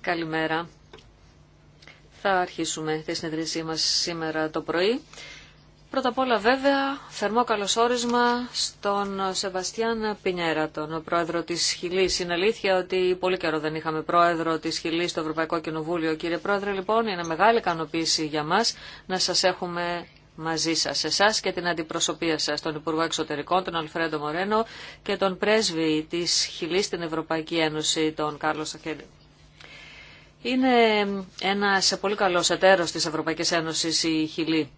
Καλημέρα. Θα αρχίσουμε τη συνεδρίση μας σήμερα το πρωί. Πρώτα απ' όλα βέβαια, θερμό καλωσόρισμα στον Σεβαστιάν Πινιέρα, τον πρόεδρο της Χιλής. Είναι αλήθεια ότι πολύ καιρό δεν είχαμε πρόεδρο της Χιλής στο Ευρωπαϊκό Κοινοβούλιο. Κύριε Πρόεδρε, λοιπόν, είναι μεγάλη ικανοποίηση για μας να σας έχουμε μαζί σας, εσά και την αντιπροσωπεία σα τον Υπουργό Εξωτερικών, τον Αλφρέντο Μορένο και τον πρέσβη της Χιλής στην Ευρωπαϊκή Ένωση, τον Κάρλο Σαχέλη. Είναι ένα πολύ καλό εταίρο της Ευρωπαϊκή Ένωση η Χιλή.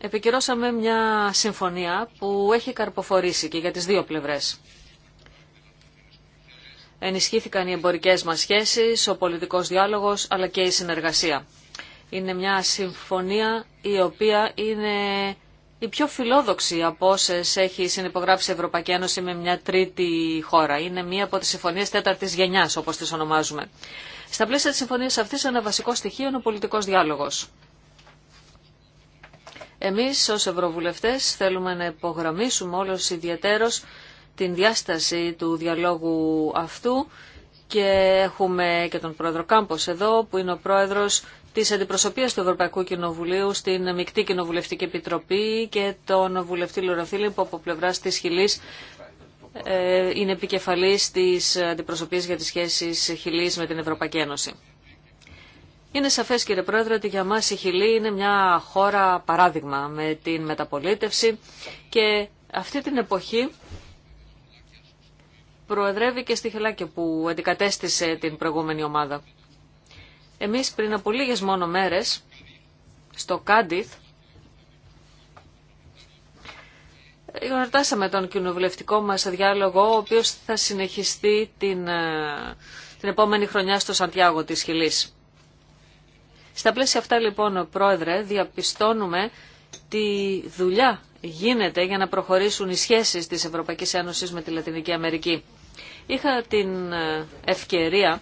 Επικυρώσαμε μια συμφωνία που έχει καρποφορήσει και για τις δύο πλευρές. Ενισχύθηκαν οι εμπορικές μας σχέσεις, ο πολιτικός διάλογος αλλά και η συνεργασία. Είναι μια συμφωνία η οποία είναι η πιο φιλόδοξη από όσε έχει συνυπογράψει η Ευρωπαϊκή Ένωση με μια τρίτη χώρα. Είναι μία από τι συμφωνίε τέταρτη γενιά, όπω τι ονομάζουμε. Στα πλαίσια τη συμφωνία αυτή, ένα βασικό στοιχείο είναι ο πολιτικό διάλογο. Εμεί ω Ευρωβουλευτέ θέλουμε να υπογραμμίσουμε όλο ιδιαίτερω την διάσταση του διαλόγου αυτού και έχουμε και τον πρόεδρο Κάμπος εδώ που είναι ο πρόεδρος της αντιπροσωπείας του Ευρωπαϊκού Κοινοβουλίου στην Μικτή Κοινοβουλευτική Επιτροπή και τον βουλευτή Λοροφίλη που από πλευρά της Χιλής ε, είναι επικεφαλής της αντιπροσωπείας για τις σχέσεις Χιλής με την Ευρωπαϊκή Ένωση. Είναι σαφές κύριε Πρόεδρε ότι για μας η Χιλή είναι μια χώρα παράδειγμα με την μεταπολίτευση και αυτή την εποχή προεδρεύει και στη Χελάκη που αντικατέστησε την προηγούμενη ομάδα. Εμείς πριν από λίγες μόνο μέρες, στο Κάντιθ, γιορτάσαμε τον κοινοβουλευτικό μας διάλογο, ο οποίος θα συνεχιστεί την, ε, την επόμενη χρονιά στο Σαντιάγο της Χιλής. Στα πλαίσια αυτά λοιπόν, Πρόεδρε, διαπιστώνουμε τι δουλειά γίνεται για να προχωρήσουν οι σχέσεις της Ευρωπαϊκής Ένωσης με τη Λατινική Αμερική. Είχα την ε, ευκαιρία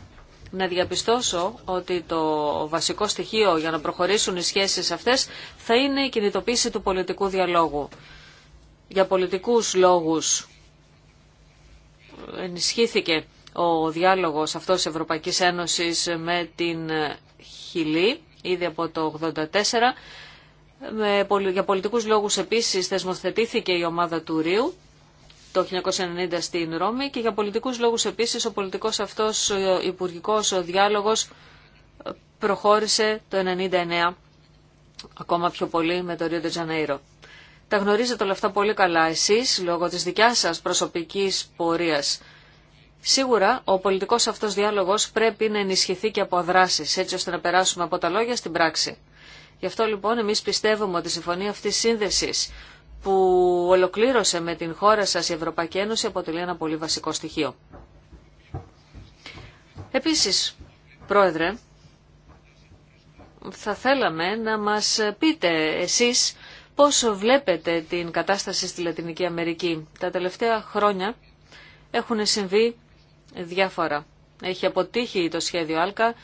να διαπιστώσω ότι το βασικό στοιχείο για να προχωρήσουν οι σχέσεις αυτές θα είναι η κινητοποίηση του πολιτικού διαλόγου. Για πολιτικούς λόγους ενισχύθηκε ο διάλογος αυτός Ευρωπαϊκής Ένωσης με την Χιλή ήδη από το 1984. για πολιτικούς λόγους επίσης θεσμοθετήθηκε η ομάδα του Ρίου το 1990 στην Ρώμη και για πολιτικούς λόγους επίσης ο πολιτικός αυτός ο υπουργικός ο διάλογος ε, προχώρησε το 1999 ακόμα πιο πολύ με το Ρίο Τζανέιρο. Τα γνωρίζετε όλα αυτά πολύ καλά εσείς λόγω της δικιάς σας προσωπικής πορείας. Σίγουρα ο πολιτικός αυτός διάλογος πρέπει να ενισχυθεί και από δράσεις έτσι ώστε να περάσουμε από τα λόγια στην πράξη. Γι' αυτό λοιπόν εμείς πιστεύουμε ότι η συμφωνία αυτής σύνδεσης που ολοκλήρωσε με την χώρα σας η Ευρωπαϊκή Ένωση αποτελεί ένα πολύ βασικό στοιχείο. Επίσης, Πρόεδρε, θα θέλαμε να μας πείτε εσείς πώς βλέπετε την κατάσταση στη Λατινική Αμερική. Τα τελευταία χρόνια έχουν συμβεί διάφορα. Έχει αποτύχει το σχέδιο ΑΛΚΑ,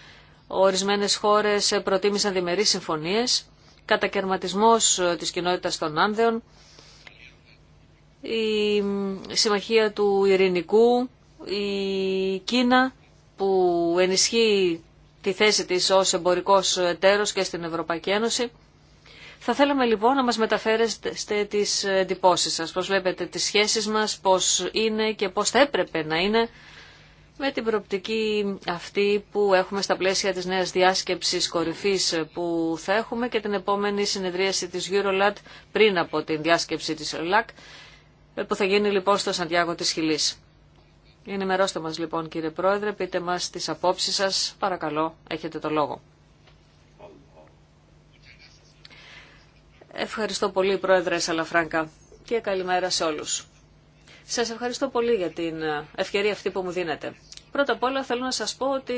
ορισμένες χώρες προτίμησαν διμερείς συμφωνίες, κατακαιρματισμός ε, της κοινότητας των Άνδεων, η Συμμαχία του Ειρηνικού, η Κίνα που ενισχύει τη θέση της ως εμπορικός εταίρος και στην Ευρωπαϊκή Ένωση. Θα θέλαμε λοιπόν να μας μεταφέρεστε τις εντυπώσεις σας, πώς βλέπετε τις σχέσεις μας, πώς είναι και πώς θα έπρεπε να είναι με την προοπτική αυτή που έχουμε στα πλαίσια της νέας διάσκεψης κορυφής που θα έχουμε και την επόμενη συνεδρίαση της Eurolat πριν από την διάσκεψη της Eurolat. Ε, που θα γίνει λοιπόν στο Σαντιάγο της Χιλής. Ενημερώστε μας λοιπόν κύριε Πρόεδρε, πείτε μας τις απόψεις σας, παρακαλώ, έχετε το λόγο. Ευχαριστώ πολύ Πρόεδρε Σαλαφράγκα και καλημέρα σε όλους. Σας ευχαριστώ πολύ για την ε, ευκαιρία αυτή που μου δίνετε. Πρώτα απ' όλα θέλω να σας πω ότι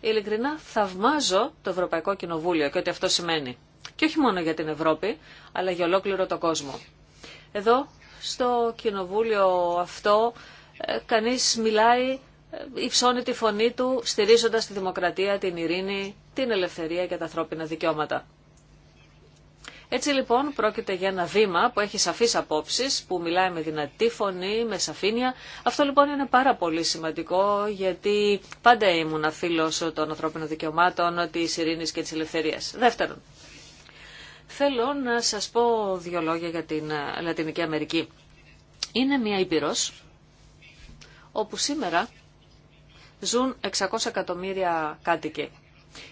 ειλικρινά θαυμάζω το Ευρωπαϊκό Κοινοβούλιο και ότι αυτό σημαίνει. Και όχι μόνο για την Ευρώπη, αλλά για ολόκληρο το κόσμο. Εδώ στο κοινοβούλιο αυτό ε, κανείς μιλάει, ε, υψώνει τη φωνή του, στηρίζοντας τη δημοκρατία, την ειρήνη, την ελευθερία και τα ανθρώπινα δικαιώματα. Έτσι λοιπόν πρόκειται για ένα βήμα που έχει σαφείς απόψεις, που μιλάει με δυνατή φωνή, με σαφήνεια. Αυτό λοιπόν είναι πάρα πολύ σημαντικό γιατί πάντα ήμουν φίλος των ανθρώπινων δικαιωμάτων, της ειρήνης και της ελευθερίας. Δεύτερον, Θέλω να σας πω δύο λόγια για την ε, Λατινική Αμερική. Είναι μια Ήπειρος όπου σήμερα ζουν 600 εκατομμύρια κάτοικοι.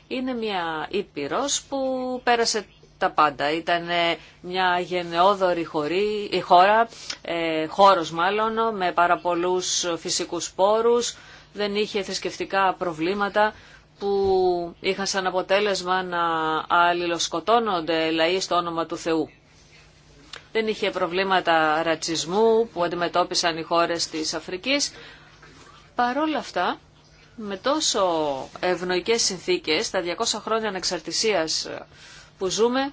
Είναι μια Ήπειρος που πέρασε τα πάντα. Ήταν ε, μια γενναιόδορη η χώρα, ε, χώρος μάλλον, με πάρα πολλούς φυσικούς πόρους, δεν είχε θρησκευτικά προβλήματα που είχαν σαν αποτέλεσμα να αλληλοσκοτώνονται λαοί στο όνομα του Θεού. Δεν είχε προβλήματα ρατσισμού που αντιμετώπισαν οι χώρες της Αφρικής. Παρόλα αυτά, με τόσο ευνοϊκές συνθήκες, τα 200 χρόνια ανεξαρτησίας που ζούμε,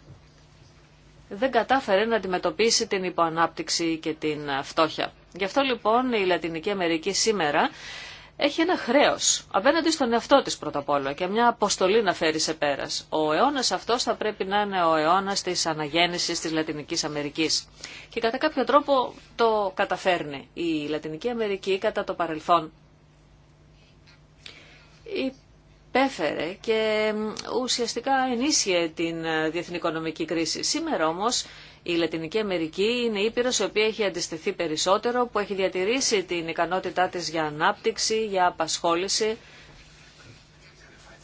δεν κατάφερε να αντιμετωπίσει την υποανάπτυξη και την φτώχεια. Γι' αυτό λοιπόν η Λατινική Αμερική σήμερα έχει ένα χρέος απέναντι στον εαυτό της πρώτα απ' όλα και μια αποστολή να φέρει σε πέρας. Ο αιώνα αυτό θα πρέπει να είναι ο αιώνα τη αναγέννηση της Λατινικής Αμερικής. Και κατά κάποιο τρόπο το καταφέρνει η Λατινική Αμερική κατά το παρελθόν. Υπέφερε και ουσιαστικά ενίσχυε την ε, διεθνή οικονομική κρίση. Σήμερα όμως η Λατινική Αμερική είναι ήπειρος η οποία έχει αντιστηθεί περισσότερο, που έχει διατηρήσει την ικανότητά της για ανάπτυξη, για απασχόληση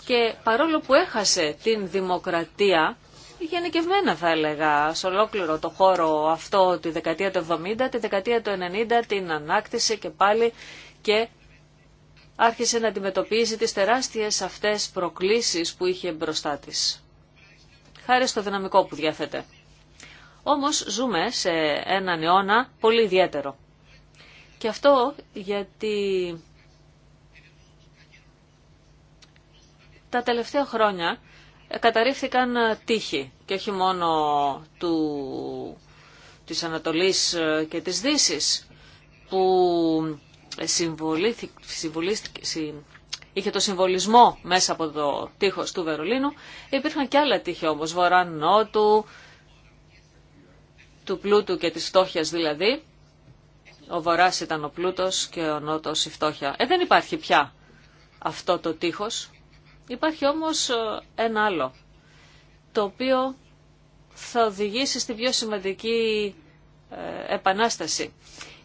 και παρόλο που έχασε την δημοκρατία, γενικευμένα θα έλεγα, σε ολόκληρο το χώρο αυτό τη δεκαετία του 70, τη δεκαετία του 90, την ανάκτησε και πάλι και άρχισε να αντιμετωπίζει τις τεράστιες αυτές προκλήσεις που είχε μπροστά της. Χάρη στο δυναμικό που διαθέτει. Όμως ζούμε σε έναν αιώνα πολύ ιδιαίτερο. Και αυτό γιατί τα τελευταία χρόνια καταρρίφθηκαν τείχη και όχι μόνο του, της Ανατολής και της Δύσης που είχε το συμβολισμό μέσα από το τείχος του Βερολίνου. Υπήρχαν και άλλα τείχη όμως, βορρά νότου, του πλούτου και της φτώχειας δηλαδή. Ο βοράς ήταν ο πλούτος και ο Νότος η φτώχεια. Ε, δεν υπάρχει πια αυτό το τείχος. Υπάρχει όμως ε, ένα άλλο, το οποίο θα οδηγήσει στη πιο σημαντική ε, επανάσταση.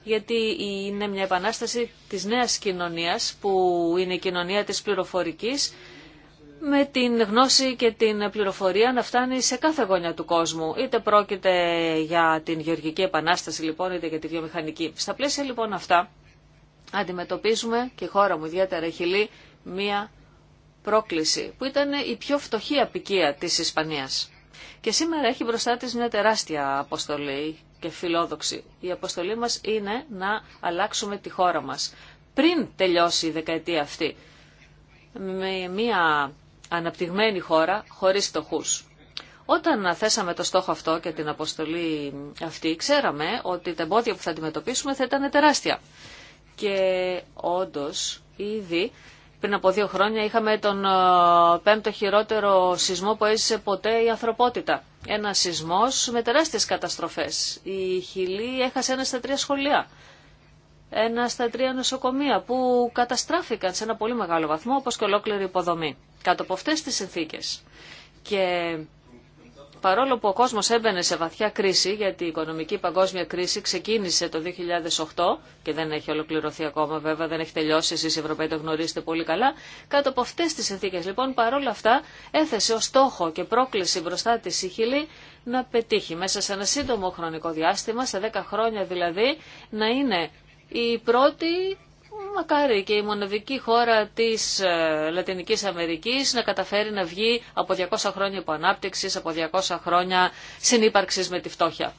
Γιατί είναι μια επανάσταση της νέας κοινωνίας, που είναι η κοινωνία της πληροφορικής, με την γνώση και την πληροφορία να φτάνει σε κάθε γωνιά του κόσμου. Είτε πρόκειται για την γεωργική επανάσταση λοιπόν, είτε για τη βιομηχανική. Στα πλαίσια λοιπόν αυτά αντιμετωπίζουμε, και η χώρα μου ιδιαίτερα χιλή, μία πρόκληση που ήταν η πιο φτωχή απικία της Ισπανίας. Και σήμερα έχει μπροστά της μια τεράστια αποστολή και φιλόδοξη. Η αποστολή μας είναι να αλλάξουμε τη χώρα μας. Πριν τελειώσει η δεκαετία αυτή, με μια αναπτυγμένη χώρα χωρίς στοχούς. Όταν θέσαμε το στόχο αυτό και την αποστολή αυτή, ξέραμε ότι τα εμπόδια που θα αντιμετωπίσουμε θα ήταν τεράστια. Και όντως, ήδη πριν από δύο χρόνια είχαμε τον ε, πέμπτο χειρότερο σεισμό που έζησε ποτέ η ανθρωπότητα. Ένα σεισμός με τεράστιες καταστροφές. Η Χιλή έχασε ένα στα τρία σχολεία ένα στα τρία νοσοκομεία που καταστράφηκαν σε ένα πολύ μεγάλο βαθμό όπως και ολόκληρη υποδομή κάτω από αυτές τις συνθήκες. Και παρόλο που ο κόσμος έμπαινε σε βαθιά κρίση, γιατί η οικονομική παγκόσμια κρίση ξεκίνησε το 2008 και δεν έχει ολοκληρωθεί ακόμα βέβαια, δεν έχει τελειώσει, εσείς οι Ευρωπαίοι το γνωρίζετε πολύ καλά, κάτω από αυτές τις συνθήκες λοιπόν παρόλα αυτά έθεσε ως στόχο και πρόκληση μπροστά της η Χιλή να πετύχει μέσα σε ένα σύντομο χρονικό διάστημα, σε 10 χρόνια δηλαδή, να είναι η πρώτη, μακάρι και η μοναδική χώρα της ε, Λατινικής Αμερικής να καταφέρει να βγει από 200 χρόνια υποανάπτυξης, από 200 χρόνια συνύπαρξης με τη φτώχεια.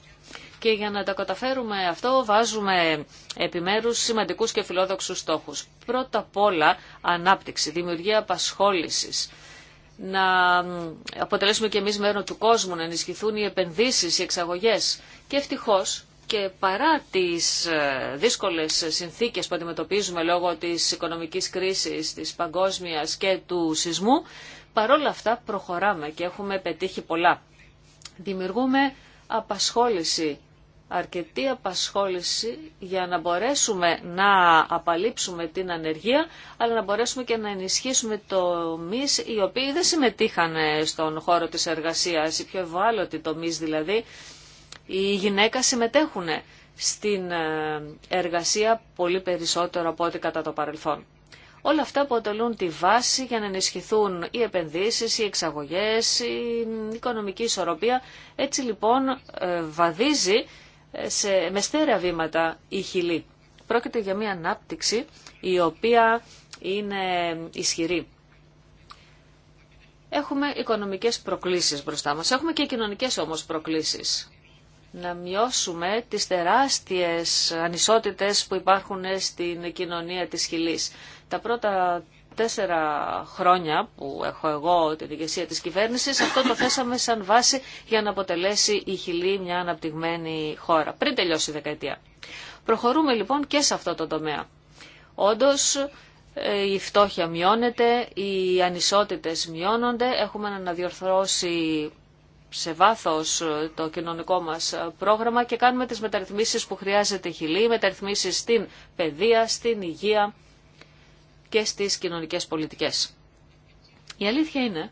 Και για να τα καταφέρουμε αυτό βάζουμε επιμέρους σημαντικούς και φιλόδοξους στόχους. Πρώτα απ' όλα ανάπτυξη, δημιουργία απασχόλησης. Να αποτελέσουμε και εμείς μέρο του κόσμου, να ενισχυθούν οι επενδύσεις, οι εξαγωγές. Και ευτυχώς και παρά τις ε, δύσκολες συνθήκες που αντιμετωπίζουμε λόγω της οικονομικής κρίσης, της παγκόσμιας και του σεισμού, παρόλα αυτά προχωράμε και έχουμε πετύχει πολλά. Δημιουργούμε απασχόληση, αρκετή απασχόληση για να μπορέσουμε να απαλείψουμε την ανεργία, αλλά να μπορέσουμε και να ενισχύσουμε τομείς οι οποίοι δεν συμμετείχαν στον χώρο της εργασίας, οι πιο ευάλωτοι τομείς δηλαδή, οι γυναίκα συμμετέχουν στην ε, εργασία πολύ περισσότερο από ό,τι κατά το παρελθόν. Όλα αυτά αποτελούν τη βάση για να ενισχυθούν οι επενδύσεις, οι εξαγωγές, η οικονομική ισορροπία. Έτσι λοιπόν ε, βαδίζει ε, σε, με στέρεα βήματα η χιλή. Πρόκειται για μια ανάπτυξη η οποία είναι ισχυρή. Έχουμε οικονομικές προκλήσεις μπροστά μας. Έχουμε και κοινωνικές όμως προκλήσεις να μειώσουμε τις τεράστιες ανισότητες που υπάρχουν στην κοινωνία της Χιλής. Τα πρώτα τέσσερα χρόνια που έχω εγώ την ηγεσία της κυβέρνησης, αυτό το θέσαμε σαν βάση για να αποτελέσει η Χιλή μια αναπτυγμένη χώρα, πριν τελειώσει η δεκαετία. Προχωρούμε λοιπόν και σε αυτό το τομέα. Όντως, ε, η φτώχεια μειώνεται, οι ανισότητες μειώνονται, έχουμε αναδιορθώσει σε βάθος ε, το κοινωνικό μας ε, πρόγραμμα και κάνουμε τις μεταρρυθμίσεις που χρειάζεται η Χιλή, μεταρρυθμίσεις στην παιδεία, στην υγεία και στις κοινωνικές πολιτικές. Η αλήθεια είναι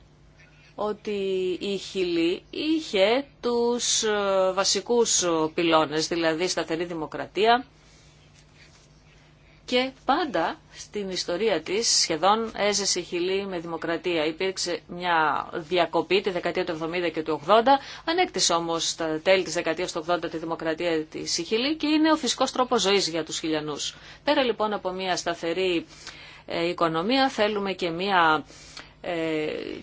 ότι η Χιλή είχε τους ε, βασικούς πυλώνες, δηλαδή σταθερή δημοκρατία, και πάντα στην ιστορία της σχεδόν έζησε η Χιλή με δημοκρατία. Υπήρξε μια διακοπή τη δεκαετία του 70 και του 80, ανέκτησε όμως τα τέλη της δεκαετίας του 80 τη δημοκρατία της Χιλή και είναι ο φυσικός τρόπος ζωής για τους χιλιανούς. Πέρα λοιπόν από μια σταθερή ε, οικονομία θέλουμε και μια ε,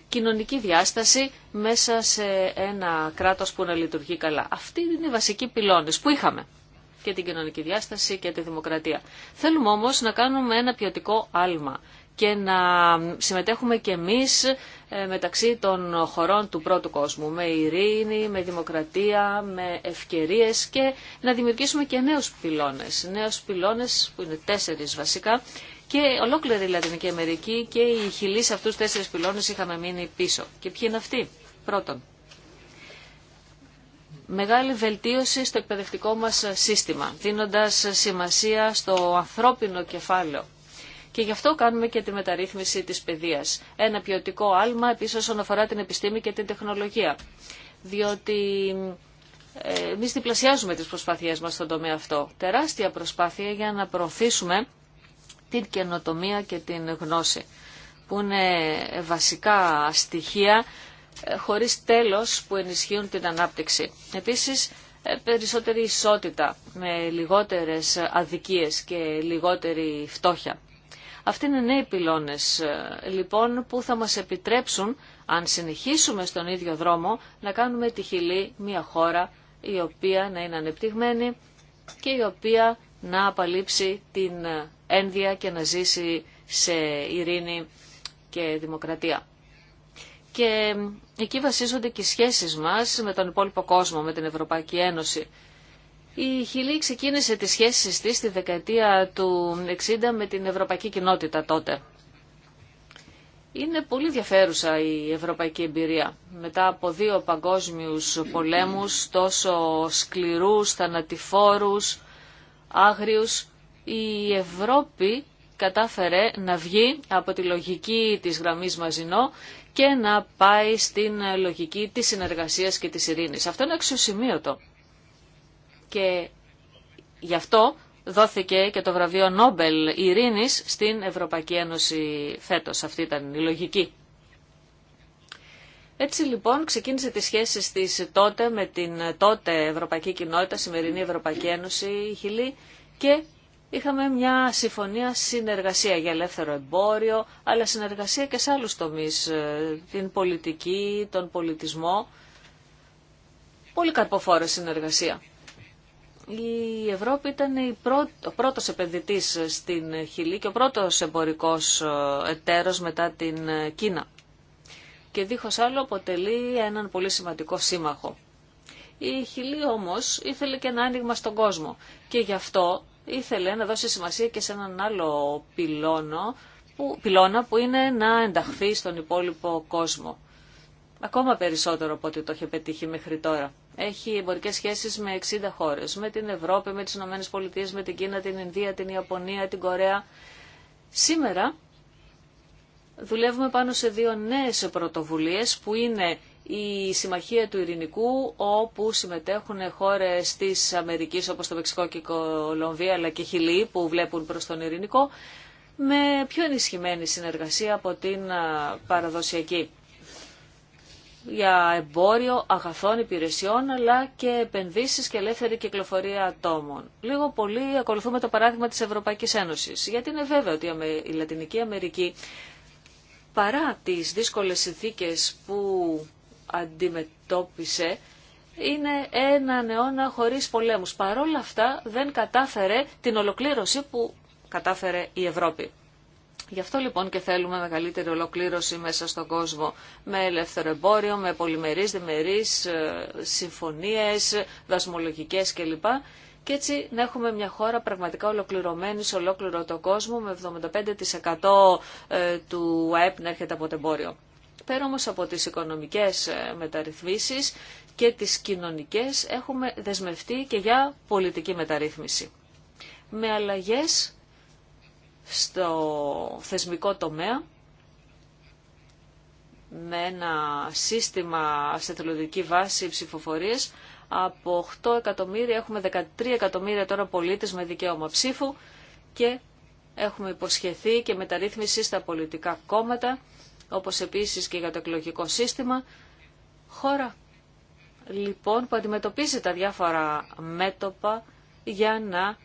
κοινωνική διάσταση μέσα σε ένα κράτος που να λειτουργεί καλά. Αυτή είναι οι βασικοί πυλώνες που είχαμε και την κοινωνική διάσταση και τη δημοκρατία. Θέλουμε όμως να κάνουμε ένα ποιοτικό άλμα και να συμμετέχουμε και εμείς ε, μεταξύ των χωρών του πρώτου κόσμου, με ειρήνη, με δημοκρατία, με ευκαιρίες και να δημιουργήσουμε και νέους πυλώνες. Νέους πυλώνες που είναι τέσσερις βασικά και ολόκληρη η Λατινική Αμερική και οι Χιλή αυτούς τέσσερις πυλώνες είχαμε μείνει πίσω. Και ποιοι είναι αυτοί. Πρώτον, μεγάλη βελτίωση στο εκπαιδευτικό μας σύστημα, δίνοντας σημασία στο ανθρώπινο κεφάλαιο. Και γι' αυτό κάνουμε και τη μεταρρύθμιση της παιδείας. Ένα ποιοτικό άλμα επίσης όσον αφορά την επιστήμη και την τεχνολογία. Διότι ε, εμεί διπλασιάζουμε τις προσπάθειές μας στον τομέα αυτό. Τεράστια προσπάθεια για να προωθήσουμε την καινοτομία και την γνώση, που είναι βασικά στοιχεία ε, χωρίς τέλος που ενισχύουν την ανάπτυξη. Επίσης, ε, περισσότερη ισότητα με λιγότερες αδικίες και λιγότερη φτώχεια. Αυτοί είναι νέοι πυλώνες, ε, λοιπόν, που θα μας επιτρέψουν, αν συνεχίσουμε στον ίδιο δρόμο, να κάνουμε τη Χιλή μια χώρα η οποία να είναι ανεπτυγμένη και η οποία να απαλείψει την ένδια και να ζήσει σε ειρήνη και δημοκρατία. Και Εκεί βασίζονται και οι σχέσεις μας με τον υπόλοιπο κόσμο, με την Ευρωπαϊκή Ένωση. Η Χιλή ξεκίνησε τις σχέσεις της στη δεκαετία του 60 με την Ευρωπαϊκή Κοινότητα τότε. Είναι πολύ ενδιαφέρουσα η ευρωπαϊκή εμπειρία. Μετά από δύο παγκόσμιους πολέμους, τόσο σκληρούς, θανατηφόρους, άγριους, η Ευρώπη κατάφερε να βγει από τη λογική της γραμμής Μαζινό και να πάει στην λογική της συνεργασίας και της ειρήνης. Αυτό είναι αξιοσημείωτο. Και γι' αυτό δόθηκε και το βραβείο Νόμπελ Ειρήνης στην Ευρωπαϊκή Ένωση φέτος. Αυτή ήταν η λογική. Έτσι λοιπόν ξεκίνησε τις σχέσεις της τότε με την τότε Ευρωπαϊκή Κοινότητα, σημερινή Ευρωπαϊκή Ένωση, η Χιλή, και είχαμε μια συμφωνία συνεργασία για ελεύθερο εμπόριο, αλλά συνεργασία και σε άλλους τομείς, ε, την πολιτική, τον πολιτισμό. Πολύ καρποφόρα συνεργασία. Η Ευρώπη ήταν η ο πρώτος επενδυτής ε, στην Χιλή και ο πρώτος εμπορικός ε, εταίρος μετά την Κίνα. Και δίχως άλλο αποτελεί έναν πολύ σημαντικό σύμμαχο. Η Χιλή όμως ήθελε και ένα άνοιγμα στον κόσμο και γι' αυτό ήθελε να δώσει σημασία και σε έναν άλλο πυλώνο που, πυλώνα που είναι να ενταχθεί στον υπόλοιπο κόσμο. Ακόμα περισσότερο από ό,τι το είχε πετύχει μέχρι τώρα. Έχει εμπορικές σχέσεις με 60 χώρες, με την Ευρώπη, με τις Ηνωμένες Πολιτείες, με την Κίνα, την Ινδία, την Ιαπωνία, την Κορέα. Σήμερα δουλεύουμε πάνω σε δύο νέες πρωτοβουλίες που είναι η Συμμαχία του Ειρηνικού όπου συμμετέχουν χώρες της Αμερικής όπως το Μεξικό και η Κολομβία αλλά και Χιλή που βλέπουν προς τον Ειρηνικό με πιο ενισχυμένη συνεργασία από την παραδοσιακή για εμπόριο αγαθών υπηρεσιών αλλά και επενδύσεις και ελεύθερη κυκλοφορία ατόμων. Λίγο πολύ ακολουθούμε το παράδειγμα της Ευρωπαϊκής Ένωσης γιατί είναι βέβαιο ότι η Λατινική Αμερική παρά τις δύσκολες συνθήκες που αντιμετώπισε είναι έναν αιώνα χωρίς πολέμους. Παρόλα αυτά δεν κατάφερε την ολοκλήρωση που κατάφερε η Ευρώπη. Γι' αυτό λοιπόν και θέλουμε μεγαλύτερη ολοκλήρωση μέσα στον κόσμο με ελεύθερο εμπόριο, με πολυμερείς, διμερείς, ε, συμφωνίες, δασμολογικές κλπ. Και έτσι να έχουμε μια χώρα πραγματικά ολοκληρωμένη σε ολόκληρο τον κόσμο με 75% ε, του ΑΕΠ να έρχεται από το εμπόριο πέρα όμως από τις οικονομικές ε, μεταρρυθμίσεις και τις κοινωνικές έχουμε δεσμευτεί και για πολιτική μεταρρύθμιση. Με αλλαγές στο θεσμικό τομέα, με ένα σύστημα σε θελοντική βάση ψηφοφορίες, από 8 εκατομμύρια έχουμε 13 εκατομμύρια τώρα πολίτες με δικαίωμα ψήφου και έχουμε υποσχεθεί και μεταρρύθμιση στα πολιτικά κόμματα όπως επίσης και για το εκλογικό σύστημα. Χώρα λοιπόν που αντιμετωπίζει τα διάφορα μέτωπα για να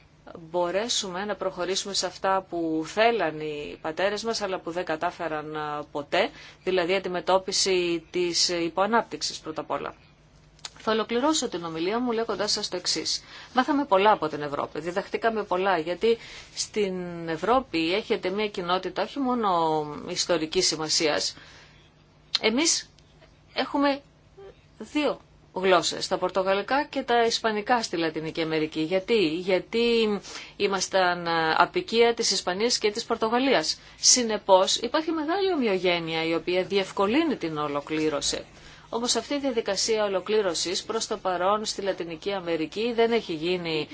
μπορέσουμε να προχωρήσουμε σε αυτά που θέλαν οι πατέρες μας αλλά που δεν κατάφεραν ε, ποτέ, δηλαδή αντιμετώπιση της υποανάπτυξης πρώτα απ' όλα. Θα ολοκληρώσω την ομιλία μου λέγοντα σα το εξή. Μάθαμε πολλά από την Ευρώπη, διδαχτήκαμε πολλά, γιατί στην Ευρώπη έχετε μια κοινότητα όχι μόνο ιστορική σημασία. Εμεί έχουμε δύο γλώσσε. τα πορτογαλικά και τα ισπανικά στη Λατινική Αμερική. Γιατί, γιατί ήμασταν απικία τη Ισπανία και τη Πορτογαλίας. Συνεπώ υπάρχει μεγάλη ομοιογένεια η οποία διευκολύνει την ολοκλήρωση. Όμω αυτή η διαδικασία ολοκλήρωσης προς το παρόν στη Λατινική Αμερική δεν έχει γίνει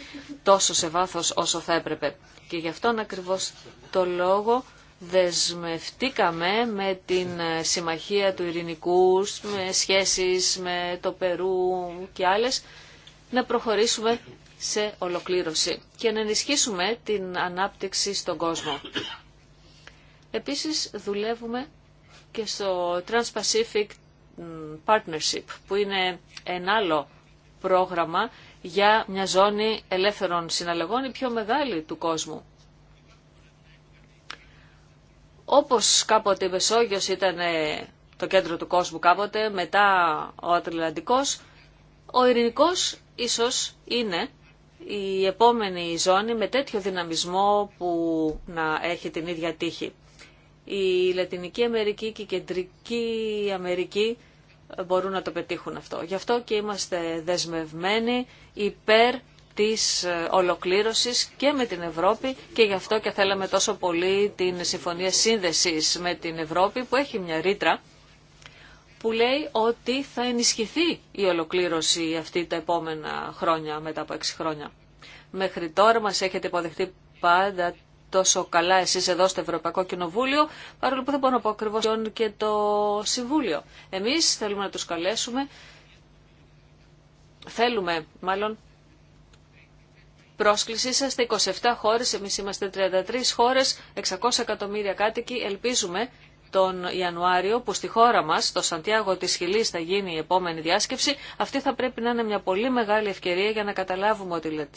τόσο σε βάθο όσο θα έπρεπε. Και γι' αυτόν ακριβώς το λόγο δεσμευτήκαμε με την ε, συμμαχία του Ειρηνικού, με σχέσεις με το Περού και άλλες, να προχωρήσουμε σε ολοκλήρωση και να ενισχύσουμε την ανάπτυξη στον κόσμο. Επίσης δουλεύουμε και στο Trans-Pacific Partnership, που είναι ένα άλλο πρόγραμμα για μια ζώνη ελεύθερων συναλλαγών η πιο μεγάλη του κόσμου. Όπως κάποτε η Μεσόγειος ήταν ε, το κέντρο του κόσμου κάποτε, μετά ο Ατλαντικός, ο Ειρηνικός ίσως είναι η επόμενη ζώνη με τέτοιο δυναμισμό που να έχει την ίδια τύχη. Η Λατινική Αμερική και η Κεντρική Αμερική μπορούν να το πετύχουν αυτό. Γι' αυτό και είμαστε δεσμευμένοι υπέρ της ε, ολοκλήρωσης και με την Ευρώπη και γι' αυτό και θέλαμε τόσο πολύ την Συμφωνία Σύνδεσης με την Ευρώπη που έχει μια ρήτρα που λέει ότι θα ενισχυθεί η ολοκλήρωση αυτή τα επόμενα χρόνια, μετά από έξι χρόνια. Μέχρι τώρα μας έχετε υποδεχτεί πάντα τόσο καλά εσείς εδώ στο Ευρωπαϊκό Κοινοβούλιο, παρόλο που δεν μπορώ να πω ακριβώς και το Συμβούλιο. Εμείς θέλουμε να τους καλέσουμε, θέλουμε μάλλον πρόσκληση σας 27 χώρες, εμείς είμαστε 33 χώρες, 600 εκατομμύρια κάτοικοι, ελπίζουμε τον Ιανουάριο που στη χώρα μας, στο Σαντιάγο της Χιλής θα γίνει η επόμενη διάσκεψη, αυτή θα πρέπει να είναι μια πολύ μεγάλη ευκαιρία για να καταλάβουμε ότι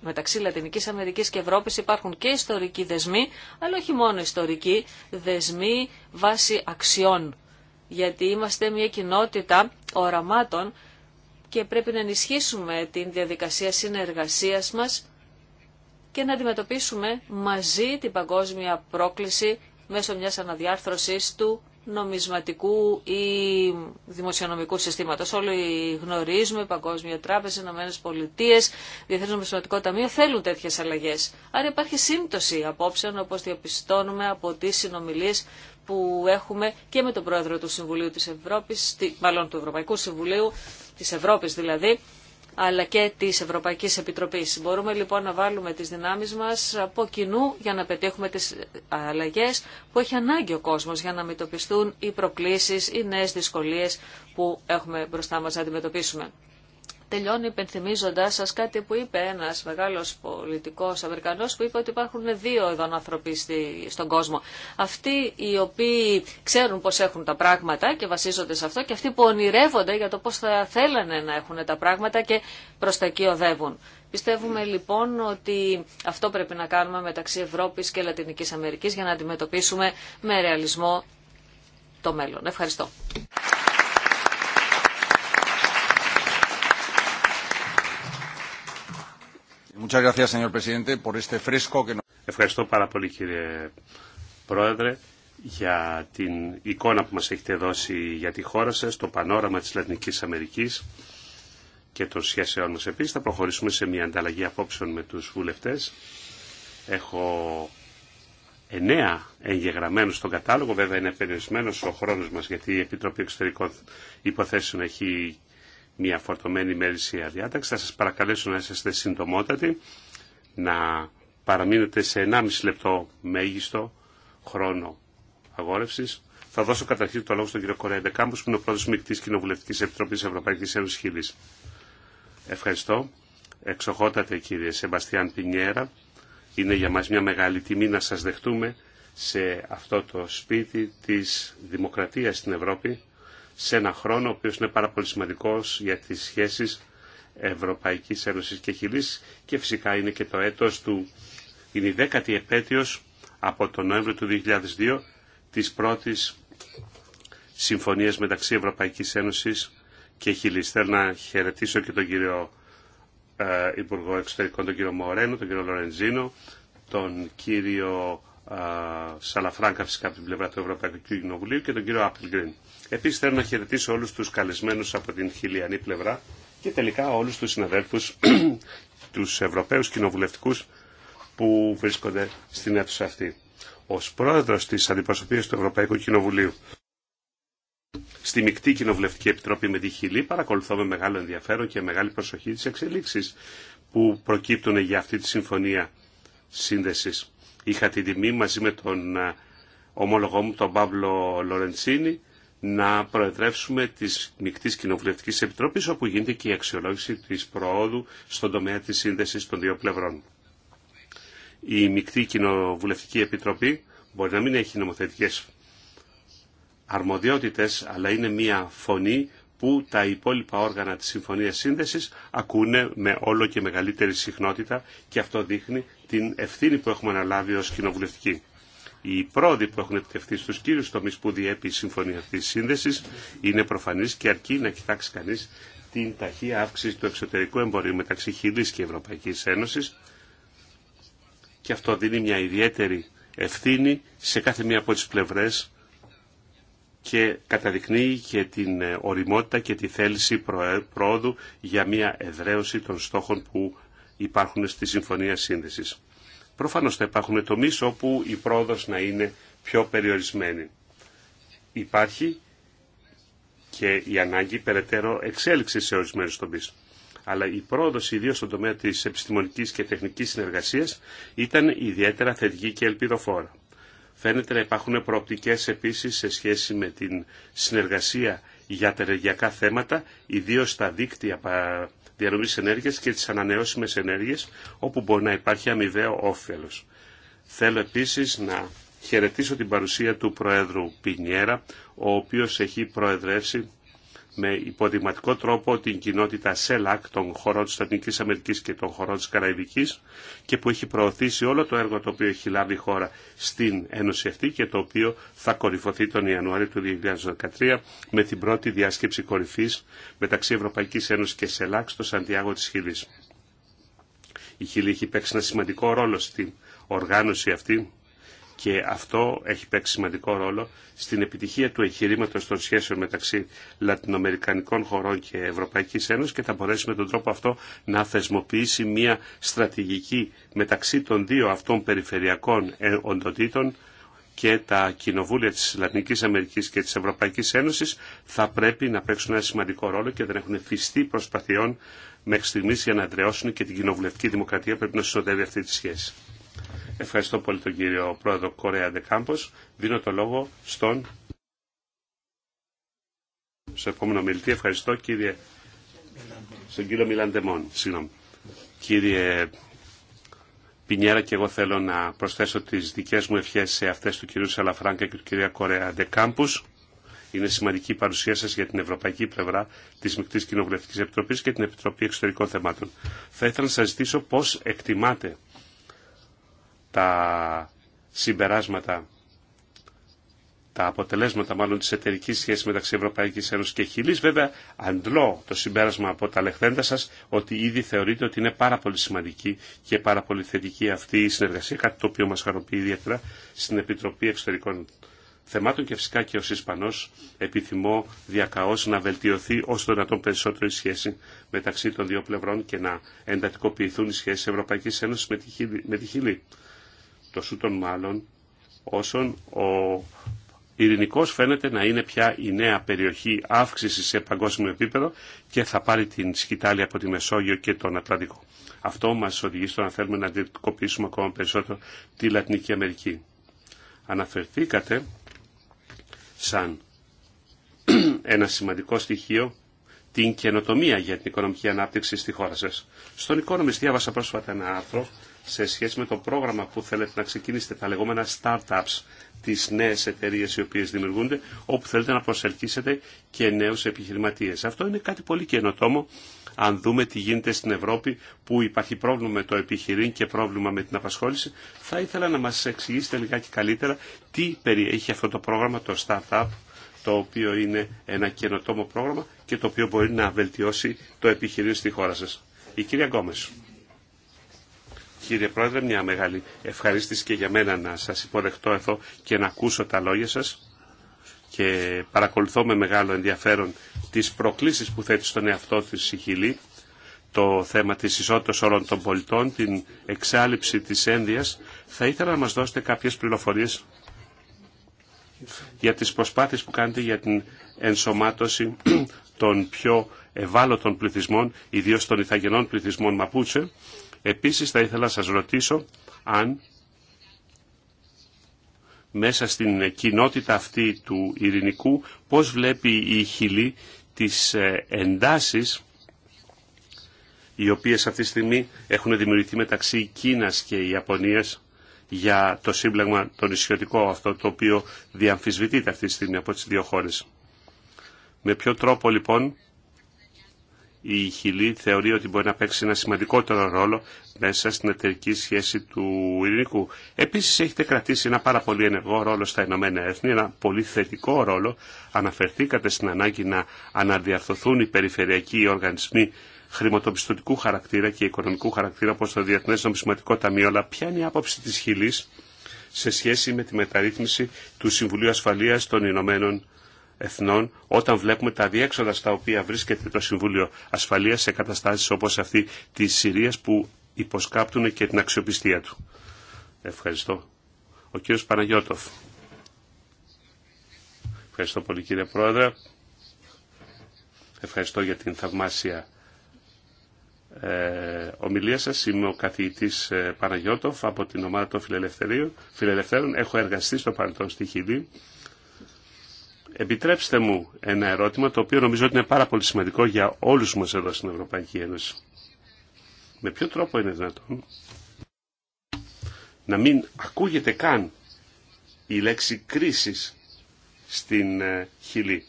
μεταξύ Λατινικής Αμερικής και Ευρώπης υπάρχουν και ιστορικοί δεσμοί, αλλά όχι μόνο ιστορικοί δεσμοί βάσει αξιών. Γιατί είμαστε μια κοινότητα οραμάτων και πρέπει να ενισχύσουμε την διαδικασία συνεργασίας μας και να αντιμετωπίσουμε μαζί την παγκόσμια πρόκληση μέσω μιας αναδιάρθρωσης του νομισματικού ή δημοσιονομικού συστήματος. Όλοι γνωρίζουμε, η Παγκόσμια παγκοσμια τραπεζα Ηνωμένες Πολιτείες, Διεθνές Νομισματικό Ταμείο θέλουν τέτοιες αλλαγές. Άρα υπάρχει σύμπτωση απόψεων όπως διαπιστώνουμε από τις συνομιλίες που έχουμε και με τον Πρόεδρο του Συμβουλίου της Ευρώπης, μάλλον του Ευρωπαϊκού Συμβουλίου της Ευρώπης δηλαδή, αλλά και τη Ευρωπαϊκή Επιτροπής. Μπορούμε λοιπόν να βάλουμε τις δυνάμεις μας από κοινού για να πετύχουμε τις αλλαγές που έχει ανάγκη ο κόσμος για να μετοπιστούν οι προκλήσεις, οι νέες δυσκολίε που έχουμε μπροστά μα να αντιμετωπίσουμε. Τελειώνει υπενθυμίζοντα σας κάτι που είπε ένας μεγάλο πολιτικός Αμερικανός που είπε ότι υπάρχουν δύο ειδών άνθρωποι στον κόσμο. Αυτοί οι οποίοι ξέρουν πώς έχουν τα πράγματα και βασίζονται σε αυτό και αυτοί που ονειρεύονται για το πώς θα θέλανε να έχουν τα πράγματα και προ τα εκεί οδεύουν. Πιστεύουμε λοιπόν ότι αυτό πρέπει να κάνουμε μεταξύ Ευρώπης και Λατινικής Αμερικής για να αντιμετωπίσουμε με ρεαλισμό το μέλλον. Ευχαριστώ. Ευχαριστώ πάρα πολύ κύριε Πρόεδρε για την εικόνα που μας έχετε δώσει για τη χώρα σας, το πανόραμα της Λατινικής Αμερικής και των σχέσεών μας. Επίσης θα προχωρήσουμε σε μια ανταλλαγή απόψεων με τους βουλευτές. Έχω εννέα εγγεγραμμένους στον κατάλογο, βέβαια είναι περιορισμένος ο χρόνος μας γιατί η Επιτροπή Εξωτερικών Υποθέσεων έχει μια φορτωμένη ημέρησια διάταξη. Θα σας παρακαλέσω να είστε συντομότατοι, να παραμείνετε σε 1,5 λεπτό μέγιστο χρόνο αγόρευσης. Θα δώσω καταρχήν το λόγο στον κύριο Κορέα Κάμπο, που είναι ο πρόεδρο μεικτή Κοινοβουλευτική Επιτροπή Ευρωπαϊκή Ένωση Χιλή. Ευχαριστώ. Εξοχότατε κύριε Σεμπαστιάν Πινιέρα. Είναι για μας μια μεγάλη τιμή να σας δεχτούμε σε αυτό το σπίτι της δημοκρατίας στην Ευρώπη σε ένα χρόνο ο οποίος είναι πάρα πολύ σημαντικός για τις σχέσεις Ευρωπαϊκής Ένωσης και Χιλής και φυσικά είναι και το έτος του, είναι η δέκατη επέτειος από τον Νοέμβριο του 2002 της πρώτης συμφωνίας μεταξύ Ευρωπαϊκής Ένωσης και Χιλής. Θέλω να χαιρετήσω και τον κύριο ε, Υπουργό Εξωτερικών, τον κύριο Μορένο, τον κύριο Λορενζίνο, τον κύριο Σαλαφράγκα φυσικά από την πλευρά του Ευρωπαϊκού Κοινοβουλίου και τον κύριο Άπλγκριν. Επίση, θέλω να χαιρετήσω όλου του καλεσμένου από την χιλιανή πλευρά και τελικά όλου του συναδέλφου, του Ευρωπαίου κοινοβουλευτικού που βρίσκονται στην αίθουσα αυτή. Ω πρόεδρο τη αντιπροσωπεία του Ευρωπαϊκού Κοινοβουλίου στη Μικτή Κοινοβουλευτική Επιτροπή με τη Χιλή παρακολουθώ με μεγάλο ενδιαφέρον και μεγάλη προσοχή τι εξελίξει που προκύπτουν για αυτή τη συμφωνία σύνδεσης είχα την τιμή μαζί με τον ομολογό μου τον Παύλο Λορεντσίνη να προεδρεύσουμε τη Μικτής κοινοβουλευτική Επιτροπής όπου γίνεται και η αξιολόγηση της προόδου στον τομέα της σύνδεση των δύο πλευρών. Η Μικτή Κοινοβουλευτική Επιτροπή μπορεί να μην έχει νομοθετικέ αρμοδιότητες αλλά είναι μια φωνή που τα υπόλοιπα όργανα της Συμφωνίας Σύνδεσης ακούνε με όλο και μεγαλύτερη συχνότητα και αυτό δείχνει την ευθύνη που έχουμε αναλάβει ως κοινοβουλευτική. Οι πρόοδοι που έχουν επιτευχθεί στους κύριους τομείς που διέπει η Συμφωνία αυτή της Σύνδεσης είναι προφανής και αρκεί να κοιτάξει κανείς την ταχεία αύξηση του εξωτερικού εμπορίου μεταξύ Χιλής και Ευρωπαϊκής Ένωσης και αυτό δίνει μια ιδιαίτερη ευθύνη σε κάθε μία από τις πλευρές και καταδεικνύει και την ε, οριμότητα και τη θέληση πρόοδου για μια εδραίωση των στόχων που υπάρχουν στη Συμφωνία Σύνδεσης. Προφανώς θα υπάρχουν τομείς όπου η πρόοδος να είναι πιο περιορισμένη. Υπάρχει και η ανάγκη περαιτέρω εξέλιξη σε ορισμένους τομείς. Αλλά η πρόοδος ιδίως στον τομέα της επιστημονικής και τεχνικής συνεργασίας ήταν ιδιαίτερα θετική και ελπιδοφόρα. Φαίνεται να υπάρχουν προοπτικές επίσης σε σχέση με την συνεργασία για τα ενεργειακά θέματα, ιδίω τα δίκτυα διανομής ενέργειας και τις ανανεώσιμες ενέργειες, όπου μπορεί να υπάρχει αμοιβαίο όφελος. Θέλω επίσης να χαιρετήσω την παρουσία του Προέδρου Πινιέρα, ο οποίος έχει προεδρεύσει με υποδειγματικό τρόπο την κοινότητα ΣΕΛΑΚ των χωρών της Αμερικής και των χωρών της Καραϊβικής και που έχει προωθήσει όλο το έργο το οποίο έχει λάβει η χώρα στην Ένωση αυτή και το οποίο θα κορυφωθεί τον Ιανουάριο του 2013 με την πρώτη διάσκεψη κορυφής μεταξύ Ευρωπαϊκής Ένωσης και ΣΕΛΑΚ στο Σαντιάγο της Χιλής. Η Χιλή έχει παίξει ένα σημαντικό ρόλο στην οργάνωση αυτή και αυτό έχει παίξει σημαντικό ρόλο στην επιτυχία του εγχειρήματο των σχέσεων μεταξύ λατινοαμερικανικών χωρών και Ευρωπαϊκή Ένωση και θα μπορέσει με τον τρόπο αυτό να θεσμοποιήσει μια στρατηγική μεταξύ των δύο αυτών περιφερειακών ε, οντοτήτων και τα κοινοβούλια της Λατινικής Αμερικής και της Ευρωπαϊκής Ένωσης θα πρέπει να παίξουν ένα σημαντικό ρόλο και δεν έχουν φυστεί προσπαθειών μέχρι στιγμής για να δρεώσουν και την κοινοβουλευτική δημοκρατία πρέπει να συνοδεύει αυτή τη σχέση. Ευχαριστώ πολύ τον κύριο πρόεδρο Κορέα Ντεκάμπος. Δίνω το λόγο στον στο επόμενο μιλητή. Ευχαριστώ κύριε στον κύριο Μιλαντεμόν. Συγγνώμη. Κύριε Πινιέρα και εγώ θέλω να προσθέσω τις δικές μου ευχές σε αυτές του κυρίου Σαλαφράγκα και του κυρία Κορέα Ντεκάμπους. Είναι σημαντική η παρουσία σα για την ευρωπαϊκή πλευρά τη Μικτή Κοινοβουλευτική Επιτροπή και την Επιτροπή Εξωτερικών Θεμάτων. Θα ήθελα να σα ζητήσω πώ εκτιμάτε τα συμπεράσματα, τα αποτελέσματα μάλλον της εταιρικής σχέσης μεταξύ Ευρωπαϊκής Ένωσης και Χιλής. Βέβαια, αντλώ το συμπέρασμα από τα λεχθέντα σας ότι ήδη θεωρείτε ότι είναι πάρα πολύ σημαντική και πάρα πολύ θετική αυτή η συνεργασία, κάτι το οποίο μας χαροποιεί ιδιαίτερα στην Επιτροπή Εξωτερικών θεμάτων και φυσικά και ως Ισπανός επιθυμώ διακαώς να βελτιωθεί όσο το δυνατόν περισσότερο η σχέση μεταξύ των δύο πλευρών και να εντατικοποιηθούν οι σχέσεις Ευρωπαϊκής Ένωσης με τη Χιλή το των μάλλον, όσον ο Ειρηνικός φαίνεται να είναι πια η νέα περιοχή αύξηση σε παγκόσμιο επίπεδο και θα πάρει την σκητάλη από τη Μεσόγειο και τον Ατλαντικό. Αυτό μας οδηγεί στο να θέλουμε να αντικοποιήσουμε ακόμα περισσότερο τη Λατινική Αμερική. Αναφερθήκατε σαν ένα σημαντικό στοιχείο την καινοτομία για την οικονομική ανάπτυξη στη χώρα σας. Στον οικονομιστή διάβασα πρόσφατα ένα άρθρο σε σχέση με το πρόγραμμα που θέλετε να ξεκινήσετε, τα λεγόμενα startups, τις νέες εταιρείες οι οποίες δημιουργούνται, όπου θέλετε να προσελκύσετε και νέους επιχειρηματίες. Αυτό είναι κάτι πολύ καινοτόμο, αν δούμε τι γίνεται στην Ευρώπη, που υπάρχει πρόβλημα με το επιχειρήν και πρόβλημα με την απασχόληση. Θα ήθελα να μας εξηγήσετε λιγάκι καλύτερα τι περιέχει αυτό το πρόγραμμα, το startup, το οποίο είναι ένα καινοτόμο πρόγραμμα και το οποίο μπορεί να βελτιώσει το επιχειρήν στη χώρα σας. Η κυρία Γκόμες. Κύριε Πρόεδρε, μια μεγάλη ευχαρίστηση και για μένα να σας υποδεχτώ εδώ και να ακούσω τα λόγια σας και παρακολουθώ με μεγάλο ενδιαφέρον τις προκλήσεις που θέτει στον εαυτό της η Χιλή, το θέμα της ισότητας όλων των πολιτών, την εξάλληψη της ένδυας. Θα ήθελα να μας δώσετε κάποιες πληροφορίες για τις προσπάθειες που κάνετε για την ενσωμάτωση των πιο ευάλωτων πληθυσμών, ιδίως των Ιθαγενών πληθυσμών Μαπούτσε, Επίσης θα ήθελα να σας ρωτήσω αν μέσα στην κοινότητα αυτή του ειρηνικού πώς βλέπει η Χιλή τις ε, εντάσεις οι οποίες αυτή τη στιγμή έχουν δημιουργηθεί μεταξύ Κίνας και Ιαπωνίας για το σύμπλεγμα το νησιωτικό αυτό το οποίο διαμφισβητείται αυτή τη στιγμή από τις δύο χώρες. Με ποιο τρόπο λοιπόν η Χιλή θεωρεί ότι μπορεί να παίξει ένα σημαντικότερο ρόλο μέσα στην εταιρική σχέση του ειρηνικού. Επίσης έχετε κρατήσει ένα πάρα πολύ ενεργό ρόλο στα Ηνωμένα Έθνη, ένα πολύ θετικό ρόλο. Αναφερθήκατε στην ανάγκη να αναδιαρθωθούν οι περιφερειακοί οργανισμοί χρηματοπιστωτικού χαρακτήρα και οικονομικού χαρακτήρα όπως το Διεθνές Νομισματικό Ταμείο, αλλά ποια είναι η άποψη της Χιλής σε σχέση με τη μεταρρύθμιση του Συμβουλίου Ασφαλείας των Ηνωμένων Εθνών όταν βλέπουμε τα διέξοδα στα οποία βρίσκεται το Συμβούλιο Ασφαλείας σε καταστάσεις όπως αυτή της Συρίας που υποσκάπτουν και την αξιοπιστία του. Ευχαριστώ. Ο κύριος Παναγιώτοφ. Ευχαριστώ πολύ κύριε Πρόεδρε. Ευχαριστώ για την θαυμάσια ε, ομιλία σας. Είμαι ο καθηγητής ε, Παναγιώτοφ από την ομάδα των Φιλελευθέρων. Έχω εργαστεί στο παρελθόν στη Χιλή Επιτρέψτε μου ένα ερώτημα το οποίο νομίζω ότι είναι πάρα πολύ σημαντικό για όλους μας εδώ στην Ευρωπαϊκή Ένωση. Με ποιο τρόπο είναι δυνατόν να μην ακούγεται καν η λέξη κρίσης στην ε, Χιλή.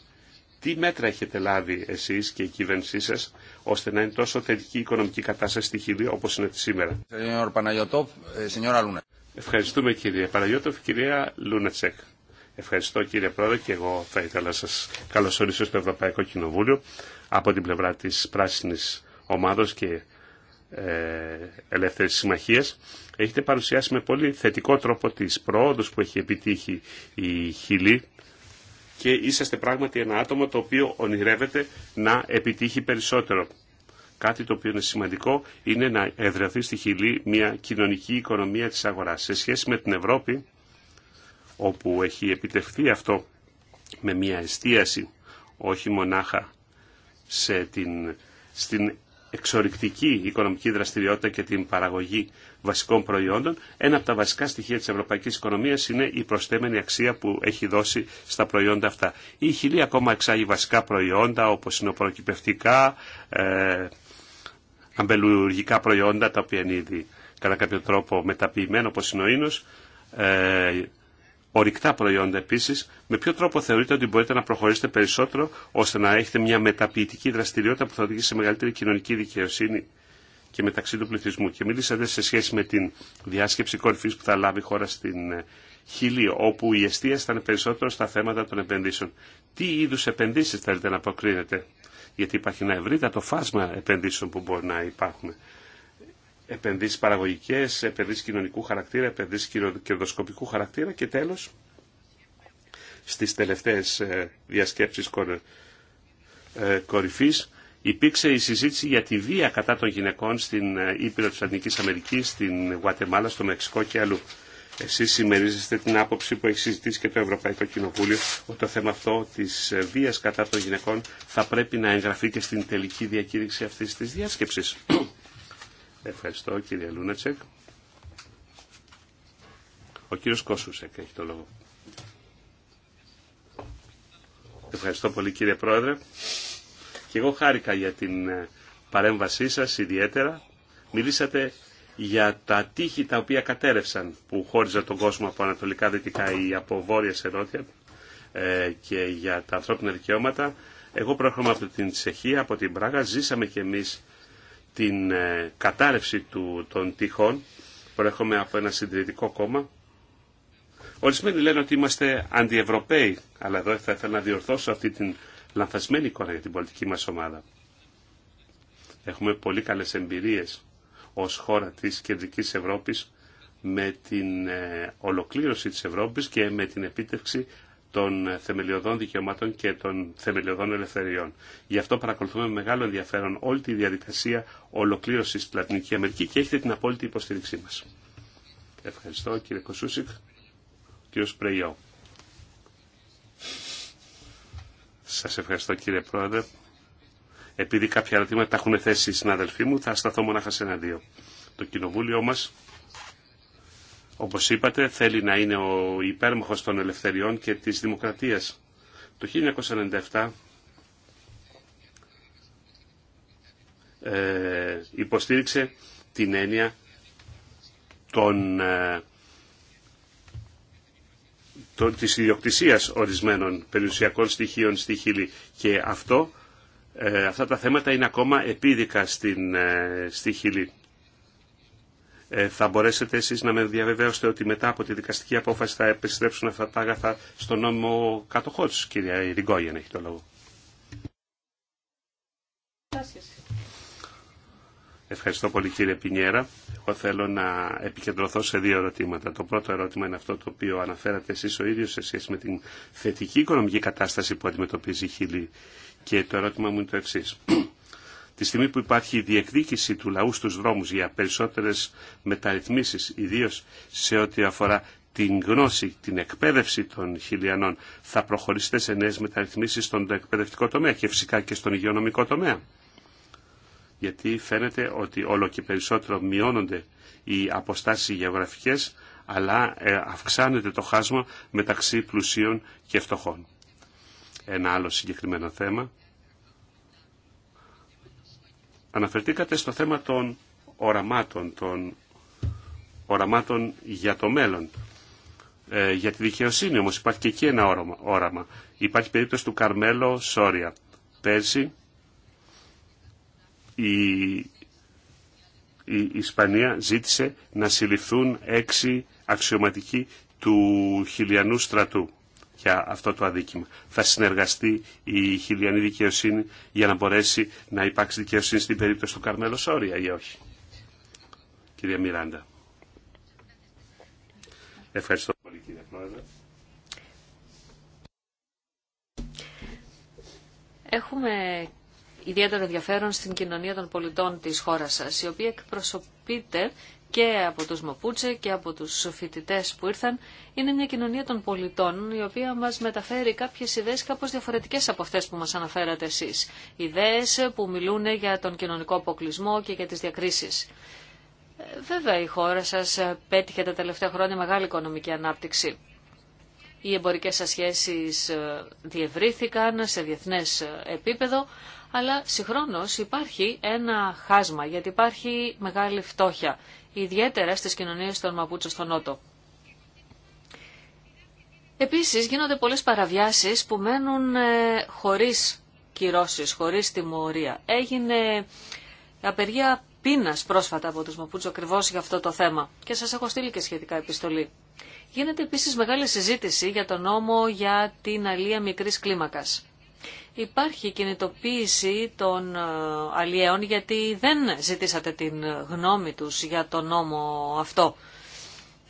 Τι μέτρα έχετε λάβει εσείς και η κυβέρνησή σας ώστε να είναι τόσο θετική η οικονομική κατάσταση στη Χιλή όπως είναι σήμερα. Eh, Ευχαριστούμε κύριε Παναγιώτοφ, κυρία Λούνατσεκ. Ευχαριστώ κύριε Πρόεδρε και εγώ θα ήθελα να σας καλωσορίσω στο Ευρωπαϊκό Κοινοβούλιο από την πλευρά της Πράσινης Ομάδος και ε, Ελεύθερης Συμμαχίας. Έχετε παρουσιάσει με πολύ θετικό τρόπο τις πρόοδους που έχει επιτύχει η Χιλή και είσαστε πράγματι ένα άτομο το οποίο ονειρεύεται να επιτύχει περισσότερο. Κάτι το οποίο είναι σημαντικό είναι να εδρεωθεί στη Χιλή μια κοινωνική οικονομία της αγοράς. Σε σχέση με την Ευρώπη, όπου έχει επιτευχθεί αυτό με μια εστίαση όχι μονάχα σε την, στην εξορρυκτική οικονομική δραστηριότητα και την παραγωγή βασικών προϊόντων, ένα από τα βασικά στοιχεία της ευρωπαϊκής οικονομίας είναι η προστέμενη αξία που έχει δώσει στα προϊόντα αυτά. Η Χιλή ακόμα εξάγει βασικά προϊόντα όπως είναι προκυπευτικά, ε, αμπελουργικά προϊόντα τα οποία είναι ήδη κατά κάποιο τρόπο μεταποιημένα όπως είναι ο ίνος, ε, ορυκτά προϊόντα επίση, με ποιο τρόπο θεωρείτε ότι μπορείτε να προχωρήσετε περισσότερο ώστε να έχετε μια μεταποιητική δραστηριότητα που θα οδηγήσει σε μεγαλύτερη κοινωνική δικαιοσύνη και μεταξύ του πληθυσμού. Και μίλησατε σε σχέση με την διάσκεψη κορυφή που θα λάβει η χώρα στην ε, Χιλή, όπου η αιστεία ήταν περισσότερο στα θέματα των επενδύσεων. Τι είδου επενδύσει θέλετε να προκρίνετε, Γιατί υπάρχει ένα ευρύτατο φάσμα επενδύσεων που μπορεί να υπάρχουν επενδύσεις παραγωγικές, επενδύσεις κοινωνικού χαρακτήρα, επενδύσεις κερδοσκοπικού χαρακτήρα και τέλος στις τελευταίες ε, διασκέψεις ε, κορυφής υπήρξε η συζήτηση για τη βία κατά των γυναικών στην ε, Ήπειρο της Αντικής Αμερικής, στην Γουατεμάλα, στο Μεξικό και αλλού. Εσείς συμμερίζεστε την άποψη που έχει συζητήσει και το Ευρωπαϊκό Κοινοβούλιο ότι το θέμα αυτό της βίας κατά των γυναικών θα πρέπει να εγγραφεί και στην τελική διακήρυξη αυτής της διάσκεψης. Ευχαριστώ κύριε Λούνατσεκ. Ο κύριος Κόσουσεκ έχει το λόγο. Ευχαριστώ πολύ κύριε Πρόεδρε. Και εγώ χάρηκα για την ε, παρέμβασή σας ιδιαίτερα. Μιλήσατε για τα τείχη τα οποία κατέρευσαν που χώριζαν τον κόσμο από ανατολικά δυτικά ή από βόρεια σε ερώτια ε, και για τα ανθρώπινα δικαιώματα. Εγώ προέρχομαι από την Τσεχία, από την Πράγα. Ζήσαμε κι εμείς την ε, κατάρρευση του, των τείχων. Προέρχομαι από ένα συντηρητικό κόμμα. Ορισμένοι λένε ότι είμαστε αντιευρωπαίοι, αλλά εδώ θα ήθελα να διορθώσω αυτή την λανθασμένη εικόνα για την πολιτική μας ομάδα. Έχουμε πολύ καλές εμπειρίες ως χώρα της Κεντρικής Ευρώπης με την ε, ολοκλήρωση της Ευρώπης και με την επίτευξη των θεμελιωδών δικαιωμάτων και των θεμελιωδών ελευθεριών. Γι' αυτό παρακολουθούμε με μεγάλο ενδιαφέρον όλη τη διαδικασία ολοκλήρωση στη Λατινική Αμερική και έχετε την απόλυτη υποστήριξή μα. Ευχαριστώ κύριε Κοσούσικ. Κύριο Πρέιό. Σας ευχαριστώ κύριε Πρόεδρε. Επειδή κάποια ερωτήματα τα έχουν θέσει οι συναδελφοί μου, θα σταθώ μονάχα σε ένα-δύο. Το κοινοβούλιο μας όπως είπατε, θέλει να είναι ο υπέρμαχος των ελευθεριών και της δημοκρατίας. Το 1997 ε, υποστήριξε την έννοια των, ε, της ιδιοκτησίας ορισμένων περιουσιακών στοιχείων στη Χίλη και αυτό, ε, αυτά τα θέματα είναι ακόμα επίδικα στην, ε, στη Χίλη. Ε, θα μπορέσετε εσείς να με διαβεβαίωσετε ότι μετά από τη δικαστική απόφαση θα επιστρέψουν αυτά τα άγαθα στον νόμιμο κατοχό τους, κυρία να έχει το λόγο. Ευχαριστώ πολύ κύριε Πινιέρα. Εγώ θέλω να επικεντρωθώ σε δύο ερωτήματα. Το πρώτο ερώτημα είναι αυτό το οποίο αναφέρατε εσείς ο ίδιος σε σχέση με την θετική οικονομική κατάσταση που αντιμετωπίζει η Χίλη και το ερώτημα μου είναι το εξής. Τη στιγμή που υπάρχει η διεκδίκηση του λαού στους δρόμους για περισσότερες μεταρρυθμίσεις, ιδίως σε ό,τι αφορά την γνώση, την εκπαίδευση των χιλιανών, θα προχωρήσετε σε νέες μεταρρυθμίσεις στον εκπαιδευτικό τομέα και φυσικά και στον υγειονομικό τομέα. Γιατί φαίνεται ότι όλο και περισσότερο μειώνονται οι αποστάσεις γεωγραφικές, αλλά ε, αυξάνεται το χάσμα μεταξύ πλουσίων και φτωχών. Ένα άλλο συγκεκριμένο θέμα Αναφερθήκατε στο θέμα των οραμάτων, των οραμάτων για το μέλλον. Ε, για τη δικαιοσύνη όμως υπάρχει και εκεί ένα όραμα. όραμα. Υπάρχει περίπτωση του Καρμέλο Σόρια. Πέρσι η, η Ισπανία ζήτησε να συλληφθούν έξι αξιωματικοί του χιλιανού στρατού για αυτό το αδίκημα. Θα συνεργαστεί η χιλιανή δικαιοσύνη για να μπορέσει να υπάρξει δικαιοσύνη στην περίπτωση του Καρμέλο Σόρια ή όχι. Κυρία Μιράντα. Ευχαριστώ πολύ κύριε Πρόεδρε. Έχουμε ιδιαίτερο ενδιαφέρον στην κοινωνία των πολιτών της χώρας σας, η οποία εκπροσωπείται και από τους Μαπούτσε και από τους φοιτητέ που ήρθαν, είναι μια κοινωνία των πολιτών η οποία μας μεταφέρει κάποιες ιδέες κάπως διαφορετικές από αυτές που μας αναφέρατε εσείς. Ιδέες που μιλούν για τον κοινωνικό αποκλεισμό και για τις διακρίσεις. Ε, βέβαια η χώρα σας πέτυχε τα τελευταία χρόνια μεγάλη οικονομική ανάπτυξη. Οι εμπορικές σας σχέσεις ε, διευρύθηκαν σε διεθνές ε, επίπεδο, αλλά συγχρόνως υπάρχει ένα χάσμα, γιατί υπάρχει μεγάλη φτώχεια ιδιαίτερα στις κοινωνίες των Μαπούτσο στον Νότο. Επίσης γίνονται πολλές παραβιάσεις που μένουν ε, χωρίς κυρώσεις, χωρίς τιμωρία. Έγινε απεργία πείνας πρόσφατα από τους Μαπούτσο ακριβώ για αυτό το θέμα και σας έχω στείλει και σχετικά επιστολή. Γίνεται επίσης μεγάλη συζήτηση για τον νόμο για την αλία μικρής κλίμακας. Υπάρχει κινητοποίηση των ε, αλλιέων γιατί δεν ζητήσατε την γνώμη τους για το νόμο αυτό.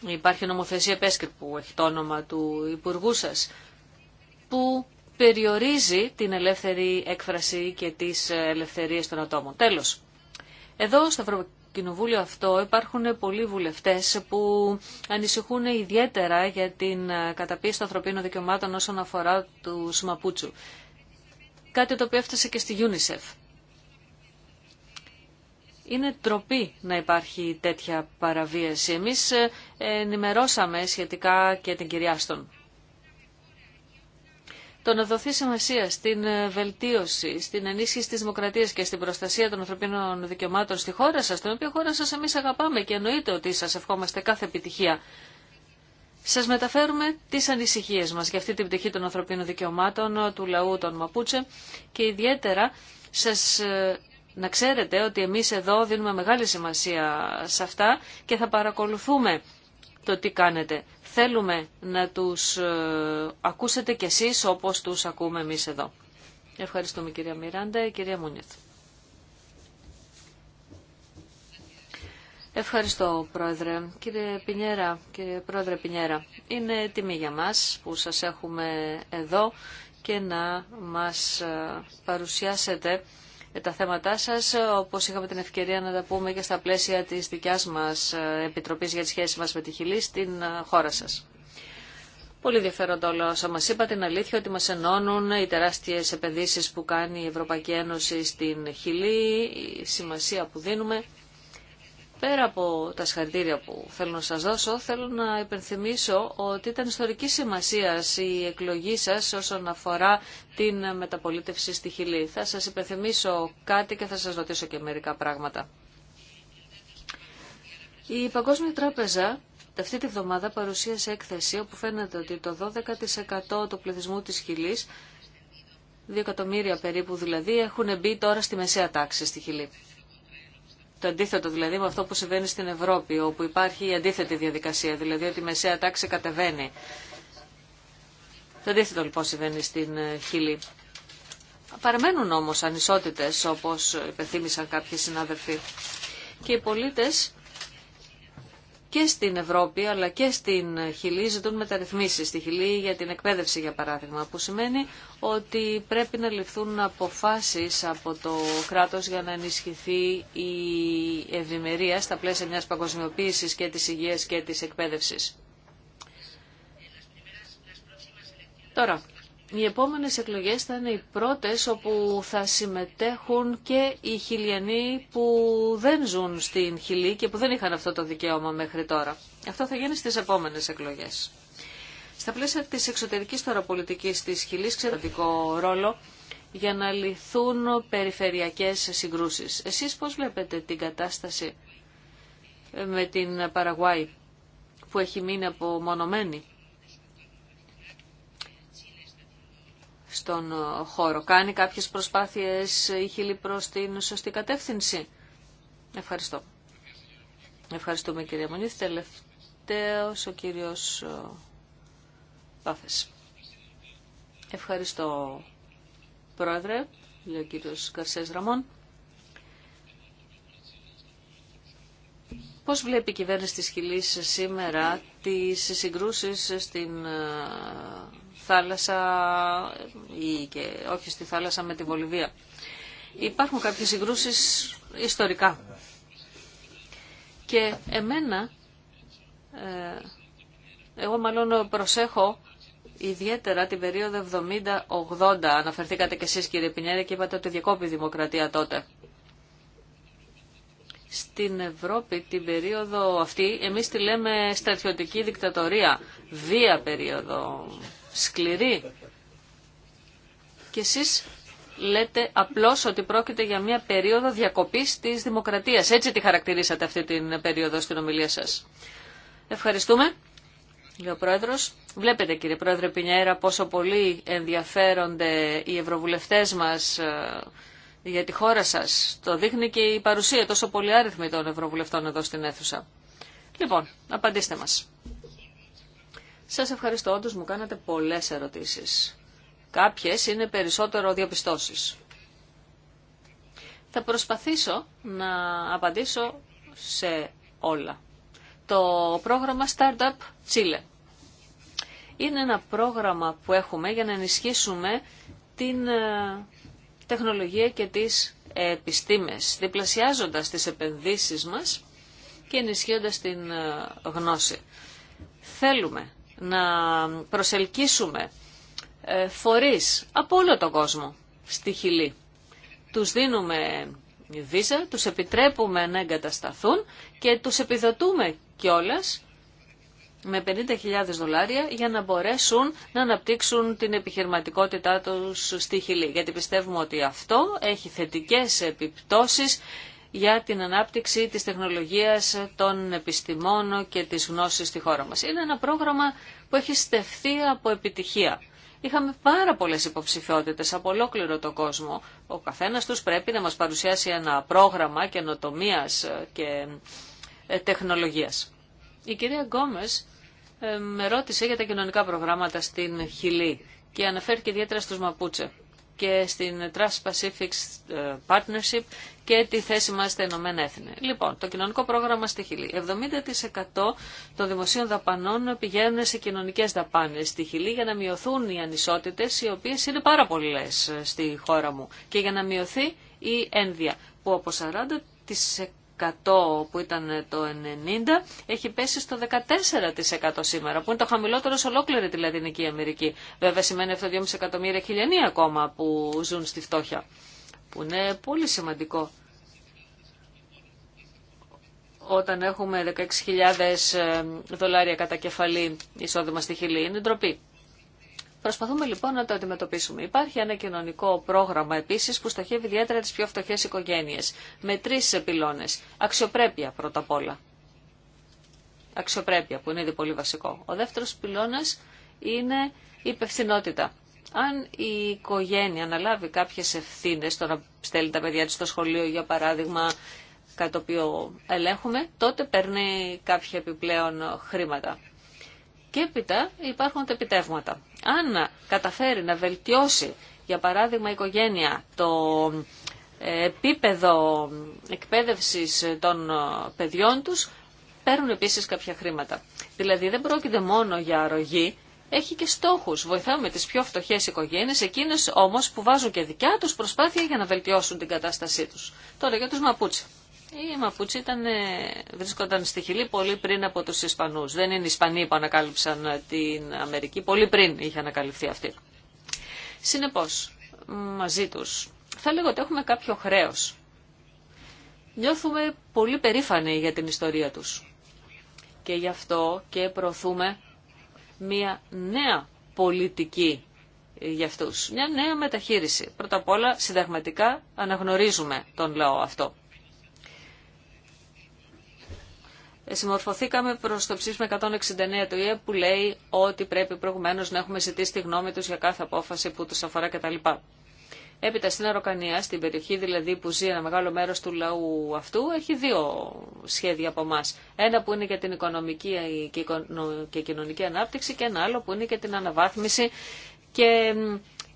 Υπάρχει νομοθεσία Πέσκερ που έχει το όνομα του Υπουργού σας που περιορίζει την ελεύθερη έκφραση και τις ελευθερίες των ατόμων. Τέλος, εδώ στο Ευρωκοινοβούλιο αυτό υπάρχουν πολλοί βουλευτές που ανησυχούν ιδιαίτερα για την καταπίεση των ανθρωπίνων δικαιωμάτων όσον αφορά του Μαπούτσου κάτι το οποίο έφτασε και στη UNICEF. Είναι τροπή να υπάρχει τέτοια παραβίαση. Εμείς ε, ενημερώσαμε σχετικά και την κυρία Στον. Το να δοθεί σημασία στην ε, βελτίωση, στην ενίσχυση της δημοκρατίας και στην προστασία των ανθρωπίνων δικαιωμάτων στη χώρα σας, την οποία χώρα σας εμείς αγαπάμε και εννοείται ότι σας ευχόμαστε κάθε επιτυχία. Σας μεταφέρουμε τις ανησυχίες μας για αυτή την πτυχή των ανθρωπίνων δικαιωμάτων του λαού των Μαπούτσε και ιδιαίτερα σας ε, να ξέρετε ότι εμείς εδώ δίνουμε μεγάλη σημασία σε αυτά και θα παρακολουθούμε το τι κάνετε. Θέλουμε να τους ε, ακούσετε κι εσείς όπως τους ακούμε εμείς εδώ. Ευχαριστούμε κυρία Μιράντα και κυρία Μούνιεθ. Ευχαριστώ, Πρόεδρε. Κύριε Πινιέρα, κύριε Πρόεδρε Πινιέρα, είναι τιμή για μας που σας έχουμε εδώ και να μας ε, παρουσιάσετε τα θέματά σας, όπως είχαμε την ευκαιρία να τα πούμε και στα πλαίσια της δικιάς μας ε, Επιτροπής για τις Σχέσεις μας με τη Χιλή στην ε, χώρα σας. Πολύ ενδιαφέροντα όλα όσα μας είπα. Την αλήθεια ότι μας ενώνουν οι τεράστιες επενδύσεις που κάνει η Ευρωπαϊκή Ένωση στην Χιλή, η σημασία που δίνουμε Πέρα από τα συγχαρητήρια που θέλω να σας δώσω, θέλω να υπενθυμίσω ότι ήταν ιστορική σημασία η εκλογή σας όσον αφορά την μεταπολίτευση στη Χιλή. Θα σας υπενθυμίσω κάτι και θα σας ρωτήσω και μερικά πράγματα. Η Παγκόσμια Τράπεζα αυτή τη εβδομάδα παρουσίασε έκθεση όπου φαίνεται ότι το 12% του πληθυσμού της Χιλής, 2 εκατομμύρια περίπου δηλαδή, έχουν μπει τώρα στη μεσαία τάξη στη Χιλή. Το αντίθετο δηλαδή με αυτό που συμβαίνει στην Ευρώπη, όπου υπάρχει η αντίθετη διαδικασία, δηλαδή ότι η μεσαία τάξη κατεβαίνει. Το αντίθετο λοιπόν συμβαίνει στην ε, Χιλή. Παραμένουν όμως ανισότητες, όπως υπενθύμησαν κάποιοι συνάδελφοι. Και οι πολίτες και στην Ευρώπη αλλά και στην Χιλή ζητούν μεταρρυθμίσεις. Στη Χιλή για την εκπαίδευση για παράδειγμα που σημαίνει ότι πρέπει να ληφθούν αποφάσεις από το κράτος για να ενισχυθεί η ευημερία στα πλαίσια μιας παγκοσμιοποίησης και της υγείας και της εκπαίδευσης. Τώρα, οι επόμενες εκλογές θα είναι οι πρώτες όπου θα συμμετέχουν και οι χιλιανοί που δεν ζουν στην Χιλή και που δεν είχαν αυτό το δικαίωμα μέχρι τώρα. Αυτό θα γίνει στις επόμενες εκλογές. Στα πλαίσια της εξωτερικής τώρα πολιτικής της Χιλής ξεχωριστικό ρόλο για να λυθούν περιφερειακές συγκρούσεις. Εσείς πώς βλέπετε την κατάσταση με την Παραγουάη που έχει μείνει απομονωμένη. στον ε, χώρο. Κάνει κάποιες προσπάθειες η Χίλη προς την σωστή κατεύθυνση. Ευχαριστώ. Ευχαριστούμε κυρία Μονίθ. Τελευταίος ο κύριος ε, Πάφες. Ευχαριστώ πρόεδρε, λέει ο κύριος Καρσές Ραμών. Πώς βλέπει η κυβέρνηση της Χιλής σήμερα τις συγκρούσεις στην ε, θάλασσα ή και όχι στη θάλασσα με τη Βολιβία. Υπάρχουν κάποιες συγκρούσεις ιστορικά. Και εμένα, ε, εγώ μάλλον προσέχω ιδιαίτερα την περίοδο 70-80, αναφερθήκατε και εσείς κύριε Πινιέρη και είπατε ότι διακόπη δημοκρατία τότε. Στην Ευρώπη την περίοδο αυτή εμείς τη λέμε στρατιωτική δικτατορία, βία περίοδο σκληρή. Και εσείς λέτε απλώς ότι πρόκειται για μια περίοδο διακοπής της δημοκρατίας. Έτσι τη χαρακτηρίσατε αυτή την περίοδο στην ομιλία σας. Ευχαριστούμε. Λέει ο Πρόεδρος. Βλέπετε κύριε Πρόεδρε Πινιέρα πόσο πολύ ενδιαφέρονται οι ευρωβουλευτές μας ε, για τη χώρα σας. Το δείχνει και η παρουσία τόσο πολύ άριθμη των ευρωβουλευτών εδώ στην αίθουσα. Λοιπόν, απαντήστε μας. Σας ευχαριστώ, όντως μου κάνατε πολλές ερωτήσεις. Κάποιες είναι περισσότερο διαπιστώσεις. Θα προσπαθήσω να απαντήσω σε όλα. Το πρόγραμμα Startup Chile. Είναι ένα πρόγραμμα που έχουμε για να ενισχύσουμε την ε, τεχνολογία και τις επιστήμες, διπλασιάζοντας τις επενδύσεις μας και ενισχύοντας την ε, γνώση. Θέλουμε να προσελκύσουμε ε, φορείς από όλο τον κόσμο στη Χιλή. Τους δίνουμε βίζα, τους επιτρέπουμε να εγκατασταθούν και τους επιδοτούμε κιόλας με 50.000 δολάρια για να μπορέσουν να αναπτύξουν την επιχειρηματικότητά τους στη Χιλή. Γιατί πιστεύουμε ότι αυτό έχει θετικές επιπτώσεις για την ανάπτυξη της τεχνολογίας των επιστημών και της γνώσης στη χώρα μας. Είναι ένα πρόγραμμα που έχει στεφθεί από επιτυχία. Είχαμε πάρα πολλές υποψηφιότητες από ολόκληρο το κόσμο. Ο καθένας τους πρέπει να μας παρουσιάσει ένα πρόγραμμα καινοτομία και ε, τεχνολογίας. Η κυρία Γκόμες ε, με ρώτησε για τα κοινωνικά προγράμματα στην Χιλή και αναφέρθηκε ιδιαίτερα στους Μαπούτσε και στην Trans-Pacific ε, Partnership και τη θέση μας στα Ηνωμένα Έθνη. Λοιπόν, το κοινωνικό πρόγραμμα στη Χιλή. 70% των δημοσίων δαπανών πηγαίνουν σε κοινωνικές δαπάνες στη Χιλή για να μειωθούν οι ανισότητες, οι οποίες είναι πάρα πολλές ε, στη χώρα μου και για να μειωθεί η ένδια, που από 40% που ήταν το 90 έχει πέσει στο 14% σήμερα, που είναι το χαμηλότερο σε ολόκληρη τη Λατινική Αμερική. Βέβαια σημαίνει αυτό 2,5 εκατομμύρια χιλιανοί ακόμα που ζουν στη φτώχεια, που είναι πολύ σημαντικό. Όταν έχουμε 16.000 ε, δολάρια κατά κεφαλή εισόδημα στη Χιλή, είναι ντροπή. Προσπαθούμε λοιπόν να το αντιμετωπίσουμε. Υπάρχει ένα κοινωνικό πρόγραμμα επίση που στοχεύει ιδιαίτερα τι πιο φτωχέ οικογένειε. με τρει επιλόνες. Αξιοπρέπεια πρώτα απ' όλα. Αξιοπρέπεια που είναι ήδη πολύ βασικό. Ο δεύτερο πυλώνα είναι η υπευθυνότητα. Αν η οικογένεια αναλάβει κάποιε ευθύνε το να στέλνει τα παιδιά τη στο σχολείο για παράδειγμα, κάτι το οποίο ελέγχουμε, τότε παίρνει κάποια επιπλέον χρήματα. Και έπειτα υπάρχουν τα επιτεύγματα. Αν καταφέρει να βελτιώσει, για παράδειγμα, η οικογένεια το ε, επίπεδο εκπαίδευσης των ε, παιδιών τους, παίρνουν επίσης κάποια χρήματα. Δηλαδή δεν πρόκειται μόνο για αρρωγή, έχει και στόχους. Βοηθάμε τις πιο φτωχές οικογένειες, εκείνες όμως που βάζουν και δικιά τους προσπάθεια για να βελτιώσουν την κατάστασή τους. Τώρα για τους Μαπούτσε. Οι Μαπούτσι ε, βρίσκονταν στη Χιλή πολύ πριν από τους Ισπανούς. Δεν είναι οι Ισπανοί που ανακάλυψαν ε, την Αμερική, πολύ πριν είχε ανακαλυφθεί αυτή. Συνεπώς, μαζί τους, θα λέγω ότι έχουμε κάποιο χρέος. Νιώθουμε πολύ περήφανοι για την ιστορία τους. Και γι' αυτό και προωθούμε μια νέα πολιτική για αυτούς. Μια νέα μεταχείριση. Πρώτα απ' όλα, συνταγματικά αναγνωρίζουμε τον λαό αυτό. συμμορφωθήκαμε προ το ψήφισμα 169 του ΙΕ που λέει ότι πρέπει προηγουμένω να έχουμε ζητήσει τη γνώμη του για κάθε απόφαση που του αφορά κτλ. Έπειτα στην Αροκανία, στην περιοχή δηλαδή που ζει ένα μεγάλο μέρο του λαού αυτού, έχει δύο σχέδια από εμά. Ένα που είναι για την οικονομική και κοινωνική ανάπτυξη και ένα άλλο που είναι για την αναβάθμιση και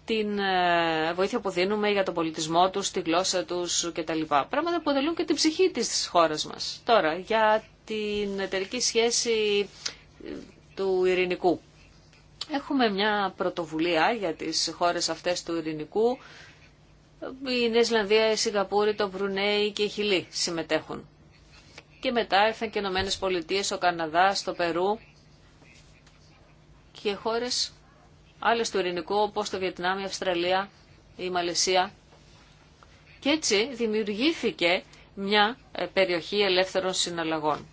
την ε, βοήθεια που δίνουμε για τον πολιτισμό τους, τη γλώσσα τους κτλ. Πράγματα που αποτελούν και την ψυχή της χώρας μας. Τώρα, για την εταιρική σχέση του ειρηνικού. Έχουμε μια πρωτοβουλία για τις χώρες αυτές του ειρηνικού. Η Νέα Ισλανδία, η Σιγκαπούρη, το Μπρουνέι και η Χιλή συμμετέχουν. Και μετά ήρθαν και οι Ηνωμένε Πολιτείε, ο Καναδά, το Περού και χώρες άλλε του ειρηνικού όπω το Βιετνάμ, η Αυστραλία, η Μαλαισία. Και έτσι δημιουργήθηκε μια ε, περιοχή ελεύθερων συναλλαγών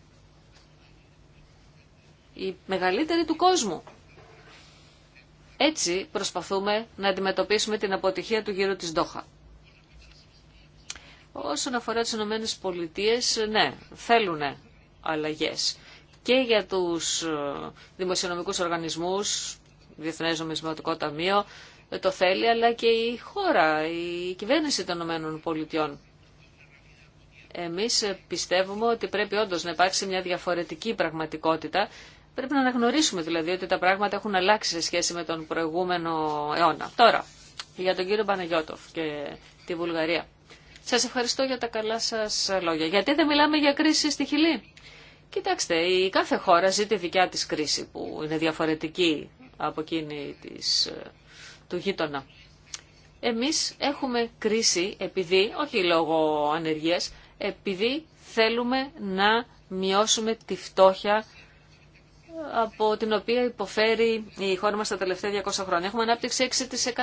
η μεγαλύτερη του κόσμου. Έτσι προσπαθούμε να αντιμετωπίσουμε την αποτυχία του γύρου της Ντόχα. Όσον αφορά τις Ηνωμένε Πολιτείες, ναι, θέλουν αλλαγές. Και για τους ε, δημοσιονομικούς οργανισμούς, Διεθνές Νομισματικό Ταμείο, ε, το θέλει, αλλά και η χώρα, η κυβέρνηση των Ηνωμένων Πολιτειών. Εμείς ε, πιστεύουμε ότι πρέπει όντως να υπάρξει μια διαφορετική πραγματικότητα Πρέπει να αναγνωρίσουμε δηλαδή ότι τα πράγματα έχουν αλλάξει σε σχέση με τον προηγούμενο αιώνα. Τώρα, για τον κύριο Παναγιώτοφ και τη Βουλγαρία. Σας ευχαριστώ για τα καλά σας λόγια. Γιατί δεν μιλάμε για κρίση στη Χιλή. Κοιτάξτε, η κάθε χώρα ζει τη δικιά της κρίση που είναι διαφορετική από εκείνη της, ε, του γείτονα. Εμείς έχουμε κρίση επειδή, όχι λόγω ανεργίας, επειδή θέλουμε να μειώσουμε τη φτώχεια από την οποία υποφέρει η χώρα μας τα τελευταία 200 χρόνια. Έχουμε ανάπτυξη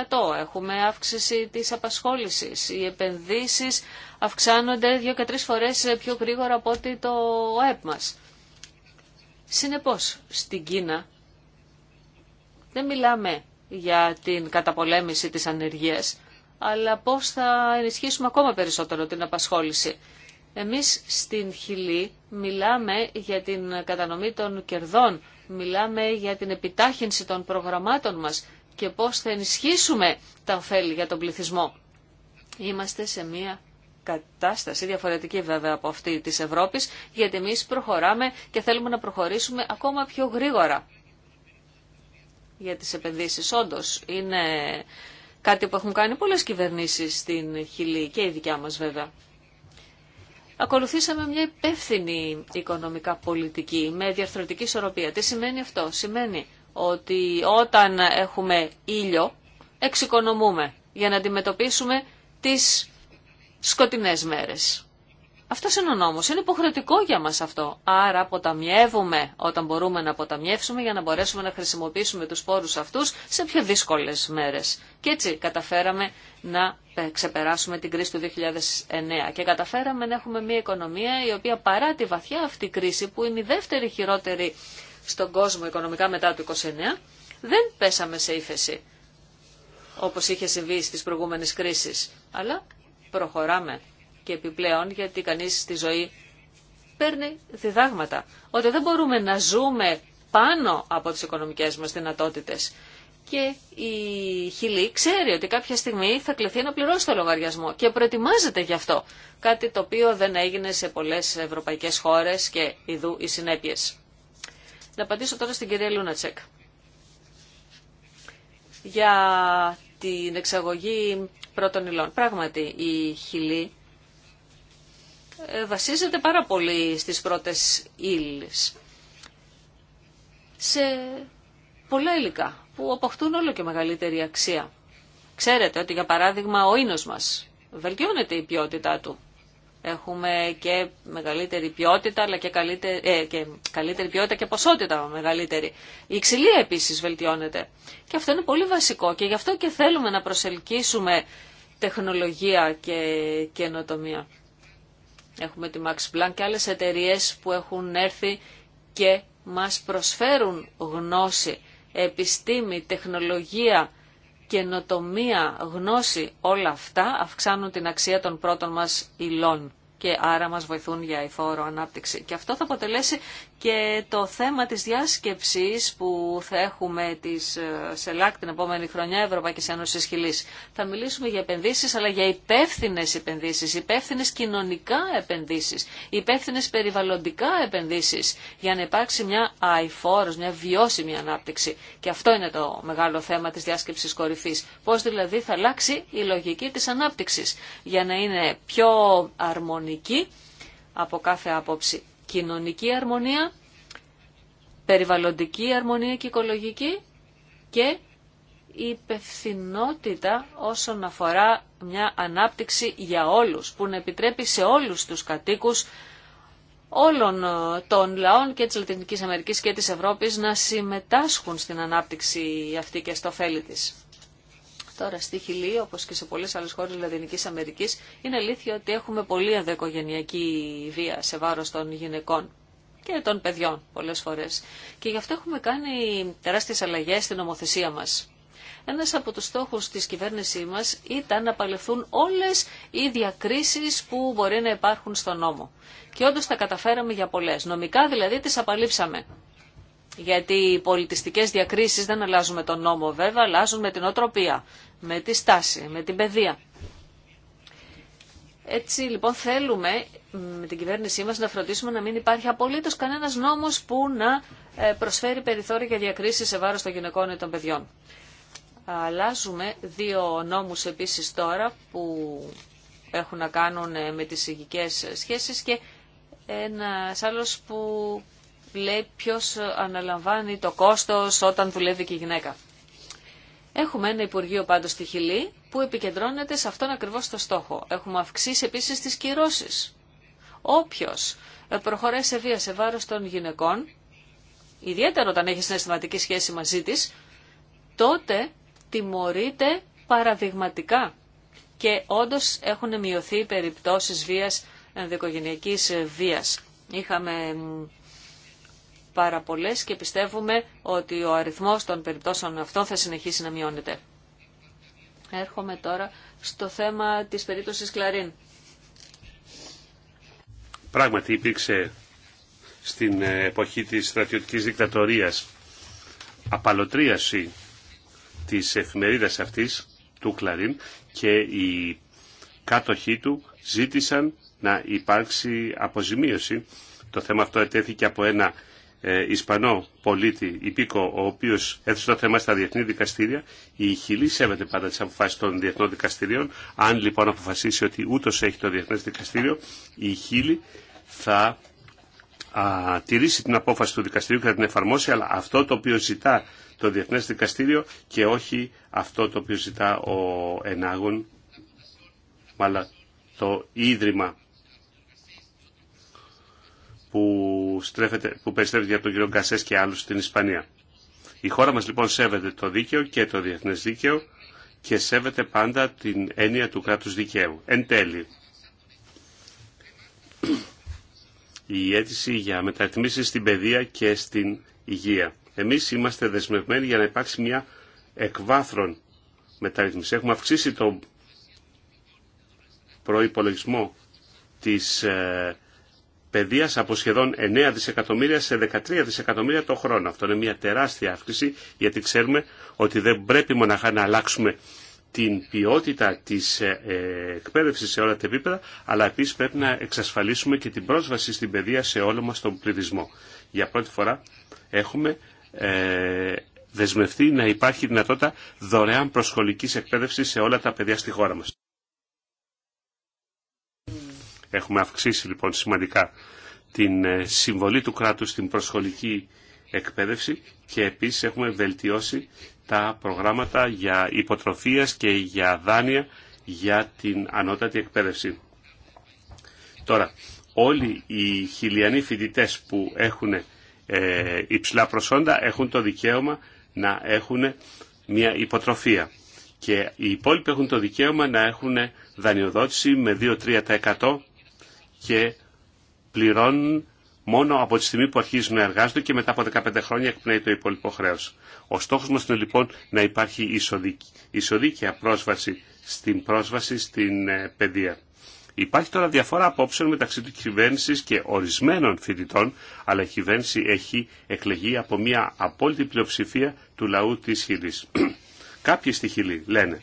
6%, έχουμε αύξηση της απασχόλησης, οι επενδύσεις αυξάνονται δύο και τρεις φορές πιο γρήγορα από ό,τι το ΕΠ μας. Συνεπώς, στην Κίνα δεν μιλάμε για την καταπολέμηση της ανεργίας, αλλά πώς θα ενισχύσουμε ακόμα περισσότερο την απασχόληση. Εμείς στην Χιλή μιλάμε για την κατανομή των κερδών, μιλάμε για την επιτάχυνση των προγραμμάτων μας και πώς θα ενισχύσουμε τα ωφέλη για τον πληθυσμό. Είμαστε σε μια κατάσταση διαφορετική βέβαια από αυτή της Ευρώπης, γιατί εμείς προχωράμε και θέλουμε να προχωρήσουμε ακόμα πιο γρήγορα για τις επενδύσεις. Όντως είναι κάτι που έχουν κάνει πολλές κυβερνήσεις στην Χιλή και η δικιά μας βέβαια ακολουθήσαμε μια υπεύθυνη οικονομικά πολιτική με διαρθρωτική ισορροπία. Τι σημαίνει αυτό. Σημαίνει ότι όταν έχουμε ήλιο εξοικονομούμε για να αντιμετωπίσουμε τις σκοτεινές μέρες. Αυτό είναι ο νόμος. Είναι υποχρεωτικό για μας αυτό. Άρα αποταμιεύουμε όταν μπορούμε να αποταμιεύσουμε για να μπορέσουμε να χρησιμοποιήσουμε τους πόρου αυτούς σε πιο δύσκολες μέρες. Και έτσι καταφέραμε να ε, ξεπεράσουμε την κρίση του 2009 και καταφέραμε να έχουμε μια οικονομία η οποία παρά τη βαθιά αυτή κρίση που είναι η δεύτερη χειρότερη στον κόσμο οικονομικά μετά το 29 δεν πέσαμε σε ύφεση όπως είχε συμβεί στις προηγούμενες κρίσεις. Αλλά προχωράμε και επιπλέον γιατί κανείς στη ζωή παίρνει διδάγματα. Ότι δεν μπορούμε να ζούμε πάνω από τις οικονομικές μας δυνατότητες. Και η Χιλή ξέρει ότι κάποια στιγμή θα κληθεί να πληρώσει το λογαριασμό και προετοιμάζεται γι' αυτό. Κάτι το οποίο δεν έγινε σε πολλές ευρωπαϊκές χώρες και ειδού οι συνέπειες. Να απαντήσω τώρα στην κυρία Λούνατσεκ. Για την εξαγωγή πρώτων υλών. Πράγματι, η Χιλή ε, βασίζεται πάρα πολύ στις πρώτες ύλες. Σε πολλά υλικά που αποκτούν όλο και μεγαλύτερη αξία. Ξέρετε ότι για παράδειγμα ο ίνος μας βελτιώνεται η ποιότητά του. Έχουμε και μεγαλύτερη ποιότητα, αλλά και καλύτερη, ε, και καλύτερη ποιότητα και ποσότητα μεγαλύτερη. Η ξυλία επίσης βελτιώνεται. Και αυτό είναι πολύ βασικό και γι' αυτό και θέλουμε να προσελκύσουμε τεχνολογία και καινοτομία. Έχουμε τη Max Planck και άλλες εταιρείες που έχουν έρθει και μας προσφέρουν γνώση, επιστήμη, τεχνολογία, καινοτομία, γνώση. Όλα αυτά αυξάνουν την αξία των πρώτων μας υλών και άρα μας βοηθούν για φόρο ανάπτυξη. Και αυτό θα αποτελέσει και το θέμα της διάσκεψης που θα έχουμε της ε, ΣΕΛΑΚ την επόμενη χρονιά Ευρωπαϊκής Ένωσης Χιλής. Θα μιλήσουμε για επενδύσεις αλλά για υπεύθυνε επενδύσεις, υπεύθυνε κοινωνικά επενδύσεις, υπεύθυνε περιβαλλοντικά επενδύσεις για να υπάρξει μια αϊφόρος, μια βιώσιμη ανάπτυξη. Και αυτό είναι το μεγάλο θέμα της διάσκεψης κορυφής. Πώς δηλαδή θα αλλάξει η λογική της ανάπτυξης για να είναι πιο αρμονική από κάθε άποψη κοινωνική αρμονία, περιβαλλοντική αρμονία και οικολογική και η υπευθυνότητα όσον αφορά μια ανάπτυξη για όλους, που να επιτρέπει σε όλους τους κατοίκους όλων ε, των λαών και της Λατινικής Αμερικής και της Ευρώπης να συμμετάσχουν στην ανάπτυξη αυτή και στο φέλη της. Τώρα στη Χιλή, όπω και σε πολλέ άλλε χώρε Λατινικής Αμερική, είναι αλήθεια ότι έχουμε πολύ ενδοοικογενειακή βία σε βάρο των γυναικών και των παιδιών πολλέ φορέ. Και γι' αυτό έχουμε κάνει τεράστιε αλλαγέ στην νομοθεσία μα. Ένα από του στόχου τη κυβέρνησή μα ήταν να παλευθούν όλε οι διακρίσει που μπορεί να υπάρχουν στον νόμο. Και όντω τα καταφέραμε για πολλέ. Νομικά δηλαδή τι απαλήψαμε. Γιατί οι πολιτιστικέ διακρίσεις δεν αλλάζουν με τον νόμο βέβαια, αλλάζουν με την οτροπία με τη στάση, με την παιδεία. Έτσι λοιπόν θέλουμε με την κυβέρνησή μας να φροντίσουμε να μην υπάρχει απολύτως κανένας νόμος που να ε, προσφέρει περιθώρια για διακρίσεις σε βάρος των γυναικών ή των παιδιών. Αλλάζουμε δύο νόμους επίσης τώρα που έχουν να κάνουν ε, με τις υγικές σχέσεις και ένας άλλος που λέει ποιος αναλαμβάνει το κόστος όταν δουλεύει και η γυναίκα. Έχουμε ένα Υπουργείο πάντω στη Χιλή που επικεντρώνεται σε αυτόν ακριβώ το στόχο. Έχουμε αυξήσει επίση τι κυρώσει. Όποιο ε, προχωράει σε βία σε βάρο των γυναικών, ιδιαίτερα όταν έχει συναισθηματική σχέση μαζί τη, τότε τιμωρείται παραδειγματικά. Και όντω έχουν μειωθεί οι περιπτώσει βία, ενδοικογενειακή ε, βία. Είχαμε πάρα πολλές και πιστεύουμε ότι ο αριθμός των περιπτώσεων αυτών θα συνεχίσει να μειώνεται. Έρχομαι τώρα στο θέμα της περίπτωση Κλαρίν. Πράγματι υπήρξε στην εποχή της στρατιωτικής δικτατορίας απαλωτρίαση της εφημερίδας αυτής του Κλαρίν και οι κάτοχοί του ζήτησαν να υπάρξει αποζημίωση. Το θέμα αυτό ετέθηκε από ένα ε, Ισπανό πολίτη υπήκο, ο οποίο έθεσε το θέμα στα διεθνή δικαστήρια, η Χιλή σέβεται πάντα τι αποφάσει των διεθνών δικαστηρίων. Αν λοιπόν αποφασίσει ότι ούτω έχει το διεθνέ δικαστήριο, η Χιλή θα α, τηρήσει την απόφαση του δικαστηρίου και θα την εφαρμόσει, αλλά αυτό το οποίο ζητά το διεθνέ δικαστήριο και όχι αυτό το οποίο ζητά ο Ενάγων, αλλά το Ίδρυμα που, στρέφεται, που περιστρέφεται από τον κύριο Γκασέ και άλλους στην Ισπανία. Η χώρα μας λοιπόν σέβεται το δίκαιο και το διεθνές δίκαιο και σέβεται πάντα την έννοια του κράτους δικαίου. Εν τέλει, η αίτηση για μεταρρυθμίσεις στην παιδεία και στην υγεία. Εμείς είμαστε δεσμευμένοι για να υπάρξει μια εκβάθρον μεταρρύθμιση. Έχουμε αυξήσει τον προϋπολογισμό της ε, παιδείας από σχεδόν 9 δισεκατομμύρια σε 13 δισεκατομμύρια το χρόνο. Αυτό είναι μια τεράστια αύξηση γιατί ξέρουμε ότι δεν πρέπει μοναχά να αλλάξουμε την ποιότητα της ε, ε, εκπαίδευσης σε όλα τα επίπεδα, αλλά επίσης πρέπει να εξασφαλίσουμε και την πρόσβαση στην παιδεία σε όλο μας τον πληθυσμό. Για πρώτη φορά έχουμε ε, δεσμευτεί να υπάρχει δυνατότητα δωρεάν προσχολικής εκπαίδευσης σε όλα τα παιδιά στη χώρα μας. Έχουμε αυξήσει λοιπόν σημαντικά την ε, συμβολή του κράτους στην προσχολική εκπαίδευση και επίσης έχουμε βελτιώσει τα προγράμματα για υποτροφίας και για δάνεια για την ανώτατη εκπαίδευση. Τώρα, όλοι οι χιλιανοί φοιτητέ που έχουν ε, υψηλά προσόντα έχουν το δικαίωμα να έχουν μια υποτροφία και οι υπόλοιποι έχουν το δικαίωμα να έχουν δανειοδότηση με 2-3% και πληρώνουν μόνο από τη στιγμή που αρχίζουν να εργάζονται και μετά από 15 χρόνια εκπνέει το υπόλοιπο χρέο. Ο στόχο μα είναι λοιπόν να υπάρχει ισοδίκαια πρόσβαση στην πρόσβαση στην ε, παιδεία. Υπάρχει τώρα διαφορά απόψεων μεταξύ του κυβέρνηση και ορισμένων φοιτητών, αλλά η κυβέρνηση έχει εκλεγεί από μια απόλυτη πλειοψηφία του λαού τη Χιλή. Κάποιοι στη Χιλή λένε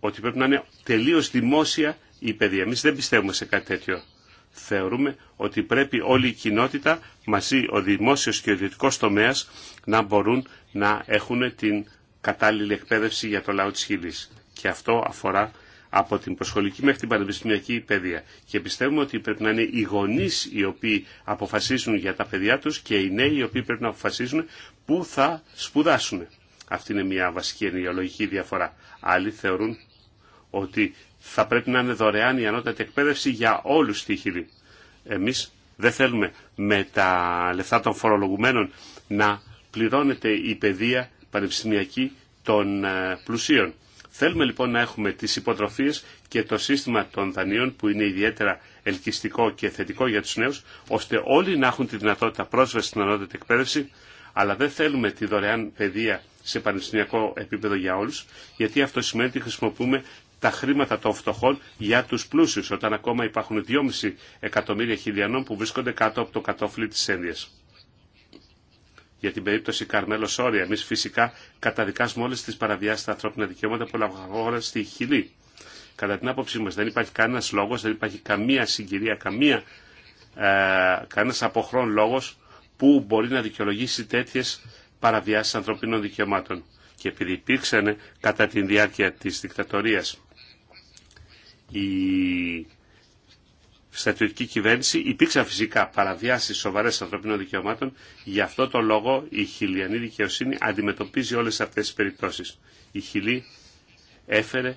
ότι πρέπει να είναι τελείω δημόσια η παιδεία. Εμεί δεν πιστεύουμε σε κάτι τέτοιο. Θεωρούμε ότι πρέπει όλη η κοινότητα μαζί, ο δημόσιος και ο ιδιωτικός τομέας, να μπορούν να έχουν την κατάλληλη εκπαίδευση για το λαό της Χιλής. Και αυτό αφορά από την προσχολική μέχρι την πανεπιστημιακή παιδεία. Και πιστεύουμε ότι πρέπει να είναι οι γονεί οι οποίοι αποφασίζουν για τα παιδιά του και οι νέοι οι οποίοι πρέπει να αποφασίζουν πού θα σπουδάσουν. Αυτή είναι μια βασική ενοιολογική διαφορά. Άλλοι θεωρούν ότι θα πρέπει να είναι δωρεάν η ανώτατη εκπαίδευση για όλους τη χειρή. Εμείς δεν θέλουμε με τα λεφτά των φορολογουμένων να πληρώνεται η παιδεία πανεπιστημιακή των ε, πλουσίων. Θέλουμε λοιπόν να έχουμε τις υποτροφίες και το σύστημα των δανείων που είναι ιδιαίτερα ελκυστικό και θετικό για τους νέους, ώστε όλοι να έχουν τη δυνατότητα πρόσβαση στην ανώτατη εκπαίδευση, αλλά δεν θέλουμε τη δωρεάν παιδεία σε πανεπιστημιακό επίπεδο για όλους, γιατί αυτό σημαίνει ότι χρησιμοποιούμε τα χρήματα των φτωχών για τους πλούσιους, όταν ακόμα υπάρχουν 2,5 εκατομμύρια χιλιανών που βρίσκονται κάτω από το κατόφλι της ένδυας. Για την περίπτωση Καρμέλο Σόρια, εμεί φυσικά καταδικάσουμε όλε τι παραβιάσει στα ανθρώπινα δικαιώματα που λαμβάνουν στη Χιλή. Κατά την άποψή μα, δεν υπάρχει κανένα λόγο, δεν υπάρχει καμία συγκυρία, καμία, ε, κανένα αποχρόν λόγος που μπορεί να δικαιολογήσει τέτοιε παραβιάσεις ανθρωπίνων δικαιωμάτων. Και επειδή υπήρξαν κατά τη διάρκεια τη δικτατορία η στρατιωτική κυβέρνηση. Υπήρξαν φυσικά παραβιάσεις σοβαρές ανθρωπίνων δικαιωμάτων. Γι' αυτό το λόγο η χιλιανή δικαιοσύνη αντιμετωπίζει όλες αυτές τις περιπτώσεις. Η χιλή έφερε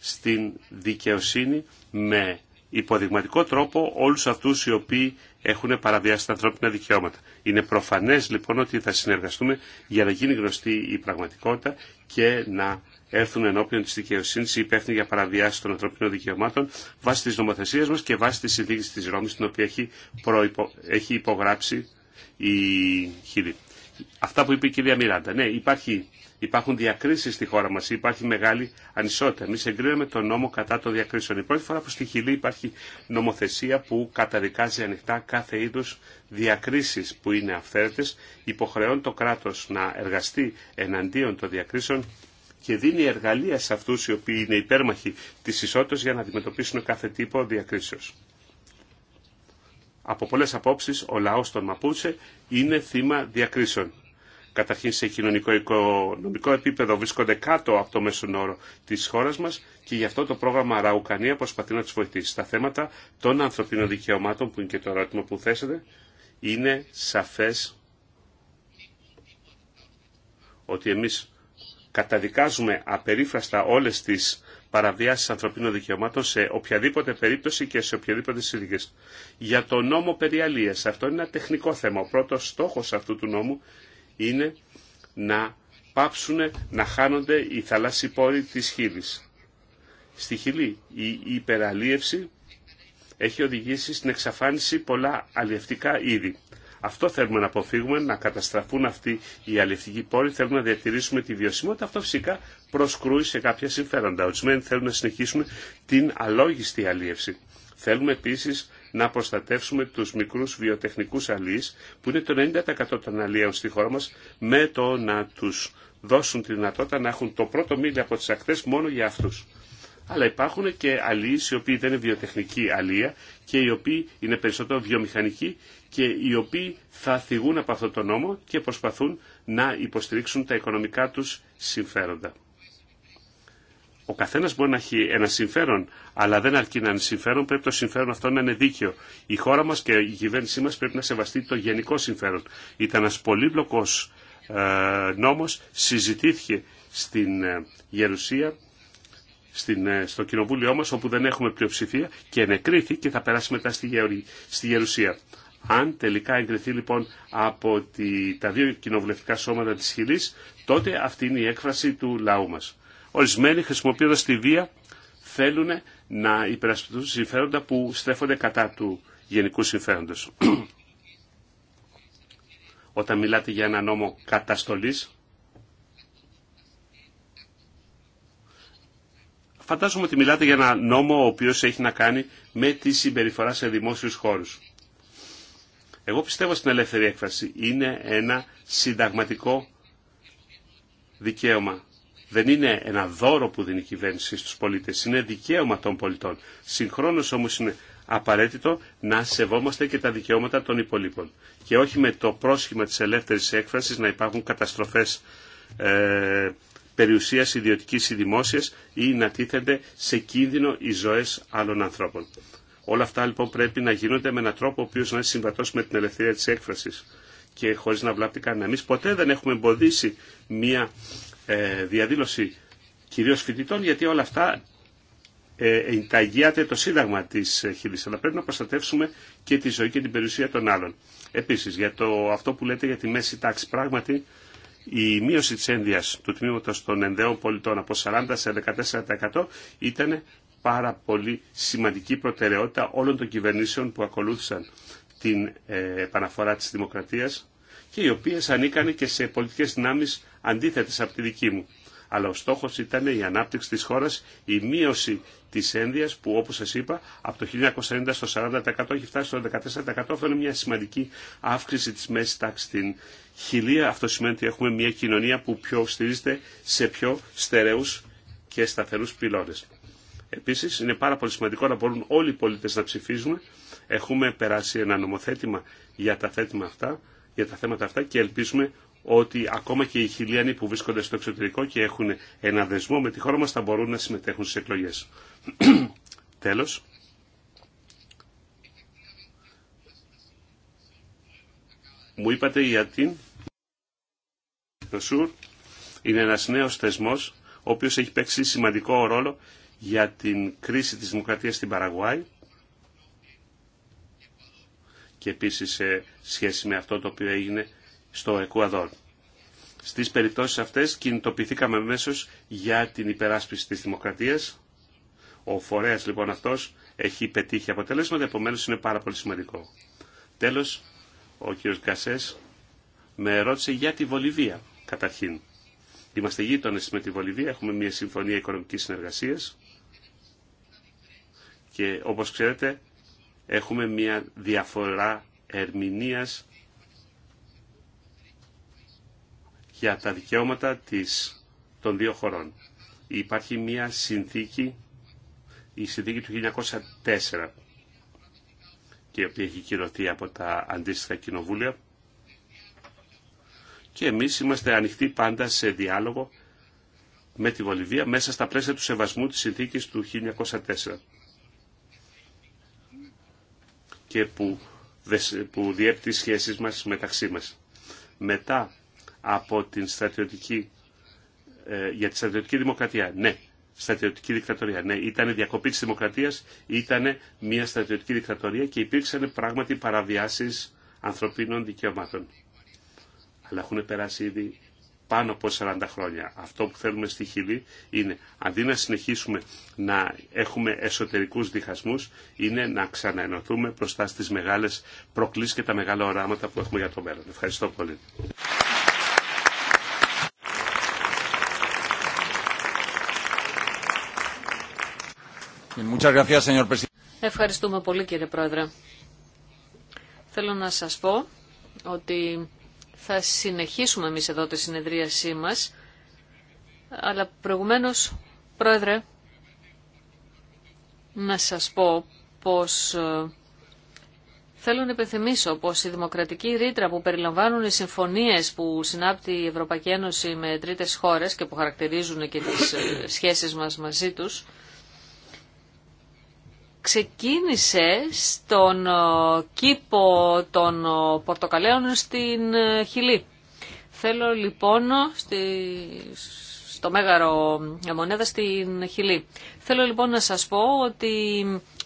στην δικαιοσύνη με υποδειγματικό τρόπο όλους αυτούς οι οποίοι έχουν παραβιάσει τα ανθρώπινα δικαιώματα. Είναι προφανές λοιπόν ότι θα συνεργαστούμε για να γίνει γνωστή η πραγματικότητα και να έρθουν ενώπιον τη δικαιοσύνη οι υπεύθυνοι για παραβιάσει των ανθρωπίνων δικαιωμάτων βάσει τη νομοθεσία μα και βάσει τη συνθήκη τη Ρώμη, την οποία έχει, υπογράψει η Χιλή. Αυτά που είπε η κυρία Μιράντα. Ναι, υπάρχει, υπάρχουν διακρίσει στη χώρα μα, υπάρχει μεγάλη ανισότητα. Εμεί εγκρίναμε τον νόμο κατά των διακρίσεων. Η πρώτη φορά που στη Χιλή υπάρχει νομοθεσία που καταδικάζει ανοιχτά κάθε είδου διακρίσει που είναι αυθαίρετε, υποχρεώνει το κράτο να εργαστεί εναντίον των διακρίσεων και δίνει εργαλεία σε αυτού οι οποίοι είναι υπέρμαχοι τη ισότητα για να αντιμετωπίσουν κάθε τύπο διακρίσεω. Από πολλέ απόψει, ο λαό των Μαπούτσε είναι θύμα διακρίσεων. Καταρχήν σε κοινωνικό-οικονομικό επίπεδο βρίσκονται κάτω από το μέσον όρο τη χώρα μα και γι' αυτό το πρόγραμμα Ραουκανία προσπαθεί να του βοηθήσει. Στα θέματα των ανθρωπίνων δικαιωμάτων που είναι και το ερώτημα που θέσατε είναι σαφέ. ότι εμείς καταδικάζουμε απερίφραστα όλες τις παραβιάσεις ανθρωπίνων δικαιωμάτων σε οποιαδήποτε περίπτωση και σε οποιαδήποτε συνθήκε. Για το νόμο περί αυτό είναι ένα τεχνικό θέμα. Ο πρώτος στόχος αυτού του νόμου είναι να πάψουν να χάνονται οι θαλάσσιοι πόροι της Χίλης. Στη Χίλη η υπεραλίευση έχει οδηγήσει στην εξαφάνιση πολλά αλλιευτικά είδη. Αυτό θέλουμε να αποφύγουμε, να καταστραφούν αυτοί οι αλληλευτικοί πόροι. Θέλουμε να διατηρήσουμε τη βιωσιμότητα. Αυτό φυσικά προσκρούει σε κάποια συμφέροντα. Ορισμένοι θέλουν να συνεχίσουμε την αλόγιστη αλίευση. Θέλουμε επίση να προστατεύσουμε του μικρού βιοτεχνικού αλεί, που είναι το 90% των αλίων στη χώρα μα, με το να του δώσουν τη δυνατότητα να έχουν το πρώτο μήλι από τι ακτέ μόνο για αυτού. Αλλά υπάρχουν και αλείς οι οποίοι δεν είναι βιοτεχνική αλία και οι οποίοι είναι περισσότερο βιομηχανικοί και οι οποίοι θα θυγούν από αυτό το νόμο και προσπαθούν να υποστηρίξουν τα οικονομικά τους συμφέροντα. Ο καθένα μπορεί να έχει ένα συμφέρον, αλλά δεν αρκεί να είναι συμφέρον, πρέπει το συμφέρον αυτό να είναι δίκαιο. Η χώρα μα και η κυβέρνησή μα πρέπει να σεβαστεί το γενικό συμφέρον. Ήταν ένα πολύπλοκο ε, νόμο, συζητήθηκε στην ε, Γερουσία, στην, ε, στο κοινοβούλιο μα, όπου δεν έχουμε πλειοψηφία και ενεκρίθη και θα περάσει μετά στη, στη Γερουσία. Αν τελικά εγκριθεί λοιπόν από τη, τα δύο κοινοβουλευτικά σώματα της Χιλής, τότε αυτή είναι η έκφραση του λαού μας. Ορισμένοι χρησιμοποιώντας τη βία θέλουν να υπερασπιστούν συμφέροντα που στρέφονται κατά του γενικού συμφέροντος. Όταν μιλάτε για ένα νόμο καταστολής, φαντάζομαι ότι μιλάτε για ένα νόμο ο οποίος έχει να κάνει με τη συμπεριφορά σε δημόσιους χώρους. Εγώ πιστεύω στην ελεύθερη έκφραση. Είναι ένα συνταγματικό δικαίωμα. Δεν είναι ένα δώρο που δίνει η κυβέρνηση στους πολίτες. Είναι δικαίωμα των πολιτών. Συγχρόνως όμως είναι απαραίτητο να σεβόμαστε και τα δικαιώματα των υπολείπων. Και όχι με το πρόσχημα της ελεύθερης έκφρασης να υπάρχουν καταστροφές ε, περιουσίας ιδιωτικής ή δημόσιας ή να τίθενται σε κίνδυνο οι ζωές άλλων ανθρώπων. Όλα αυτά λοιπόν πρέπει να γίνονται με έναν τρόπο ο οποίο να είναι συμβατό με την ελευθερία τη έκφραση και χωρί να βλάπτει κανένα. Εμεί ποτέ δεν έχουμε εμποδίσει μία ε, διαδήλωση κυρίω φοιτητών γιατί όλα αυτά ενταγιάται το σύνταγμα τη ε, Χιλή. Αλλά πρέπει να προστατεύσουμε και τη ζωή και την περιουσία των άλλων. Επίση, για το, αυτό που λέτε για τη μέση τάξη, πράγματι η μείωση τη ένδυα του τμήματο των ενδέων πολιτών από 40 σε 14% ήταν πάρα πολύ σημαντική προτεραιότητα όλων των κυβερνήσεων που ακολούθησαν την ε, επαναφορά της δημοκρατίας και οι οποίες ανήκαν και σε πολιτικές δυνάμεις αντίθετες από τη δική μου. Αλλά ο στόχος ήταν η ανάπτυξη της χώρας, η μείωση της ένδυας που όπως σας είπα από το 1990 στο 40% έχει φτάσει στο 14% αυτό είναι μια σημαντική αύξηση της μέσης τάξης στην χιλία. Αυτό σημαίνει ότι έχουμε μια κοινωνία που πιο στηρίζεται σε πιο στερεούς και σταθερούς πυλώνες. Επίσης είναι πάρα πολύ σημαντικό να μπορούν όλοι οι πολίτε να ψηφίζουν. Έχουμε περάσει ένα νομοθέτημα για τα, θέματα αυτά, για τα θέματα αυτά και ελπίζουμε ότι ακόμα και οι χιλιανοί που βρίσκονται στο εξωτερικό και έχουν ένα δεσμό με τη χώρα μας θα μπορούν να συμμετέχουν στι εκλογέ. Τέλος. Μου είπατε για την το Είναι ένας νέος θεσμός ο οποίος έχει παίξει σημαντικό ρόλο για την κρίση της δημοκρατίας στην Παραγουάη και επίσης σε σχέση με αυτό το οποίο έγινε στο Εκουαδόρ. Στις περιπτώσεις αυτές κινητοποιηθήκαμε αμέσω για την υπεράσπιση της δημοκρατίας. Ο φορέας λοιπόν αυτός έχει πετύχει αποτελέσματα, επομένω είναι πάρα πολύ σημαντικό. Τέλος, ο κ. Γκασές με ρώτησε για τη Βολιβία καταρχήν. Είμαστε γείτονε με τη Βολιβία, έχουμε μια συμφωνία οικονομικής συνεργασίας και όπως ξέρετε έχουμε μια διαφορά ερμηνείας για τα δικαιώματα της, των δύο χωρών. Υπάρχει μια συνθήκη, η συνθήκη του 1904, και η οποία έχει κυρωθεί από τα αντίστοιχα κοινοβούλια. Και εμείς είμαστε ανοιχτοί πάντα σε διάλογο με τη Βολιβία μέσα στα πλαίσια του σεβασμού της συνθήκης του 1904 και που, που διέπει τις σχέσεις μας μεταξύ μας. Μετά από την στρατιωτική, ε, για τη στρατιωτική δημοκρατία, ναι, στρατιωτική δικτατορία. Ναι, ήταν διακοπή της δημοκρατίας, ήταν μια στρατιωτική δικτατορία και υπήρξαν πράγματι παραβιάσεις ανθρωπίνων δικαιωμάτων. Αλλά έχουν περάσει ήδη πάνω από 40 χρόνια. Αυτό που θέλουμε στη Χιλή είναι, αντί να συνεχίσουμε να έχουμε εσωτερικούς διχασμούς, είναι να ξαναενωθούμε μπροστά στις μεγάλες προκλήσεις και τα μεγάλα οράματα που έχουμε για το μέλλον. Ευχαριστώ πολύ. Ευχαριστούμε πολύ κύριε Πρόεδρε. Θέλω να σας πω ότι θα συνεχίσουμε εμείς εδώ τη συνεδρίασή μας, αλλά προηγουμένως, Πρόεδρε, να σας πω πως ε, θέλω να υπενθυμίσω πως η δημοκρατική ρήτρα που περιλαμβάνουν οι συμφωνίες που συνάπτει η Ευρωπαϊκή Ένωση με τρίτες χώρες και που χαρακτηρίζουν και τις ε, σχέσεις μας μαζί τους, ξεκίνησε στον ε, κήπο των ε, πορτοκαλέων στην ε, Χιλή. Θέλω λοιπόν στη, στο Μέγαρο Μονέδα στην Χιλή. Θέλω λοιπόν να σας πω ότι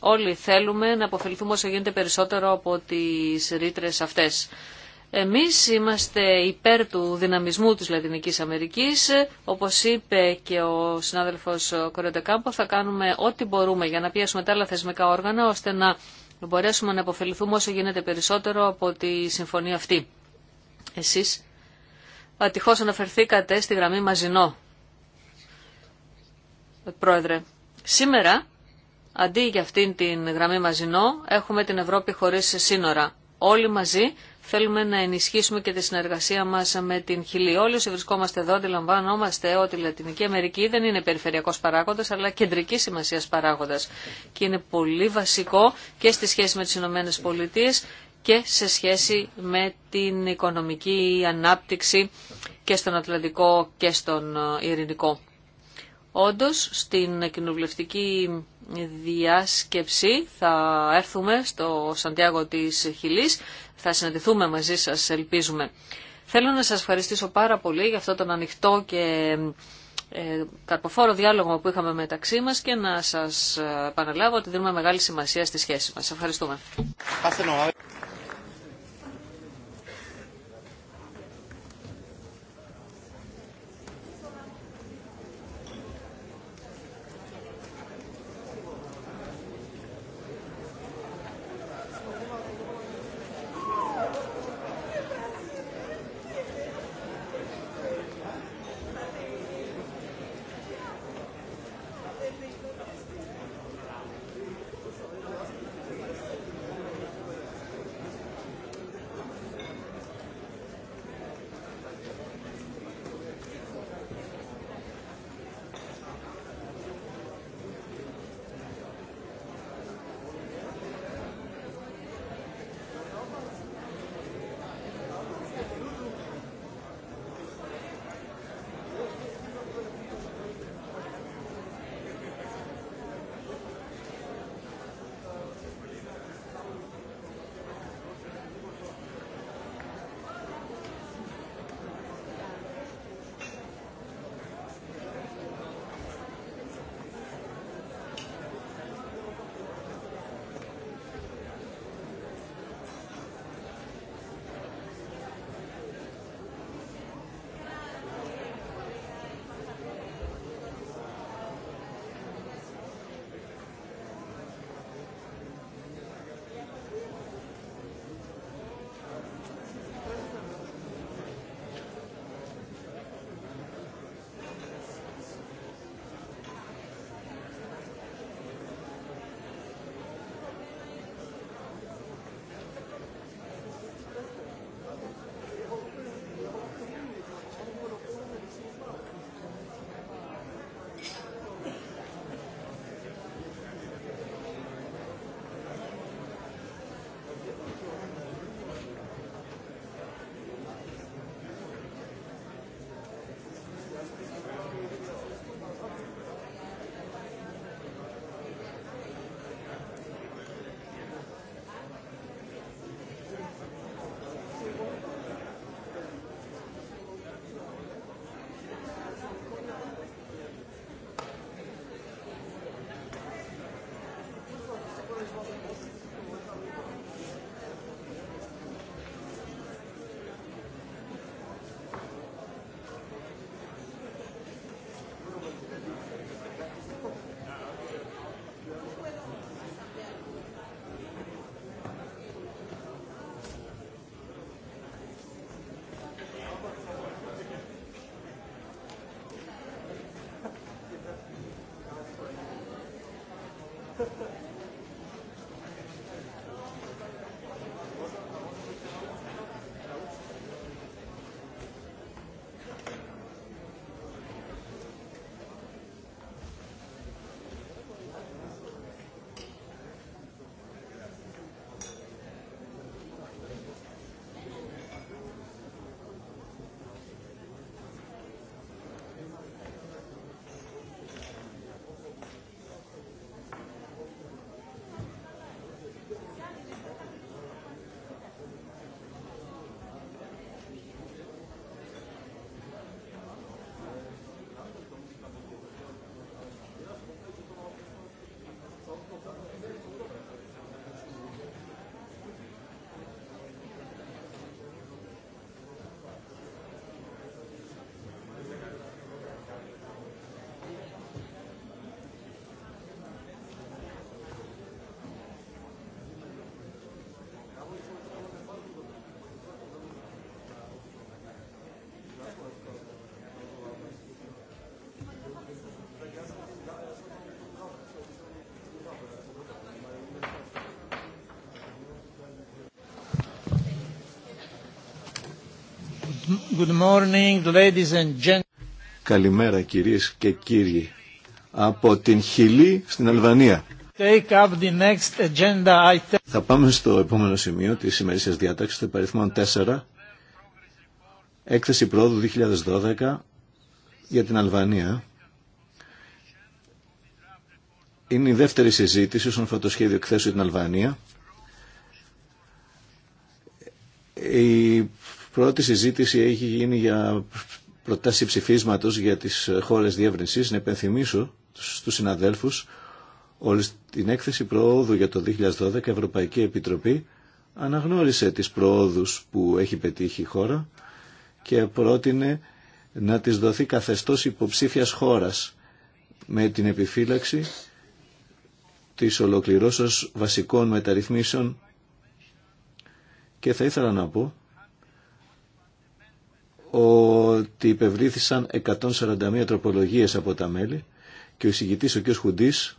όλοι θέλουμε να αποφεληθούμε όσο γίνεται περισσότερο από τις ρήτρε αυτές. Εμείς είμαστε υπέρ του δυναμισμού της Λατινικής Αμερικής. Όπως είπε και ο συνάδελφος Κορεντεκάμπο, θα κάνουμε ό,τι μπορούμε για να πιέσουμε τα άλλα θεσμικά όργανα, ώστε να μπορέσουμε να αποφεληθούμε όσο γίνεται περισσότερο από τη συμφωνία αυτή. Εσείς, ατυχώς αναφερθήκατε στη γραμμή Μαζινό, Πρόεδρε. Σήμερα, αντί για αυτήν την γραμμή Μαζινό, έχουμε την Ευρώπη χωρίς σύνορα. Όλοι μαζί Θέλουμε να ενισχύσουμε και τη συνεργασία μας με την χιλιόλυση. βρισκόμαστε εδώ αντιλαμβανόμαστε ότι η Λατινική Αμερική δεν είναι περιφερειακός παράγοντας αλλά κεντρική σημασία παράγοντας. Και είναι πολύ βασικό και στη σχέση με τις Ηνωμένε Πολιτείε και σε σχέση με την οικονομική ανάπτυξη και στον Ατλαντικό και στον ε, Ειρηνικό. Όντως, στην κοινοβουλευτική διάσκεψη θα έρθουμε στο Σαντιάγο της Χιλής. Θα συναντηθούμε μαζί σας, ελπίζουμε. Θέλω να σας ευχαριστήσω πάρα πολύ για αυτό τον ανοιχτό και ε, καρποφόρο διάλογο που είχαμε μεταξύ μας και να σας ε, επαναλάβω ότι δίνουμε μεγάλη σημασία στη σχέση μας. Ευχαριστούμε. Good morning, ladies and gentlemen. Καλημέρα κυρίες και κύριοι από την Χιλή στην Αλβανία. Take up the next agenda item. Θα πάμε στο επόμενο σημείο της σημερινής διάταξης, το υπαριθμό 4, έκθεση πρόοδου 2012 για την Αλβανία. Είναι η δεύτερη συζήτηση στον αφορά το σχέδιο εκθέσεων την Αλβανία Πρώτη συζήτηση έχει γίνει για προτάσει ψηφίσματος για τις χώρε διεύρυνση. Να επενθυμίσω στου συναδέλφου, όλη την έκθεση προόδου για το 2012 Ευρωπαϊκή Επιτροπή αναγνώρισε τις προόδους που έχει πετύχει η χώρα και πρότεινε να της δοθεί καθεστώς υποψήφιας χώρας με την επιφύλαξη της ολοκληρώσεως βασικών μεταρρυθμίσεων και θα ήθελα να πω ότι υπευρύθησαν 141 τροπολογίες από τα μέλη και ο εισηγητής ο κ. Χουντής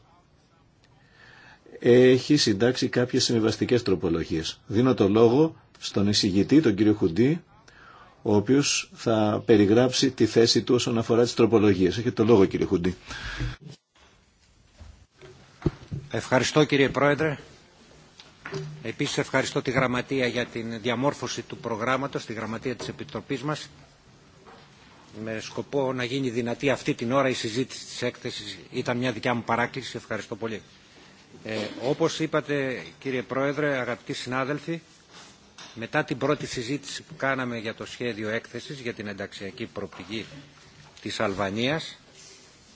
έχει συντάξει κάποιες συμβιβαστικές τροπολογίες. Δίνω το λόγο στον εισηγητή, τον κύριο Χουντή, ο οποίος θα περιγράψει τη θέση του όσον αφορά τις τροπολογίες. Έχετε το λόγο κύριε Χουντή. Ευχαριστώ κύριε Πρόεδρε. Επίσης ευχαριστώ τη Γραμματεία για την διαμόρφωση του προγράμματος, τη Γραμματεία της Επιτροπής μας, με σκοπό να γίνει δυνατή αυτή την ώρα η συζήτηση της έκθεσης. Ήταν μια δικιά μου παράκληση. Ευχαριστώ πολύ. Ε, όπως είπατε κύριε Πρόεδρε, αγαπητοί συνάδελφοι, μετά την πρώτη συζήτηση που κάναμε για το σχέδιο έκθεσης για την ενταξιακή προοπτική της Αλβανίας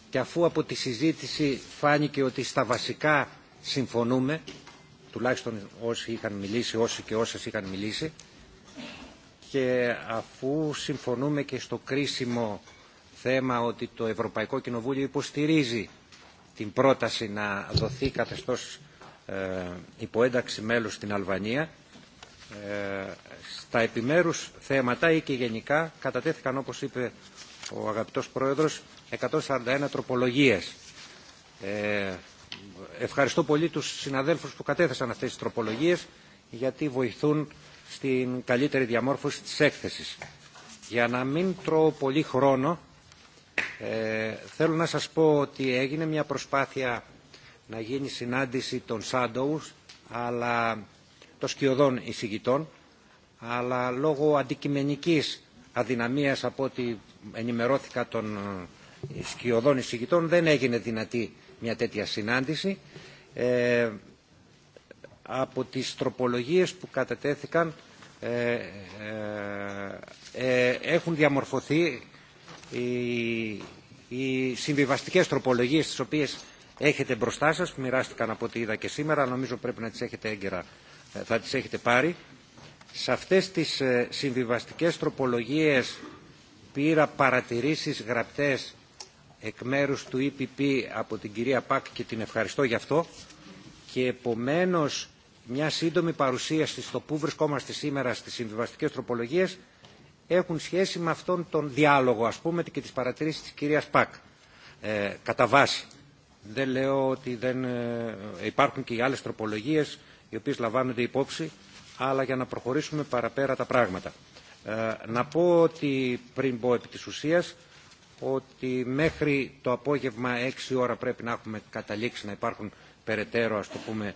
και αφού από τη συζήτηση φάνηκε ότι στα βασικά συμφωνούμε τουλάχιστον όσοι είχαν μιλήσει, όσοι και όσες είχαν μιλήσει και αφού συμφωνούμε και στο κρίσιμο θέμα ότι το Ευρωπαϊκό Κοινοβούλιο υποστηρίζει την πρόταση να δοθεί καθεστώς ε, υποένταξη μέλους στην Αλβανία ε, στα επιμέρους θέματα ή και γενικά κατατέθηκαν όπως είπε ο αγαπητός Πρόεδρος 141 τροπολογίες. Ε, ευχαριστώ πολύ τους συναδέλφους που κατέθεσαν αυτές τις τροπολογίες γιατί βοηθούν στην καλύτερη διαμόρφωση της έκθεσης. Για να μην τρώω πολύ χρόνο, ε, θέλω να σας πω ότι έγινε μια προσπάθεια να γίνει συνάντηση των Σάντοους, αλλά των σκιωδών εισηγητών, αλλά λόγω αντικειμενικής αδυναμίας από ό,τι ενημερώθηκα των ε, σκιωδών εισηγητών δεν έγινε δυνατή μια τέτοια συνάντηση. Ε, από τις τροπολογίες που κατετέθηκαν... Ε, ε, έχουν διαμορφωθεί οι, οι συμβιβαστικές τροπολογίες τις οποίες έχετε μπροστά σας που μοιράστηκαν από ό,τι είδα και σήμερα νομίζω πρέπει να τις έχετε έγκαιρα θα τις έχετε πάρει σε αυτές τις συμβιβαστικές τροπολογίες πήρα παρατηρήσεις γραπτές εκ μέρους του EPP από την κυρία Πακ και την ευχαριστώ γι' αυτό και επομένως μια σύντομη παρουσίαση στο που βρισκόμαστε σήμερα στις συμβιβαστικές τροπολογίες έχουν σχέση με αυτόν τον διάλογο ας πούμε και τις παρατηρήσεις της κυρίας Πακ ε, κατά βάση. Δεν λέω ότι δεν ε, υπάρχουν και οι άλλες τροπολογίες οι οποίες λαμβάνονται υπόψη αλλά για να προχωρήσουμε παραπέρα τα πράγματα. Ε, να πω ότι πριν πω επί της ουσίας, ότι μέχρι το απόγευμα 6 ώρα πρέπει να έχουμε καταλήξει να υπάρχουν περαιτέρω ας το πούμε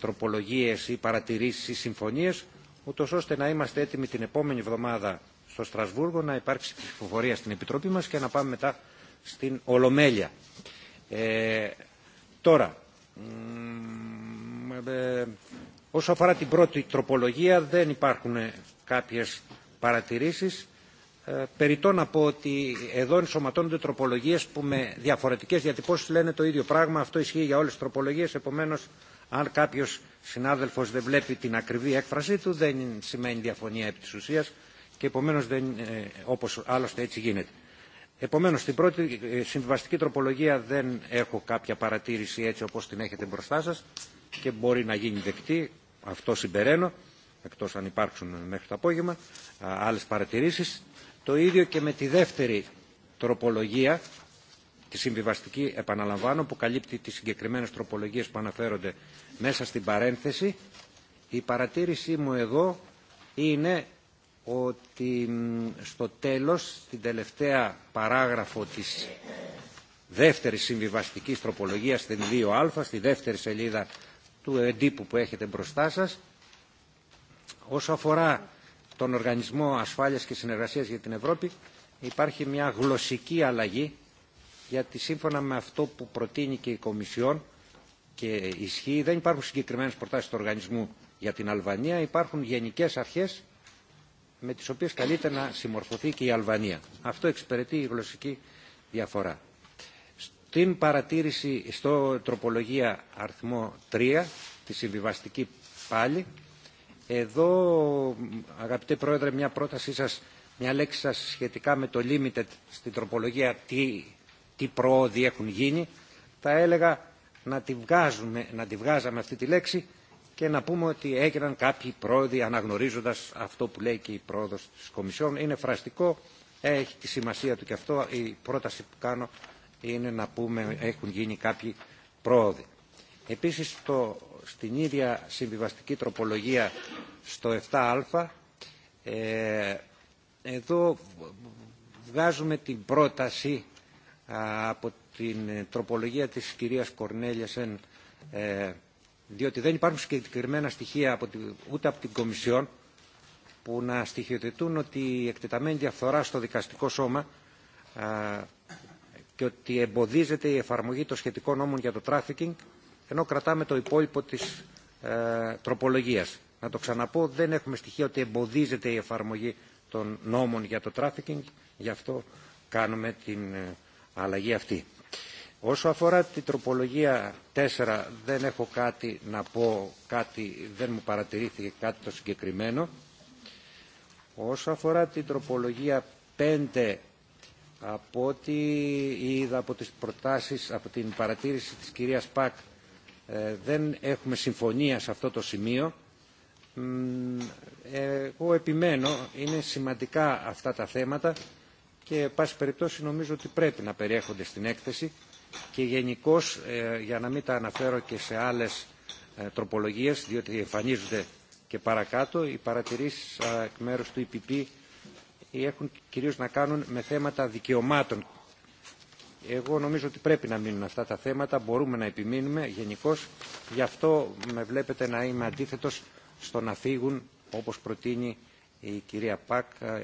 τροπολογίες ή παρατηρήσεις ή συμφωνίες ούτως ώστε να είμαστε έτοιμοι την επόμενη εβδομάδα στο Στρασβούργο να υπάρξει ψηφοφορία στην Επιτροπή μας και να πάμε μετά στην Ολομέλεια. Ε, τώρα, ε, ε, όσο αφορά την πρώτη τροπολογία δεν υπάρχουν κάποιες παρατηρήσεις ε, Περιτώ να πω ότι εδώ ενσωματώνονται τροπολογίες που με διαφορετικές διατυπώσεις λένε το ίδιο πράγμα. Αυτό ισχύει για όλες τις τροπολογίες. Επομένως, αν κάποιος συνάδελφος δεν βλέπει την ακριβή έκφρασή του, δεν σημαίνει διαφωνία επί της ουσίας και επομένως δεν, ε, όπως άλλωστε έτσι γίνεται. Επομένως, στην πρώτη ε, συμβιβαστική τροπολογία δεν έχω κάποια παρατήρηση έτσι όπως την έχετε μπροστά σας και μπορεί να γίνει δεκτή, αυτό συμπεραίνω, εκτός αν υπάρξουν μέχρι το απόγευμα, άλλες παρατηρήσεις. Το ίδιο και με τη δεύτερη τροπολογία, τη συμβιβαστική επαναλαμβάνω, που καλύπτει τις συγκεκριμένες τροπολογίες που αναφέρονται μέσα στην παρένθεση. Η παρατήρησή μου εδώ είναι ότι στο τέλος, στην τελευταία παράγραφο της δεύτερης συμβιβαστικής τροπολογίας, στην 2α, στη δεύτερη σελίδα του εντύπου που έχετε μπροστά σας, όσο αφορά τον Οργανισμό Ασφάλειας και Συνεργασίας για την Ευρώπη υπάρχει μια γλωσσική αλλαγή γιατί σύμφωνα με αυτό που προτείνει και η Κομισιόν και ισχύει δεν υπάρχουν συγκεκριμένες προτάσεις του οργανισμού για την Αλβανία υπάρχουν γενικές αρχές με τις οποίες καλείται να συμμορφωθεί και η Αλβανία. Αυτό εξυπηρετεί η γλωσσική διαφορά. Στην παρατήρηση στο τροπολογία αριθμό 3, τη συμβιβαστική πάλι, εδώ, αγαπητέ Πρόεδρε, μια πρότασή σας, μια λέξη σας σχετικά με το limited στην τροπολογία τι, τι προόδοι έχουν γίνει, θα έλεγα να τη, βγάζουμε, να τη βγάζαμε αυτή τη λέξη και να πούμε ότι έγιναν κάποιοι πρόοδοι αναγνωρίζοντας αυτό που λέει και η πρόοδος της Κομισιόν. Είναι φραστικό, έχει τη σημασία του και αυτό. Η πρόταση που κάνω είναι να πούμε έχουν γίνει κάποιοι πρόοδοι. Επίσης το στην ίδια συμβιβαστική τροπολογία στο 7α. Ε, εδώ βγάζουμε την πρόταση από την τροπολογία της κυρίας Κορνέλιασεν ε, διότι δεν υπάρχουν συγκεκριμένα στοιχεία από ούτε από την Κομισιόν που να στοιχειοθετούν ότι η εκτεταμένη διαφθορά στο δικαστικό σώμα και ότι εμποδίζεται η εφαρμογή των σχετικών νόμων για το τράφικινγκ ενώ κρατάμε το υπόλοιπο της ε, τροπολογίας. Να το ξαναπώ, δεν έχουμε στοιχεία ότι εμποδίζεται η εφαρμογή των νόμων για το τράφικινγκ, γι' αυτό κάνουμε την ε, αλλαγή αυτή. Όσο αφορά την τροπολογία 4, δεν έχω κάτι να πω, κάτι, δεν μου παρατηρήθηκε κάτι το συγκεκριμένο. Όσο αφορά την τροπολογία 5, από ό,τι είδα από τις προτάσεις, από την παρατήρηση της κυρίας Πακ, ε, δεν έχουμε συμφωνία σε αυτό το σημείο. Ε, εγώ επιμένω, είναι σημαντικά αυτά τα θέματα και πάση περιπτώσει νομίζω ότι πρέπει να περιέχονται στην έκθεση και γενικώ, ε, για να μην τα αναφέρω και σε άλλες τροπολογίες, διότι εμφανίζονται και παρακάτω, οι παρατηρήσεις εκ μέρους του ΕΠΠ έχουν κυρίως να κάνουν με θέματα δικαιωμάτων εγώ νομίζω ότι πρέπει να μείνουν αυτά τα θέματα, μπορούμε να επιμείνουμε γενικώ. Γι' αυτό με βλέπετε να είμαι αντίθετο στο να φύγουν όπω προτείνει η κυρία Πακ, ε,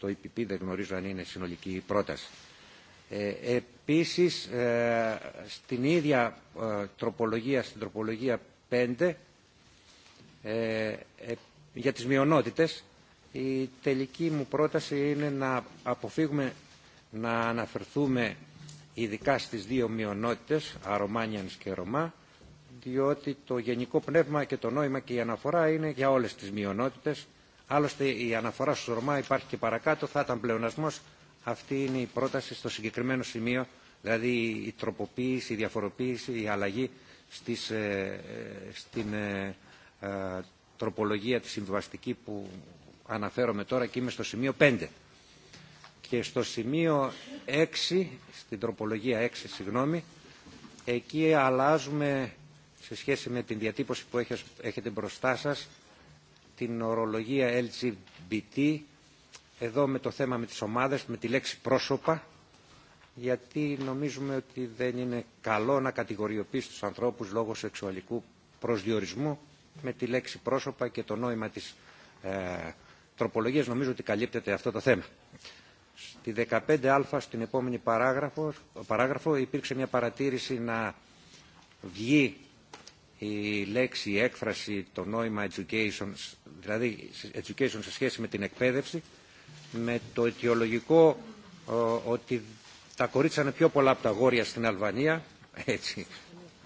το ΕΠΠ δεν γνωρίζω αν είναι συνολική πρόταση. Ε, επίσης, ε, στην ίδια ε, τροπολογία, στην τροπολογία 5, για τις μειονότητες, η τελική μου πρόταση είναι να αποφύγουμε να αναφερθούμε ειδικά στις δύο μειονότητες, Αρωμάνιανς και Ρωμά, διότι το γενικό πνεύμα και το νόημα και η αναφορά είναι για όλες τις μειονότητες. Άλλωστε η αναφορά στους Ρωμά υπάρχει και παρακάτω, θα ήταν πλεονασμός. Αυτή είναι η πρόταση στο συγκεκριμένο σημείο, δηλαδή η τροποποίηση, η διαφοροποίηση, η αλλαγή στις, ε, ε, στην ε, τροπολογία τη συμβιβαστική που αναφέρομαι τώρα και είμαι στο σημείο 5. Και στο σημείο 6, στην τροπολογία 6, συγγνώμη, εκεί αλλάζουμε σε σχέση με την διατύπωση που έχετε μπροστά σας την ορολογία LGBT εδώ με το θέμα με τις ομάδες, με τη λέξη πρόσωπα γιατί νομίζουμε ότι δεν είναι καλό να κατηγοριοποιείς τους ανθρώπους λόγω σεξουαλικού προσδιορισμού με τη λέξη πρόσωπα και το νόημα της ε, τροπολογίας νομίζω ότι καλύπτεται αυτό το θέμα τη 15α στην επόμενη παράγραφο, παράγραφο υπήρξε μια παρατήρηση να βγει η λέξη, η έκφραση, το νόημα education, δηλαδή education σε σχέση με την εκπαίδευση, με το αιτιολογικό ότι τα κορίτσια είναι πιο πολλά από τα γόρια στην Αλβανία, έτσι,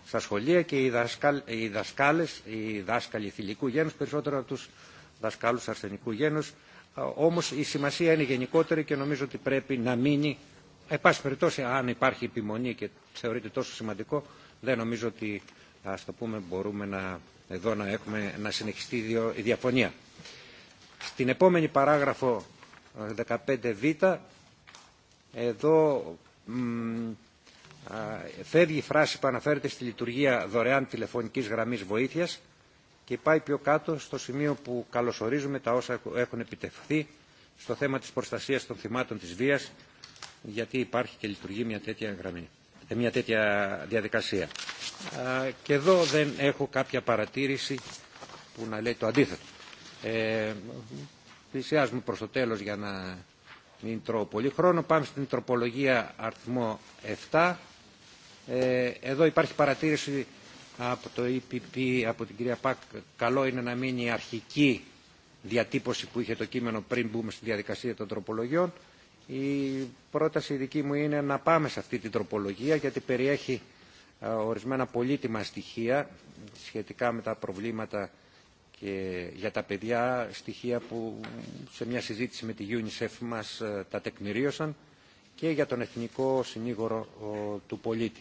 στα σχολεία και οι, δασκάλ, οι δασκάλες, οι δάσκαλοι θηλυκού γένους, περισσότερο από τους δασκάλους αρσενικού γένους, όμως η σημασία είναι γενικότερη και νομίζω ότι πρέπει να μείνει. Εν πάση περιπτώσει, αν υπάρχει επιμονή και θεωρείται τόσο σημαντικό, δεν νομίζω ότι ας το πούμε μπορούμε να, εδώ να, έχουμε, να συνεχιστεί η διαφωνία. Στην επόμενη παράγραφο 15β, ε, εδώ μ, φεύγει η φράση που αναφέρεται στη λειτουργία δωρεάν τηλεφωνικής γραμμής βοήθειας και πάει πιο κάτω στο σημείο που καλωσορίζουμε τα όσα έχουν επιτευχθεί στο θέμα της προστασίας των θυμάτων της βίας, γιατί υπάρχει και λειτουργεί μια τέτοια, γραμμή, ε, μια τέτοια διαδικασία. Και εδώ δεν έχω κάποια παρατήρηση που να λέει το αντίθετο. Ε, πλησιάζουμε προς το τέλος για να μην τρώω πολύ χρόνο. Πάμε στην τροπολογία αριθμό 7. Ε, εδώ υπάρχει παρατήρηση από το EPP, από την κυρία Πακ, καλό είναι να μείνει η αρχική διατύπωση που είχε το κείμενο πριν μπούμε στη διαδικασία των τροπολογιών. Η πρόταση δική μου είναι να πάμε σε αυτή την τροπολογία γιατί περιέχει ε, ορισμένα πολύτιμα στοιχεία σχετικά με τα προβλήματα και για τα παιδιά, στοιχεία που σε μια συζήτηση με τη UNICEF μας ε, τα τεκμηρίωσαν και για τον εθνικό συνήγορο του πολίτη.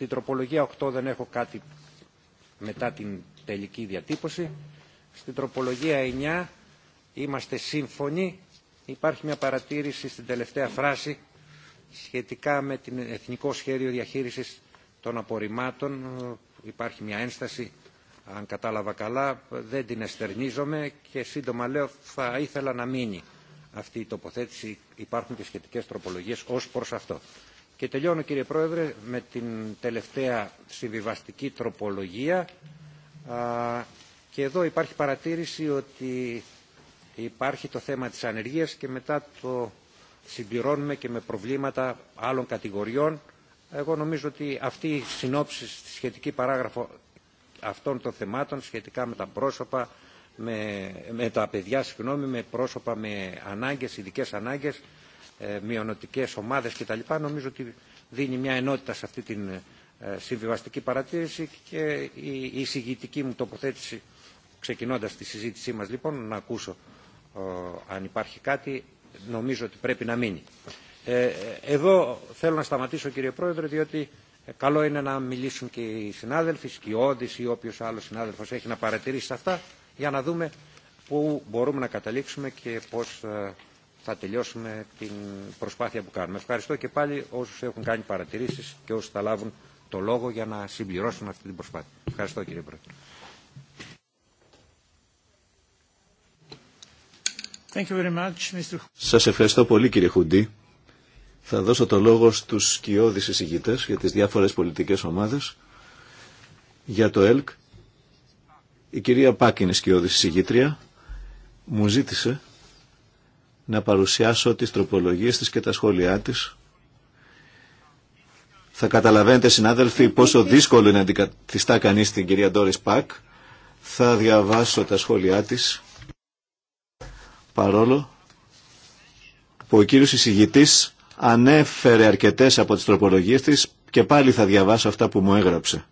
Στην τροπολογία 8 δεν έχω κάτι μετά την τελική διατύπωση. Στην τροπολογία 9 είμαστε σύμφωνοι. Υπάρχει μια παρατήρηση στην τελευταία φράση σχετικά με την Εθνικό Σχέδιο Διαχείρισης των Απορριμμάτων. Υπάρχει μια ένσταση, αν κατάλαβα καλά, δεν την εστερνίζομαι και σύντομα λέω θα ήθελα να μείνει αυτή η τοποθέτηση. Υπάρχουν και σχετικές τροπολογίες ως προς αυτό. Και τελειώνω κύριε Πρόεδρε με την τελευταία συμβιβαστική τροπολογία και εδώ υπάρχει παρατήρηση ότι υπάρχει το θέμα της ανεργίας και μετά το συμπληρώνουμε και με προβλήματα άλλων κατηγοριών. Εγώ νομίζω ότι αυτή η συνόψη στη σχετική παράγραφο αυτών των θεμάτων σχετικά με τα πρόσωπα, με, τα παιδιά, συγγνώμη, με πρόσωπα με ανάγκες, ειδικές ανάγκες, ε, μειονοτικές ομάδες κτλ. Νομίζω ότι δίνει μια ενότητα σε αυτή την ε, συμβιβαστική παρατήρηση και η εισηγητική μου τοποθέτηση, ξεκινώντας τη συζήτησή μας λοιπόν, να ακούσω αν υπάρχει κάτι, νομίζω ότι πρέπει να μείνει. Ε, εδώ θέλω να σταματήσω κύριε Πρόεδρε, διότι καλό είναι να μιλήσουν και οι συνάδελφοι, σκιώδης ή όποιος άλλος συνάδελφος έχει να παρατηρήσει αυτά, για να δούμε πού μπορούμε να καταλήξουμε και πώς θα τελειώσουμε την προσπάθεια που κάνουμε. Ευχαριστώ και πάλι όσους έχουν κάνει παρατηρήσεις και όσους θα λάβουν το λόγο για να συμπληρώσουν αυτή την προσπάθεια. Ευχαριστώ κύριε Πρόεδρε. Thank you very much, Mr. Σας ευχαριστώ πολύ κύριε Χουντή. Θα δώσω το λόγο στους σκιώδεις εισηγητές για τις διάφορες πολιτικές ομάδες. Για το ΕΛΚ, η κυρία Πάκ είναι σκιώδης εισηγήτρια. Μου ζήτησε να παρουσιάσω τις τροπολογίες της και τα σχόλιά της. Θα καταλαβαίνετε συνάδελφοι πόσο δύσκολο είναι να αντικαθιστά κανείς την κυρία Ντόρις Πακ. Θα διαβάσω τα σχόλιά της. Παρόλο που ο κύριος εισηγητής ανέφερε αρκετές από τις τροπολογίες της και πάλι θα διαβάσω αυτά που μου έγραψε.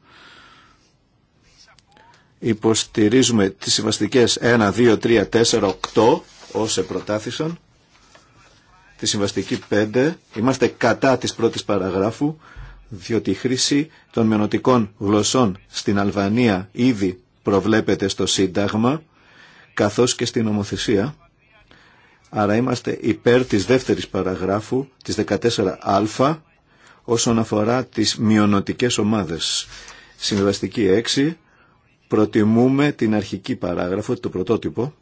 Υποστηρίζουμε τις συμβαστικές 1, 2, 3, 4, 8 όσε προτάθησαν τη συμβαστική 5 είμαστε κατά της πρώτης παραγράφου διότι η χρήση των μειωνοτικών γλωσσών στην Αλβανία ήδη προβλέπεται στο Σύνταγμα καθώς και στην νομοθεσία. Άρα είμαστε υπέρ της δεύτερης παραγράφου της 14α όσον αφορά τις μειονοτικές ομάδες. Συμβαστική 6 προτιμούμε την αρχική παράγραφο, το πρωτότυπο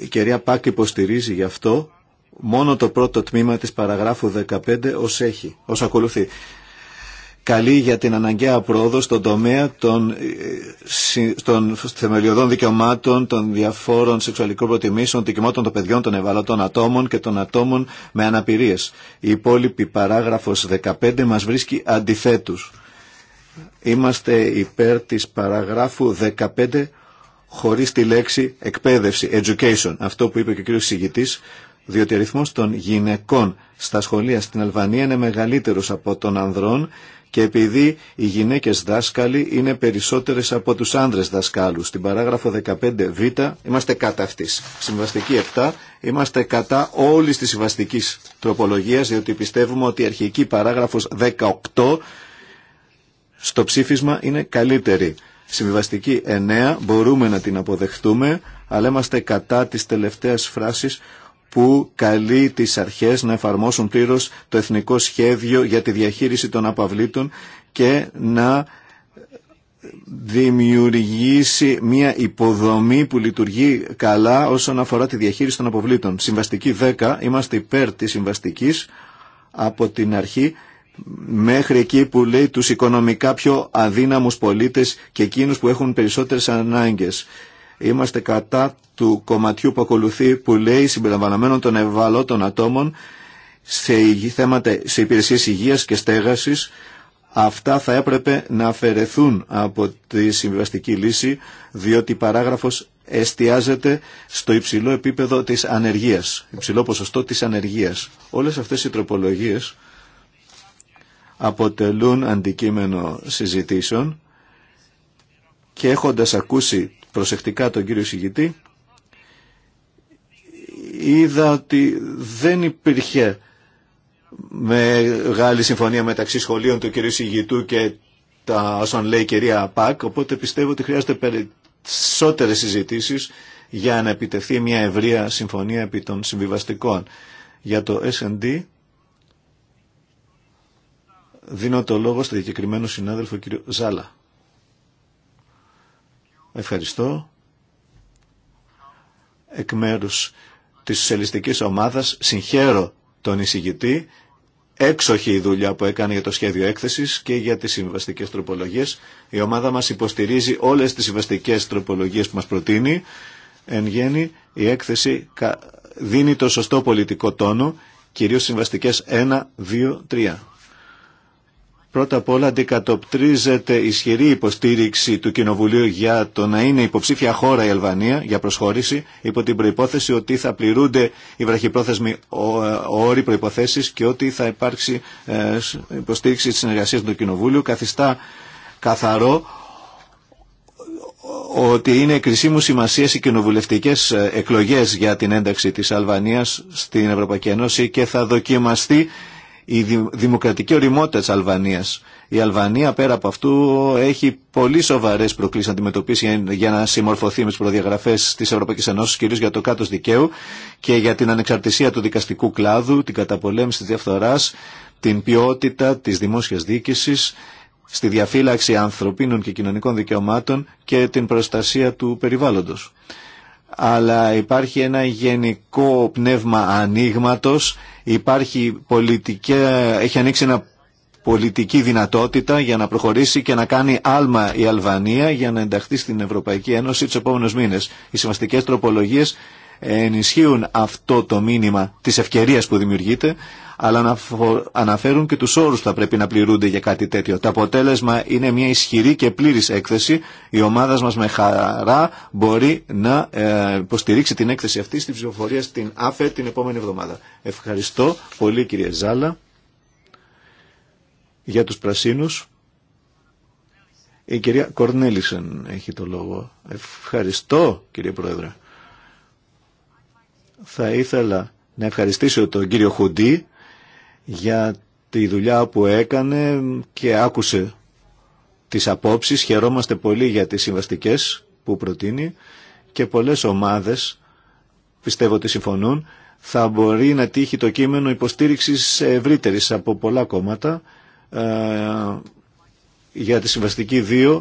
η κυρία Πάκ υποστηρίζει γι' αυτό μόνο το πρώτο τμήμα της παραγράφου 15 ως έχει, ως ακολουθεί. Καλή για την αναγκαία πρόοδο στον τομέα των, ε, των θεμελιωδών δικαιωμάτων, των διαφόρων σεξουαλικών προτιμήσεων, δικαιωμάτων των παιδιών, των ευαλωτών ατόμων και των ατόμων με αναπηρίες. Η υπόλοιπη παράγραφος 15 μας βρίσκει αντιθέτους. Είμαστε υπέρ της παραγράφου 15 χωρίς τη λέξη εκπαίδευση, education, αυτό που είπε και ο κ. Συγητής, διότι ο αριθμός των γυναικών στα σχολεία στην Αλβανία είναι μεγαλύτερος από των ανδρών και επειδή οι γυναίκες δάσκαλοι είναι περισσότερες από τους άνδρες δασκάλους. Στην παράγραφο 15β είμαστε κατά αυτής. Συμβαστική 7 είμαστε κατά όλης της συμβαστικής τροπολογίας διότι πιστεύουμε ότι η αρχική παράγραφος 18 στο ψήφισμα είναι καλύτερη. Συμβιβαστική 9 μπορούμε να την αποδεχτούμε, αλλά είμαστε κατά της τελευταίας φράσης που καλεί τις αρχές να εφαρμόσουν πλήρως το εθνικό σχέδιο για τη διαχείριση των απαυλίτων και να δημιουργήσει μια υποδομή που λειτουργεί καλά όσον αφορά τη διαχείριση των αποβλήτων. Συμβαστική 10, είμαστε υπέρ της συμβαστικής από την αρχή μέχρι εκεί που λέει τους οικονομικά πιο αδύναμους πολίτες και εκείνους που έχουν περισσότερες ανάγκες. Είμαστε κατά του κομματιού που ακολουθεί που λέει συμπεριλαμβανομένων των ευαλώτων ατόμων σε, θέματα, σε υπηρεσίες υγείας και στέγασης αυτά θα έπρεπε να αφαιρεθούν από τη συμβιβαστική λύση διότι η παράγραφος εστιάζεται στο υψηλό επίπεδο της ανεργίας, υψηλό ποσοστό της ανεργίας. Όλες αυτές οι τροπολογίες αποτελούν αντικείμενο συζητήσεων και έχοντας ακούσει προσεκτικά τον κύριο Σιγητή είδα ότι δεν υπήρχε μεγάλη συμφωνία μεταξύ σχολείων του κυρίου Σιγητού και τα όσων λέει η κυρία Πακ, οπότε πιστεύω ότι χρειάζεται περισσότερες συζητήσεις για να επιτευχθεί μια ευρεία συμφωνία επί των συμβιβαστικών. Για το S&D Δίνω το λόγο στο διακεκριμένο συνάδελφο κύριο Ζάλα. Ευχαριστώ. Εκ μέρους της σοσιαλιστικής ομάδας συγχαίρω τον εισηγητή. Έξοχη η δουλειά που έκανε για το σχέδιο έκθεσης και για τις συμβαστικές τροπολογίες. Η ομάδα μας υποστηρίζει όλες τις συμβαστικές τροπολογίες που μας προτείνει. Εν γέννη η έκθεση δίνει το σωστό πολιτικό τόνο, κυρίως συμβαστικές 1, 2, 3. Πρώτα απ' όλα αντικατοπτρίζεται ισχυρή υποστήριξη του Κοινοβουλίου για το να είναι υποψήφια χώρα η Αλβανία για προσχώρηση υπό την προϋπόθεση ότι θα πληρούνται οι βραχυπρόθεσμοι όροι προϋποθέσεις και ότι θα υπάρξει ε, υποστήριξη της συνεργασίας του Κοινοβούλου. Καθιστά καθαρό ότι είναι κρισίμου σημασία οι κοινοβουλευτικέ ε, εκλογές για την ένταξη της Αλβανίας στην Ευρωπαϊκή Ένωση και θα δοκιμαστεί η δημοκρατική οριμότητα της Αλβανίας. Η Αλβανία πέρα από αυτού έχει πολύ σοβαρές προκλήσεις να αντιμετωπίσει για να συμμορφωθεί με τις προδιαγραφές της Ευρωπαϊκής Ενώσης, κυρίως για το κάτω δικαίου και για την ανεξαρτησία του δικαστικού κλάδου, την καταπολέμηση της διαφθοράς, την ποιότητα της δημόσιας διοίκησης, στη διαφύλαξη ανθρωπίνων και κοινωνικών δικαιωμάτων και την προστασία του περιβάλλοντος αλλά υπάρχει ένα γενικό πνεύμα ανοίγματο, υπάρχει πολιτική, έχει ανοίξει ένα πολιτική δυνατότητα για να προχωρήσει και να κάνει άλμα η Αλβανία για να ενταχθεί στην Ευρωπαϊκή Ένωση τους επόμενους μήνες. Οι σημαστικές τροπολογίες ενισχύουν αυτό το μήνυμα της ευκαιρίας που δημιουργείται, αλλά αναφέρουν και τους όρους που θα πρέπει να πληρούνται για κάτι τέτοιο. Το αποτέλεσμα είναι μια ισχυρή και πλήρης έκθεση. Η ομάδα μας με χαρά μπορεί να ε, υποστηρίξει την έκθεση αυτή στην ψηφοφορία στην ΑΦΕ την επόμενη εβδομάδα. Ευχαριστώ πολύ κύριε Ζάλα για τους πρασίνους. Η κυρία Κορνέλισεν έχει το λόγο. Ευχαριστώ κύριε Πρόεδρε θα ήθελα να ευχαριστήσω τον κύριο Χουντή για τη δουλειά που έκανε και άκουσε τις απόψεις. Χαιρόμαστε πολύ για τις συμβαστικές που προτείνει και πολλές ομάδες πιστεύω ότι συμφωνούν θα μπορεί να τύχει το κείμενο υποστήριξης ευρύτερης από πολλά κόμματα ε, για τη συμβαστική 2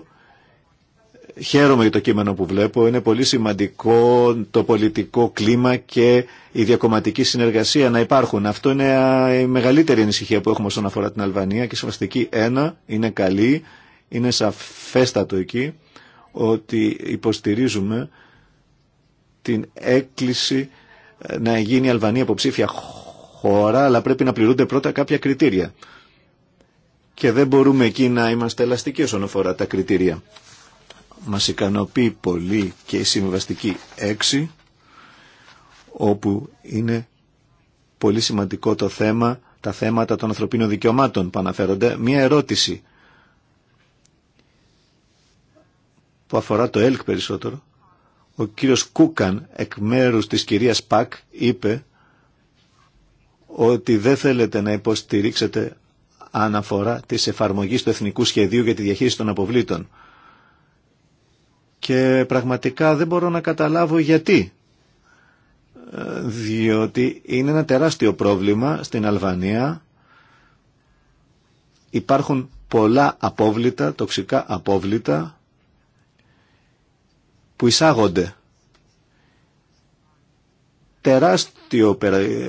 Χαίρομαι για το κείμενο που βλέπω. Είναι πολύ σημαντικό το πολιτικό κλίμα και η διακομματική συνεργασία να υπάρχουν. Αυτό είναι η μεγαλύτερη ανησυχία που έχουμε όσον αφορά την Αλβανία και η ένα, είναι καλή, είναι σαφέστατο εκεί ότι υποστηρίζουμε την έκκληση ε, να γίνει η Αλβανία υποψήφια χώρα, αλλά πρέπει να πληρούνται πρώτα κάποια κριτήρια. Και δεν μπορούμε εκεί να είμαστε ελαστικοί όσον αφορά τα κριτήρια. Μας ικανοποιεί πολύ και η συμβαστική 6, όπου είναι πολύ σημαντικό το θέμα, τα θέματα των ανθρωπίνων δικαιωμάτων που αναφέρονται. Μία ερώτηση που αφορά το ΕΛΚ περισσότερο. Ο κύριος Κούκαν, εκ μέρους της κυρίας Πακ, είπε ότι δεν θέλετε να υποστηρίξετε αναφορά της εφαρμογής του Εθνικού Σχεδίου για τη Διαχείριση των Αποβλήτων και πραγματικά δεν μπορώ να καταλάβω γιατί. Διότι είναι ένα τεράστιο πρόβλημα στην Αλβανία. Υπάρχουν πολλά απόβλητα, τοξικά απόβλητα που εισάγονται. Τεράστιο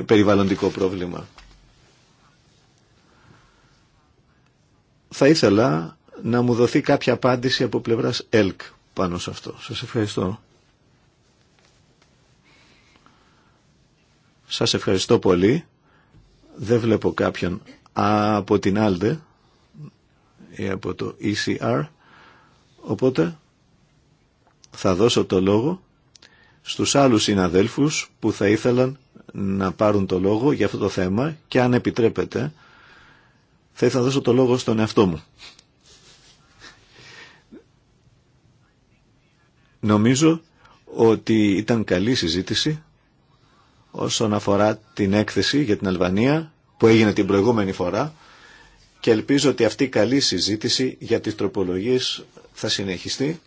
περιβαλλοντικό πρόβλημα. Θα ήθελα να μου δοθεί κάποια απάντηση από πλευράς ΕΛΚ πάνω σε αυτό. Σας ευχαριστώ. Σας ευχαριστώ πολύ. Δεν βλέπω κάποιον από την Αλτε ή από το ECR. Οπότε θα δώσω το λόγο στους άλλους συναδέλφους που θα ήθελαν να πάρουν το λόγο για αυτό το θέμα και αν επιτρέπετε θα ήθελα να δώσω το λόγο στον εαυτό μου. Νομίζω ότι ήταν καλή συζήτηση όσον αφορά την έκθεση για την Αλβανία που έγινε την προηγούμενη φορά και ελπίζω ότι αυτή η καλή συζήτηση για τις τροπολογίες θα συνεχιστεί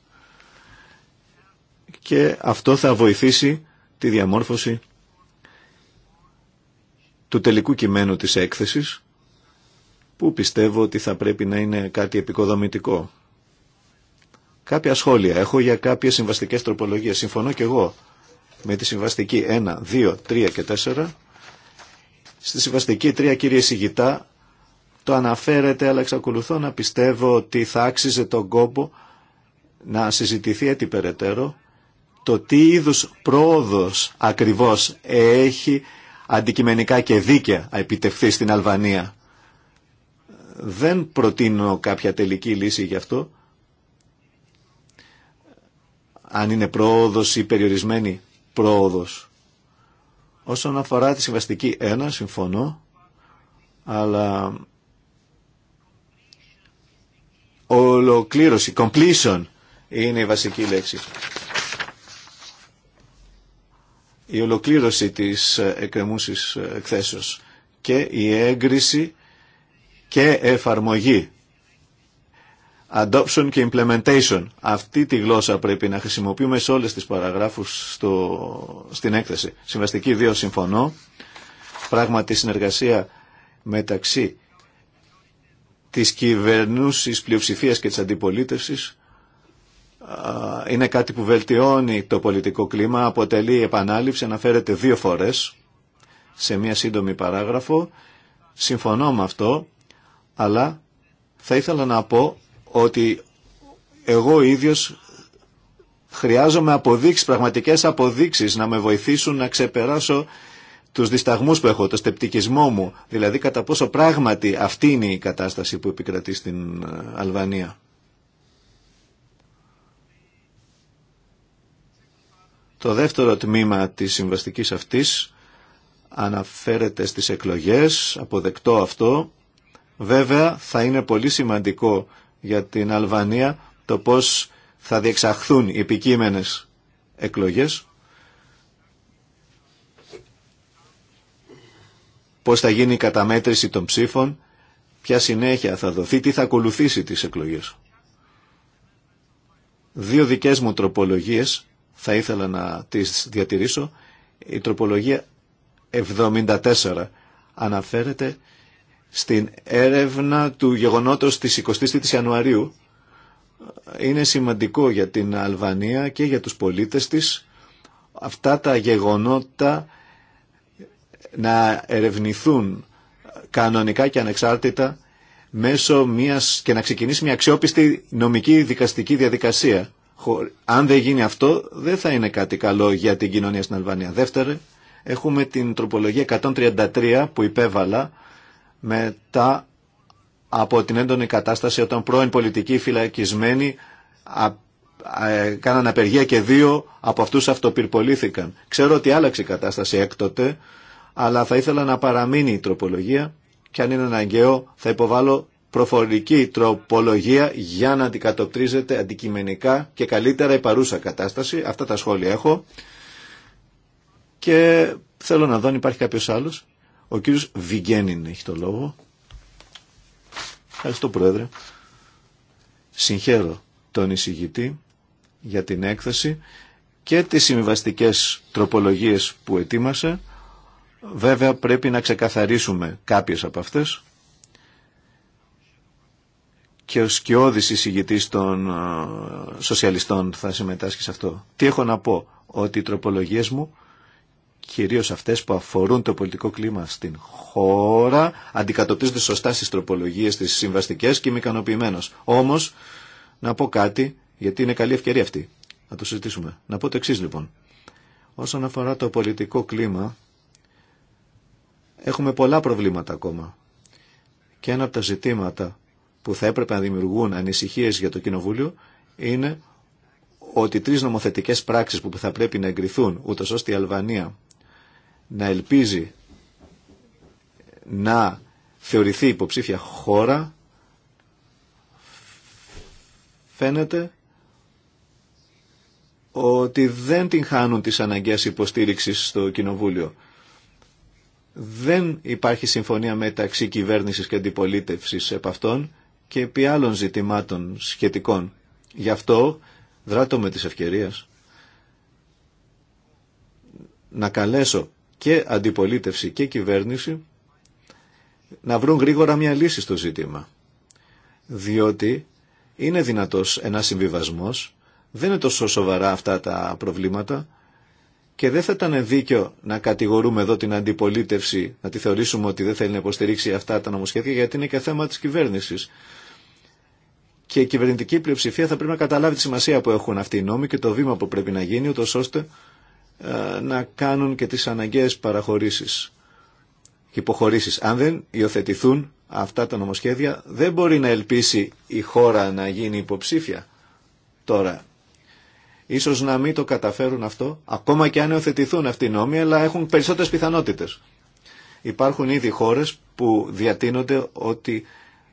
και αυτό θα βοηθήσει τη διαμόρφωση του τελικού κειμένου της έκθεσης που πιστεύω ότι θα πρέπει να είναι κάτι επικοδομητικό. Κάποια σχόλια έχω για κάποιες συμβαστικές τροπολογίες. Συμφωνώ και εγώ με τη συμβαστική 1, 2, 3 και 4. Στη συμβαστική 3, κύριε Σιγητά, το αναφέρεται, αλλά εξακολουθώ να πιστεύω ότι θα άξιζε τον κόπο να συζητηθεί έτσι περαιτέρω το τι είδους πρόοδος ακριβώς έχει αντικειμενικά και δίκαια επιτευχθεί στην Αλβανία. Δεν προτείνω κάποια τελική λύση γι' αυτό, αν είναι πρόοδος ή περιορισμένη πρόοδος. Όσον αφορά τη συμβαστική 1, συμφωνώ, αλλά ολοκλήρωση, completion είναι η βασική ενα συμφωνω αλλα ολοκληρωση completion ειναι Η ολοκλήρωση της εκκρεμούσης εκθέσεως και η έγκριση και εφαρμογή adoption και implementation. Αυτή τη γλώσσα πρέπει να χρησιμοποιούμε σε όλες τις παραγράφους στο, στην έκθεση. Συμβαστική δύο, συμφωνώ. Πράγματι συνεργασία μεταξύ της κυβερνούσης πλειοψηφίας και της αντιπολίτευσης είναι κάτι που βελτιώνει το πολιτικό κλίμα, αποτελεί επανάληψη, αναφέρεται δύο φορές σε μία σύντομη παράγραφο. Συμφωνώ με αυτό, αλλά θα ήθελα να πω ότι εγώ ίδιος χρειάζομαι αποδείξεις, πραγματικές αποδείξεις να με βοηθήσουν να ξεπεράσω τους δισταγμούς που έχω, το στεπτικισμό μου, δηλαδή κατά πόσο πράγματι αυτή είναι η κατάσταση που επικρατεί στην ε, Αλβανία. Το δεύτερο τμήμα της συμβαστικής αυτής αναφέρεται στις εκλογές, αποδεκτό αυτό. Βέβαια θα είναι πολύ σημαντικό για την Αλβανία το πώς θα διεξαχθούν οι επικείμενες εκλογές, πώς θα γίνει η καταμέτρηση των ψήφων, ποια συνέχεια θα δοθεί, τι θα ακολουθήσει τις εκλογές. Δύο δικές μου τροπολογίες θα ήθελα να τις διατηρήσω. Η τροπολογία 74 αναφέρεται στην έρευνα του γεγονότος της 23ης Ιανουαρίου. Είναι σημαντικό για την Αλβανία και για τους πολίτες της αυτά τα γεγονότα να ερευνηθούν κανονικά και ανεξάρτητα μέσω μιας και να ξεκινήσει μια αξιόπιστη νομική δικαστική διαδικασία. Αν δεν γίνει αυτό, δεν θα είναι κάτι καλό για την κοινωνία στην Αλβανία. Δεύτερον, έχουμε την τροπολογία 133 που υπέβαλα μετά από την έντονη κατάσταση όταν πρώην πολιτικοί φυλακισμένοι κάναν απεργία και δύο από αυτούς αυτοπυρπολήθηκαν. Ξέρω ότι άλλαξε η κατάσταση έκτοτε, αλλά θα ήθελα να παραμείνει η τροπολογία και αν είναι αναγκαίο θα υποβάλω προφορική τροπολογία για να αντικατοπτρίζεται αντικειμενικά και καλύτερα η παρούσα κατάσταση. Αυτά τα σχόλια έχω και θέλω να δω αν υπάρχει κάποιος άλλος. Ο κύριος Βιγγένιν έχει το λόγο. Ευχαριστώ Πρόεδρε. Συγχαίρω τον εισηγητή για την έκθεση και τις συμβαστικέ τροπολογίες που ετοίμασε. Βέβαια πρέπει να ξεκαθαρίσουμε κάποιες από αυτές και ο σκιώδης εισηγητής των ε, σοσιαλιστών θα συμμετάσχει σε αυτό. Τι έχω να πω, ότι οι τροπολογίες μου κυρίως αυτές που αφορούν το πολιτικό κλίμα στην χώρα, αντικατοπτρίζονται σωστά στις τροπολογίες, τις συμβαστικές και είμαι ικανοποιημένο. Όμως, να πω κάτι, γιατί είναι καλή ευκαιρία αυτή. Να το συζητήσουμε. Να πω το εξή λοιπόν. Όσον αφορά το πολιτικό κλίμα, έχουμε πολλά προβλήματα ακόμα. Και ένα από τα ζητήματα που θα έπρεπε να δημιουργούν ανησυχίες για το Κοινοβούλιο είναι ότι τρεις νομοθετικές πράξεις που θα πρέπει να εγκριθούν, ούτω ώστε η Αλβανία να ελπίζει να θεωρηθεί υποψήφια χώρα φαίνεται ότι δεν την χάνουν τις αναγκαίες υποστήριξης στο Κοινοβούλιο. Δεν υπάρχει συμφωνία μεταξύ κυβέρνησης και αντιπολίτευσης επ' αυτών και επί άλλων ζητημάτων σχετικών. Γι' αυτό δράτω με τις ευκαιρίες να καλέσω και αντιπολίτευση και κυβέρνηση να βρουν γρήγορα μια λύση στο ζήτημα. Διότι είναι δυνατός ένα συμβιβασμός, δεν είναι τόσο σοβαρά αυτά τα προβλήματα και δεν θα ήταν δίκιο να κατηγορούμε εδώ την αντιπολίτευση, να τη θεωρήσουμε ότι δεν θέλει να υποστηρίξει αυτά τα νομοσχέδια γιατί είναι και θέμα της κυβέρνησης. Και η κυβερνητική πλειοψηφία θα πρέπει να καταλάβει τη σημασία που έχουν αυτοί οι νόμοι και το βήμα που πρέπει να γίνει, ούτως ώστε ε, να κάνουν και τις αναγκαίες παραχωρήσεις και υποχωρήσεις. Αν δεν υιοθετηθούν αυτά τα νομοσχέδια, δεν μπορεί να ελπίσει η χώρα να γίνει υποψήφια τώρα. Ίσως να μην το καταφέρουν αυτό, ακόμα και αν υιοθετηθούν αυτοί οι νόμοι, αλλά έχουν περισσότερες πιθανότητες. Υπάρχουν ήδη χώρες που διατείνονται ότι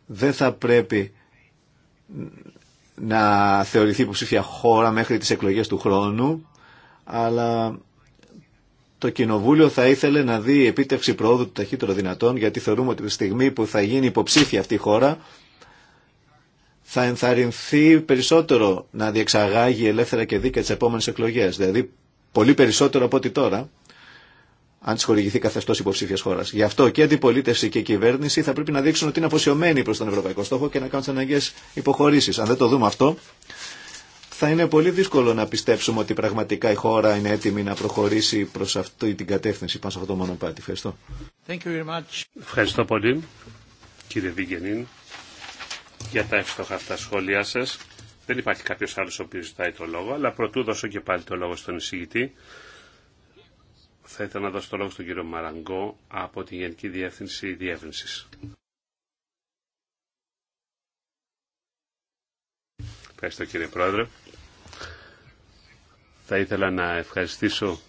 δεν θα πρέπει να θεωρηθεί υποψήφια χώρα μέχρι τις εκλογές του χρόνου αλλά το Κοινοβούλιο θα ήθελε να δει η επίτευξη προόδου του ταχύτερο δυνατόν, γιατί θεωρούμε ότι τη στιγμή που θα γίνει υποψήφια αυτή η χώρα, θα ενθαρρυνθεί περισσότερο να διεξαγάγει ελεύθερα και δίκαια τι επόμενε εκλογέ. Δηλαδή, πολύ περισσότερο από ό,τι τώρα, αν τη χορηγηθεί καθεστώ υποψήφια χώρα. Γι' αυτό και αντιπολίτευση και κυβέρνηση θα πρέπει να δείξουν ότι είναι αφοσιωμένοι προ τον ευρωπαϊκό στόχο και να κάνουν τι αναγκαίε υποχωρήσει. Αν δεν το δούμε αυτό, θα είναι πολύ δύσκολο να πιστέψουμε ότι πραγματικά η χώρα είναι έτοιμη να προχωρήσει προς αυτή την κατεύθυνση πάνω σε αυτό το μονοπάτι. Ευχαριστώ. Ευχαριστώ πολύ κύριε Βίγενίν, για τα εύστοχα αυτά σχόλιά σας. Δεν υπάρχει κάποιος άλλος ο οποίος ζητάει το λόγο, αλλά πρωτού δώσω και πάλι το λόγο στον εισηγητή. Θα ήθελα να δώσω το λόγο στον κύριο Μαραγκό από τη Γενική Διεύθυνση Διεύθυνσης. Ευχαριστώ κύριε Πρόεδρε. Θα ήθελα να ευχαριστήσω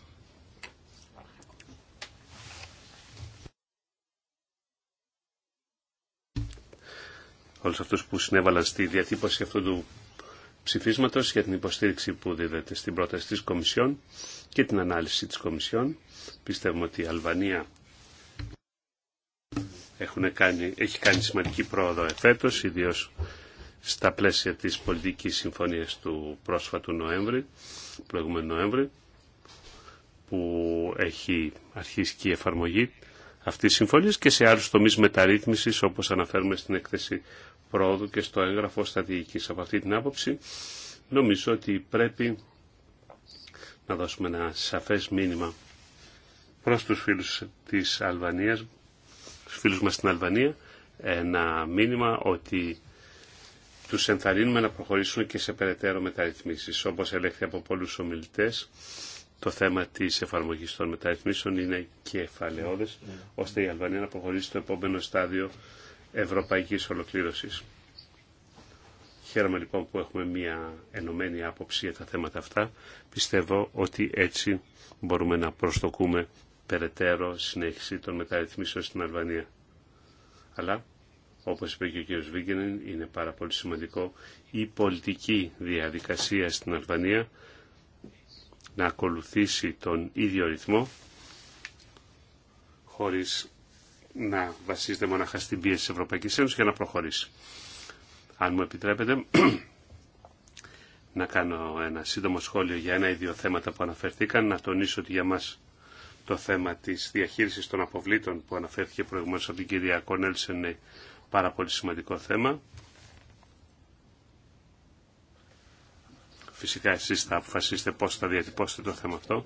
όλους αυτούς που συνέβαλαν στη διατύπωση αυτού του ψηφίσματος για την υποστήριξη που δίδεται στην πρόταση της Κομισιόν και την ανάλυση της Κομισιόν. Πιστεύουμε ότι η Αλβανία έχουν κάνει, έχει κάνει σημαντική πρόοδο εφέτος, ιδίως στα πλαίσια της πολιτικής συμφωνίας του πρόσφατου Νοέμβρη τον προηγούμενο Νοέμβρη που έχει αρχίσει και η εφαρμογή αυτής της συμφωνίας και σε άλλους τομείς μεταρρύθμισης όπως αναφέρουμε στην έκθεση πρόοδου και στο έγγραφο στρατηγικής. Από αυτή την άποψη νομίζω ότι πρέπει να δώσουμε ένα σαφές μήνυμα προς τους φίλους της Αλβανίας, τους φίλους μας στην Αλβανία, ένα μήνυμα ότι τους ενθαρρύνουμε να προχωρήσουν και σε περαιτέρω μεταρρυθμίσεις. Όπως ελέγχθη από πολλού ομιλητέ, το θέμα τη εφαρμογή των μεταρρυθμίσεων είναι κεφαλαιόδε ναι. ώστε η Αλβανία να προχωρήσει στο επόμενο στάδιο ευρωπαϊκής ολοκλήρωσης. Χαίρομαι λοιπόν που έχουμε μια ενωμένη άποψη για τα θέματα αυτά. Πιστεύω ότι έτσι μπορούμε να προστοκούμε περαιτέρω συνέχιση των μεταρρυθμίσεων στην Αλβανία. Αλλά όπως είπε και ο κ. Βίγκενεν, είναι πάρα πολύ σημαντικό η πολιτική διαδικασία στην Αλβανία να ακολουθήσει τον ίδιο ρυθμό χωρίς να βασίζεται μονάχα στην πίεση της Ευρωπαϊκής Ένωσης για να προχωρήσει. Αν μου επιτρέπετε να κάνω ένα σύντομο σχόλιο για ένα ή δύο θέματα που αναφερθήκαν, να τονίσω ότι για μας το θέμα της διαχείρισης των αποβλήτων που αναφέρθηκε προηγουμένως από την κυρία Κονέλσεν πάρα πολύ σημαντικό θέμα. Φυσικά εσείς θα αποφασίσετε πώς θα διατυπώσετε το θέμα αυτό,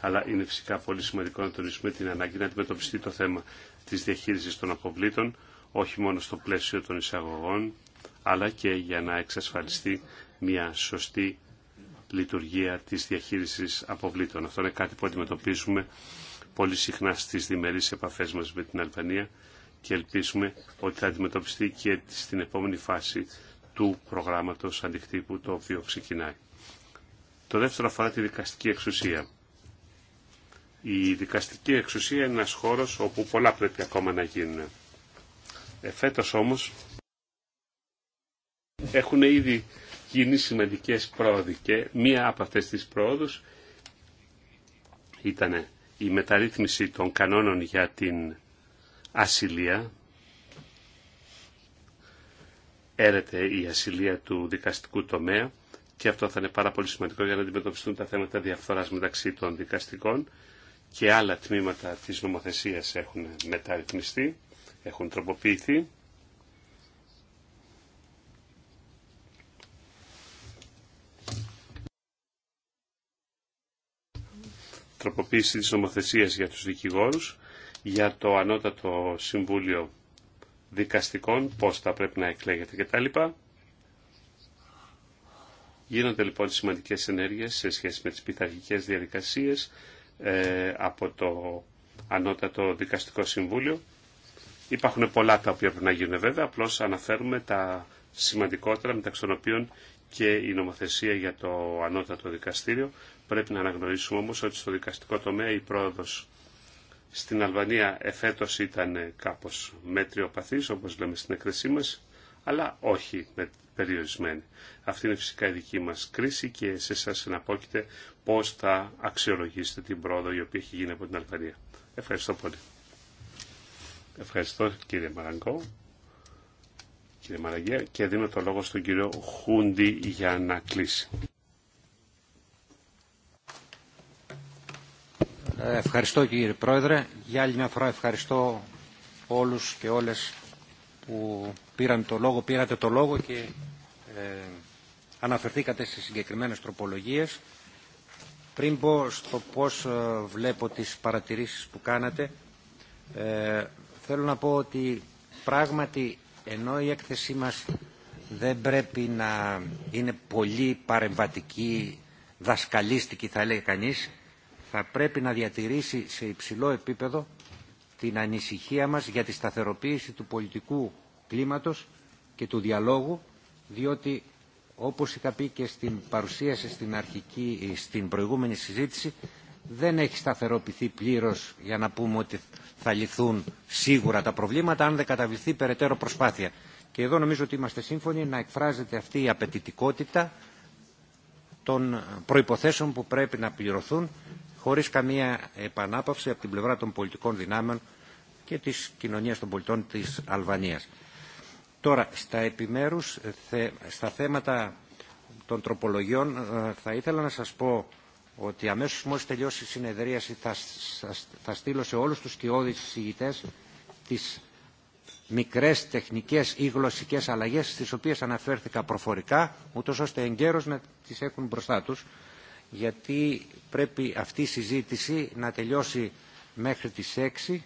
αλλά είναι φυσικά πολύ σημαντικό να τονίσουμε την ανάγκη να αντιμετωπιστεί το θέμα της διαχείρισης των αποβλήτων, όχι μόνο στο πλαίσιο των εισαγωγών, αλλά και για να εξασφαλιστεί μια σωστή λειτουργία της διαχείρισης αποβλήτων. Αυτό είναι κάτι που αντιμετωπίζουμε πολύ συχνά στις διμερείς επαφές μας με την Αλβανία και ελπίζουμε ότι θα αντιμετωπιστεί και στην επόμενη φάση του προγράμματος αντικτύπου το οποίο ξεκινάει. Το δεύτερο αφορά τη δικαστική εξουσία. Η δικαστική εξουσία είναι ένας χώρος όπου πολλά πρέπει ακόμα να γίνουν. Εφέτος όμως έχουν ήδη γίνει σημαντικές πρόοδοι και μία από αυτές τις πρόοδους ήταν η μεταρρύθμιση των κανόνων για την ασυλία. Έρεται η ασυλία του δικαστικού τομέα και αυτό θα είναι πάρα πολύ σημαντικό για να αντιμετωπιστούν τα θέματα διαφθοράς μεταξύ των δικαστικών και άλλα τμήματα της νομοθεσίας έχουν μεταρρυθμιστεί, έχουν τροποποιηθεί. Τροποποίηση της νομοθεσίας για τους δικηγόρους για το ανώτατο συμβούλιο δικαστικών, πώς θα πρέπει να εκλέγεται κτλ. Γίνονται λοιπόν σημαντικές ενέργειες σε σχέση με τις πειθαρχικές διαδικασίες ε, από το Ανώτατο Δικαστικό Συμβούλιο. Υπάρχουν πολλά τα οποία πρέπει να γίνουν βέβαια, απλώς αναφέρουμε τα σημαντικότερα μεταξύ των οποίων και η νομοθεσία για το Ανώτατο Δικαστήριο. Πρέπει να αναγνωρίσουμε όμως ότι στο δικαστικό τομέα η πρόοδος στην Αλβανία εφέτος ήταν κάπως μέτριοπαθής, όπως λέμε στην εκθεσή μας, αλλά όχι περιορισμένη. Αυτή είναι φυσικά η δική μας κρίση και σε εσάς συναπόκειται πώς θα αξιολογήσετε την πρόοδο η οποία έχει γίνει από την Αλβανία. Ευχαριστώ πολύ. Ευχαριστώ κύριε Μαραγκό. Κύριε Μαραγιά και δίνω το λόγο στον κύριο Χούντι για να κλείσει. Ευχαριστώ κύριε Πρόεδρε. Για άλλη μια φορά ευχαριστώ όλους και όλες που πήραν το λόγο, πήρατε το λόγο και ε, αναφερθήκατε στις συγκεκριμένες τροπολογίες. Πριν πω στο πώς ε, βλέπω τις παρατηρήσεις που κάνατε, ε, θέλω να πω ότι πράγματι ενώ η έκθεσή μας δεν πρέπει να είναι πολύ παρεμβατική, δασκαλίστικη θα έλεγε κανείς, θα πρέπει να διατηρήσει σε υψηλό επίπεδο την ανησυχία μας για τη σταθεροποίηση του πολιτικού κλίματος και του διαλόγου, διότι όπως είχα πει και στην παρουσίαση στην, αρχική, στην προηγούμενη συζήτηση, δεν έχει σταθεροποιηθεί πλήρως για να πούμε ότι θα λυθούν σίγουρα τα προβλήματα αν δεν καταβληθεί περαιτέρω προσπάθεια. Και εδώ νομίζω ότι είμαστε σύμφωνοι να εκφράζεται αυτή η απαιτητικότητα των προϋποθέσεων που πρέπει να πληρωθούν χωρίς καμία επανάπαυση από την πλευρά των πολιτικών δυνάμεων και της κοινωνίας των πολιτών της Αλβανίας. Τώρα, στα επιμέρους, στα θέματα των τροπολογιών, ε, θα ήθελα να σας πω ότι αμέσως μόλις τελειώσει η συνεδρίαση θα, θα στείλω σε όλους τους κοιόδης συζητητές τις μικρές τεχνικές ή γλωσσικές αλλαγές στις οποίες αναφέρθηκα προφορικά, ούτως ώστε εγκαίρως να τις έχουν μπροστά τους γιατί πρέπει αυτή η συζήτηση να τελειώσει μέχρι τις 6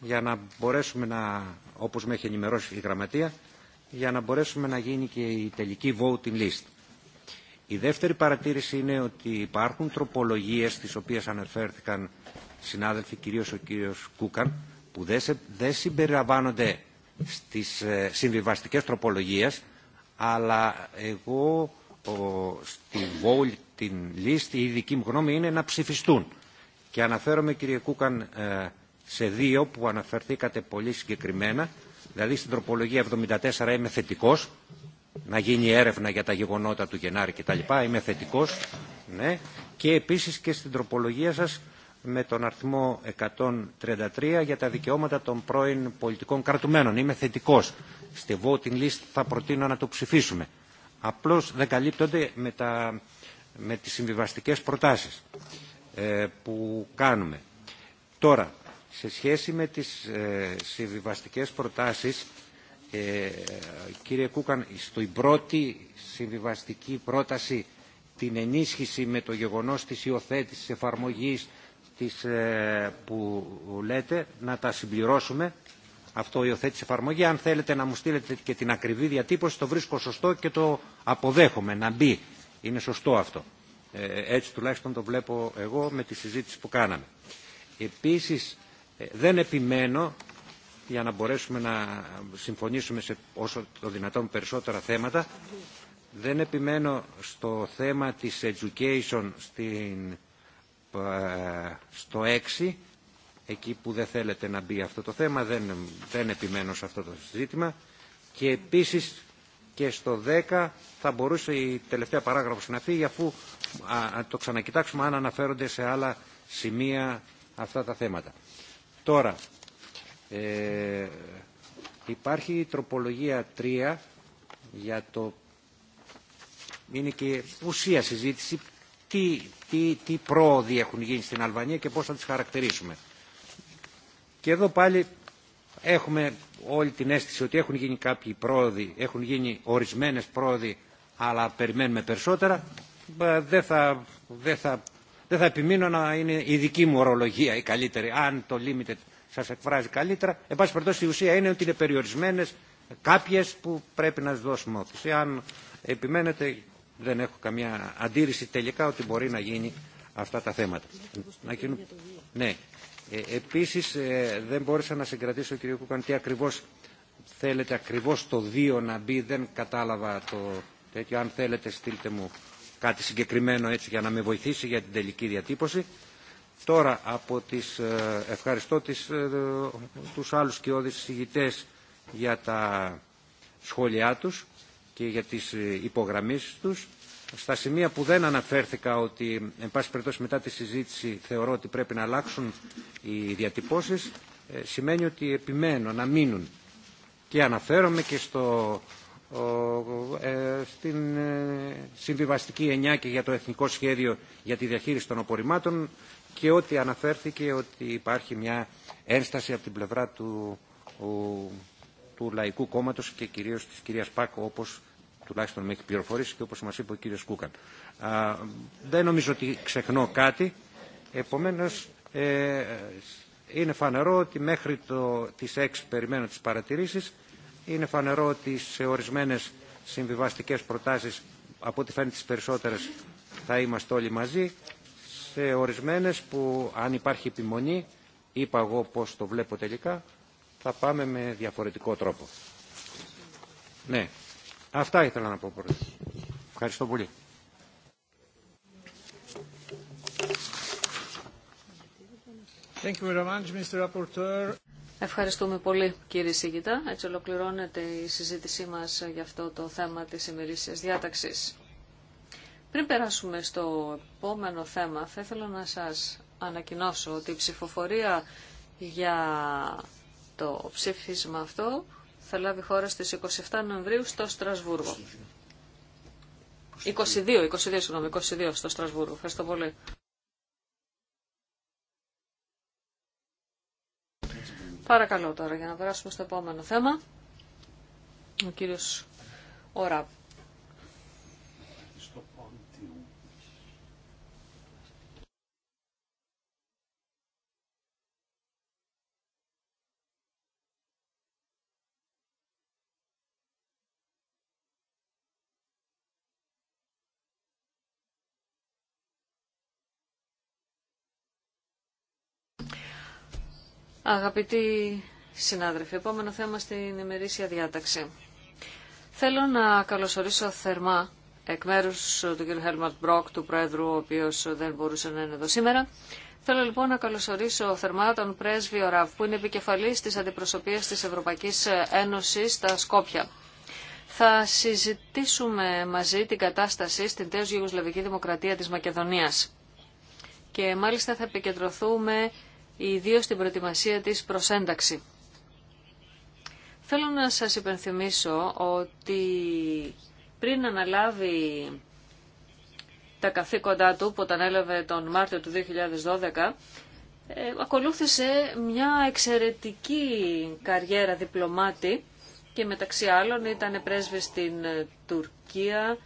για να μπορέσουμε να, όπως με έχει ενημερώσει η Γραμματεία, για να μπορέσουμε να γίνει και η τελική voting list. Η δεύτερη παρατήρηση είναι ότι υπάρχουν τροπολογίες τις οποίες αναφέρθηκαν συνάδελφοι, κυρίως ο κύριος Κούκαν, που δεν συμπεριλαμβάνονται στις ε, συμβιβαστικές τροπολογίες, αλλά εγώ στη Βόλ την λίστη, η δική μου γνώμη είναι να ψηφιστούν. Και αναφέρομαι κύριε Κούκαν ε, σε δύο που αναφερθήκατε πολύ συγκεκριμένα, δηλαδή στην τροπολογία 74 είμαι θετικός, να γίνει έρευνα για τα γεγονότα του Γενάρη κτλ. Είμαι θετικός, ναι. Και επίσης και στην τροπολογία σας με τον αριθμό 133 για τα δικαιώματα των πρώην πολιτικών κρατουμένων. Είμαι θετικός. Στη voting list θα προτείνω να το ψηφίσουμε απλώς δεν καλύπτονται με, τα, με τις συμβιβαστικές προτάσεις ε, που κάνουμε. Τώρα, σε σχέση με τις ε, συμβιβαστικές προτάσεις, ε, κύριε Κούκαν, η πρώτη συμβιβαστική πρόταση την ενίσχυση με το γεγονός της υιοθέτησης εφαρμογής της, ε, που λέτε, να τα συμπληρώσουμε αυτό υιοθέτησε εφαρμογή. Αν θέλετε να μου στείλετε και την ακριβή διατύπωση, το βρίσκω σωστό και το αποδέχομαι να μπει. Είναι σωστό αυτό. Ε, έτσι τουλάχιστον το βλέπω εγώ με τη συζήτηση που κάναμε. Επίσης ε, δεν επιμένω για να μπορέσουμε να συμφωνήσουμε σε όσο το δυνατόν περισσότερα θέματα. Δεν επιμένω στο θέμα της education στην, ε, στο 6 εκεί που δεν θέλετε να μπει αυτό το θέμα, δεν, δεν επιμένω σε αυτό το συζήτημα. Και επίσης και στο 10 θα μπορούσε η τελευταία παράγραφος να φύγει αφού το ξανακοιτάξουμε αν αναφέρονται σε άλλα σημεία αυτά τα θέματα. Τώρα, ε, υπάρχει η τροπολογία 3 για το... Είναι και ουσία συζήτηση τι, τι, τι πρόοδοι έχουν γίνει στην Αλβανία και πώς θα τις χαρακτηρίσουμε. Και εδώ πάλι έχουμε όλη την αίσθηση ότι έχουν γίνει κάποιοι πρόοδοι, έχουν γίνει ορισμένες πρόοδοι, αλλά περιμένουμε περισσότερα. Δεν θα, δεν θα, δεν θα επιμείνω να είναι η δική μου ορολογία η καλύτερη, αν το limited σας εκφράζει καλύτερα. Εν πάση περιπτώσει η ουσία είναι ότι είναι περιορισμένες κάποιες που πρέπει να δώσουμε όθηση. Αν επιμένετε δεν έχω καμία αντίρρηση τελικά ότι μπορεί να γίνει αυτά τα θέματα. Ναι, ε, επίσης ε, δεν μπόρεσα να συγκρατήσω κύριε Κούκαν τι ακριβώς θέλετε ακριβώς το 2 να μπει. Δεν κατάλαβα το τέτοιο. Αν θέλετε στείλτε μου κάτι συγκεκριμένο έτσι για να με βοηθήσει για την τελική διατύπωση. Τώρα από τις, ε, ευχαριστώ τις, τους άλλους κοιόδης συγητές για τα σχόλιά τους και για τις υπογραμμίσεις τους. Στα σημεία που δεν αναφέρθηκα ότι, εν πάση περιπτώσει, μετά τη συζήτηση θεωρώ ότι πρέπει να αλλάξουν οι διατυπώσεις, ε, σημαίνει ότι επιμένω να μείνουν. Και αναφέρομαι και στο, ε, στην ε, συμβιβαστική εννιά και για το Εθνικό Σχέδιο για τη Διαχείριση των Απορριμμάτων και ότι αναφέρθηκε ότι υπάρχει μια ένσταση από την πλευρά του, του Λαϊκού Κόμματος και κυρίως της κυρίας Πάκο, όπως τουλάχιστον με έχει πληροφορήσει και όπως μας είπε ο κύριος Κούκαν. Α, δεν νομίζω ότι ξεχνώ κάτι. Επομένως, ε, είναι φανερό ότι μέχρι το, τις 6 περιμένω τις παρατηρήσεις. Είναι φανερό ότι σε ορισμένες συμβιβαστικές προτάσεις, από ό,τι φαίνεται τις περισσότερες, θα είμαστε όλοι μαζί. Σε ορισμένες που, αν υπάρχει επιμονή, είπα εγώ πώς το βλέπω τελικά, θα πάμε με διαφορετικό τρόπο. Ναι, Αυτά ήθελα να πω πρώτα. Ευχαριστώ πολύ. Ευχαριστούμε πολύ κύριε Σίγητα. Έτσι ολοκληρώνεται η συζήτησή μας για αυτό το θέμα της ημερήσιας διάταξης. Πριν περάσουμε στο επόμενο θέμα, θα ήθελα να σας ανακοινώσω ότι η ψηφοφορία για το ψήφισμα αυτό θα λάβει χώρα στις 27 Νοεμβρίου στο Στρασβούργο. 22, 22, συγγνώμη, 22 στο Στρασβούργο. Ευχαριστώ πολύ. Παρακαλώ τώρα για να περάσουμε στο επόμενο θέμα. Ο κύριος ώρα Αγαπητοί συνάδελφοι, επόμενο θέμα στην ημερήσια διάταξη. Θέλω να καλωσορίσω θερμά εκ μέρου του κ. Χέλμαρτ Μπροκ, του Πρόεδρου, ο οποίο δεν μπορούσε να είναι εδώ σήμερα. Θέλω λοιπόν να καλωσορίσω θερμά τον πρέσβη Ραβ, που είναι επικεφαλή τη αντιπροσωπεία τη Ευρωπαϊκή Ένωση στα Σκόπια. Θα συζητήσουμε μαζί την κατάσταση στην τέτοια Γιουγκοσλαβική Δημοκρατία της Μακεδονίας. Και μάλιστα θα επικεντρωθούμε ιδίως την προετοιμασία της προσένταξη. Θέλω να σας υπενθυμίσω ότι πριν αναλάβει τα καθήκοντά του που όταν έλαβε τον Μάρτιο του 2012 ε, ακολούθησε μια εξαιρετική καριέρα διπλωμάτη και μεταξύ άλλων ήταν πρέσβη στην ε, Τουρκία.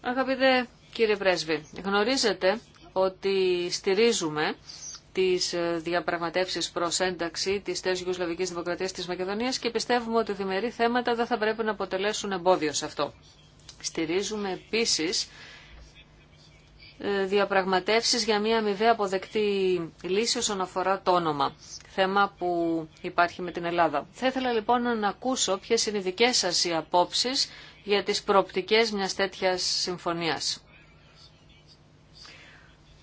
Αγαπητέ κύριε πρέσβη, γνωρίζετε ότι στηρίζουμε τις ε, διαπραγματεύσεις προς ένταξη της τέσσερις γιουσλαβικής Δημοκρατίας της Μακεδονίας και πιστεύουμε ότι διμερεί θέματα δεν θα πρέπει να αποτελέσουν εμπόδιο σε αυτό. Στηρίζουμε επίσης ε, διαπραγματεύσεις για μια αμοιβαία αποδεκτή λύση όσον αφορά το όνομα, θέμα που υπάρχει με την Ελλάδα. Θα ήθελα λοιπόν να ακούσω ποιες είναι οι δικές σας οι απόψεις για τις προοπτικές μιας τέτοιας συμφωνίας.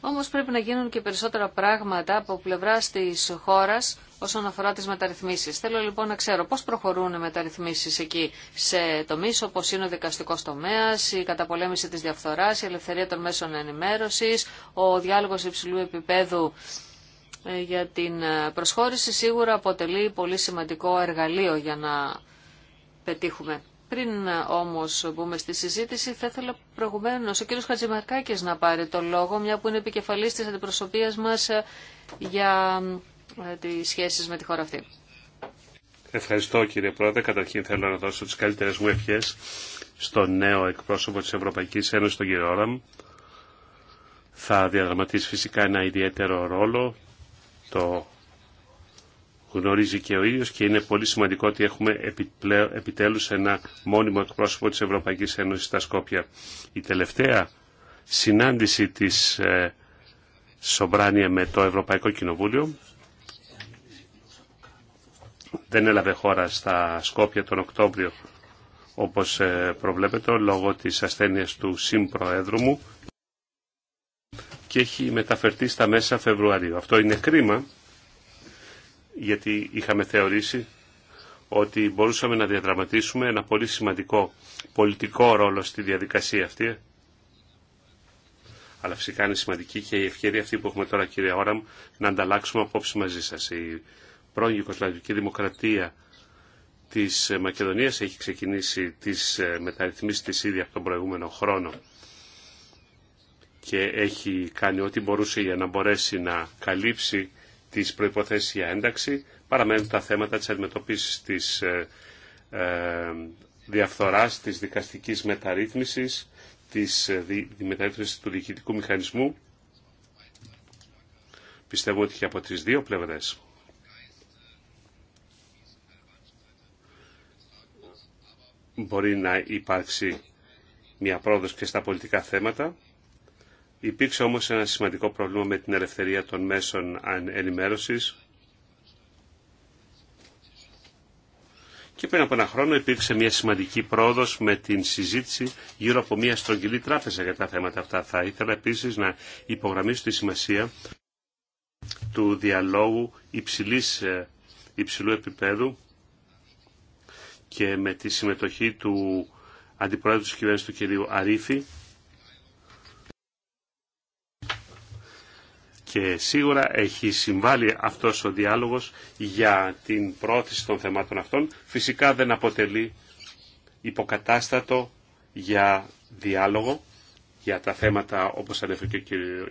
Όμως πρέπει να γίνουν και περισσότερα πράγματα από πλευρά τη χώρα όσον αφορά τι μεταρρυθμίσει. Θέλω λοιπόν να ξέρω πώ προχωρούν οι μεταρρυθμίσεις εκεί σε τομεί όπω είναι ο δικαστικό τομέα, η καταπολέμηση τη διαφθοράς, η ελευθερία των μέσων ενημέρωση, ο διάλογο υψηλού επίπεδου ε, για την ε, προσχώρηση σίγουρα αποτελεί πολύ σημαντικό εργαλείο για να πετύχουμε. Πριν ε, όμως μπούμε στη συζήτηση, θα ήθελα προηγουμένως ο κύριος Χατζημαρκάκης να πάρει το λόγο, μια που είναι επικεφαλής της αντιπροσωπείας μας ε, για ε, τις σχέσεις με τη χώρα αυτή. Ευχαριστώ κύριε Πρόεδρε. Καταρχήν θέλω να δώσω τις καλύτερες μου ευχές στον νέο εκπρόσωπο της Ευρωπαϊκής Ένωσης, τον κύριο Όραμ. Θα διαδραματίσει φυσικά ένα ιδιαίτερο ρόλο το γνωρίζει και ο ίδιος και είναι πολύ σημαντικό ότι έχουμε επιπλέον, επιτέλους ένα μόνιμο εκπρόσωπο της Ευρωπαϊκής Ένωσης στα Σκόπια. Η τελευταία συνάντηση της ε, Σομπράνια με το Ευρωπαϊκό Κοινοβούλιο δεν έλαβε χώρα στα Σκόπια τον Οκτώβριο όπως ε, προβλέπετε, λόγω της ασθένειας του συμπροέδρου μου και έχει μεταφερθεί στα μέσα Φεβρουαρίου. Αυτό είναι κρίμα γιατί είχαμε θεωρήσει ότι μπορούσαμε να διαδραματίσουμε ένα πολύ σημαντικό πολιτικό ρόλο στη διαδικασία αυτή. Αλλά φυσικά είναι σημαντική και η ευκαιρία αυτή που έχουμε τώρα κύριε Όραμ να ανταλλάξουμε απόψη μαζί σας. Η πρώην Ιουκοσλαβική Δημοκρατία της Μακεδονίας έχει ξεκινήσει τις ε, μεταρρυθμίσεις της ήδη από τον προηγούμενο χρόνο και έχει κάνει ό,τι μπορούσε για να μπορέσει να καλύψει τις προϋποθέσεις για ένταξη, παραμένουν τα θέματα της αντιμετωπίσης της ε, ε, διαφθοράς, της δικαστικής μεταρρύθμισης, της ε, μεταρρύθμισης του διοικητικού μηχανισμού. Πιστεύω ότι και από τις δύο πλευρές. Μπορεί να υπάρξει μια πρόοδος και στα πολιτικά θέματα. Υπήρξε όμως ένα σημαντικό πρόβλημα με την ελευθερία των μέσων ενημέρωσης και πριν από ένα χρόνο υπήρξε μια σημαντική πρόοδος με την συζήτηση γύρω από μια στρογγυλή τράπεζα για τα θέματα αυτά. Θα ήθελα επίσης να υπογραμμίσω τη σημασία του διαλόγου υψηλής, ε, υψηλού επίπεδου και με τη συμμετοχή του Αντιπρόεδρου της κυβέρνησης του κ. Αρίφη και σίγουρα έχει συμβάλει αυτός ο διάλογος για την πρόθεση των θεμάτων αυτών. Φυσικά δεν αποτελεί υποκατάστατο για διάλογο για τα θέματα όπως ανέφερε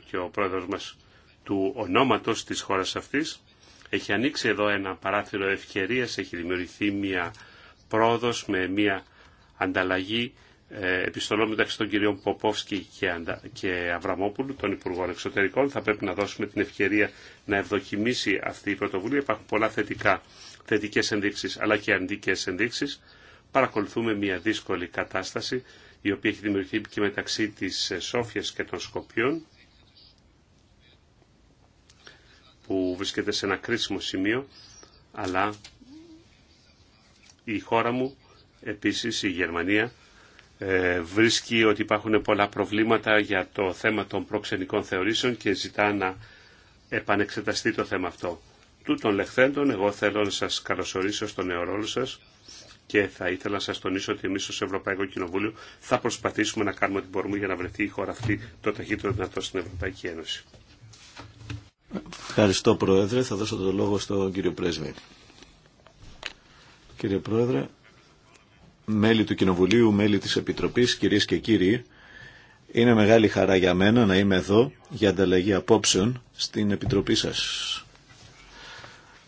και ο πρόεδρος μας του ονόματος της χώρας αυτής. Έχει ανοίξει εδώ ένα παράθυρο ευκαιρίας, έχει δημιουργηθεί μια πρόοδος με μια ανταλλαγή επιστολών μεταξύ των κυρίων Ποπόφσκι και Αβραμόπουλου, των Υπουργών Εξωτερικών. Θα πρέπει να δώσουμε την ευκαιρία να ευδοκιμήσει αυτή η πρωτοβουλία. Υπάρχουν πολλά θετικά, θετικές ενδείξεις αλλά και αντικές ενδείξεις. Παρακολουθούμε μια δύσκολη κατάσταση η οποία έχει δημιουργηθεί και μεταξύ της ε, Σόφιας και των Σκοπιών που βρίσκεται σε ένα κρίσιμο σημείο αλλά η χώρα μου, επίσης η Γερμανία, ε, βρίσκει ότι υπάρχουν πολλά προβλήματα για το θέμα των προξενικών θεωρήσεων και ζητά να επανεξεταστεί το θέμα αυτό. Τούτων λεχθέντων, εγώ θέλω να σας καλωσορίσω στον νέο ρόλο σας και θα ήθελα να σας τονίσω ότι εμείς ως Ευρωπαϊκό Κοινοβούλιο θα προσπαθήσουμε να κάνουμε ό,τι μπορούμε για να βρεθεί η χώρα αυτή το ταχύτερο δυνατό στην Ευρωπαϊκή Ένωση. Ευχαριστώ Πρόεδρε. Θα δώσω το λόγο στον κύριο Πρέσβη. Κύριε Πρόεδρε, μέλη του Κοινοβουλίου, μέλη της Επιτροπής, κυρίες και κύριοι, είναι μεγάλη χαρά για μένα να είμαι εδώ για ανταλλαγή απόψεων στην Επιτροπή σας.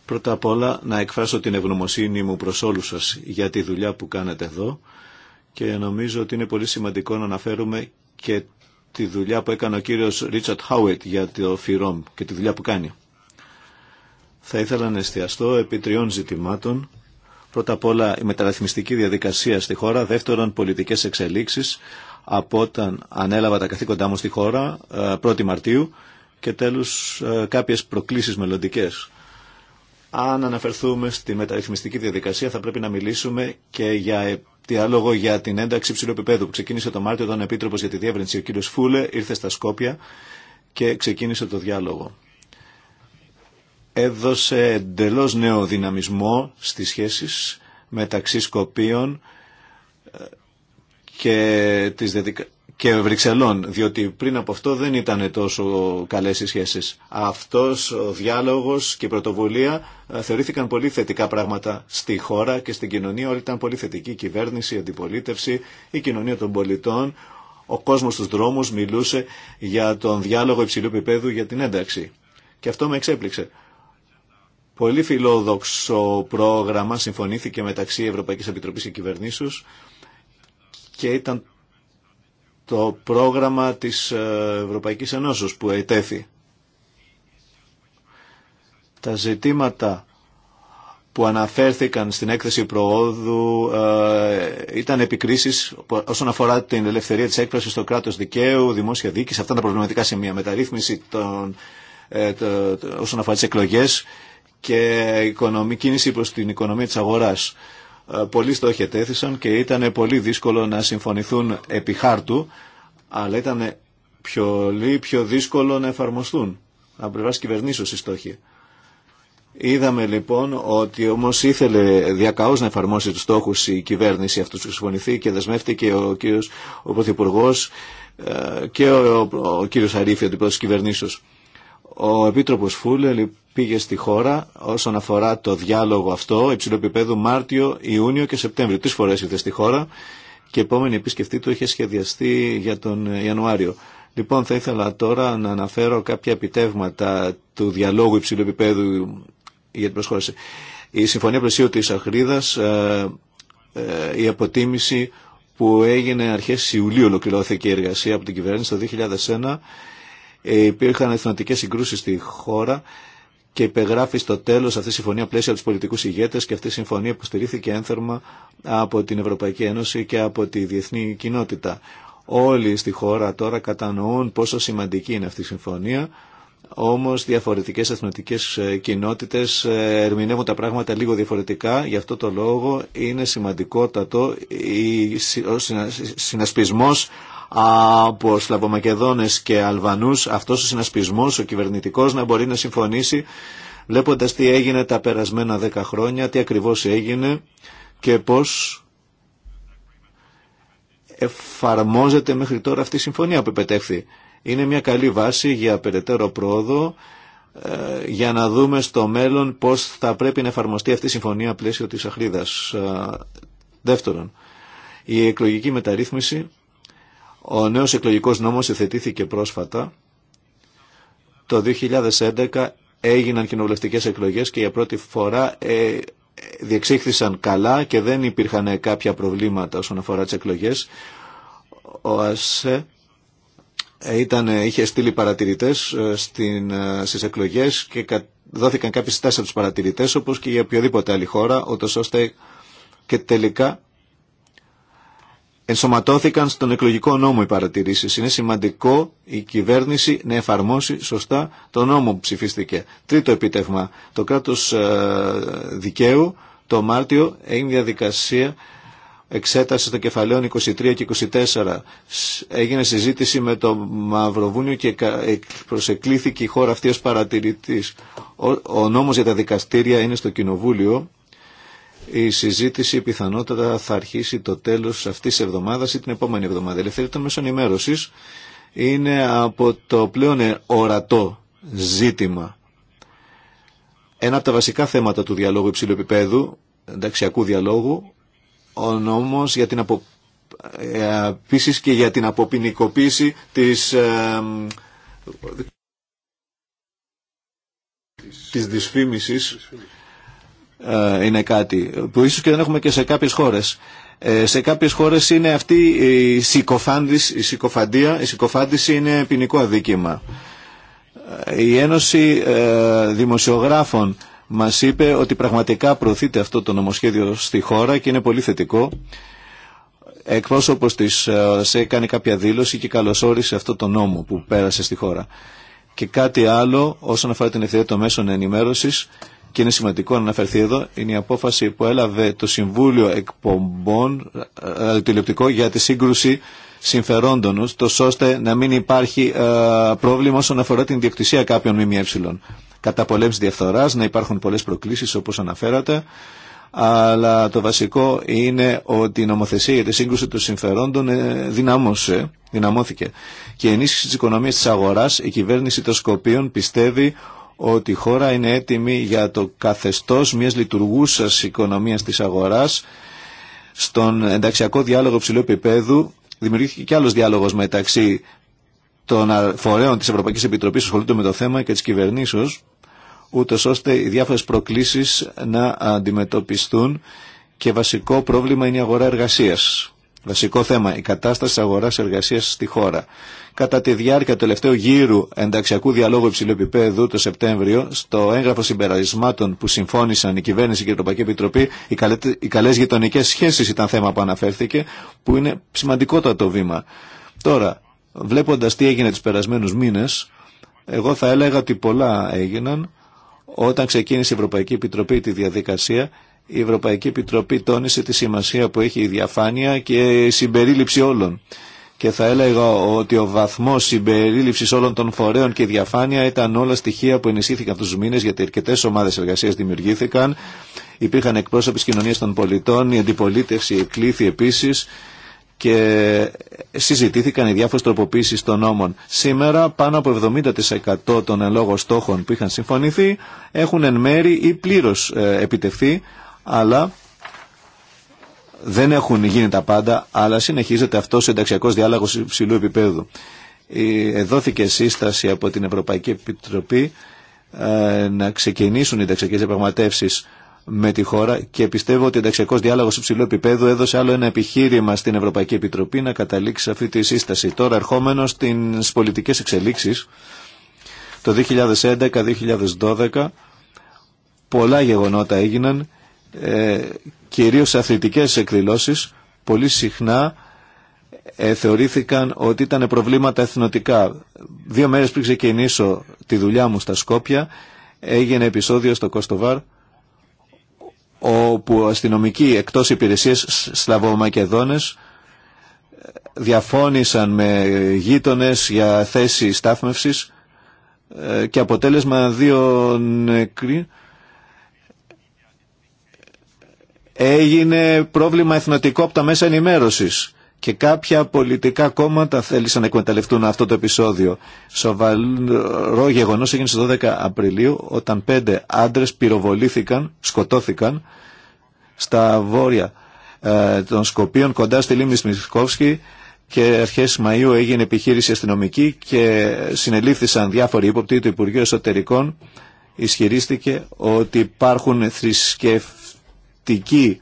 Πρώτα απ' όλα να εκφράσω την ευγνωμοσύνη μου προς όλους σας για τη δουλειά που κάνετε εδώ και νομίζω ότι είναι πολύ σημαντικό να αναφέρουμε και τη δουλειά που έκανε ο κύριος Ρίτσαρτ Χάουετ για το ΦΥΡΟΜ και τη δουλειά που κάνει. Θα ήθελα να εστιαστώ επί τριών ζητημάτων Πρώτα απ' όλα η μεταρρυθμιστική διαδικασία στη χώρα, δεύτερον πολιτικές εξελίξεις από όταν ανέλαβα τα καθήκοντά μου στη χώρα 1η ε, Μαρτίου και τέλος ε, κάποιες προκλήσεις μελλοντικέ. Αν αναφερθούμε στη μεταρρυθμιστική διαδικασία θα πρέπει να μιλήσουμε και για διάλογο για την ένταξη ψηλού επίπεδου που ξεκίνησε το Μάρτιο όταν ο Επίτροπος για τη Διεύρυνση ο κ. Φούλε ήρθε στα Σκόπια και ξεκίνησε το διάλογο έδωσε εντελώς νέο δυναμισμό στις σχέσεις μεταξύ Σκοπίων ε, και, της και Βρυξελών, διότι πριν από αυτό δεν ήταν τόσο καλές οι σχέσεις. Αυτός ο διάλογος και η πρωτοβουλία ε, θεωρήθηκαν πολύ θετικά πράγματα στη χώρα και στην κοινωνία. Όλοι ήταν πολύ θετική η κυβέρνηση, η αντιπολίτευση, η κοινωνία των πολιτών. Ο κόσμος στους δρόμους μιλούσε για τον διάλογο υψηλού επίπεδου για την ένταξη. Και αυτό με εξέπληξε. Πολύ φιλόδοξο πρόγραμμα συμφωνήθηκε μεταξύ Ευρωπαϊκής Επιτροπής και Κυβερνήσεως και ήταν το πρόγραμμα της ε, Ευρωπαϊκής Ενώσεως που ετέθη. Τα ζητήματα που αναφέρθηκαν στην έκθεση προόδου ε, ήταν επικρίσεις όσον αφορά την ελευθερία της έκφρασης στο κράτος δικαίου, δημόσια δίκη, αυτά τα προβληματικά σημεία, μεταρρύθμιση των, ε, όσον αφορά τις εκλογές και κίνηση προς την οικονομία της αγοράς. Ε, πολλοί στόχοι τέθησαν και ήταν πολύ δύσκολο να συμφωνηθούν επί χάρτου, αλλά ήταν πολύ πιο δύσκολο να εφαρμοστούν από πλευρά κυβερνήσεως οι στόχοι. Είδαμε λοιπόν ότι όμως ήθελε διακαώς να εφαρμόσει του στόχου η κυβέρνηση αυτού που συμφωνηθεί και δεσμεύτηκε ο κύριο ο ε, και ο, κύριο κύριος ο αντιπρόεδρο ο Επίτροπος Φούλελ πήγε στη χώρα όσον αφορά το διάλογο αυτό υψηλού επίπεδου Μάρτιο, Ιούνιο και Σεπτέμβριο. Τρεις φορές ήρθε στη χώρα και η επόμενη επισκεφτή του είχε σχεδιαστεί για τον Ιανουάριο. Λοιπόν, θα ήθελα τώρα να αναφέρω κάποια επιτεύγματα του διαλόγου υψηλού επίπεδου για την προσχώρηση. Η Συμφωνία Πλαισίου της Αχρίδας, ε, ε, η αποτίμηση που έγινε αρχές Ιουλίου ολοκληρώθηκε η εργασία από την κυβέρνηση το 2001 ε, υπήρχαν εθνοτικέ συγκρούσει στη χώρα και υπεγράφει στο τέλο αυτή η συμφωνία πλαίσια από πολιτικού πολιτικούς και αυτή η συμφωνία που στηρίχθηκε ένθερμα από την Ευρωπαϊκή Ένωση και από τη διεθνή κοινότητα. Όλοι στη χώρα τώρα κατανοούν πόσο σημαντική είναι αυτή η συμφωνία, Όμω, διαφορετικέ εθνοτικέ ε, κοινότητε ε, ερμηνεύουν τα πράγματα λίγο διαφορετικά, γι' αυτό το λόγο είναι σημαντικότατο ο συνασπισμό από Σλαβομακεδόνες και Αλβανούς αυτός ο συνασπισμός, ο κυβερνητικός να μπορεί να συμφωνήσει βλέποντας τι έγινε τα περασμένα δέκα χρόνια, τι ακριβώς έγινε και πώς εφαρμόζεται μέχρι τώρα αυτή η συμφωνία που επετέχθη. Είναι μια καλή βάση για περαιτέρω πρόοδο ε, για να δούμε στο μέλλον πώς θα πρέπει να εφαρμοστεί αυτή η συμφωνία πλαίσιο της Αχρίδας. Ε, δεύτερον, η εκλογική μεταρρύθμιση ο νέος εκλογικός νόμος εθετήθηκε πρόσφατα. Το 2011 έγιναν κοινοβουλευτικές εκλογές και για πρώτη φορά ε, διεξήχθησαν καλά και δεν υπήρχαν κάποια προβλήματα όσον αφορά τις εκλογές. Ο ΑΣΕ ε, ήταν, ε, είχε στείλει παρατηρητές ε, στην, στις εκλογές και δόθηκαν κάποιες στάσεις από τους παρατηρητές όπως και για οποιοδήποτε άλλη χώρα, ώστε και τελικά ενσωματώθηκαν στον εκλογικό νόμο οι παρατηρήσεις. Είναι σημαντικό η κυβέρνηση να εφαρμόσει σωστά το νόμο που ψηφίστηκε. Τρίτο επίτευγμα, το κράτος ε, δικαίου το Μάρτιο έγινε διαδικασία εξέταση των κεφαλαίων 23 και 24. Έγινε συζήτηση με το Μαυροβούνιο και προσεκλήθηκε η χώρα αυτή ως παρατηρητής. Ο, ο νόμος για τα δικαστήρια είναι στο Κοινοβούλιο η συζήτηση πιθανότατα θα αρχίσει το τέλος αυτής της εβδομάδας ή την επόμενη εβδομάδα. Η ελευθερία των μέσων ενημέρωση είναι από το πλέον ορατό ζήτημα. Ένα από τα βασικά θέματα του διαλόγου υψηλού επίπεδου, ενταξιακού διαλόγου, ο νόμος για την απο... Ε, επίσης και για την αποποινικοποίηση της, ε, της δυσφήμισης ε, είναι κάτι που ίσως και δεν έχουμε και σε κάποιες χώρες. Ε, σε κάποιες χώρες είναι αυτή η, η συκοφαντία, η συκοφάντηση είναι ποινικό αδίκημα. Ε, η Ένωση Δημοσιογράφων μας είπε ότι πραγματικά προωθείται αυτό το νομοσχέδιο στη χώρα και είναι πολύ θετικό. Εκπρόσωπος της σε έκανε κάποια δήλωση και καλωσόρισε αυτό το νόμο που πέρασε στη χώρα. Και κάτι άλλο όσον αφορά την ευθεία των μέσων ενημέρωσης, και είναι σημαντικό να αναφερθεί εδώ, είναι η απόφαση που έλαβε το Συμβούλιο Εκπομπών Ραδιοτηλεοπτικό ε, ε, για τη σύγκρουση συμφερόντων ώστε να μην υπάρχει ε, πρόβλημα όσον αφορά την διοκτησία κάποιων ΜΜΕ. Κατά πολέμηση διαφθορά, να υπάρχουν πολλέ προκλήσει όπω αναφέρατε, αλλά το βασικό είναι ότι η νομοθεσία για τη σύγκρουση των συμφερόντων δυνάμωσε, δυναμώθηκε. Και η ενίσχυση τη οικονομία τη αγορά, η κυβέρνηση των Σκοπίων πιστεύει ότι η χώρα είναι έτοιμη για το καθεστώς μιας λειτουργούσας οικονομίας της αγοράς. Στον ενταξιακό διάλογο ψηλού επίπεδου δημιουργήθηκε και άλλος διάλογος μεταξύ των φορέων της Ευρωπαϊκής Επιτροπής που ασχολούνται με το θέμα και της κυβερνήσεως, ούτως ώστε οι διάφορες προκλήσεις να αντιμετωπιστούν και βασικό πρόβλημα είναι η αγορά εργασίας. Βασικό θέμα, η κατάσταση αγορά-εργασία στη χώρα. Κατά τη διάρκεια του τελευταίου γύρου ενταξιακού διαλόγου υψηλού επίπεδου το Σεπτέμβριο, στο έγγραφο συμπερασμάτων που συμφώνησαν η κυβέρνηση και η Ευρωπαϊκή Επιτροπή, οι καλέ γειτονικέ σχέσει ήταν θέμα που αναφέρθηκε, που είναι σημαντικότατο βήμα. Τώρα, βλέποντα τι έγινε του περασμένου μήνε, εγώ θα έλεγα ότι πολλά έγιναν όταν ξεκίνησε η Ευρωπαϊκή Επιτροπή τη διαδικασία η Ευρωπαϊκή Επιτροπή τόνισε τη σημασία που έχει η διαφάνεια και η συμπερίληψη όλων. Και θα έλεγα ότι ο βαθμό συμπερίληψη όλων των φορέων και η διαφάνεια ήταν όλα στοιχεία που ενισχύθηκαν αυτού του μήνε γιατί αρκετέ ομάδε εργασία δημιουργήθηκαν. Υπήρχαν εκπρόσωποι τη κοινωνία των πολιτών, η αντιπολίτευση εκλήθη επίση και συζητήθηκαν οι διάφορε τροποποίησεις των νόμων. Σήμερα πάνω από 70% των ελόγω στόχων που είχαν συμφωνηθεί έχουν εν μέρη ή πλήρω ε, επιτευχθεί αλλά δεν έχουν γίνει τα πάντα, αλλά συνεχίζεται αυτό ο ενταξιακός διάλογος υψηλού επίπεδου. Εδόθηκε σύσταση από την Ευρωπαϊκή Επιτροπή ε, να ξεκινήσουν οι ενταξιακές διαπραγματεύσει με τη χώρα και πιστεύω ότι ο ενταξιακό διάλογο υψηλού επίπεδου έδωσε άλλο ένα επιχείρημα στην Ευρωπαϊκή Επιτροπή να καταλήξει σε αυτή τη σύσταση. Τώρα ερχόμενο στι πολιτικέ εξελίξει, το 2011-2012 πολλά γεγονότα έγιναν ε, κυρίως αθλητικές εκδηλώσεις πολύ συχνά ε, θεωρήθηκαν ότι ήταν προβλήματα εθνοτικά. Δύο μέρες πριν ξεκινήσω τη δουλειά μου στα Σκόπια έγινε επεισόδιο στο Κόστοβαρ όπου αστυνομικοί εκτός υπηρεσίες Σλαβομακεδόνες διαφώνησαν με γείτονες για θέση στάθμευσης ε, και αποτέλεσμα δύο νεκροί έγινε πρόβλημα εθνοτικό από τα μέσα ενημέρωσης και κάποια πολιτικά κόμματα θέλησαν να εκμεταλλευτούν αυτό το επεισόδιο. Σοβαρό γεγονός έγινε στις 12 Απριλίου όταν πέντε άντρες πυροβολήθηκαν, σκοτώθηκαν στα βόρεια ε, των Σκοπίων κοντά στη λίμνη Σμισκόφσκη και αρχές Μαΐου έγινε επιχείρηση αστυνομική και συνελήφθησαν διάφοροι ύποπτοι του Υπουργείου Εσωτερικών ισχυρίστηκε ότι υπάρχουν θρησκευ φανατικοί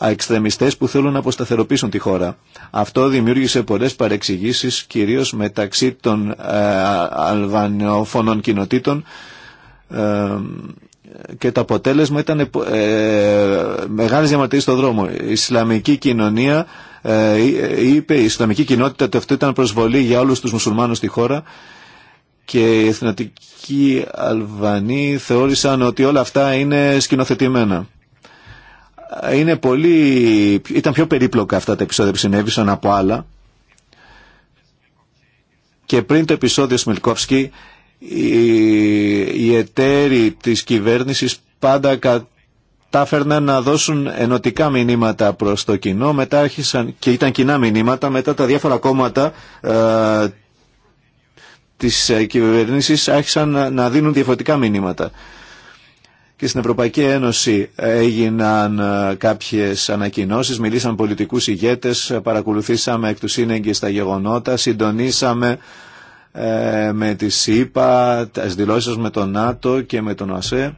εξτρεμιστές που θέλουν να αποσταθεροποιήσουν τη χώρα. Αυτό δημιούργησε πολλές παρεξηγήσεις κυρίως μεταξύ των ε, αλβανιοφωνών κοινοτήτων ε, και το αποτέλεσμα ήταν ε, μεγάλες διαμαρτυρίες στον δρόμο. Η Ισλαμική κοινωνία ε, είπε, η Ισλαμική κοινότητα ότι αυτό ήταν προσβολή για όλους τους μουσουλμάνους στη χώρα και οι εθνοτικοί Αλβανοί θεώρησαν ότι όλα αυτά είναι σκηνοθετημένα είναι πολύ, ήταν πιο περίπλοκα αυτά τα επεισόδια που συνέβησαν από άλλα και πριν το επεισόδιο Σμιλκόφσκι οι, οι εταίροι της κυβέρνησης πάντα κατάφερναν να δώσουν ενωτικά μηνύματα προς το κοινό μετά και ήταν κοινά μηνύματα μετά τα διάφορα κόμματα ε, της ε, κυβέρνησης άρχισαν να, να δίνουν διαφορετικά μηνύματα και στην Ευρωπαϊκή Ένωση έγιναν ε, κάποιες ανακοινώσεις, μιλήσαν πολιτικούς ηγέτες, ε, παρακολουθήσαμε εκ του σύνεγγυς τα γεγονότα, συντονίσαμε ε, με τη ΣΥΠΑ, τις δηλώσεις με τον ΝΑΤΟ και με τον ΟΑΣΕ.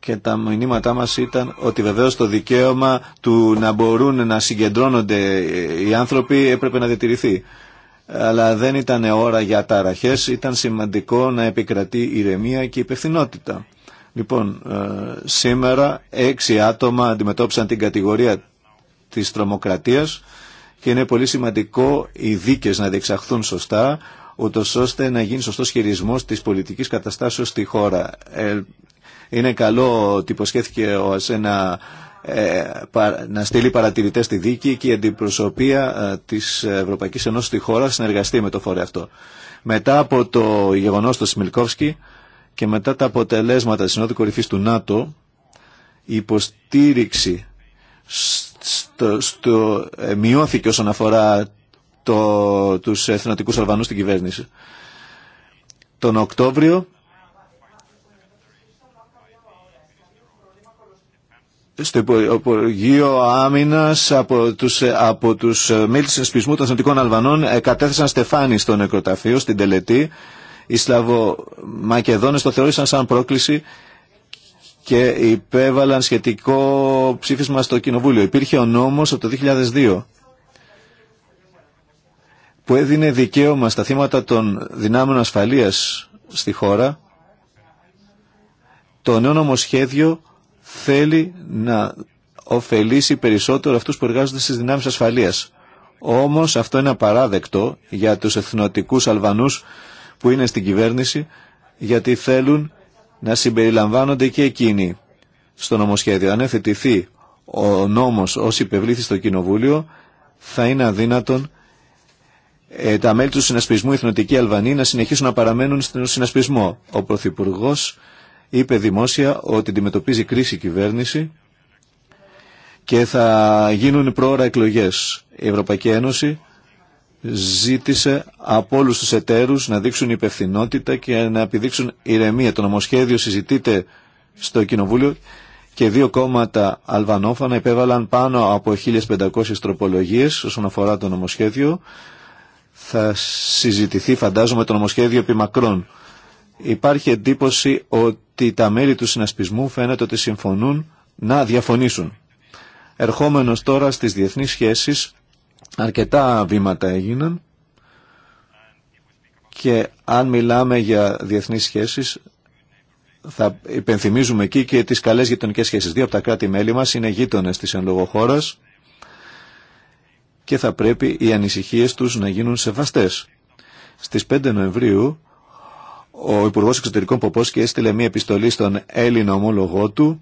και τα μηνύματά μας ήταν ότι βεβαίως το δικαίωμα του να μπορούν να συγκεντρώνονται οι άνθρωποι έπρεπε να διατηρηθεί. Αλλά δεν ήταν ώρα για ταραχές, ήταν σημαντικό να επικρατεί ηρεμία και υπευθυνότητα. Λοιπόν, ε, σήμερα έξι άτομα αντιμετώπισαν την κατηγορία της τρομοκρατίας και είναι πολύ σημαντικό οι δίκες να διεξαχθούν σωστά, ούτω ώστε να γίνει σωστός χειρισμός της πολιτικής καταστάσεως στη χώρα. Ε, είναι καλό ότι υποσχέθηκε ο Ασένα ε, να στείλει παρατηρητές στη δίκη και η αντιπροσωπεία της Ευρωπαϊκής Ενώσης στη χώρα συνεργαστεί με το φορέα αυτό. Μετά από το γεγονός του Σμιλκόφσκι, και μετά τα αποτελέσματα της Συνόδου Κορυφής του ΝΑΤΟ η υποστήριξη στο, ε, μειώθηκε όσον αφορά το, τους εθνοτικούς Αλβανούς στην κυβέρνηση. Τον Οκτώβριο στο Υπουργείο Άμυνα από του από τους μέλη του Συνασπισμού των Εθνικών Αλβανών ε, κατέθεσαν στεφάνι στο νεκροταφείο, στην τελετή, οι Σλαβομακεδόνες το θεώρησαν σαν πρόκληση και υπέβαλαν σχετικό ψήφισμα στο Κοινοβούλιο. Υπήρχε ο νόμος από το 2002 που έδινε δικαίωμα στα θύματα των δυνάμεων ασφαλείας στη χώρα. Το νέο νομοσχέδιο θέλει να ωφελήσει περισσότερο αυτούς που εργάζονται στις δυνάμεις ασφαλείας. Όμως αυτό είναι απαράδεκτο για τους εθνοτικούς Αλβανούς που είναι στην κυβέρνηση γιατί θέλουν να συμπεριλαμβάνονται και εκείνοι στο νομοσχέδιο. Αν εθετηθεί ο νόμος ως υπευλήθη στο Κοινοβούλιο θα είναι αδύνατον ε, τα μέλη του συνασπισμού Εθνοτική Αλβανοί να συνεχίσουν να παραμένουν στον συνασπισμό. Ο Πρωθυπουργό είπε δημόσια ότι αντιμετωπίζει κρίση η κυβέρνηση και θα γίνουν πρόωρα εκλογές. Η Ευρωπαϊκή Ένωση ζήτησε από όλου του εταίρους να δείξουν υπευθυνότητα και να επιδείξουν ηρεμία. Το νομοσχέδιο συζητείται στο Κοινοβούλιο και δύο κόμματα αλβανόφανα επέβαλαν πάνω από 1.500 τροπολογίε όσον αφορά το νομοσχέδιο. Θα συζητηθεί φαντάζομαι το νομοσχέδιο επί μακρόν. Υπάρχει εντύπωση ότι τα μέλη του συνασπισμού φαίνεται ότι συμφωνούν να διαφωνήσουν. Ερχόμενος τώρα στις διεθνείς σχέσεις Αρκετά βήματα έγιναν και αν μιλάμε για διεθνείς σχέσεις θα υπενθυμίζουμε εκεί και τις καλές γειτονικές σχέσεις. Δύο από τα κράτη-μέλη μας είναι γείτονες της εν λόγω χώρας και θα πρέπει οι ανησυχίες τους να γίνουν σεβαστές. Στις 5 Νοεμβρίου ο Υπουργός Εξωτερικών και έστειλε μία επιστολή στον Έλληνα ομόλογό του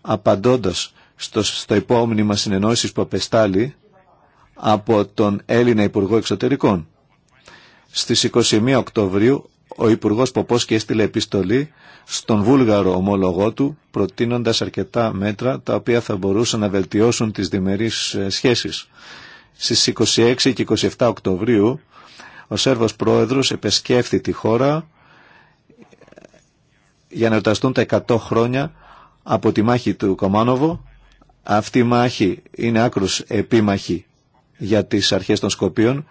απαντώντας στο, στο υπόμνημα συνεννόησης που απεστάλλει από τον Έλληνα Υπουργό Εξωτερικών. Στις 21 Οκτωβρίου ο Υπουργός Ποπός και έστειλε επιστολή στον Βούλγαρο ομολογό του προτείνοντας αρκετά μέτρα τα οποία θα μπορούσαν να βελτιώσουν τις διμερείς ε, σχέσεις. Στις 26 και 27 Οκτωβρίου ο Σέρβος Πρόεδρος επεσκέφθη τη χώρα ε, για να εορταστούν τα 100 χρόνια από τη μάχη του Κομάνοβο. Αυτή η μάχη είναι άκρος επίμαχη για τις αρχές των Σκοπίων.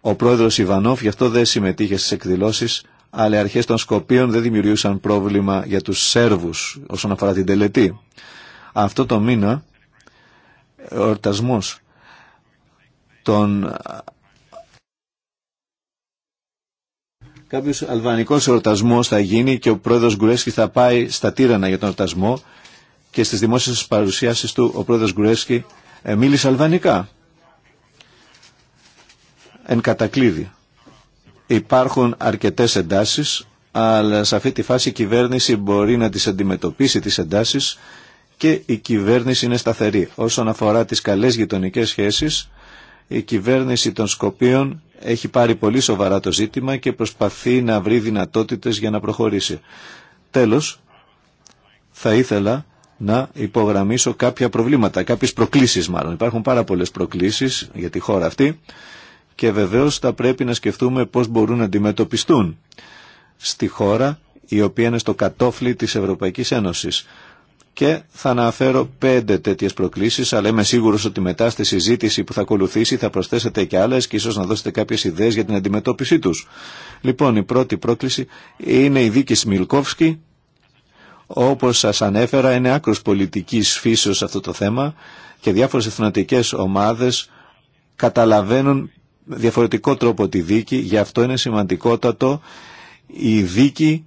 Ο πρόεδρος Ιβανόφ γι' αυτό δεν συμμετείχε στις εκδηλώσεις, αλλά οι αρχές των Σκοπίων δεν δημιουργούσαν πρόβλημα για τους Σέρβους όσον αφορά την τελετή. Αυτό το μήνα, ο ορτασμός των Κάποιο αλβανικό εορτασμό θα γίνει και ο πρόεδρο Γκουρέσκι θα πάει στα Τύρανα για τον εορτασμό και στι δημόσιε παρουσιάσει του ο πρόεδρο Γκουρέσκι ε, μίλησε αλβανικά. Εν κατακλείδη, υπάρχουν αρκετές εντάσεις, αλλά σε αυτή τη φάση η κυβέρνηση μπορεί να τις αντιμετωπίσει τις εντάσεις και η κυβέρνηση είναι σταθερή. Όσον αφορά τις καλές γειτονικές σχέσεις, η κυβέρνηση των Σκοπίων έχει πάρει πολύ σοβαρά το ζήτημα και προσπαθεί να βρει δυνατότητες για να προχωρήσει. Τέλος, θα ήθελα να υπογραμμίσω κάποια προβλήματα, κάποιες προκλήσεις μάλλον. Υπάρχουν πάρα πολλές προκλήσεις για τη χώρα αυτή και βεβαίως θα πρέπει να σκεφτούμε πώς μπορούν να αντιμετωπιστούν στη χώρα η οποία είναι στο κατόφλι της Ευρωπαϊκής Ένωσης. Και θα αναφέρω πέντε τέτοιες προκλήσεις, αλλά είμαι σίγουρος ότι μετά στη συζήτηση που θα ακολουθήσει θα προσθέσετε και άλλες και ίσως να δώσετε κάποιες ιδέες για την αντιμετώπιση τους. Λοιπόν, η πρώτη πρόκληση είναι η δίκη Σμιλκόφσκη. Όπως σας ανέφερα, είναι άκρος πολιτικής φύσεως αυτό το θέμα και διάφορες εθνοτικές ομάδες καταλαβαίνουν διαφορετικό τρόπο τη δίκη, γι' αυτό είναι σημαντικότατο η δίκη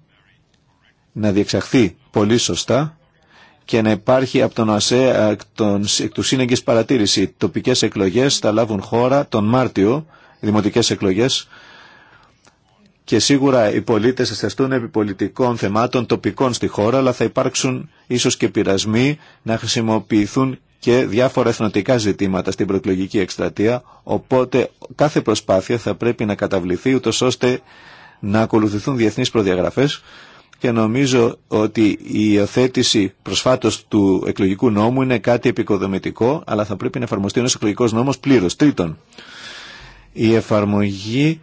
να διεξαχθεί πολύ σωστά και να υπάρχει από τον ΑΣΕ εκ του σύνεγγης παρατήρηση. Τοπικές εκλογές θα λάβουν χώρα τον Μάρτιο, δημοτικές εκλογές, και σίγουρα οι πολίτες στεστούν επί πολιτικών θεμάτων τοπικών στη χώρα, αλλά θα υπάρξουν ίσως και πειρασμοί να χρησιμοποιηθούν και διάφορα εθνοτικά ζητήματα στην προεκλογική εκστρατεία, οπότε κάθε προσπάθεια θα πρέπει να καταβληθεί ούτως ώστε να ακολουθηθούν διεθνείς προδιαγραφές και νομίζω ότι η υιοθέτηση προσφάτως του εκλογικού νόμου είναι κάτι επικοδομητικό, αλλά θα πρέπει να εφαρμοστεί ένας εκλογικός νόμος πλήρως. Τρίτον, η εφαρμογή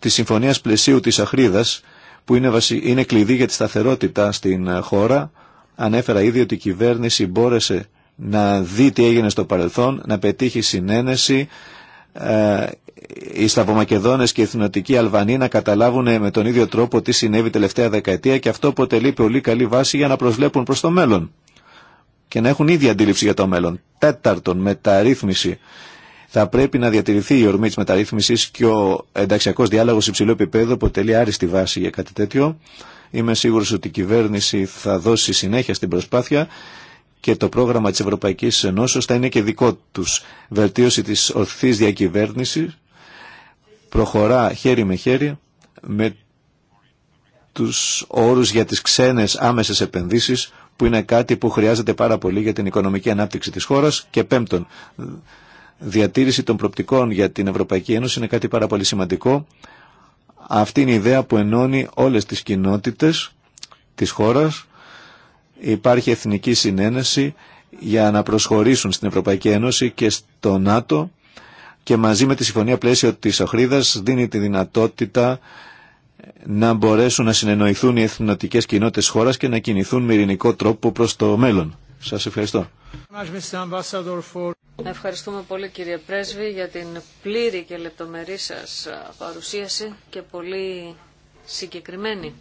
της Συμφωνίας Πλαισίου της Αχρίδας, που είναι, βασι... είναι κλειδί για τη σταθερότητα στην ε, χώρα, ανέφερα ήδη ότι η κυβέρνηση μπόρεσε να δει τι έγινε στο παρελθόν, να πετύχει συνένεση, ε, οι Σλαβομακεδόνες και οι Εθνοτικοί Αλβανοί να καταλάβουν με τον ίδιο τρόπο τι συνέβη τελευταία δεκαετία και αυτό αποτελεί πολύ καλή βάση για να προσβλέπουν προς το μέλλον και να έχουν ίδια αντίληψη για το μέλλον. Τέταρτον, μεταρρύθμιση. Θα πρέπει να διατηρηθεί η ορμή τη μεταρρύθμιση και ο ενταξιακό διάλογο υψηλό επίπεδο αποτελεί άριστη βάση για κάτι τέτοιο. Είμαι σίγουρο ότι η κυβέρνηση θα δώσει συνέχεια στην προσπάθεια και το πρόγραμμα της Ευρωπαϊκής Ενώσεως θα είναι και δικό τους. Βελτίωση της ορθής διακυβέρνησης προχωρά χέρι με χέρι με τους όρους για τις ξένες άμεσες επενδύσεις που είναι κάτι που χρειάζεται πάρα πολύ για την οικονομική ανάπτυξη της χώρας και πέμπτον διατήρηση των προπτικών για την Ευρωπαϊκή Ένωση είναι κάτι πάρα πολύ σημαντικό αυτή είναι η ιδέα που ενώνει όλες τις κοινότητες της χώρας υπάρχει εθνική συνένεση για να προσχωρήσουν στην Ευρωπαϊκή Ένωση και στο ΝΑΤΟ και μαζί με τη Συμφωνία Πλαίσιο της Οχρίδας δίνει τη δυνατότητα να μπορέσουν να συνεννοηθούν οι εθνοτικές κοινότητες χώρας και να κινηθούν με ειρηνικό τρόπο προς το μέλλον. Σας ευχαριστώ. Ευχαριστούμε πολύ κύριε Πρέσβη για την πλήρη και λεπτομερή σας παρουσίαση και πολύ συγκεκριμένη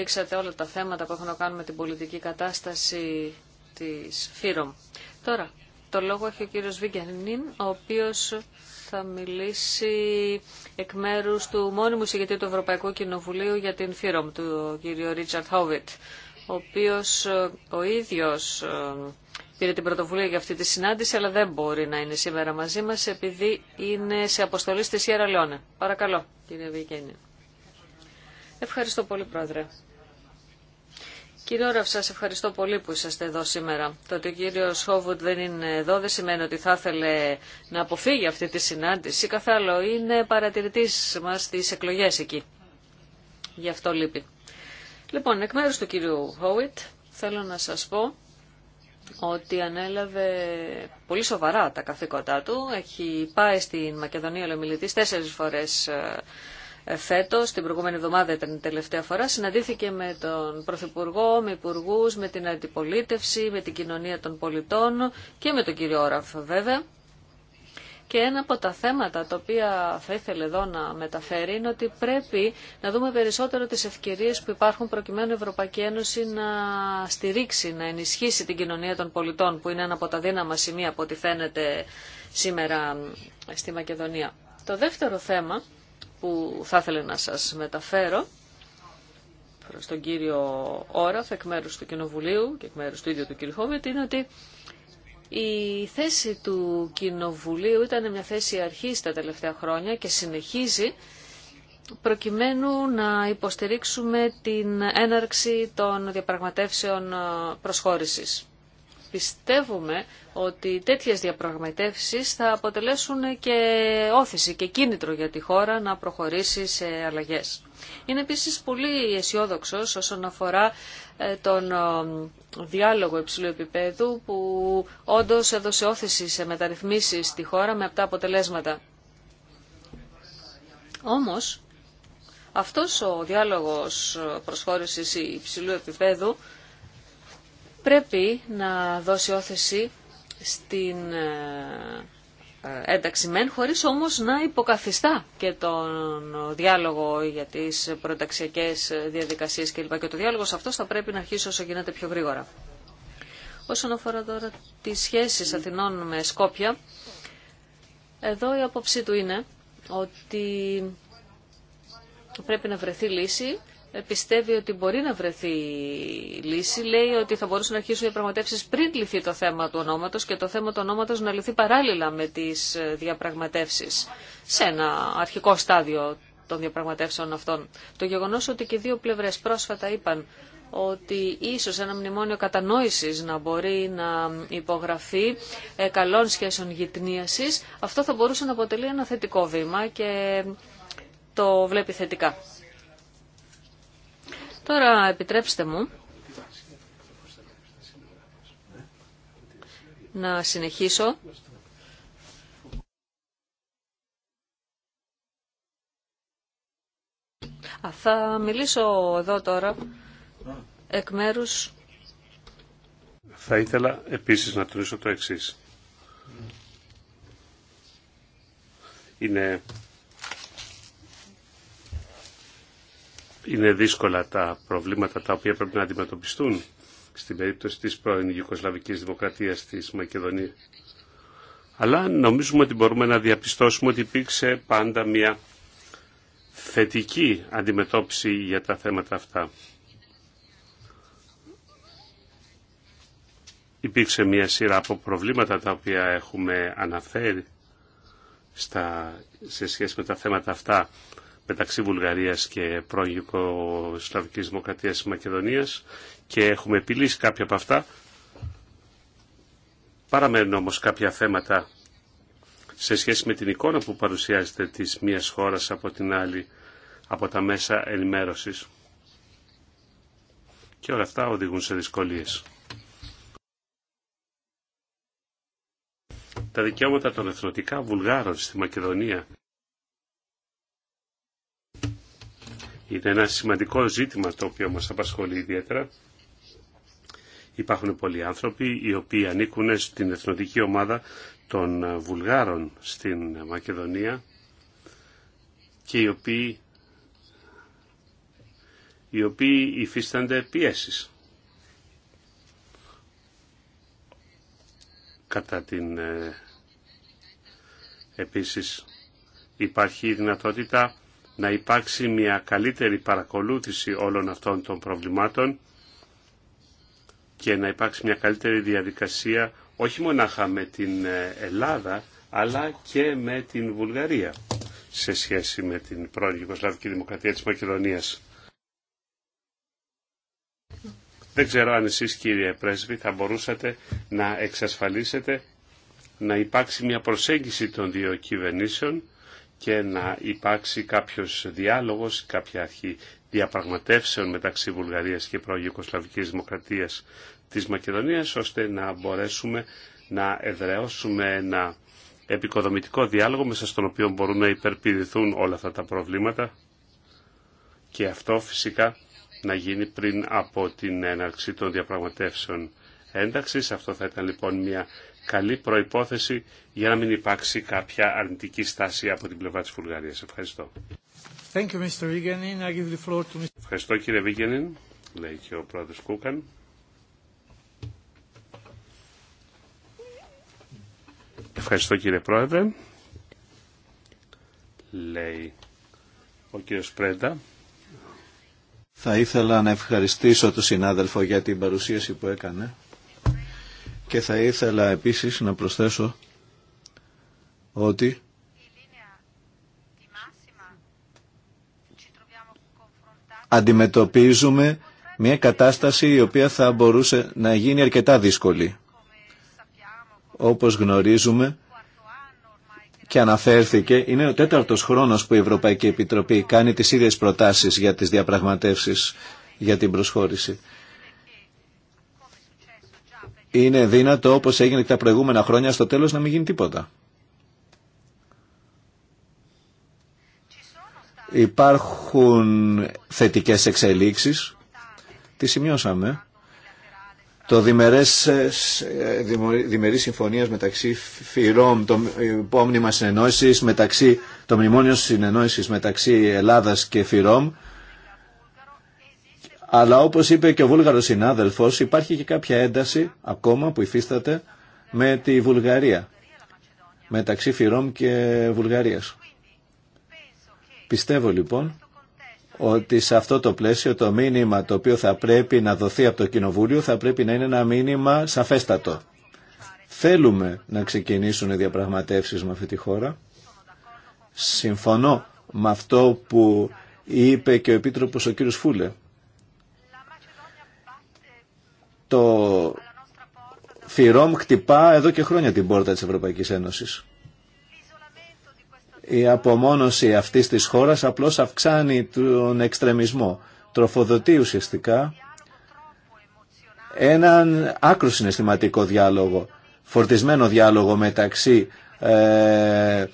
θίξατε όλα τα θέματα που έχουν να κάνουν με την πολιτική κατάσταση της ΦΥΡΟΜ. Τώρα, το λόγο έχει ο κύριος Βίγκιανίν, ο οποίος θα μιλήσει εκ μέρους του μόνιμου συγκεκριτή του Ευρωπαϊκού Κοινοβουλίου για την ΦΥΡΟΜ, του κύριο Ρίτσαρτ Χόβιτ, ο οποίος ε, ο ίδιος ε, πήρε την πρωτοβουλία για αυτή τη συνάντηση, αλλά δεν μπορεί να είναι σήμερα μαζί μας, επειδή είναι σε αποστολή στη Σιέρα Λεόνε. Παρακαλώ, κύριε Βίγκιανίν. Ευχαριστώ πολύ, Πρόεδρε. Κύριε Ωρευ, σας ευχαριστώ πολύ που είσαστε εδώ σήμερα. Το ότι ο κύριος Χόβουτ δεν είναι εδώ δεν σημαίνει ότι θα ήθελε να αποφύγει αυτή τη συνάντηση. Καθ' είναι παρατηρητής μας στις εκλογές εκεί. Γι' αυτό λείπει. Λοιπόν, εκ μέρους του κύριου Χόβουτ θέλω να σας πω ότι ανέλαβε πολύ σοβαρά τα καθήκοντά του. Έχει πάει στην Μακεδονία ολομιλητής τέσσερις φορές ε, ε, φέτο, την προηγούμενη εβδομάδα ήταν η τελευταία φορά, συναντήθηκε με τον Πρωθυπουργό, με υπουργού, με την αντιπολίτευση, με την κοινωνία των πολιτών και με τον κύριο Όραφ βέβαια. Και ένα από τα θέματα τα οποία θα ήθελε εδώ να μεταφέρει είναι ότι πρέπει να δούμε περισσότερο τις ευκαιρίες που υπάρχουν προκειμένου η Ευρωπαϊκή Ένωση να στηρίξει, να ενισχύσει την κοινωνία των πολιτών που είναι ένα από τα δύναμα σημεία από ό,τι φαίνεται σήμερα στη Μακεδονία. Το δεύτερο θέμα που θα ήθελα να σας μεταφέρω προς τον κύριο Όραφ εκ μέρους του Κοινοβουλίου και εκ μέρους του ίδιου του κύριου Χόβιτ είναι ότι η θέση του Κοινοβουλίου ήταν μια θέση αρχή τα τελευταία χρόνια και συνεχίζει προκειμένου να υποστηρίξουμε την έναρξη των διαπραγματεύσεων ε, προσχώρησης πιστεύουμε ότι τέτοιες διαπραγματεύσεις θα αποτελέσουν και όθηση και κίνητρο για τη χώρα να προχωρήσει σε αλλαγές. Είναι επίσης πολύ αισιόδοξο όσον αφορά ε, τον ε, διάλογο υψηλού επίπεδου που όντως έδωσε όθηση σε μεταρρυθμίσεις στη χώρα με αυτά αποτελέσματα. Όμως, αυτός ο διάλογος ε, προσχώρησης υψηλού επίπεδου πρέπει να δώσει όθεση στην ε, ε, ένταξη μεν, χωρίς όμως να υποκαθιστά και τον διάλογο για τις προταξιακές διαδικασίες κλπ. Και το διάλογος αυτός θα πρέπει να αρχίσει όσο γίνεται πιο γρήγορα. Όσον αφορά τώρα τις σχέσεις Αθηνών με Σκόπια, εδώ η άποψή του είναι ότι πρέπει να βρεθεί λύση πιστεύει ότι μπορεί να βρεθεί λύση. Λέει ότι θα μπορούσαν να αρχίσουν οι διαπραγματεύσει πριν λυθεί το θέμα του ονόματο και το θέμα του ονόματο να λυθεί παράλληλα με τι ε, διαπραγματεύσει σε ένα αρχικό στάδιο των διαπραγματεύσεων αυτών. Το γεγονό ότι και δύο πλευρέ πρόσφατα είπαν ότι ίσως ένα μνημόνιο κατανόησης να μπορεί να υπογραφεί ε, καλών σχέσεων γυτνίασης, αυτό θα μπορούσε να αποτελεί ένα θετικό βήμα και το βλέπει θετικά. Τώρα επιτρέψτε μου να συνεχίσω. Α, θα μιλήσω εδώ τώρα εκ μέρους... Θα ήθελα επίσης να τονίσω το εξής. Είναι είναι δύσκολα τα προβλήματα τα οποία πρέπει να αντιμετωπιστούν στην περίπτωση της πρώην Ιουκοσλαβικής Δημοκρατίας της Μακεδονίας. Αλλά νομίζουμε ότι μπορούμε να διαπιστώσουμε ότι υπήρξε πάντα μια θετική αντιμετώπιση για τα θέματα αυτά. Υπήρξε μια σειρά από προβλήματα τα οποία έχουμε αναφέρει στα, σε σχέση με τα θέματα αυτά μεταξύ Βουλγαρίας και πρώην Σλαβικής Δημοκρατίας Μακεδονίας και έχουμε επιλύσει κάποια από αυτά. Παραμένουν όμως κάποια θέματα σε σχέση με την εικόνα που παρουσιάζεται της μίας χώρας από την άλλη από τα μέσα ενημέρωσης. Και όλα αυτά οδηγούν σε δυσκολίες. Τα δικαιώματα των εθνοτικά Βουλγάρων στη Μακεδονία Είναι ένα σημαντικό ζήτημα το οποίο μας απασχολεί ιδιαίτερα. Υπάρχουν πολλοί άνθρωποι οι οποίοι ανήκουν στην εθνοτική ομάδα των Βουλγάρων στην Μακεδονία και οι οποίοι, οι οποίοι υφίστανται πιέσεις. Κατά την ε, επίσης υπάρχει η δυνατότητα να υπάρξει μια καλύτερη παρακολούθηση όλων αυτών των προβλημάτων και να υπάρξει μια καλύτερη διαδικασία όχι μονάχα με την ε, Ελλάδα αλλά και με την Βουλγαρία σε σχέση με την πρώην Ιουγκοσλαβική Δημοκρατία της Μακεδονίας. Δεν ξέρω αν εσείς κύριε Πρέσβη θα μπορούσατε να εξασφαλίσετε να υπάρξει μια προσέγγιση των δύο κυβερνήσεων και να υπάρξει κάποιος διάλογος, κάποια αρχή διαπραγματεύσεων μεταξύ Βουλγαρίας και πρώην Δημοκρατίας της Μακεδονίας, ώστε να μπορέσουμε να εδραιώσουμε ένα επικοδομητικό διάλογο μέσα στον οποίο μπορούν να υπερπηδηθούν όλα αυτά τα προβλήματα και αυτό φυσικά να γίνει πριν από την έναρξη των διαπραγματεύσεων ένταξης. Αυτό θα ήταν λοιπόν μια καλή προϋπόθεση για να μην υπάρξει κάποια αρνητική στάση από την πλευρά της Βουλγαρίας. Ευχαριστώ. Ευχαριστώ κύριε Βίγενιν, λέει και ο πρόεδρος Κούκαν. Ευχαριστώ κύριε πρόεδρε, λέει ο κύριος Πρέντα. Θα ήθελα να ευχαριστήσω τον συνάδελφο για την παρουσίαση που έκανε. Και θα ήθελα επίσης να προσθέσω ότι αντιμετωπίζουμε μια κατάσταση η οποία θα μπορούσε να γίνει αρκετά δύσκολη. Όπως γνωρίζουμε και αναφέρθηκε, είναι ο τέταρτος χρόνος που η Ευρωπαϊκή Επιτροπή κάνει τις ίδιες προτάσεις για τις διαπραγματεύσεις για την προσχώρηση είναι δύνατο όπως έγινε και τα προηγούμενα χρόνια στο τέλος να μην γίνει τίποτα. Υπάρχουν θετικές εξελίξεις, τι σημειώσαμε. Το διμερές, ε, διμερής συμφωνίας μεταξύ ΦΥΡΟΜ, το υπόμνημα συνεννόησης, μεταξύ, το μνημόνιο συνεννόησης μεταξύ Ελλάδας και ΦΥΡΟΜ, αλλά όπως είπε και ο Βούλγαρος συνάδελφος, υπάρχει και κάποια ένταση ακόμα που υφίσταται με τη Βουλγαρία, μεταξύ Φιρόμ και Βουλγαρίας. Πιστεύω λοιπόν ότι σε αυτό το πλαίσιο το μήνυμα το οποίο θα πρέπει να δοθεί από το Κοινοβούλιο θα πρέπει να είναι ένα μήνυμα σαφέστατο. Θέλουμε να ξεκινήσουν οι διαπραγματεύσεις με αυτή τη χώρα. Συμφωνώ με αυτό που είπε και ο Επίτροπος ο κύριος Φούλε το ΦΥΡΟΜ χτυπά εδώ και χρόνια την πόρτα της Ευρωπαϊκής Ένωσης. Η απομόνωση αυτής της χώρας απλώς αυξάνει τον εξτρεμισμό. Τροφοδοτεί ουσιαστικά έναν άκρο συναισθηματικό διάλογο, φορτισμένο διάλογο μεταξύ ε,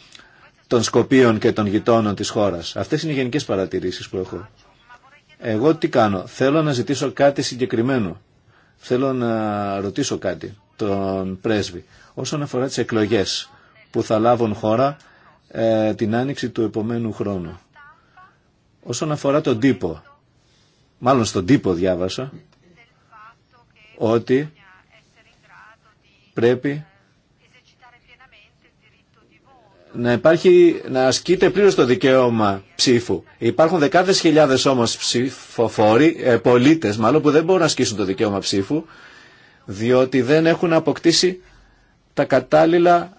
των Σκοπίων και των γειτόνων της χώρας. Αυτές είναι οι γενικές παρατηρήσεις που έχω. Εγώ τι κάνω, θέλω να ζητήσω κάτι συγκεκριμένο. Θέλω να ρωτήσω κάτι τον πρέσβη όσον αφορά τις εκλογές που θα λάβουν χώρα ε, την άνοιξη του επομένου χρόνου. Όσον αφορά τον τύπο, μάλλον στον τύπο διάβασα, ότι πρέπει να, υπάρχει, να ασκείται πλήρω το δικαίωμα ψήφου. Υπάρχουν δεκάδε χιλιάδε όμω ψηφοφόροι, ε, πολίτε μάλλον, που δεν μπορούν να ασκήσουν το δικαίωμα ψήφου, διότι δεν έχουν αποκτήσει τα κατάλληλα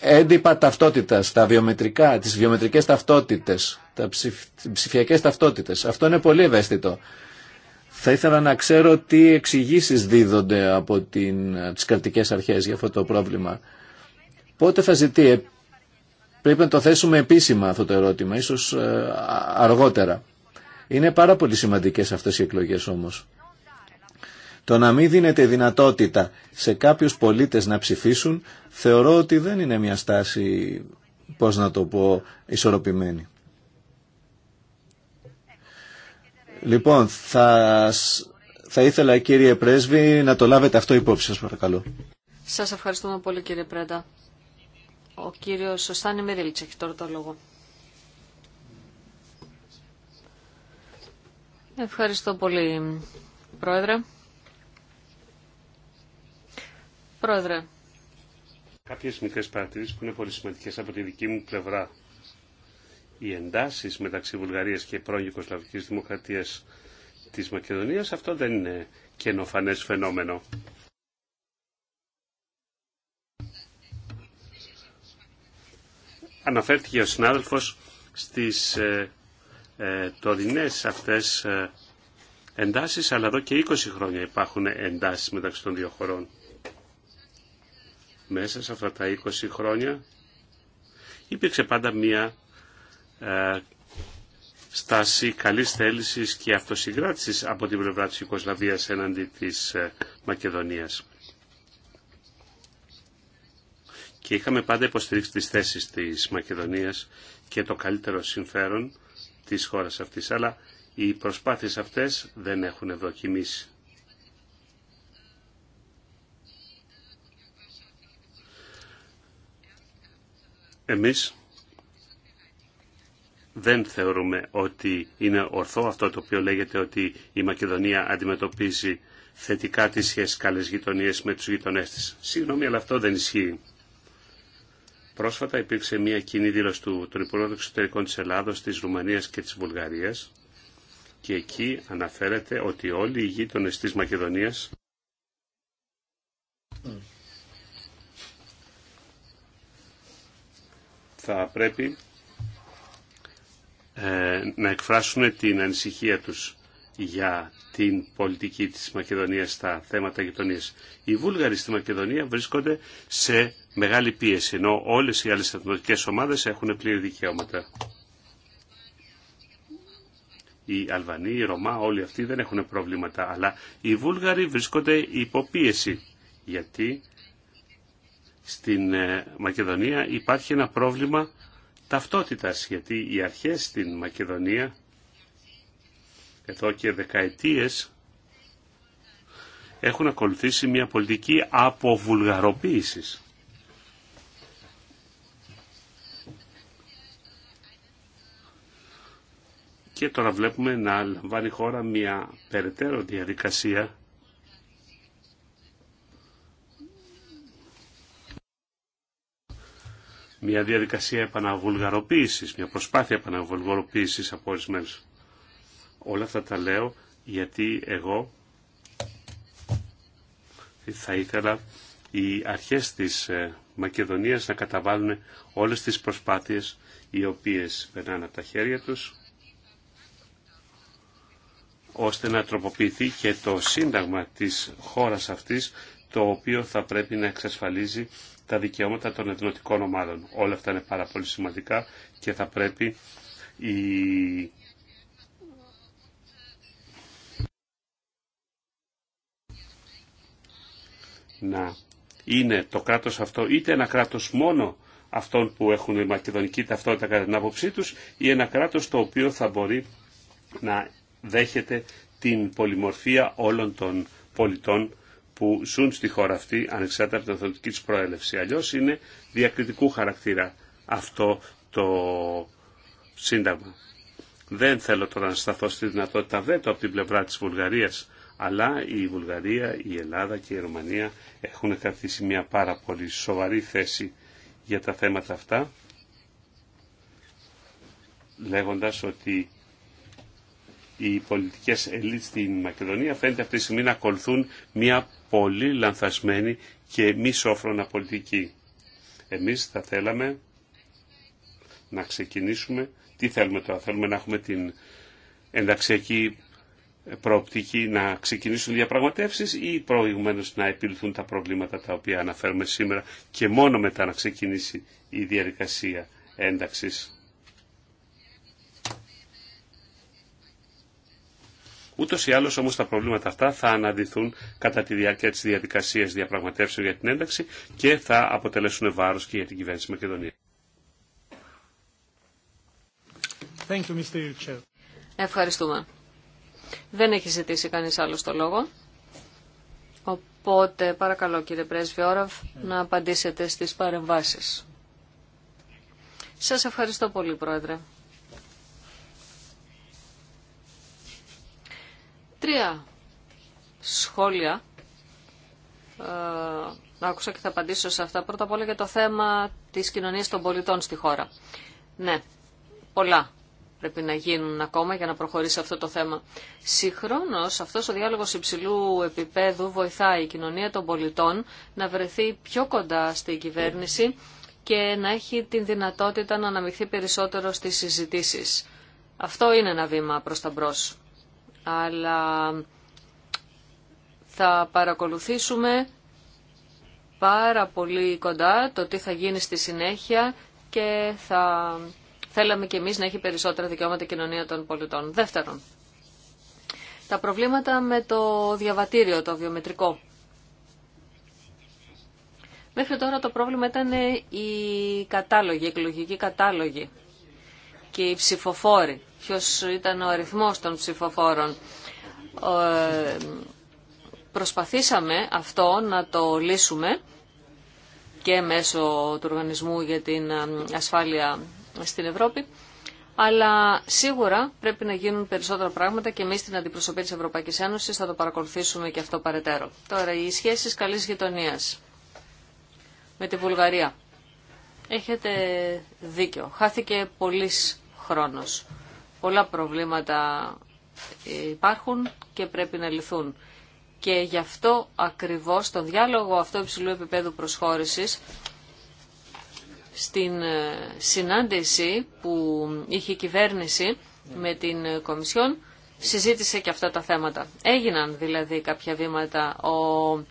έντυπα ταυτότητα, τα βιομετρικά, τι βιομετρικέ ταυτότητε, τα ψηφ, ψηφιακέ ταυτότητε. Αυτό είναι πολύ ευαίσθητο. Θα ήθελα να ξέρω τι εξηγήσει δίδονται από τι τις αρχέ για αυτό το πρόβλημα. Πότε θα ζητεί Πρέπει να το θέσουμε επίσημα αυτό το ερώτημα, ίσως ε, αργότερα. Είναι πάρα πολύ σημαντικές αυτές οι εκλογές όμως. Το να μην δίνεται δυνατότητα σε κάποιους πολίτες να ψηφίσουν, θεωρώ ότι δεν είναι μια στάση, πώς να το πω, ισορροπημένη. Λοιπόν, θα, θα ήθελα κύριε Πρέσβη να το λάβετε αυτό υπόψη σας παρακαλώ. Σας ευχαριστούμε πολύ κύριε Πρέντα. Ο κύριος Σωστάνη Μερίλης, έχει τώρα το λόγο. Ευχαριστώ πολύ, Πρόεδρε. Πρόεδρε. Κάποιες μικρές παρατηρήσεις που είναι πολύ σημαντικές από τη δική μου πλευρά. Οι εντάσεις μεταξύ Βουλγαρίας και πρώην Ιουκοσλαβικής Δημοκρατίας της Μακεδονίας, αυτό δεν είναι καινοφανές φαινόμενο. αναφέρθηκε ο συνάδελφος στις ε, ε, τωρινές αυτές ε, εντάσεις, αλλά εδώ και 20 χρόνια υπάρχουν εντάσεις μεταξύ των δύο χωρών. Μέσα σε αυτά τα 20 χρόνια υπήρξε πάντα μία ε, στάση καλής θέλησης και αυτοσυγκράτησης από την πλευρά της Ιουκοσλαβίας έναντι της ε, Μακεδονίας. και είχαμε πάντα υποστηρίξει τις θέσεις της Μακεδονίας και το καλύτερο συμφέρον της χώρας αυτής. Αλλά οι προσπάθειες αυτές δεν έχουν ευδοκιμήσει. Εμείς δεν θεωρούμε ότι είναι ορθό αυτό το οποίο λέγεται ότι η Μακεδονία αντιμετωπίζει θετικά τις σχέσεις καλές γειτονίες με τους γειτονές της. Συγγνώμη, αλλά αυτό δεν ισχύει. Πρόσφατα υπήρξε μια κοινή δήλωση του, Υπουργού Εξωτερικών της Ελλάδος, της Ρουμανίας και της Βουλγαρίας και εκεί αναφέρεται ότι όλοι οι γείτονες της Μακεδονίας θα πρέπει ε, να εκφράσουν την ανησυχία τους για την πολιτική της Μακεδονίας στα θέματα γειτονίας. Οι Βούλγαροι στη Μακεδονία βρίσκονται σε μεγάλη πίεση, ενώ όλες οι άλλες εθνοτικές ομάδες έχουν πλήρη δικαιώματα. Οι Αλβανοί, οι Ρωμά, όλοι αυτοί δεν έχουν προβλήματα, αλλά οι Βούλγαροι βρίσκονται υπό πίεση, γιατί στην ε, Μακεδονία υπάρχει ένα πρόβλημα ταυτότητας, γιατί οι αρχές στην Μακεδονία εδώ και δεκαετίες έχουν ακολουθήσει μια πολιτική αποβουλγαροποίησης. Και τώρα βλέπουμε να λαμβάνει η χώρα μια περαιτέρω διαδικασία μια διαδικασία επαναβουλγαροποίησης, μια προσπάθεια επαναβουλγαροποίησης από μέρες. Όλα αυτά τα λέω γιατί εγώ θα ήθελα οι αρχές της ε, Μακεδονίας να καταβάλουν όλες τις προσπάθειες οι οποίες περνάνε από τα χέρια τους ώστε να τροποποιηθεί και το σύνταγμα της χώρας αυτής το οποίο θα πρέπει να εξασφαλίζει τα δικαιώματα των εθνοτικών ομάδων. Όλα αυτά είναι πάρα πολύ σημαντικά και θα πρέπει να είναι το κράτος αυτό είτε ένα κράτος μόνο αυτών που έχουν μακεδονική ταυτότητα κατά την άποψή τους ή ένα κράτος το οποίο θα μπορεί να δέχεται την πολυμορφία όλων των πολιτών που ζουν στη χώρα αυτή ανεξάρτητα από την εθνική της προέλευση. Αλλιώς είναι διακριτικού χαρακτήρα αυτό το σύνταγμα. Δεν θέλω τώρα να σταθώ στη δυνατότητα βέτο από την πλευρά της Βουλγαρίας αλλά η Βουλγαρία, η Ελλάδα και η Ρωμανία έχουν καθίσει μια πάρα πολύ σοβαρή θέση για τα θέματα αυτά, λέγοντας ότι οι πολιτικές ελίτ στην Μακεδονία φαίνεται αυτή τη στιγμή να ακολουθούν μια πολύ λανθασμένη και μη σόφρονα πολιτική. Εμείς θα θέλαμε να ξεκινήσουμε. Τι θέλουμε τώρα, θέλουμε να έχουμε την ενταξιακή προοπτική να ξεκινήσουν διαπραγματεύσεις ή προηγουμένως να επιληθούν τα προβλήματα τα οποία αναφέρουμε σήμερα και μόνο μετά να ξεκινήσει η διαδικασία ένταξη. Ούτω ή άλλως όμως τα προβλήματα αυτά θα αναδυθούν κατά τη διάρκεια τη διαδικασία διαπραγματεύσεων για την ένταξη και θα αποτελέσουν βάρο και για την κυβέρνηση Μακεδονία. Thank you, Mr. Ευχαριστούμε. Δεν έχει ζητήσει κανείς άλλο το λόγο. Οπότε παρακαλώ κύριε Πρέσβη Όραφ να απαντήσετε στις παρεμβάσεις. Σας ευχαριστώ πολύ Πρόεδρε. Τρία σχόλια ε, άκουσα και θα απαντήσω σε αυτά. Πρώτα απ' όλα για το θέμα της κοινωνίας των πολιτών στη χώρα. Ναι, πολλά πρέπει να γίνουν ακόμα για να προχωρήσει αυτό το θέμα. Συγχρόνω, αυτός ο διάλογος υψηλού επίπεδου βοηθάει η κοινωνία των πολιτών να βρεθεί πιο κοντά στην κυβέρνηση και να έχει την δυνατότητα να αναμειχθεί περισσότερο στις συζητήσεις. Αυτό είναι ένα βήμα προς τα μπρος. Αλλά θα παρακολουθήσουμε πάρα πολύ κοντά το τι θα γίνει στη συνέχεια και θα Θέλαμε και εμείς να έχει περισσότερα δικαιώματα κοινωνία των πολιτών. Δεύτερον, τα προβλήματα με το διαβατήριο, το βιομετρικό. Μέχρι τώρα το πρόβλημα ήταν οι κατάλογοι, οι εκλογικοί κατάλογοι και οι ψηφοφόροι. Ποιος ήταν ο αριθμός των ψηφοφόρων. Ε, προσπαθήσαμε αυτό να το λύσουμε και μέσω του Οργανισμού για την ε, Ασφάλεια στην Ευρώπη. Αλλά σίγουρα πρέπει να γίνουν περισσότερα πράγματα και εμεί στην Αντιπροσωπή τη Ευρωπαϊκή Ένωση θα το παρακολουθήσουμε και αυτό παρετέρω. Τώρα, οι σχέσει καλή γειτονία με τη Βουλγαρία. Έχετε δίκιο. Χάθηκε πολλή χρόνο. Πολλά προβλήματα υπάρχουν και πρέπει να λυθούν. Και γι' αυτό ακριβώς τον διάλογο αυτό υψηλού επίπεδου προσχώρησης στην ε, συνάντηση που είχε η κυβέρνηση με την Κομισιόν συζήτησε και αυτά τα θέματα. Έγιναν δηλαδή κάποια βήματα. Ο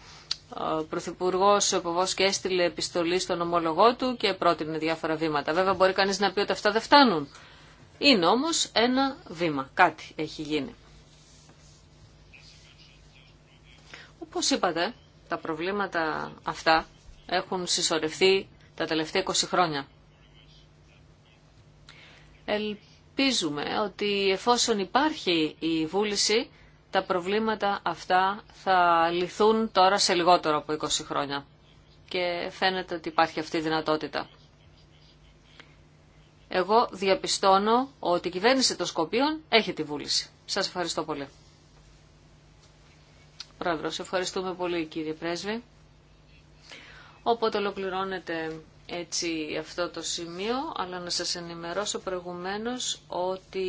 Πρωθυπουργό Ποβό και έστειλε επιστολή στον ομολογό του και πρότεινε διάφορα βήματα. Βέβαια μπορεί κανείς να πει ότι αυτά δεν φτάνουν. Είναι όμως ένα βήμα. Κάτι έχει γίνει. Όπως είπατε, τα προβλήματα αυτά έχουν συσσωρευτεί τα τελευταία 20 χρόνια. Ελπίζουμε ότι εφόσον υπάρχει η βούληση, τα προβλήματα αυτά θα λυθούν τώρα σε λιγότερο από 20 χρόνια. Και φαίνεται ότι υπάρχει αυτή η δυνατότητα. Εγώ διαπιστώνω ότι η κυβέρνηση των Σκοπίων έχει τη βούληση. Σας ευχαριστώ πολύ. Πρόεδρος, ευχαριστούμε πολύ κύριε Πρέσβη. Οπότε ολοκληρώνεται έτσι αυτό το σημείο, αλλά να σας ενημερώσω προηγουμένως ότι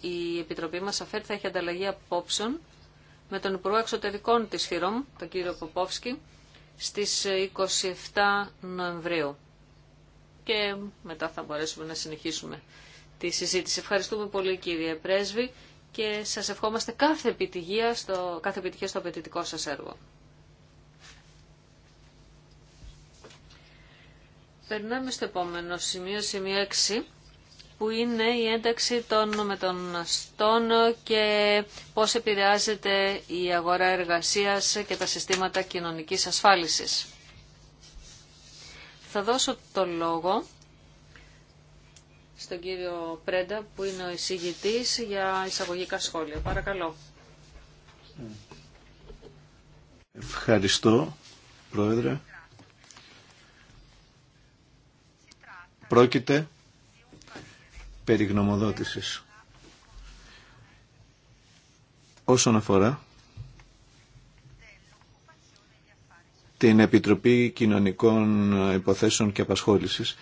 η Επιτροπή μας αφέρει θα έχει ανταλλαγή απόψεων με τον Υπουργό Εξωτερικών της Χιρόμ, τον κύριο Ποπόφσκι, στις 27 Νοεμβρίου. Και μετά θα μπορέσουμε να συνεχίσουμε τη συζήτηση. Ευχαριστούμε πολύ κύριε Πρέσβη και σας ευχόμαστε κάθε επιτυχία στο, κάθε επιτυχία στο απαιτητικό σας έργο. Περνάμε στο επόμενο σημείο, σημείο 6 που είναι η ένταξη των μεταναστών και πώς επηρεάζεται η αγορά εργασίας και τα συστήματα κοινωνικής ασφάλισης. Θα δώσω το λόγο στον κύριο Πρέντα που είναι ο εισηγητής για εισαγωγικά σχόλια. Παρακαλώ. Ευχαριστώ, Πρόεδρε. Πρόκειται περί γνωμοδότησης. Όσον αφορά την Επιτροπή Κοινωνικών Υποθέσεων και Απασχόλησης,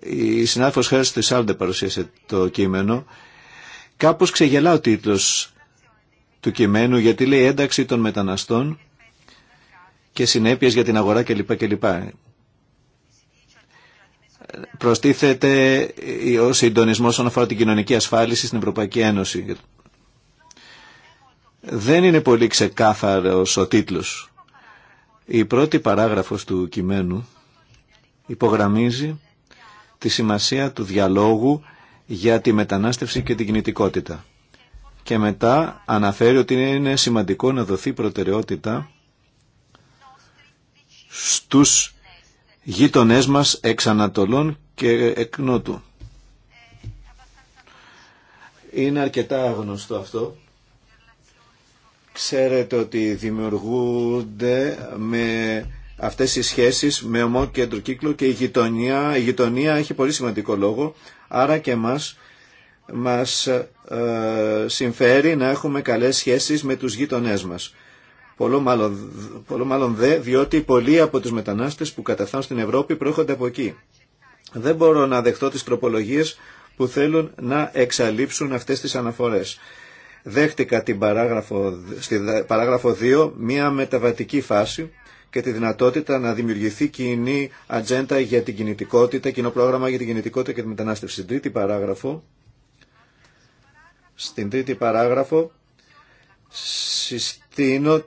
η συνάδελφος Χέρς της παρουσίασε το κείμενο. Κάπως ξεγελά ο τίτλος του κειμένου γιατί λέει ένταξη των μεταναστών και συνέπειες για την αγορά κλπ. κλπ προστίθεται ο συντονισμό όσον αφορά την κοινωνική ασφάλιση στην Ευρωπαϊκή Ένωση. Δεν είναι πολύ ξεκάθαρος ο τίτλος. Η πρώτη παράγραφος του κειμένου υπογραμμίζει τη σημασία του διαλόγου για τη μετανάστευση και την κινητικότητα. Και μετά αναφέρει ότι είναι σημαντικό να δοθεί προτεραιότητα στους γείτονές μας εξ Ανατολών και εκ Νότου. Είναι αρκετά γνωστό αυτό. Ξέρετε ότι δημιουργούνται με αυτές οι σχέσεις με ομό και κύκλο και η γειτονία. Η γειτονία έχει πολύ σημαντικό λόγο, άρα και μας μας ε, συμφέρει να έχουμε καλές σχέσεις με τους γείτονές μας. Πολύ μάλλον, πολύ μάλλον δε, διότι πολλοί από τους μετανάστες που καταφθάνουν στην Ευρώπη προέρχονται από εκεί. Δεν μπορώ να δεχτώ τις τροπολογίες που θέλουν να εξαλείψουν αυτές τις αναφορές. Δέχτηκα την παράγραφο, στη παράγραφο 2 μια μεταβατική φάση και τη δυνατότητα να δημιουργηθεί κοινή ατζέντα για την κινητικότητα, κοινό πρόγραμμα για την κινητικότητα και τη μετανάστευση. τρίτη παράγραφο, στην τρίτη παράγραφο συστήνω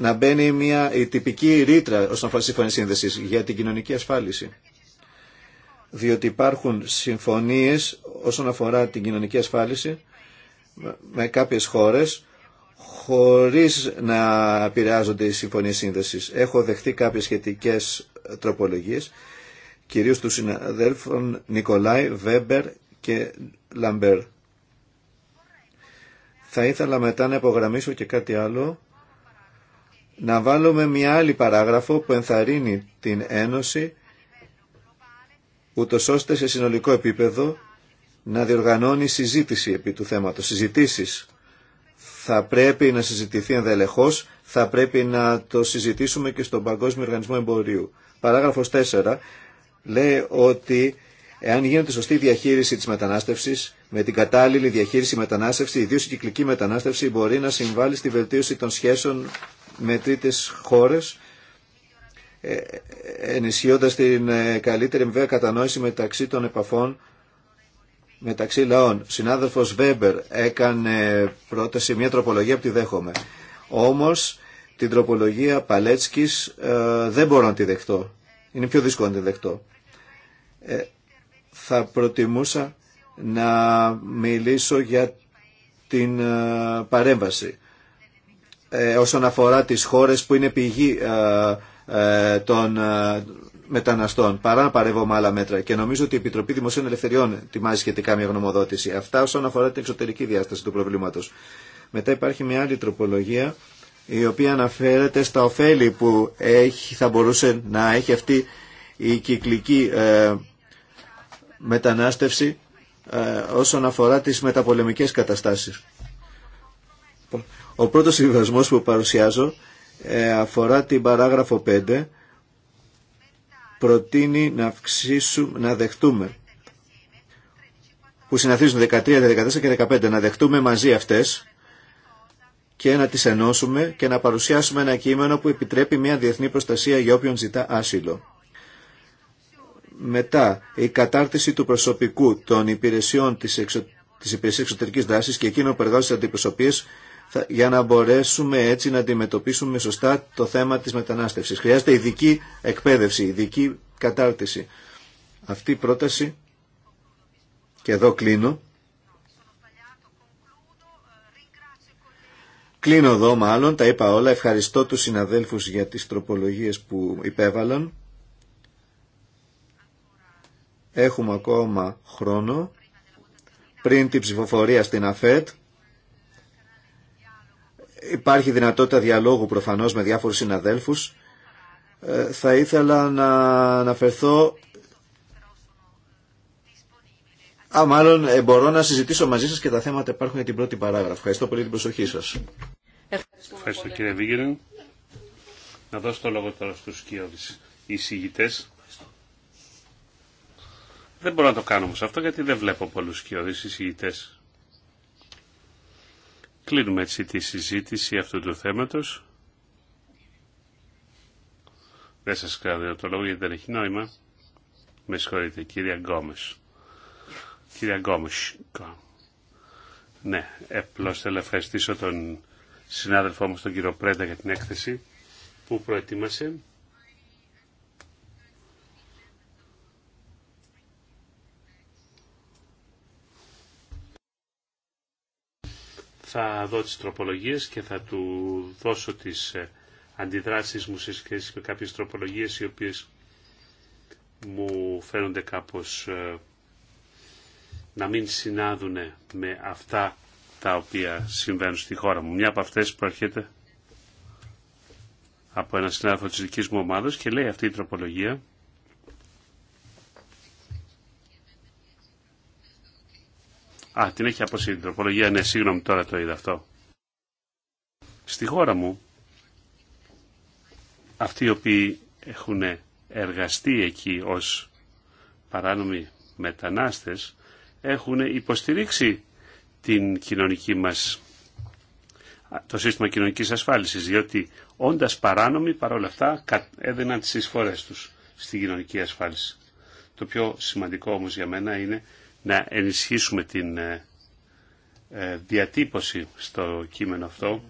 να μπαίνει μια η τυπική ρήτρα όσον αφορά συμφωνία σύνδεση για την κοινωνική ασφάλιση. Διότι υπάρχουν συμφωνίες όσον αφορά την κοινωνική ασφάλιση με κάποιες χώρες χωρίς να επηρεάζονται οι συμφωνίες σύνδεση. Έχω δεχθεί κάποιες σχετικές τροπολογίες, κυρίως του συναδέλφων Νικολάη, Βέμπερ και Λαμπέρ. Θα ήθελα μετά να υπογραμμίσω και κάτι άλλο να βάλουμε μια άλλη παράγραφο που ενθαρρύνει την Ένωση ούτως ώστε σε συνολικό επίπεδο να διοργανώνει συζήτηση επί του θέματος, συζητήσεις. Θα πρέπει να συζητηθεί ενδελεχώς, θα πρέπει να το συζητήσουμε και στον Παγκόσμιο Οργανισμό Εμπορίου. Παράγραφος 4 λέει ότι εάν γίνεται σωστή διαχείριση της μετανάστευσης, με την κατάλληλη διαχείριση μετανάστευση, ιδίως η κυκλική μετανάστευση μπορεί να συμβάλλει στη βελτίωση των σχέσεων με τρίτες χώρες ε, ενισχύοντας την ε, καλύτερη βέβαια κατανόηση μεταξύ των επαφών μεταξύ λαών. Συνάδελφος Βέμπερ έκανε πρόταση μια τροπολογία που τη δέχομαι. Όμως την τροπολογία Παλέτσκης ε, δεν μπορώ να τη δεχτώ. Είναι πιο δύσκολο να τη δεχτώ. θα προτιμούσα να μιλήσω για την παρέμβαση. Ε, όσον αφορά τις χώρες που είναι πηγή ε, ε, των μεταναστών, παρά να παρεύουμε άλλα μέτρα. Και νομίζω ότι η Επιτροπή Δημοσίων Ελευθεριών ετοιμάζει σχετικά μια γνωμοδότηση. Αυτά όσον αφορά την εξωτερική διάσταση του προβλήματος. Μετά υπάρχει μια άλλη τροπολογία η οποία αναφέρεται στα ωφέλη που έχει, θα μπορούσε να έχει αυτή η κυκλική μετανάστευση όσον αφορά τις μεταπολεμικές καταστάσεις. Ο πρώτος συμβιβασμός που παρουσιάζω ε, αφορά την παράγραφο 5 προτείνει να αυξήσουμε, να δεχτούμε που συναθίζουν 13, 14 και 15 να δεχτούμε μαζί αυτές και να τις ενώσουμε και να παρουσιάσουμε ένα κείμενο που επιτρέπει μια διεθνή προστασία για όποιον ζητά άσυλο. Μετά, η κατάρτιση του προσωπικού των υπηρεσιών της, εξω... της υπηρεσίας εξωτερικής δράσης και εκείνων που εργάζονται στις αντιπροσωπείες για να μπορέσουμε έτσι να αντιμετωπίσουμε σωστά το θέμα της μετανάστευσης. Χρειάζεται ειδική εκπαίδευση, ειδική κατάρτιση. Αυτή η πρόταση, και εδώ κλείνω, Κλείνω εδώ μάλλον, τα είπα όλα. Ευχαριστώ τους συναδέλφους για τις τροπολογίες που υπέβαλαν. Έχουμε ακόμα χρόνο πριν την ψηφοφορία στην ΑΦΕΤ Υπάρχει δυνατότητα διαλόγου προφανώς με διάφορους συναδέλφους. Ε, θα ήθελα να αναφερθώ... Α, μάλλον ε, μπορώ να συζητήσω μαζί σας και τα θέματα υπάρχουν για την πρώτη παράγραφο. Ευχαριστώ πολύ την προσοχή σας. Ευχαριστώ, κύριε Να δώσω το λόγο τώρα στους κύριους εισηγητές. Δεν μπορώ να το κάνω όμως αυτό γιατί δεν βλέπω πολλούς κύριους εισηγητές. Κλείνουμε έτσι τη συζήτηση αυτού του θέματος. Δεν σας κρατώ το λόγο γιατί δεν έχει νόημα. Με συγχωρείτε, κυρία Γκόμες. Κυρία Γκόμες. Ναι, απλώς θέλω να ευχαριστήσω τον συνάδελφό μου τον κύριο Πρέντα για την έκθεση που προετοίμασε. θα δω τις τροπολογίες και θα του δώσω τις ε, αντιδράσεις μου σε σχέση με κάποιες τροπολογίες οι οποίες μου φαίνονται κάπως ε, να μην συνάδουν με αυτά τα οποία συμβαίνουν στη χώρα μου. Μια από αυτές προέρχεται από ένα συνάδελφο της δικής μου ομάδας και λέει αυτή η τροπολογία Α, την έχει αποσύρει η τροπολογία. Ναι, συγγνώμη, τώρα το είδα αυτό. Στη χώρα μου, αυτοί οι οποίοι έχουν εργαστεί εκεί ως παράνομοι μετανάστες, έχουν υποστηρίξει την κοινωνική μας, το σύστημα κοινωνικής ασφάλισης, διότι όντας παράνομοι παρόλα αυτά έδιναν τις εισφορές τους στην κοινωνική ασφάλιση. Το πιο σημαντικό όμως για μένα είναι να ενισχύσουμε την ε, ε, διατύπωση στο κείμενο αυτό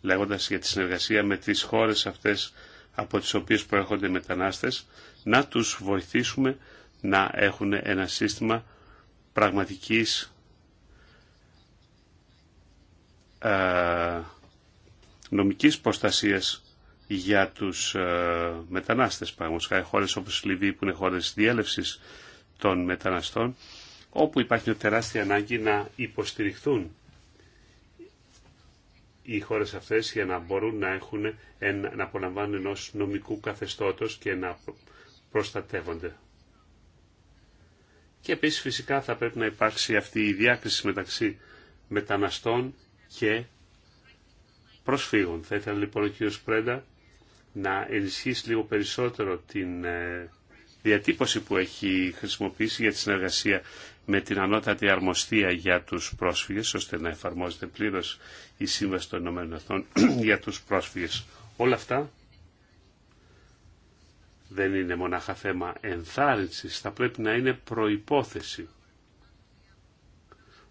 λέγοντας για τη συνεργασία με τις χώρες αυτές από τις οποίες προέρχονται οι μετανάστες, να τους βοηθήσουμε να έχουν ένα σύστημα πραγματικής ε, νομικής προστασίας για τους ε, μετανάστες, παραγωγικά χώρες όπως η Λιβύη που είναι χώρες διέλευσης των μεταναστών, όπου υπάρχει μια τεράστια ανάγκη να υποστηριχθούν οι χώρες αυτές για να μπορούν να, έχουν, να απολαμβάνουν ενός νομικού καθεστώτος και να προστατεύονται. Και επίσης φυσικά θα πρέπει να υπάρξει αυτή η διάκριση μεταξύ μεταναστών και προσφύγων. Θα ήθελα λοιπόν ο κ. Πρέντα να ενισχύσει λίγο περισσότερο την ε, διατύπωση που έχει χρησιμοποιήσει για τη συνεργασία με την ανώτατη αρμοστία για τους πρόσφυγες, ώστε να εφαρμόζεται πλήρως η Σύμβαση των Ηνωμένων για τους πρόσφυγες. Όλα αυτά δεν είναι μονάχα θέμα ενθάρρυνσης, θα πρέπει να είναι προϋπόθεση,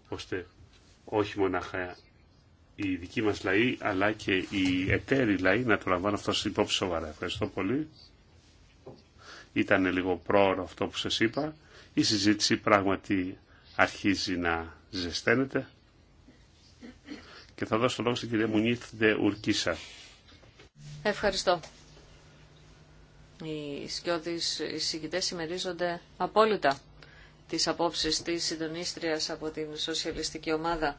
ώστε όχι μονάχα οι δικοί μας λαοί αλλά και οι εταίροι λαοί να το λαμβάνουν αυτό στην υπόψη σοβαρά. Ευχαριστώ πολύ. Ήταν λίγο πρόωρο αυτό που σας είπα. Η συζήτηση πράγματι αρχίζει να ζεσταίνεται. Και θα δώσω λόγο στην κυρία Μουνίθ Ουρκίσα. Ευχαριστώ. Οι σκιώδεις εισηγητές συμμερίζονται απόλυτα τις απόψεις της συντονίστριας από την σοσιαλιστική ομάδα.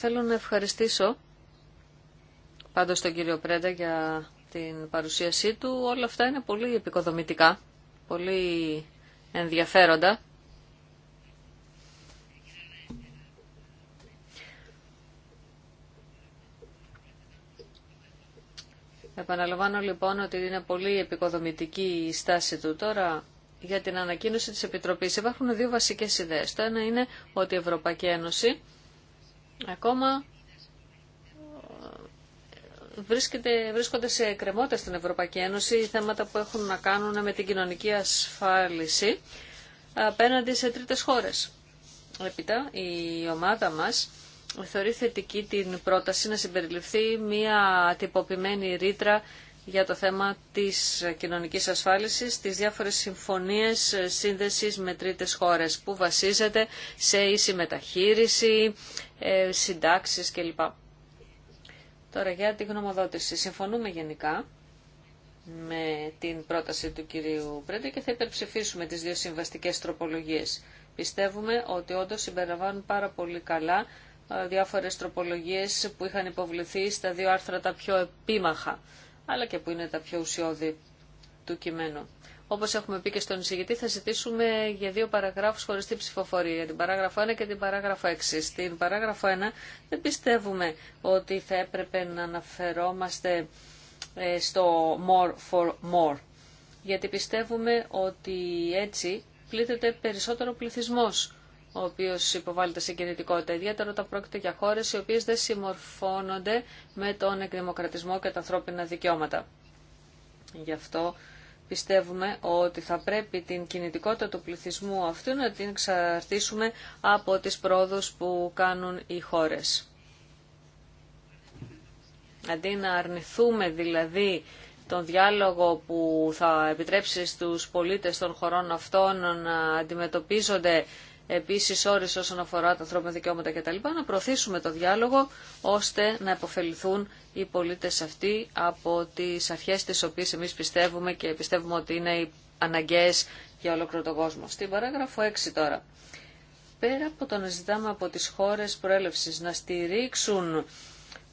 Θέλω να ευχαριστήσω πάντως τον κύριο Πρέντα για την παρουσίασή του. Όλα αυτά είναι πολύ επικοδομητικά, πολύ ενδιαφέροντα. Επαναλαμβάνω λοιπόν ότι είναι πολύ επικοδομητική η στάση του τώρα για την ανακοίνωση της Επιτροπής. Υπάρχουν δύο βασικές ιδέες. Το ένα είναι ότι η Ευρωπαϊκή Ένωση ακόμα ε, βρίσκονται σε κρεμότητα στην Ευρωπαϊκή Ένωση θέματα που έχουν να κάνουν με την κοινωνική ασφάλιση απέναντι σε τρίτες χώρες. Επίτα, η ομάδα μας θεωρεί θετική την πρόταση να συμπεριληφθεί μια τυποποιημένη ρήτρα για το θέμα της κοινωνικής ασφάλισης, τις διάφορες συμφωνίες σύνδεσης με τρίτες χώρες που βασίζεται σε ίση μεταχείριση, ε, συντάξεις κλπ. Τώρα για τη γνωμοδότηση. Συμφωνούμε γενικά με την πρόταση του κυρίου Πρέντε και θα υπερψηφίσουμε τις δύο συμβαστικές τροπολογίες. Πιστεύουμε ότι όντω συμπεριλαμβάνουν πάρα πολύ καλά ε, διάφορες τροπολογίες που είχαν υποβληθεί στα δύο άρθρα τα πιο επίμαχα αλλά και που είναι τα πιο ουσιώδη του κειμένου. Όπω έχουμε πει και στον εισηγητή, θα ζητήσουμε για δύο παραγράφου την ψηφοφορία, την παράγραφο 1 και την παράγραφο 6. Στην παράγραφο 1 δεν πιστεύουμε ότι θα έπρεπε να αναφερόμαστε ε, στο more for more, γιατί πιστεύουμε ότι έτσι πλήττεται περισσότερο πληθυσμός ο οποίο υποβάλλεται σε κινητικότητα, ιδιαίτερα όταν πρόκειται για χώρε οι οποίες δεν συμμορφώνονται με τον εκδημοκρατισμό και τα ανθρώπινα δικαιώματα. Γι' αυτό πιστεύουμε ότι θα πρέπει την κινητικότητα του πληθυσμού αυτού να την εξαρτήσουμε από τις πρόοδους που κάνουν οι χώρες. Αντί να αρνηθούμε δηλαδή τον διάλογο που θα επιτρέψει στους πολίτες των χωρών αυτών να αντιμετωπίζονται επίσης όρες όσον αφορά τα ανθρώπινα δικαιώματα κτλ. Να προωθήσουμε το διάλογο ώστε να επωφεληθούν οι πολίτες αυτοί από τις αρχέ τις οποίε εμεί πιστεύουμε και πιστεύουμε ότι είναι οι αναγκαίε για ολόκληρο τον κόσμο. Στην παράγραφο 6 τώρα. Πέρα από το να ζητάμε από τις χώρες προέλευσης να στηρίξουν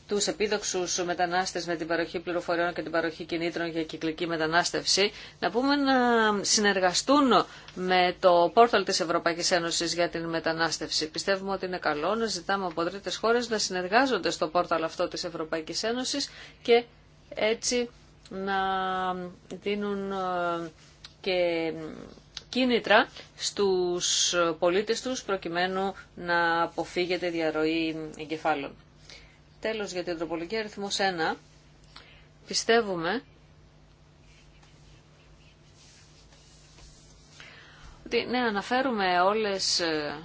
του επίδοξου μετανάστε με την παροχή πληροφοριών και την παροχή κινήτρων για κυκλική μετανάστευση, να πούμε να συνεργαστούν με το πόρταλ της Ευρωπαϊκής Ένωσης για την μετανάστευση. Πιστεύουμε ότι είναι καλό να ζητάμε από τρίτε χώρες να συνεργάζονται στο πόρταλ αυτό της Ευρωπαϊκής Ένωσης και έτσι να δίνουν ε, και κίνητρα στους πολίτες τους προκειμένου να αποφύγεται διαρροή εγκεφάλων. Τέλος για την τροπολογία αριθμός 1. Πιστεύουμε ότι ναι, αναφέρουμε όλες ε,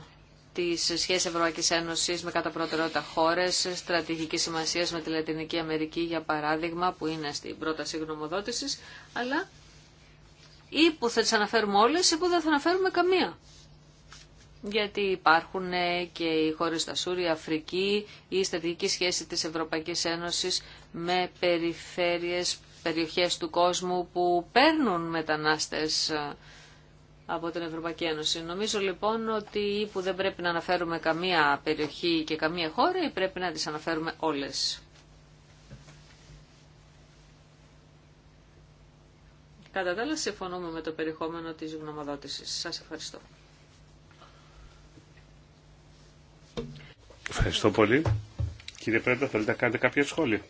τις σχέσεις Ευρωπαϊκής Ένωσης με κατά προτεραιότητα χώρες, στρατηγική σημασία με τη Λατινική Αμερική για παράδειγμα που είναι στην πρόταση γνωμοδότησης, αλλά ή που θα τις αναφέρουμε όλες ή που δεν θα αναφέρουμε καμία γιατί υπάρχουν ε, και οι χώρες στα Σούρια, Αφρική, η στρατηγική σχέση της Ευρωπαϊκής Ένωσης με περιφέρειες, περιοχές του κόσμου που παίρνουν μετανάστες ε, από την Ευρωπαϊκή Ένωση. Νομίζω λοιπόν ότι ή που δεν πρέπει να αναφέρουμε καμία περιοχή και καμία χώρα ή πρέπει να τις αναφέρουμε όλες. Κατά τα άλλα συμφωνούμε με το περιεχόμενο της γνωμοδότησης. Σας ευχαριστώ. Ευχαριστώ πολύ. Κύριε Πρέντα, θέλετε να κάνετε κάποια σχόλια.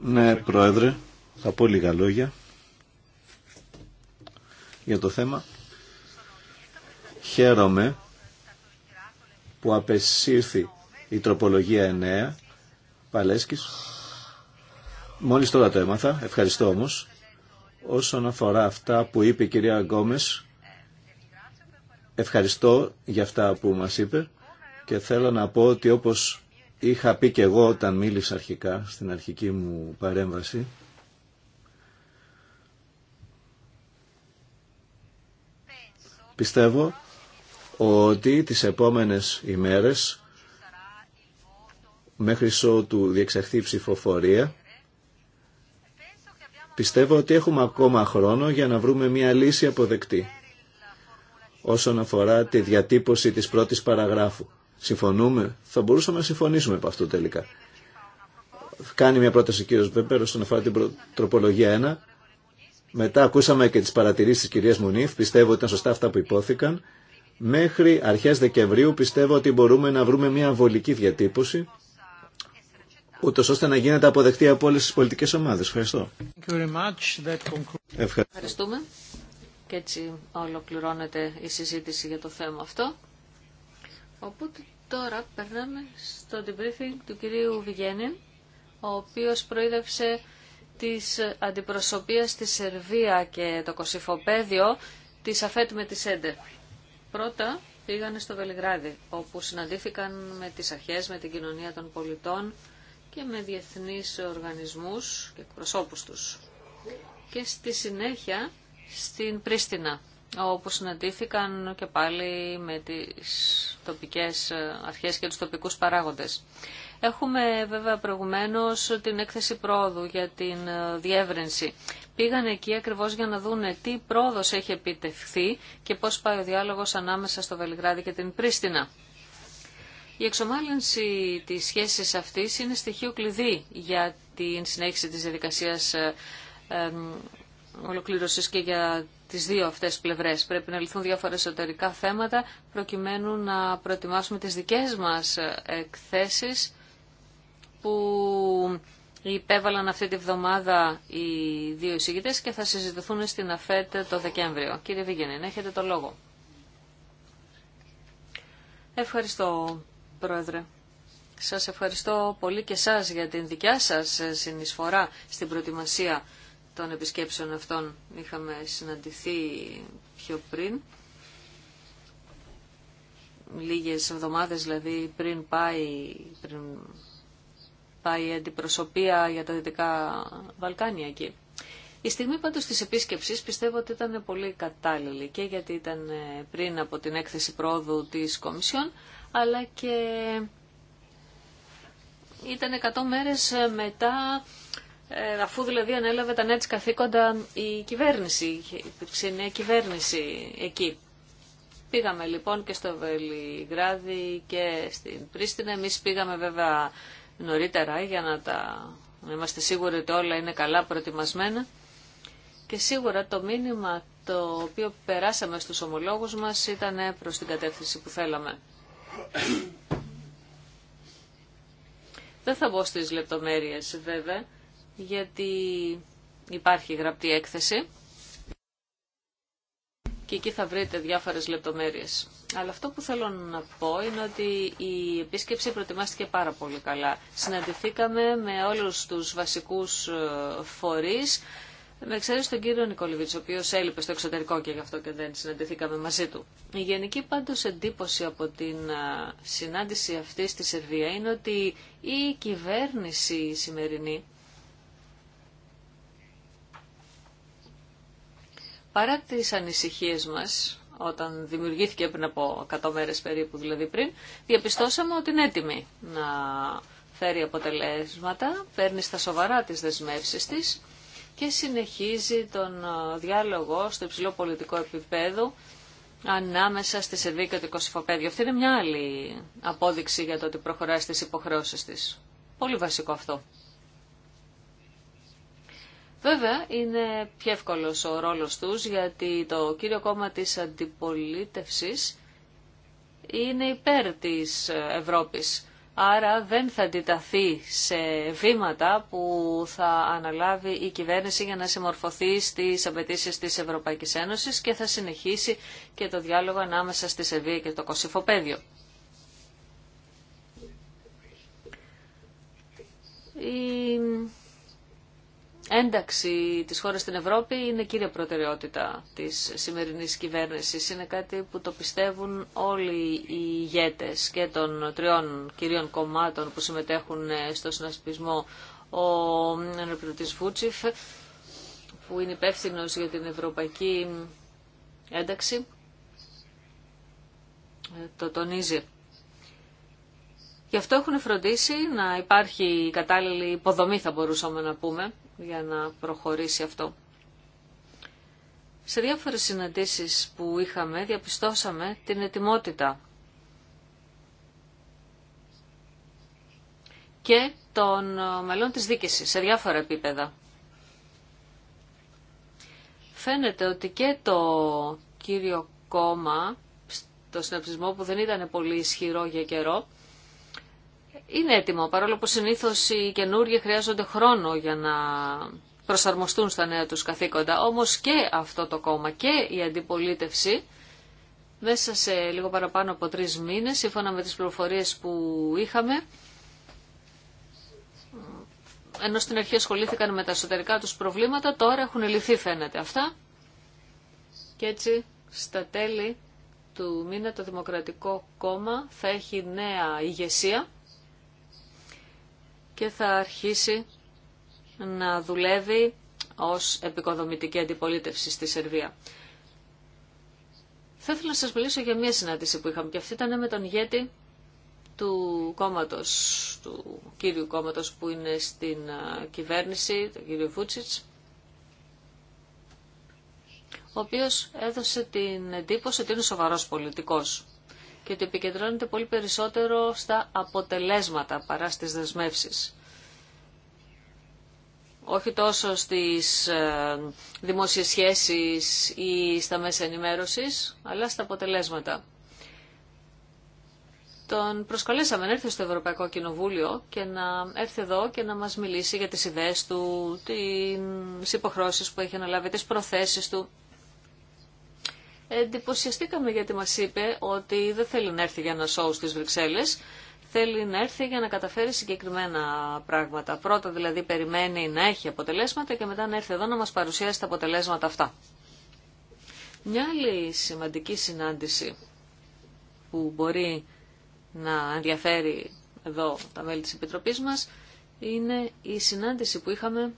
Ναι, Πρόεδρε, θα πω λίγα λόγια για το θέμα. Χαίρομαι που απεσύρθη η τροπολογία 9 Παλέσκης. Μόλις τώρα το έμαθα, ευχαριστώ όμως. Όσον αφορά αυτά που είπε η κυρία Γκόμες, Ευχαριστώ για αυτά που μας είπε και θέλω να πω ότι όπως είχα πει και εγώ όταν μίλησα αρχικά στην αρχική μου παρέμβαση πιστεύω ότι τις επόμενες ημέρες μέχρι ότου διεξαχθεί ψηφοφορία πιστεύω ότι έχουμε ακόμα χρόνο για να βρούμε μια λύση αποδεκτή όσον αφορά τη διατύπωση της πρώτης παραγράφου. Συμφωνούμε. Θα μπορούσαμε να συμφωνήσουμε από αυτό τελικά. Κάνει μια πρόταση ο κύριος Βέμπερ όσον αφορά την τροπολογία 1. Μετά ακούσαμε και τις παρατηρήσεις της κυρίας Μουνίφ. Πιστεύω ότι ήταν σωστά αυτά που υπόθηκαν. Μέχρι αρχές Δεκεμβρίου πιστεύω ότι μπορούμε να βρούμε μια βολική διατύπωση ούτω ώστε να γίνεται αποδεκτή από όλε τι πολιτικέ ομάδε. Ευχαριστώ. Ευχαριστούμε. Και έτσι ολοκληρώνεται η συζήτηση για το θέμα αυτό. Οπότε τώρα περνάμε στο debriefing του κυρίου Βιγέννη, ο οποίος προείδευσε της αντιπροσωπείας στη Σερβία και το κοσυφοπέδιο της ΑΦΕΤ με τη ΣΕΝΤΕ. Πρώτα πήγανε στο Βελιγράδι, όπου συναντήθηκαν με τις αρχές, με την κοινωνία των πολιτών και με διεθνείς οργανισμούς και εκπροσώπους τους. Και στη συνέχεια στην Πρίστινα, όπου συναντήθηκαν και πάλι με τις τοπικές ε, αρχές και τους τοπικούς παράγοντες. Έχουμε βέβαια προηγουμένως την έκθεση πρόοδου για την ε, διεύρυνση. Πήγαν εκεί ακριβώς για να δούνε τι πρόοδος έχει επιτευχθεί και πώς πάει ο διάλογος ανάμεσα στο Βελιγράδι και την Πρίστινα. Η εξομάλυνση της σχέσης αυτής είναι στοιχείο κλειδί για την συνέχιση της διαδικασίας ε, Ολοκληρωσή και για τις δύο αυτές πλευρές. Πρέπει να λυθούν διάφορα εσωτερικά θέματα προκειμένου να προετοιμάσουμε τις δικές μας εκθέσεις που υπέβαλαν αυτή τη βδομάδα οι δύο εισηγητές και θα συζητηθούν στην ΑΦΕΤ το Δεκέμβριο. Κύριε Βίγενεν, έχετε το λόγο. Ευχαριστώ, Πρόεδρε. Σας ευχαριστώ πολύ και σας για την δικιά σας συνεισφορά στην προετοιμασία των επισκέψεων αυτών είχαμε συναντηθεί πιο πριν. Λίγες εβδομάδες δηλαδή πριν πάει, πριν πάει η αντιπροσωπεία για τα Δυτικά Βαλκάνια εκεί. Η στιγμή πάντως της επίσκεψης πιστεύω ότι ήταν πολύ κατάλληλη και γιατί ήταν ε, πριν από την έκθεση πρόοδου της Κομισιόν αλλά και ήταν 100 μέρες ε, μετά ε, αφού δηλαδή ανέλαβε τα νέα της καθήκοντα η κυβέρνηση, υπήρξε νέα κυβέρνηση εκεί. Πήγαμε λοιπόν και στο Βελιγράδι και στην Πρίστινα. Εμείς πήγαμε βέβαια νωρίτερα για να, τα... είμαστε σίγουροι ότι όλα είναι καλά προετοιμασμένα. Και σίγουρα το μήνυμα το οποίο περάσαμε στους ομολόγους μας ήταν προς την κατεύθυνση που θέλαμε. Δεν θα μπω στις λεπτομέρειες βέβαια γιατί υπάρχει γραπτή έκθεση και εκεί θα βρείτε διάφορες λεπτομέρειες. Αλλά αυτό που θέλω να πω είναι ότι η επίσκεψη προετοιμάστηκε πάρα πολύ καλά. Συναντηθήκαμε με όλους τους βασικούς ε, φορείς, με εξαίρεση τον κύριο Νικολιβίτς, ο οποίος έλειπε στο εξωτερικό και γι' αυτό και δεν συναντηθήκαμε μαζί του. Η γενική πάντως εντύπωση από την ε, συνάντηση αυτή στη Σερβία είναι ότι η κυβέρνηση σημερινή Παρά τις ανησυχίες μας, όταν δημιουργήθηκε πριν από 100 μέρες περίπου δηλαδή πριν, διαπιστώσαμε ότι είναι έτοιμη να φέρει αποτελέσματα, παίρνει στα σοβαρά τις δεσμεύσεις της και συνεχίζει τον ε, διάλογο στο υψηλό πολιτικό επίπεδο ανάμεσα στη Σερβία και το Κωσυφοπέδιο. Αυτή είναι μια άλλη απόδειξη για το ότι προχωράει στις υποχρεώσεις της. Πολύ βασικό αυτό. Βέβαια είναι πιο εύκολο ο ρόλος τους γιατί το κύριο κόμμα της αντιπολίτευσης είναι υπέρ της Ευρώπης. Άρα δεν θα αντιταθεί σε βήματα που θα αναλάβει η κυβέρνηση για να συμμορφωθεί στις απαιτήσει της Ευρωπαϊκής Ένωσης και θα συνεχίσει και το διάλογο ανάμεσα στη Σερβία και το Κωσυφοπαίδιο ένταξη της χώρας στην Ευρώπη είναι κύρια προτεραιότητα της σημερινής κυβέρνησης. Είναι κάτι που το πιστεύουν όλοι οι ηγέτες και των τριών κυρίων κομμάτων που συμμετέχουν ε, στο συνασπισμό ο αναπληρωτής Βούτσιφ που είναι υπεύθυνο για την ευρωπαϊκή ένταξη ε, το τονίζει. Γι' αυτό έχουν φροντίσει να υπάρχει κατάλληλη υποδομή, θα μπορούσαμε να πούμε, για να προχωρήσει αυτό. Σε διάφορες συναντήσεις που είχαμε διαπιστώσαμε την ετοιμότητα και των μελών της δίκησης σε διάφορα επίπεδα. Φαίνεται ότι και το κύριο κόμμα το συναψισμό που δεν ήταν πολύ ισχυρό για καιρό είναι έτοιμο, παρόλο που συνήθως οι καινούργοι χρειάζονται χρόνο για να προσαρμοστούν στα νέα τους καθήκοντα. Όμως και αυτό το κόμμα και η αντιπολίτευση μέσα σε λίγο παραπάνω από τρεις μήνες, σύμφωνα με τις πληροφορίες που είχαμε, ενώ στην αρχή ασχολήθηκαν με τα εσωτερικά τους προβλήματα, τώρα έχουν λυθεί φαίνεται αυτά. Και έτσι στα τέλη του μήνα το Δημοκρατικό Κόμμα θα έχει νέα ηγεσία και θα αρχίσει να δουλεύει ως επικοδομητική αντιπολίτευση στη Σερβία. Θα ήθελα να σας μιλήσω για μια συνάντηση που είχαμε και αυτή ήταν με τον ηγέτη του κόμματος, του κύριου κόμματος που είναι στην κυβέρνηση, τον κύριο Βούτσιτς, ο οποίος έδωσε την εντύπωση ότι είναι σοβαρός πολιτικός και ότι επικεντρώνεται πολύ περισσότερο στα αποτελέσματα παρά στις δεσμεύσεις. Όχι τόσο στις ε, δημόσιες σχέσεις ή στα μέσα ενημέρωσης, αλλά στα αποτελέσματα. Τον προσκαλέσαμε να έρθει στο Ευρωπαϊκό Κοινοβούλιο και να έρθει εδώ και να μας μιλήσει για τις ιδέες του, τις υποχρώσεις που έχει αναλάβει, τις προθέσεις του εντυπωσιαστήκαμε γιατί μας είπε ότι δεν θέλει να έρθει για ένα σοου στις Βρυξέλλες, θέλει να έρθει για να καταφέρει συγκεκριμένα πράγματα. Πρώτα δηλαδή περιμένει να έχει αποτελέσματα και μετά να έρθει εδώ να μας παρουσιάσει τα αποτελέσματα αυτά. Μια άλλη σημαντική συνάντηση που μπορεί να ενδιαφέρει εδώ τα μέλη της Επιτροπής μας είναι η συνάντηση που είχαμε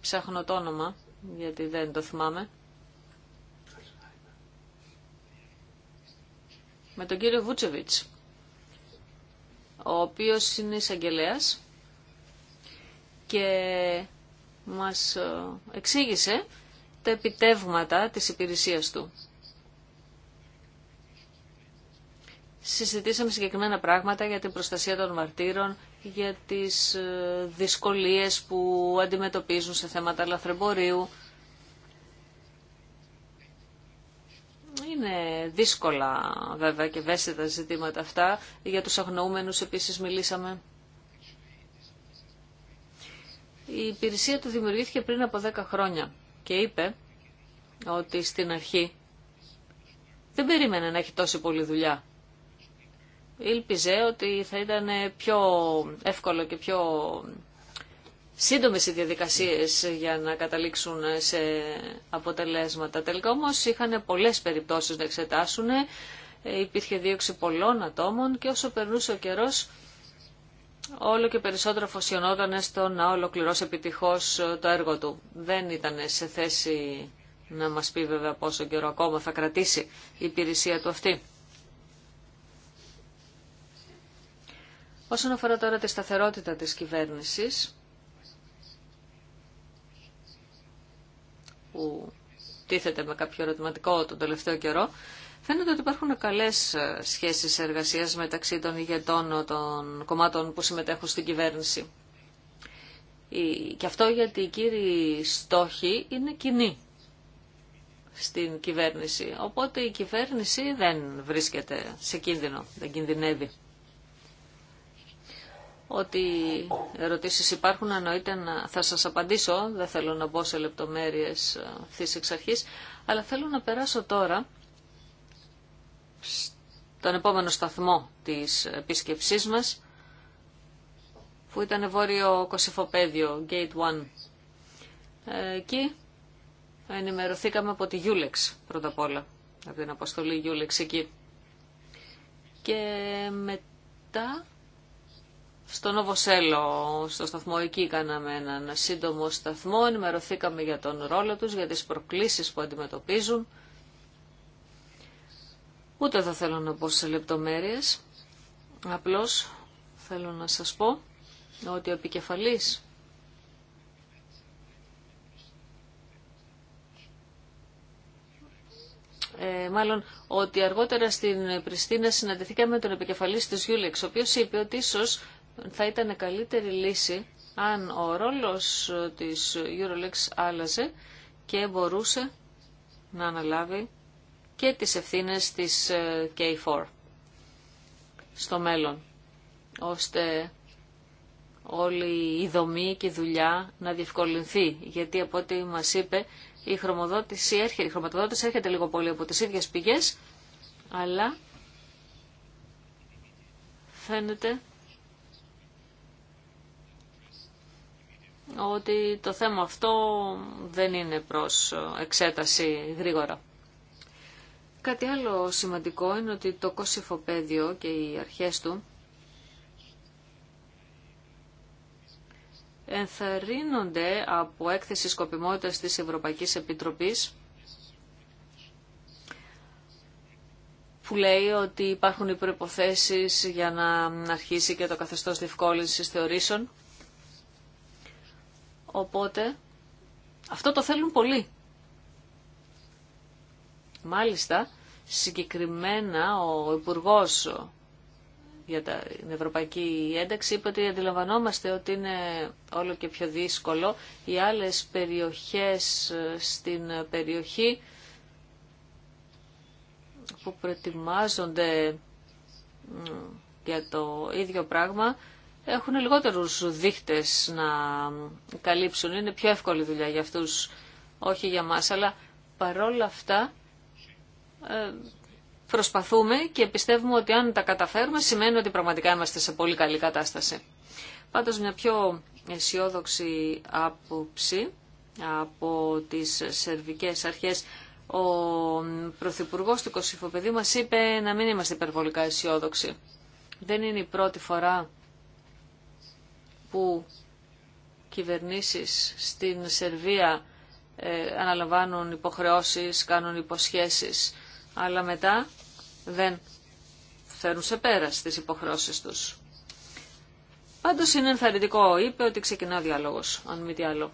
ψάχνω το όνομα γιατί δεν το θυμάμαι. Με τον κύριο Βούτσεβιτς, ο οποίος είναι εισαγγελέα και μας ε, εξήγησε τα επιτεύγματα της υπηρεσίας του. Συζητήσαμε συγκεκριμένα πράγματα για την προστασία των μαρτύρων, για τις ε, δυσκολίες που αντιμετωπίζουν σε θέματα λαθρεμπορίου. Είναι δύσκολα βέβαια και βέστητα ζητήματα αυτά. Για τους αγνοούμενους επίσης μιλήσαμε. Η υπηρεσία του δημιουργήθηκε πριν από 10 χρόνια και είπε ότι στην αρχή δεν περίμενε να έχει τόση πολλή δουλειά ήλπιζε ότι θα ήταν πιο εύκολο και πιο σύντομες οι διαδικασίες για να καταλήξουν σε αποτελέσματα. Τελικά όμως είχαν πολλές περιπτώσεις να εξετάσουν, υπήρχε δίωξη πολλών ατόμων και όσο περνούσε ο καιρός όλο και περισσότερο αφοσιωνόταν στο να ολοκληρώσει επιτυχώς το έργο του. Δεν ήταν σε θέση να μας πει βέβαια πόσο καιρό ακόμα θα κρατήσει η υπηρεσία του αυτή. Όσον αφορά τώρα τη σταθερότητα της κυβέρνησης, που τίθεται με κάποιο ερωτηματικό τον τελευταίο καιρό, φαίνεται ότι υπάρχουν καλές ε, σχέσεις εργασίας μεταξύ των ηγετών των κομμάτων που συμμετέχουν στην κυβέρνηση. Και αυτό γιατί οι κύριοι στόχοι είναι κοινοί στην κυβέρνηση. Οπότε η κυβέρνηση δεν βρίσκεται σε κίνδυνο, δεν κινδυνεύει ότι ερωτήσεις υπάρχουν, εννοείται να θα σας απαντήσω, δεν θέλω να μπω σε λεπτομέρειες ε, αυτής εξ αρχής, αλλά θέλω να περάσω τώρα στον επόμενο σταθμό της επίσκεψής μας, που ήταν Βόρειο Κωσυφοπέδιο, Gate 1. Ε, εκεί ενημερωθήκαμε από τη Γιούλεξ πρώτα απ' όλα, από την αποστολή Γιούλεξ εκεί. Και μετά στο Νοβοσέλο, στο σταθμό εκεί κάναμε έναν σύντομο σταθμό, ενημερωθήκαμε για τον ρόλο τους, για τις προκλήσεις που αντιμετωπίζουν. Ούτε θα θέλω να πω σε λεπτομέρειες, απλώς θέλω να σας πω ότι ο επικεφαλής Ε, μάλλον ότι αργότερα στην Πριστίνα συναντηθήκαμε με τον επικεφαλής της Γιούλεξ, ο οποίος είπε ότι ίσως θα ήταν καλύτερη λύση αν ο ρόλος της Eurolex άλλαζε και μπορούσε να αναλάβει και τις ευθύνες της ε, K4 στο μέλλον, ώστε όλη η δομή και η δουλειά να διευκολυνθεί. Γιατί από ό,τι μας είπε, η, χρωμοδότηση έρχεται, η χρωματοδότηση έρχεται λίγο πολύ από τις ίδιες πηγές, αλλά φαίνεται ότι το θέμα αυτό δεν είναι προς εξέταση γρήγορα. Κάτι άλλο σημαντικό είναι ότι το κοσυφοπέδιο και οι αρχές του ενθαρρύνονται από έκθεση σκοπιμότητας της Ευρωπαϊκής Επιτροπής που λέει ότι υπάρχουν οι για να αρχίσει και το καθεστώς διευκόλυνσης θεωρήσεων Οπότε αυτό το θέλουν πολύ. Μάλιστα, συγκεκριμένα ο υπουργό για την Ευρωπαϊκή Ένταξη είπε ότι αντιλαμβανόμαστε ότι είναι όλο και πιο δύσκολο οι άλλες περιοχές ε, στην περιοχή που προετοιμάζονται για το ίδιο πράγμα έχουν λιγότερους δείχτες να καλύψουν. Είναι πιο εύκολη δουλειά για αυτούς, όχι για μας, αλλά παρόλα αυτά ε, προσπαθούμε και πιστεύουμε ότι αν τα καταφέρουμε σημαίνει ότι πραγματικά είμαστε σε πολύ καλή κατάσταση. Πάντως μια πιο αισιόδοξη άποψη από τις σερβικές αρχές ο Πρωθυπουργό του Κωσυφοπαιδίου μας είπε να μην είμαστε υπερβολικά αισιόδοξοι. Δεν είναι η πρώτη φορά που κυβερνήσεις στην Σερβία ε, αναλαμβάνουν υποχρεώσεις, κάνουν υποσχέσεις, αλλά μετά δεν φέρουν σε πέρα στις υποχρεώσεις τους. Πάντως είναι ενθαρρυντικό. Είπε ότι ξεκινά διάλογος, αν μη τι άλλο.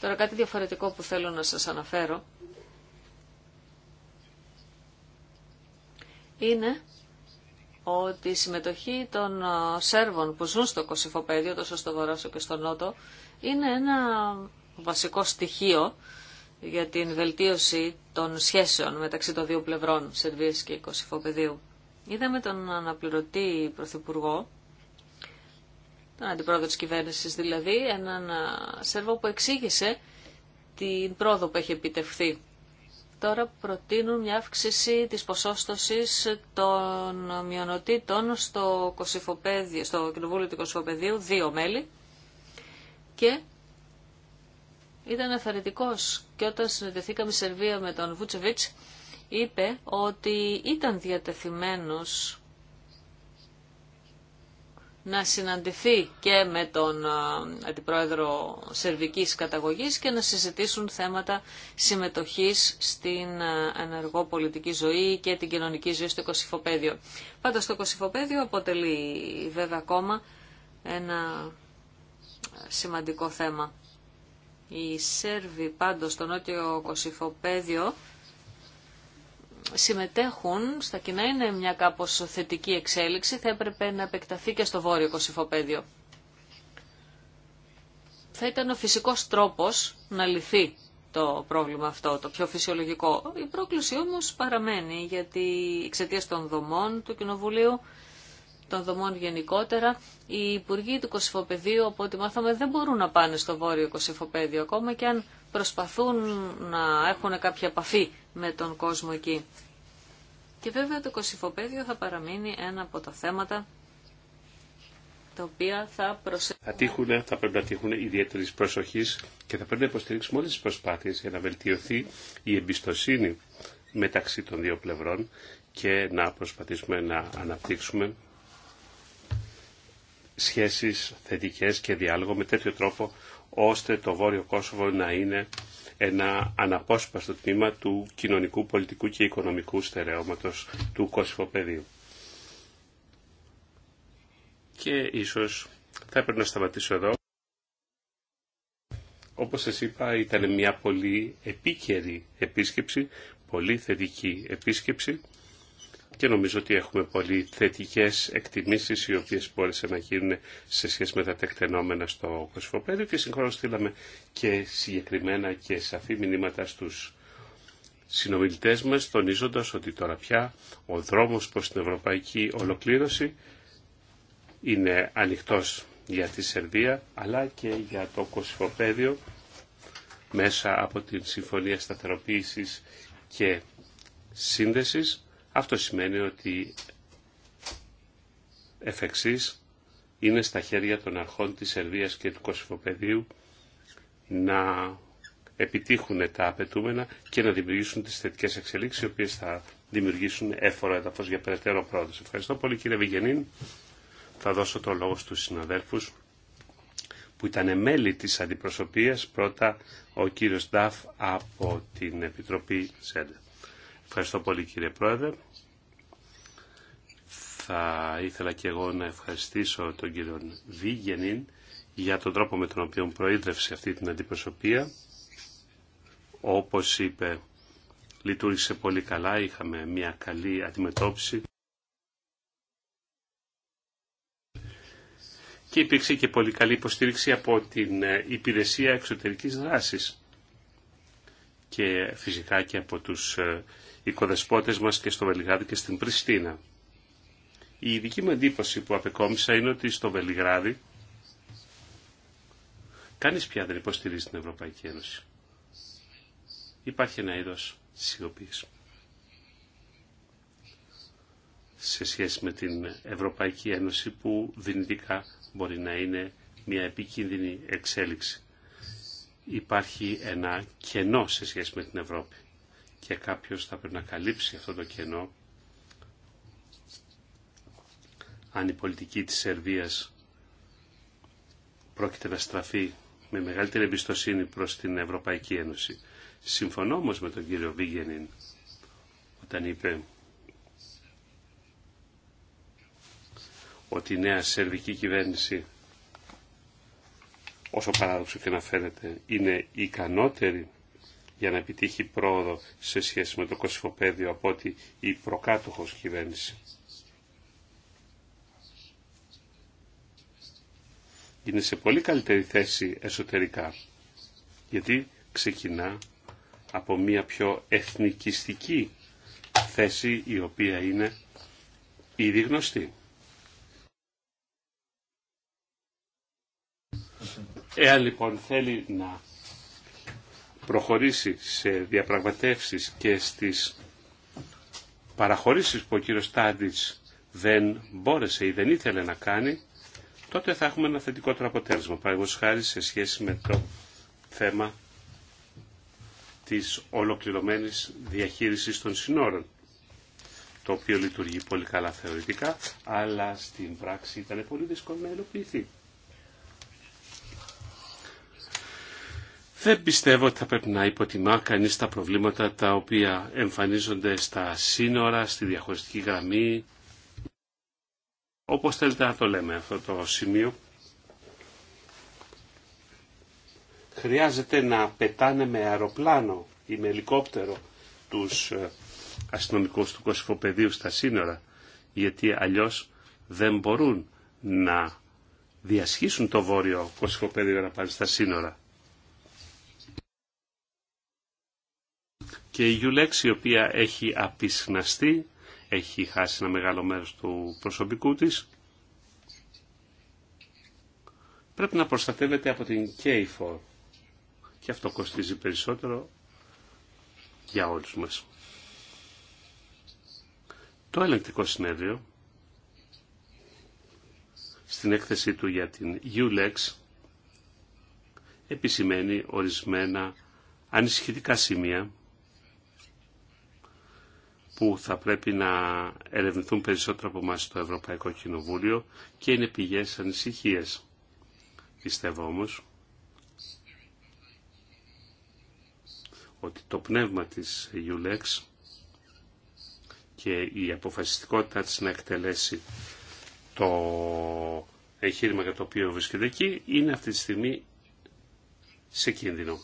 Τώρα κάτι διαφορετικό που θέλω να σας αναφέρω είναι ότι η συμμετοχή των Σέρβων που ζουν στο Κωσυφοπαίδιο, τόσο στο Βορρά όσο και στο Νότο, είναι ένα βασικό στοιχείο για την βελτίωση των σχέσεων μεταξύ των δύο πλευρών Σερβίας και Κωσυφοπαιδίου. Είδαμε τον αναπληρωτή πρωθυπουργό, τον αντιπρόεδρο της δηλαδή, έναν Σέρβο που εξήγησε την πρόοδο που έχει επιτευχθεί τώρα προτείνουν μια αύξηση της ποσόστοσης των μειονοτήτων στο, στο Κοινοβούλιο του Κωσυφοπεδίου, δύο μέλη και ήταν αφαιρετικός και όταν συνεδεθήκαμε σε Σερβία με τον Βούτσεβιτς είπε ότι ήταν διατεθειμένος να συναντηθεί και με τον ε, Αντιπρόεδρο Σερβικής Καταγωγής και να συζητήσουν θέματα συμμετοχής στην ε, ενεργό πολιτική ζωή και την κοινωνική ζωή στο Κωσυφοπαίδιο. Πάντως το Κωσυφοπαίδιο αποτελεί βέβαια ακόμα ένα ε, σημαντικό θέμα. Οι Σέρβοι πάντως στο νότιο Κωσυφοπαίδιο συμμετέχουν στα κοινά είναι μια κάπως θετική εξέλιξη, θα έπρεπε να επεκταθεί και στο βόρειο κοσυφοπέδιο. Θα ήταν ο φυσικός τρόπος να λυθεί το πρόβλημα αυτό, το πιο φυσιολογικό. Η πρόκληση όμως παραμένει, γιατί εξαιτία των δομών του Κοινοβουλίου, των δομών γενικότερα, οι υπουργοί του Κωσυφοπεδίου, από ό,τι μάθαμε, δεν μπορούν να πάνε στο βόρειο Κωσυφοπέδιο, ακόμα και αν προσπαθούν να έχουν κάποια επαφή με τον κόσμο εκεί. Και βέβαια το κοσυφοπαίδιο θα παραμείνει ένα από τα θέματα τα οποία θα προσέχουν. Θα, πρέπει να τύχουν ιδιαίτερη προσοχή και θα πρέπει να υποστηρίξουμε όλε τι προσπάθειε για να βελτιωθεί η εμπιστοσύνη μεταξύ των δύο πλευρών και να προσπαθήσουμε να αναπτύξουμε σχέσεις θετικές και διάλογο με τέτοιο τρόπο ώστε το Βόρειο Κόσοβο να είναι ένα αναπόσπαστο τμήμα του κοινωνικού, πολιτικού και οικονομικού στερεώματος του πεδίου. Και ίσως θα έπρεπε να σταματήσω εδώ. Όπως σας είπα ήταν μια πολύ επίκαιρη επίσκεψη, πολύ θετική επίσκεψη και νομίζω ότι έχουμε πολύ θετικές εκτιμήσεις οι οποίες μπόρεσαν να γίνουν σε σχέση με τα τεκτενόμενα στο Κωσφοπέδιο και συγχρόνως στείλαμε και συγκεκριμένα και σαφή μηνύματα στους συνομιλητές μας τονίζοντας ότι τώρα πια ο δρόμος προς την ευρωπαϊκή ολοκλήρωση είναι ανοιχτός για τη Σερβία αλλά και για το Κωσφοπέδιο μέσα από την Συμφωνία Σταθεροποίησης και Σύνδεσης αυτό σημαίνει ότι εφ' είναι στα χέρια των αρχών της Σερβίας και του Κωσυφοπεδίου να επιτύχουν τα απαιτούμενα και να δημιουργήσουν τις θετικές εξελίξεις οι οποίες θα δημιουργήσουν έφορο έδαφος για περαιτέρω πρόοδος. Ευχαριστώ πολύ κύριε Βηγενίν. Θα δώσω το λόγο στους συναδέλφους που ήταν μέλη της αντιπροσωπείας. Πρώτα ο κύριος Νταφ από την Επιτροπή ΣΕΝΤΕ. Ευχαριστώ πολύ κύριε Πρόεδρε. Θα ήθελα και εγώ να ευχαριστήσω τον κύριο Βίγενιν για τον τρόπο με τον οποίο προείδρευσε αυτή την αντιπροσωπεία. Όπως είπε, λειτουργήσε πολύ καλά, είχαμε μια καλή αντιμετώπιση. Και υπήρξε και πολύ καλή υποστήριξη από την Υπηρεσία Εξωτερικής Δράσης και φυσικά και από τους ε, οι οικοδεσπότες μας και στο Βελιγράδι και στην Πριστίνα. Η δική μου εντύπωση που απεκόμισα είναι ότι στο Βελιγράδι κανείς πια δεν υποστηρίζει την Ευρωπαϊκή Ένωση. Υπάρχει ένα είδος σιωπής σε σχέση με την Ευρωπαϊκή Ένωση που δυνητικά μπορεί να είναι μια επικίνδυνη εξέλιξη. Υπάρχει ένα κενό σε σχέση με την Ευρώπη και κάποιος θα πρέπει να καλύψει αυτό το κενό αν η πολιτική της Σερβίας πρόκειται να στραφεί με μεγαλύτερη εμπιστοσύνη προς την Ευρωπαϊκή Ένωση. Συμφωνώ όμως με τον κύριο Βίγενιν όταν είπε ότι η νέα σερβική κυβέρνηση όσο παράδοξο και να φαίνεται είναι ικανότερη για να επιτύχει πρόοδο σε σχέση με το κοσυφοπαίδιο από ότι η προκάτοχος κυβέρνηση. Είναι σε πολύ καλύτερη θέση εσωτερικά, γιατί ξεκινά από μια πιο εθνικιστική θέση η οποία είναι ήδη γνωστή. Εάν λοιπόν θέλει να προχωρήσει σε διαπραγματεύσεις και στις παραχωρήσεις που ο κύριος Τάντιτς δεν μπόρεσε ή δεν ήθελε να κάνει, τότε θα έχουμε ένα θετικότερο αποτέλεσμα. Παραδείγματος χάρη σε σχέση με το θέμα της ολοκληρωμένης διαχείρισης των συνόρων, το οποίο λειτουργεί πολύ καλά θεωρητικά, αλλά στην πράξη ήταν πολύ δύσκολο να ελοπιθεί. Δεν πιστεύω ότι θα πρέπει να υποτιμά κανείς τα προβλήματα τα οποία εμφανίζονται στα σύνορα, στη διαχωριστική γραμμή. Όπως θέλετε να το λέμε αυτό το σημείο. Χρειάζεται να πετάνε με αεροπλάνο ή με ελικόπτερο τους ε, αστυνομικούς του Κωσυφοπεδίου στα σύνορα, γιατί αλλιώς δεν μπορούν να διασχίσουν το βόρειο Κωσυφοπεδίο να πάνε στα σύνορα. και η Ulex η οποία έχει απεισχναστεί, έχει χάσει ένα μεγάλο μέρος του προσωπικού της, πρέπει να προστατεύεται από την K4 και αυτό κοστίζει περισσότερο για όλους μας. Το ελεγκτικό συνέδριο στην έκθεσή του για την ULEX επισημαίνει ορισμένα ανησυχητικά σημεία που θα πρέπει να ερευνηθούν περισσότερο από εμάς στο Ευρωπαϊκό Κοινοβούλιο και είναι πηγές ανησυχίας. Πιστεύω όμως ότι το πνεύμα της Ιουλέξ και η αποφασιστικότητά της να εκτελέσει το εγχείρημα για το οποίο βρίσκεται εκεί είναι αυτή τη στιγμή σε κίνδυνο.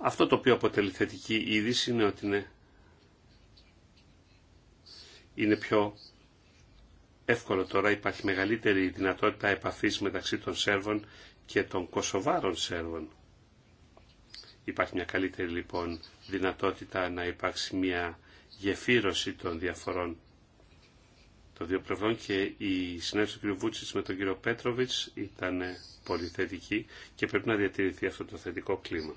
Αυτό το οποίο αποτελεί θετική είδηση είναι ότι είναι, πιο εύκολο τώρα. Υπάρχει μεγαλύτερη δυνατότητα επαφής μεταξύ των Σέρβων και των Κωσοβάρων Σέρβων. Υπάρχει μια καλύτερη λοιπόν δυνατότητα να υπάρξει μια γεφύρωση των διαφορών των δύο πλευρών και η συνέντευξη του κ. Βούτσιτς με τον κ. Πέτροβιτς ήταν πολύ θετική και πρέπει να διατηρηθεί αυτό το θετικό κλίμα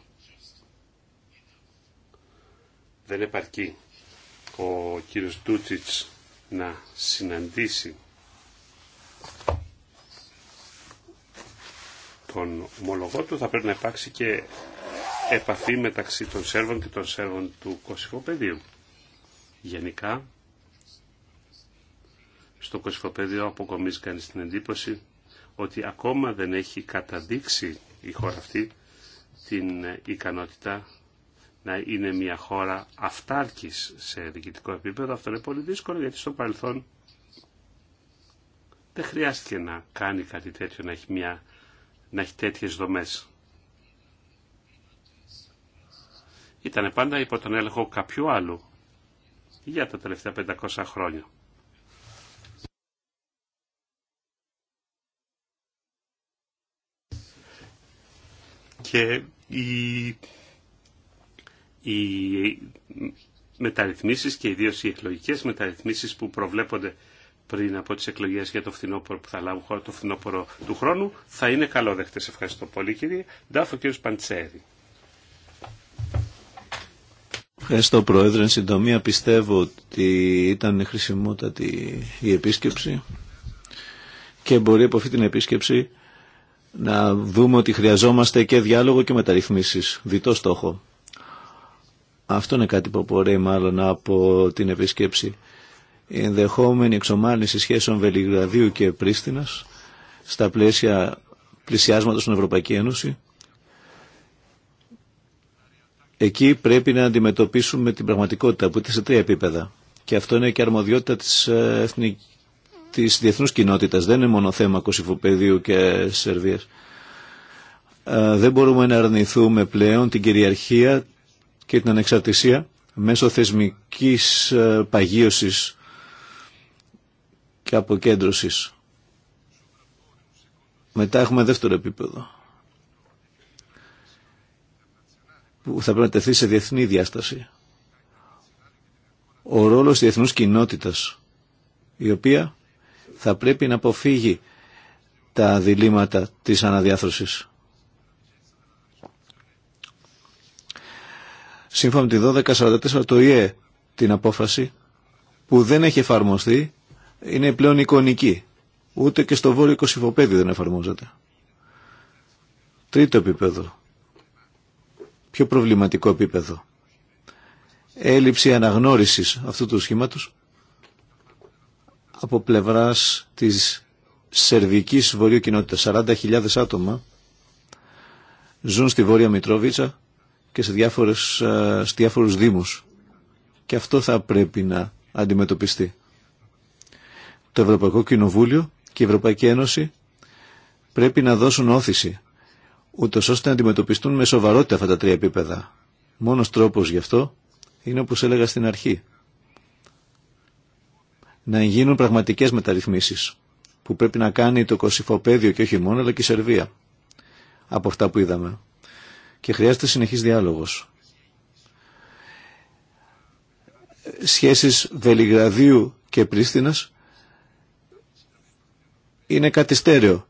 δεν επαρκεί ο κύριος Ντούτσιτς να συναντήσει τον ομολογό του, θα πρέπει να υπάρξει και επαφή μεταξύ των Σέρβων και των Σέρβων του Κωσικοπεδίου. Γενικά, στο Κωσικοπεδίο αποκομίζει κανείς την εντύπωση ότι ακόμα δεν έχει καταδείξει η χώρα αυτή την ικανότητα να είναι μια χώρα αυτάρκης σε διοικητικό επίπεδο. Αυτό είναι πολύ δύσκολο γιατί στο παρελθόν δεν χρειάστηκε να κάνει κάτι τέτοιο, να έχει, μια, να έχει τέτοιες δομές. Ήταν πάντα υπό τον έλεγχο κάποιου άλλου για τα τελευταία 500 χρόνια. Και η οι μεταρρυθμίσεις και ιδίως οι εκλογικές μεταρρυθμίσεις που προβλέπονται πριν από τις εκλογές για το φθινόπωρο που θα λάβουν χώρα το φθινόπωρο του χρόνου θα είναι καλόδεχτες. Ευχαριστώ πολύ κύριε Ντάφο κύριος Παντσέρη. Ευχαριστώ Πρόεδρε. συντομία πιστεύω ότι ήταν χρησιμότατη η επίσκεψη και μπορεί από αυτή την επίσκεψη να δούμε ότι χρειαζόμαστε και διάλογο και μεταρρυθμίσεις. Διτό στόχο. Αυτό είναι κάτι που απορρέει μάλλον από την επισκέψη. ενδεχόμενη εξομάλυνση σχέσεων Βελιγραδίου και Πρίστινας στα πλαίσια πλησιάσματος στην Ευρωπαϊκή Ένωση. Εκεί πρέπει να αντιμετωπίσουμε την πραγματικότητα που είναι σε τρία επίπεδα. Και αυτό είναι και αρμοδιότητα της, ε, εθνικ... της διεθνούς κοινότητας. Δεν είναι μόνο θέμα Κωσυφοπεδίου και Σερβίας. Ε, δεν μπορούμε να αρνηθούμε πλέον την κυριαρχία και την ανεξαρτησία μέσω θεσμικής ε, παγίωσης και αποκέντρωσης. Μετά έχουμε δεύτερο επίπεδο που θα πρέπει να τεθεί σε διεθνή διάσταση. Ο ρόλος της διεθνούς κοινότητας η οποία θα πρέπει να αποφύγει τα διλήμματα της αναδιάθρωσης. σύμφωνα με τη 1244 το ΙΕ την απόφαση που δεν έχει εφαρμοστεί είναι πλέον εικονική. Ούτε και στο βόρειο κοσυφοπέδιο δεν εφαρμόζεται. Τρίτο επίπεδο. Πιο προβληματικό επίπεδο. Έλλειψη αναγνώρισης αυτού του σχήματος από πλευράς της σερβικής βορειοκοινότητας. 40.000 άτομα ζουν στη Βόρεια Μητρόβιτσα και σε διάφορες, ε, σε διάφορους δήμους. Και αυτό θα πρέπει να αντιμετωπιστεί. Το Ευρωπαϊκό Κοινοβούλιο και η Ευρωπαϊκή Ένωση πρέπει να δώσουν όθηση, ούτω ώστε να αντιμετωπιστούν με σοβαρότητα αυτά τα τρία επίπεδα. Μόνος τρόπος γι' αυτό είναι όπως έλεγα στην αρχή. Να γίνουν πραγματικές μεταρρυθμίσεις που πρέπει να κάνει το Κωσυφοπαίδιο και όχι μόνο αλλά και η Σερβία από αυτά που είδαμε και χρειάζεται συνεχής διάλογος. Σχέσεις Βελιγραδίου και Πρίστινας είναι κάτι στέρεο.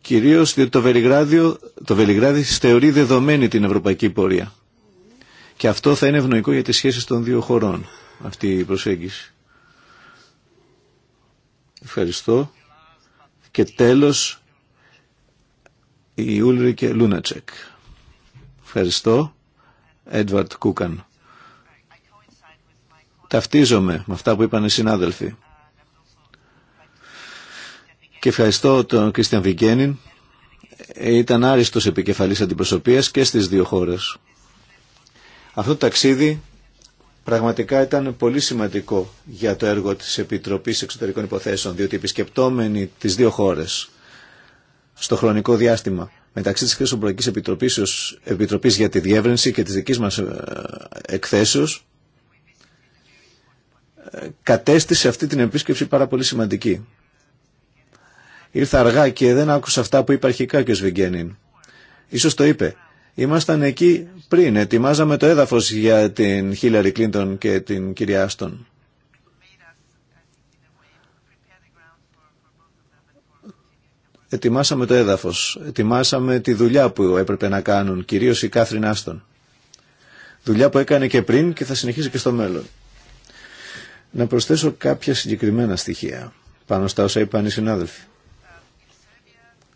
Κυρίως διότι το, Βελιγράδιο, το Βελιγράδι θεωρεί δεδομένη την ευρωπαϊκή πορεία. Και αυτό θα είναι ευνοϊκό για τις σχέσεις των δύο χωρών, αυτή η προσέγγιση. Ευχαριστώ. Και τέλος, η Ούλρικε Λούνατσεκ. Ευχαριστώ. Έντβαρτ Κούκαν. Ταυτίζομαι με αυτά που είπαν οι συνάδελφοι. Και ευχαριστώ τον Κρίστιαν Βικένιν. Ήταν άριστος επικεφαλής αντιπροσωπείας και στις δύο χώρες. Αυτό το ταξίδι πραγματικά ήταν πολύ σημαντικό για το έργο της Επιτροπής Εξωτερικών Υποθέσεων, διότι επισκεπτόμενοι τις δύο χώρες στο χρονικό διάστημα μεταξύ της Χρυσομπορικής Επιτροπής, Επιτροπής για τη Διεύρυνση και της δικής μας ε, εκθέσεως ε, κατέστησε αυτή την επίσκεψη πάρα πολύ σημαντική. Ήρθα αργά και δεν άκουσα αυτά που είπε αρχικά και ο Σβιγγένιν. Ίσως το είπε. Ήμασταν εκεί πριν, ετοιμάζαμε το έδαφος για την Χίλαρη Κλίντον και την κυρία Άστον. ετοιμάσαμε το έδαφος, ετοιμάσαμε τη δουλειά που έπρεπε να κάνουν, κυρίως η Κάθριν Άστον. Δουλειά που έκανε και πριν και θα συνεχίσει και στο μέλλον. Να προσθέσω κάποια συγκεκριμένα στοιχεία πάνω στα όσα είπαν οι συνάδελφοι.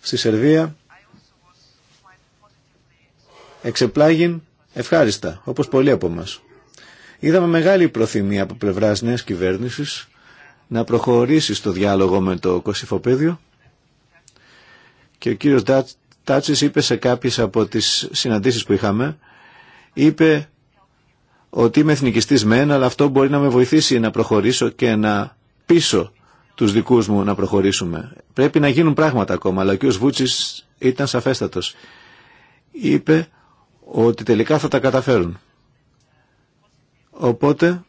Στη Σερβία εξεπλάγην ευχάριστα, όπως πολλοί από μας. Είδαμε μεγάλη προθυμία από πλευράς νέας κυβέρνησης να προχωρήσει στο διάλογο με το Κωσυφοπέδιο και ο κύριος Τάτσης είπε σε κάποιες από τις συναντήσεις που είχαμε, είπε ότι είμαι εθνικιστής μεν, αλλά αυτό μπορεί να με βοηθήσει να προχωρήσω και να πίσω τους δικούς μου να προχωρήσουμε. Πρέπει να γίνουν πράγματα ακόμα, αλλά ο κύριος Βούτσης ήταν σαφέστατος. Είπε ότι τελικά θα τα καταφέρουν. Οπότε,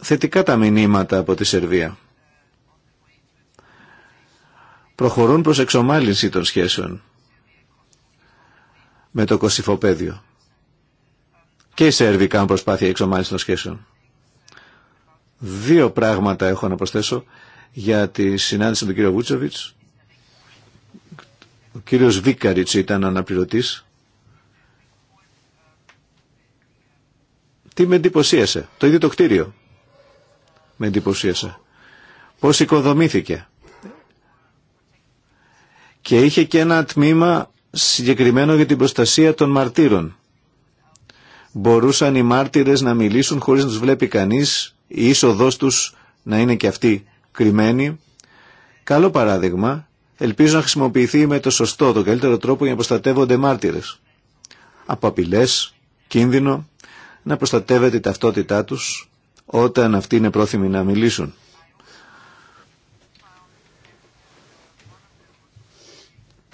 θετικά τα μηνύματα από τη Σερβία προχωρούν προς εξομάλυνση των σχέσεων με το κοσυφοπέδιο. Και οι Σέρβοι κάνουν προσπάθεια εξομάλυνση των σχέσεων. Δύο πράγματα έχω να προσθέσω για τη συνάντηση με τον κύριο Βούτσοβιτς. Ο κύριος Βίκαριτς ήταν αναπληρωτής. Τι με εντυπωσίασε. Το ίδιο το κτίριο με εντυπωσίασε. Πώς οικοδομήθηκε και είχε και ένα τμήμα συγκεκριμένο για την προστασία των μαρτύρων. Μπορούσαν οι μάρτυρες να μιλήσουν χωρίς να τους βλέπει κανείς, η είσοδός τους να είναι και αυτοί κρυμμένη. Καλό παράδειγμα, ελπίζω να χρησιμοποιηθεί με το σωστό, το καλύτερο τρόπο για να προστατεύονται μάρτυρες. Από κίνδυνο, να προστατεύεται η ταυτότητά τους όταν αυτοί είναι πρόθυμοι να μιλήσουν.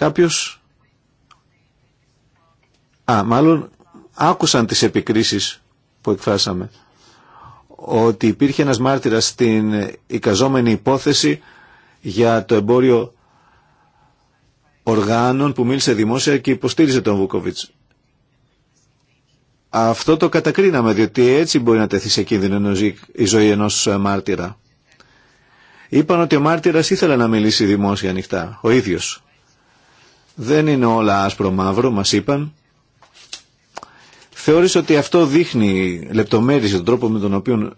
Κάποιος... Α, μάλλον άκουσαν τις επικρίσεις που εκφράσαμε. Ότι υπήρχε ένας μάρτυρας στην εικαζόμενη υπόθεση για το εμπόριο οργάνων που μίλησε δημόσια και υποστήριζε τον Βουκοβίτς. Αυτό το κατακρίναμε, διότι έτσι μπορεί να τεθεί σε κίνδυνο η ζωή ενός μάρτυρα. Είπαν ότι ο μάρτυρας ήθελε να μιλήσει δημόσια ανοιχτά, ο ίδιος. Δεν είναι όλα άσπρο μαύρο, μας είπαν. Θεώρησε ότι αυτό δείχνει λεπτομέρειες τον τρόπο με τον οποίο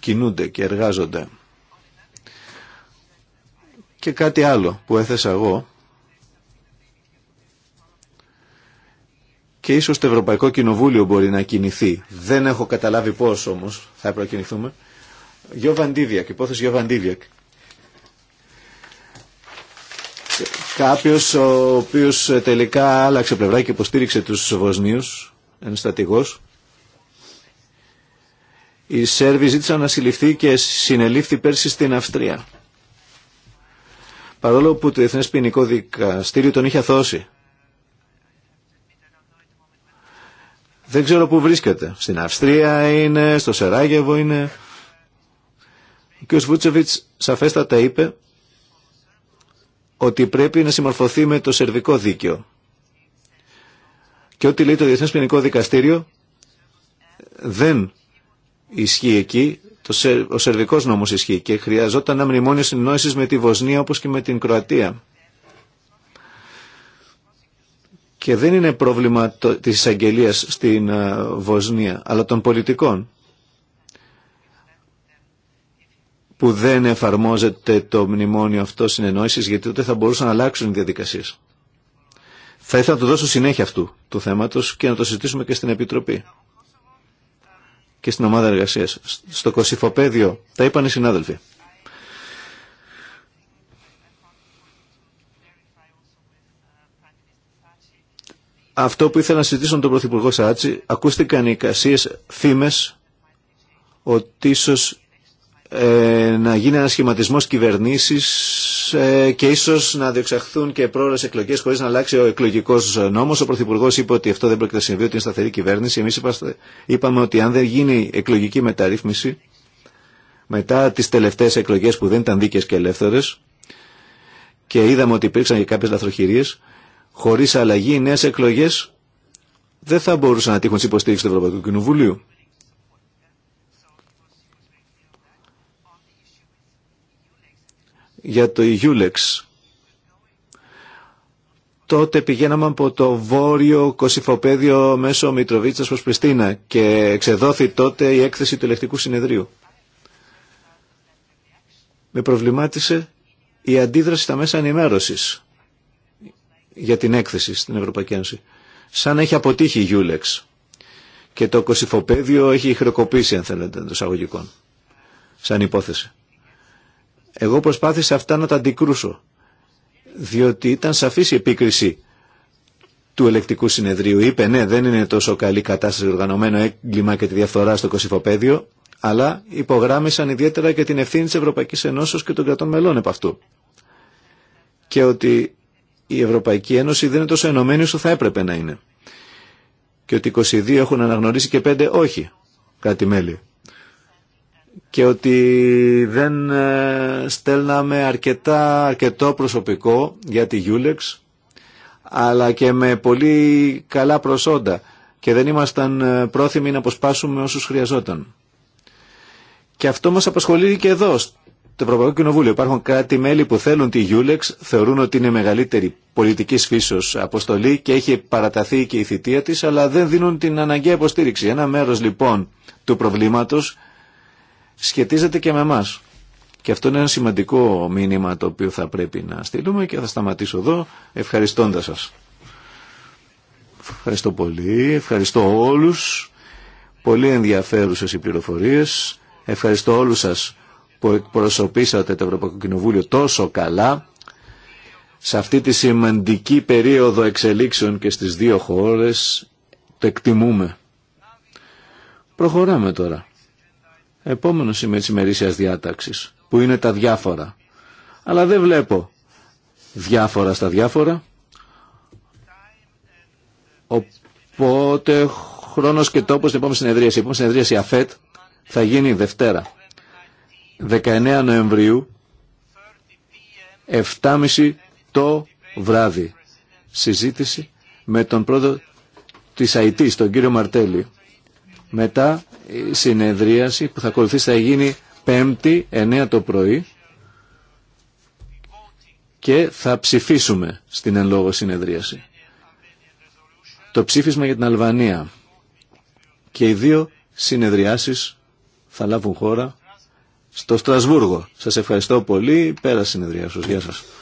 κινούνται και εργάζονται. Και κάτι άλλο που έθεσα εγώ και ίσως το Ευρωπαϊκό Κοινοβούλιο μπορεί να κινηθεί. Δεν έχω καταλάβει πώς όμως θα έπρεπε να κινηθούμε. Γιώβαν Ντίβιακ, υπόθεση Γιώβαν κάποιος ο οποίος τελικά άλλαξε πλευρά και υποστήριξε τους Βοσνίους, στρατηγός Οι Σέρβοι ζήτησαν να συλληφθεί και συνελήφθη πέρσι στην Αυστρία. Παρόλο που το Εθνές Ποινικό Δικαστήριο τον είχε αθώσει. Δεν ξέρω πού βρίσκεται. Στην Αυστρία είναι, στο Σεράγεβο είναι. Ο κ. Βούτσεβιτς σαφέστατα είπε ότι πρέπει να συμμορφωθεί με το σερβικό δίκαιο. Και ό,τι λέει το Διεθνές Ποινικό Δικαστήριο δεν ισχύει εκεί, το ο σερβικός νόμος ισχύει και χρειαζόταν να μνημόνιο συνεννόησης με τη Βοσνία όπως και με την Κροατία. Και δεν είναι πρόβλημα το, της εισαγγελία στην ε, Βοσνία, αλλά των πολιτικών. που δεν εφαρμόζεται το μνημόνιο αυτό συνεννόησης γιατί ούτε θα μπορούσαν να αλλάξουν οι διαδικασίες. Θα ήθελα να του δώσω συνέχεια αυτού του θέματος και να το συζητήσουμε και στην Επιτροπή και στην ομάδα εργασίας. Στο Κωσυφοπαίδιο, τα είπαν οι συνάδελφοι. Αυτό που ήθελα να συζητήσω με τον Πρωθυπουργό Σάτσι, ακούστηκαν οι εικασίες φήμες ότι ίσως ε, να γίνει ένα σχηματισμό κυβερνήσει ε, και ίσω να διεξαχθούν και πρόορε εκλογέ χωρί να αλλάξει ο εκλογικό νόμο. Ο Πρωθυπουργό είπε ότι αυτό δεν πρόκειται να συμβεί, ότι είναι σταθερή κυβέρνηση. Εμεί είπαμε ότι αν δεν γίνει εκλογική μεταρρύθμιση μετά τι τελευταίε εκλογέ που δεν ήταν δίκαιε και ελεύθερε και είδαμε ότι υπήρξαν και κάποιε λαθροχειρίε, χωρί αλλαγή οι νέε εκλογέ δεν θα μπορούσαν να τύχουν τη υποστήριξη του Ευρωπαϊκού Κοινοβουλίου. για το Ιούλεξ. Τότε πηγαίναμε από το βόρειο Κωσυφοπέδιο μέσω Μητροβίτσας προς Πριστίνα και εξεδόθη τότε η έκθεση του ελεκτικού συνεδρίου. Με προβλημάτισε η αντίδραση στα μέσα ενημέρωσης για την έκθεση στην Ευρωπαϊκή Ένωση. Σαν έχει αποτύχει η Γιούλεξ. Και το κοσυφοπαίδιο έχει χρεοκοπήσει, αν θέλετε, εντό αγωγικών. Σαν υπόθεση. Εγώ προσπάθησα αυτά να τα αντικρούσω, διότι ήταν σαφής η επίκριση του ελεκτικού συνεδρίου. Είπε ναι δεν είναι τόσο καλή κατάσταση οργανωμένο έγκλημα και τη διαφθορά στο κοσυφοπαίδιο, αλλά υπογράμμισαν ιδιαίτερα και την ευθύνη της Ευρωπαϊκής Ενώσεως και των κρατών μελών επ' αυτού. Και ότι η Ευρωπαϊκή Ένωση δεν είναι τόσο ενωμένη όσο θα έπρεπε να είναι. Και ότι 22 έχουν αναγνωρίσει και 5 όχι κάτι μέλη και ότι δεν ε, στέλναμε αρκετά, αρκετό προσωπικό για τη Γιούλεξ αλλά και με πολύ καλά προσόντα και δεν ήμασταν ε, πρόθυμοι να αποσπάσουμε όσους χρειαζόταν. Και αυτό μας απασχολεί και εδώ, στο Ευρωπαϊκό Κοινοβούλιο. Υπάρχουν κράτη-μέλη που θέλουν τη Γιούλεξ, θεωρούν ότι είναι μεγαλύτερη πολιτική φύσεω αποστολή και έχει παραταθεί και η θητεία της αλλά δεν δίνουν την αναγκαία υποστήριξη. Ένα μέρος λοιπόν του προβλήματος σχετίζεται και με εμά. Και αυτό είναι ένα σημαντικό μήνυμα το οποίο θα πρέπει να στείλουμε και θα σταματήσω εδώ ευχαριστώντας σας. Ευχαριστώ πολύ, ευχαριστώ όλους. Πολύ ενδιαφέρουσες οι πληροφορίες. Ευχαριστώ όλους σας που εκπροσωπήσατε το Ευρωπαϊκό Κοινοβούλιο τόσο καλά σε αυτή τη σημαντική περίοδο εξελίξεων και στις δύο χώρες το εκτιμούμε. Προχωράμε τώρα. Επόμενο σημείο τη ημερήσια διάταξη, που είναι τα διάφορα. Αλλά δεν βλέπω διάφορα στα διάφορα. Οπότε χρόνος και τόπος στην επόμενη συνεδρίαση. Η επόμενη συνεδρίαση ΑΦΕΤ θα γίνει Δευτέρα, 19 Νοεμβρίου, 7.30 το βράδυ. Συζήτηση με τον πρόεδρο της ΑΙΤ, τον κύριο Μαρτέλη. Μετά η συνεδρίαση που θα ακολουθήσει θα γίνει 5η 9 το πρωί και θα ψηφίσουμε στην εν λόγω συνεδρίαση. Το ψήφισμα για την Αλβανία και οι δύο συνεδριάσεις θα λάβουν χώρα στο Στρασβούργο. Σας ευχαριστώ πολύ. Πέρα συνεδριάσεις. Γεια σας.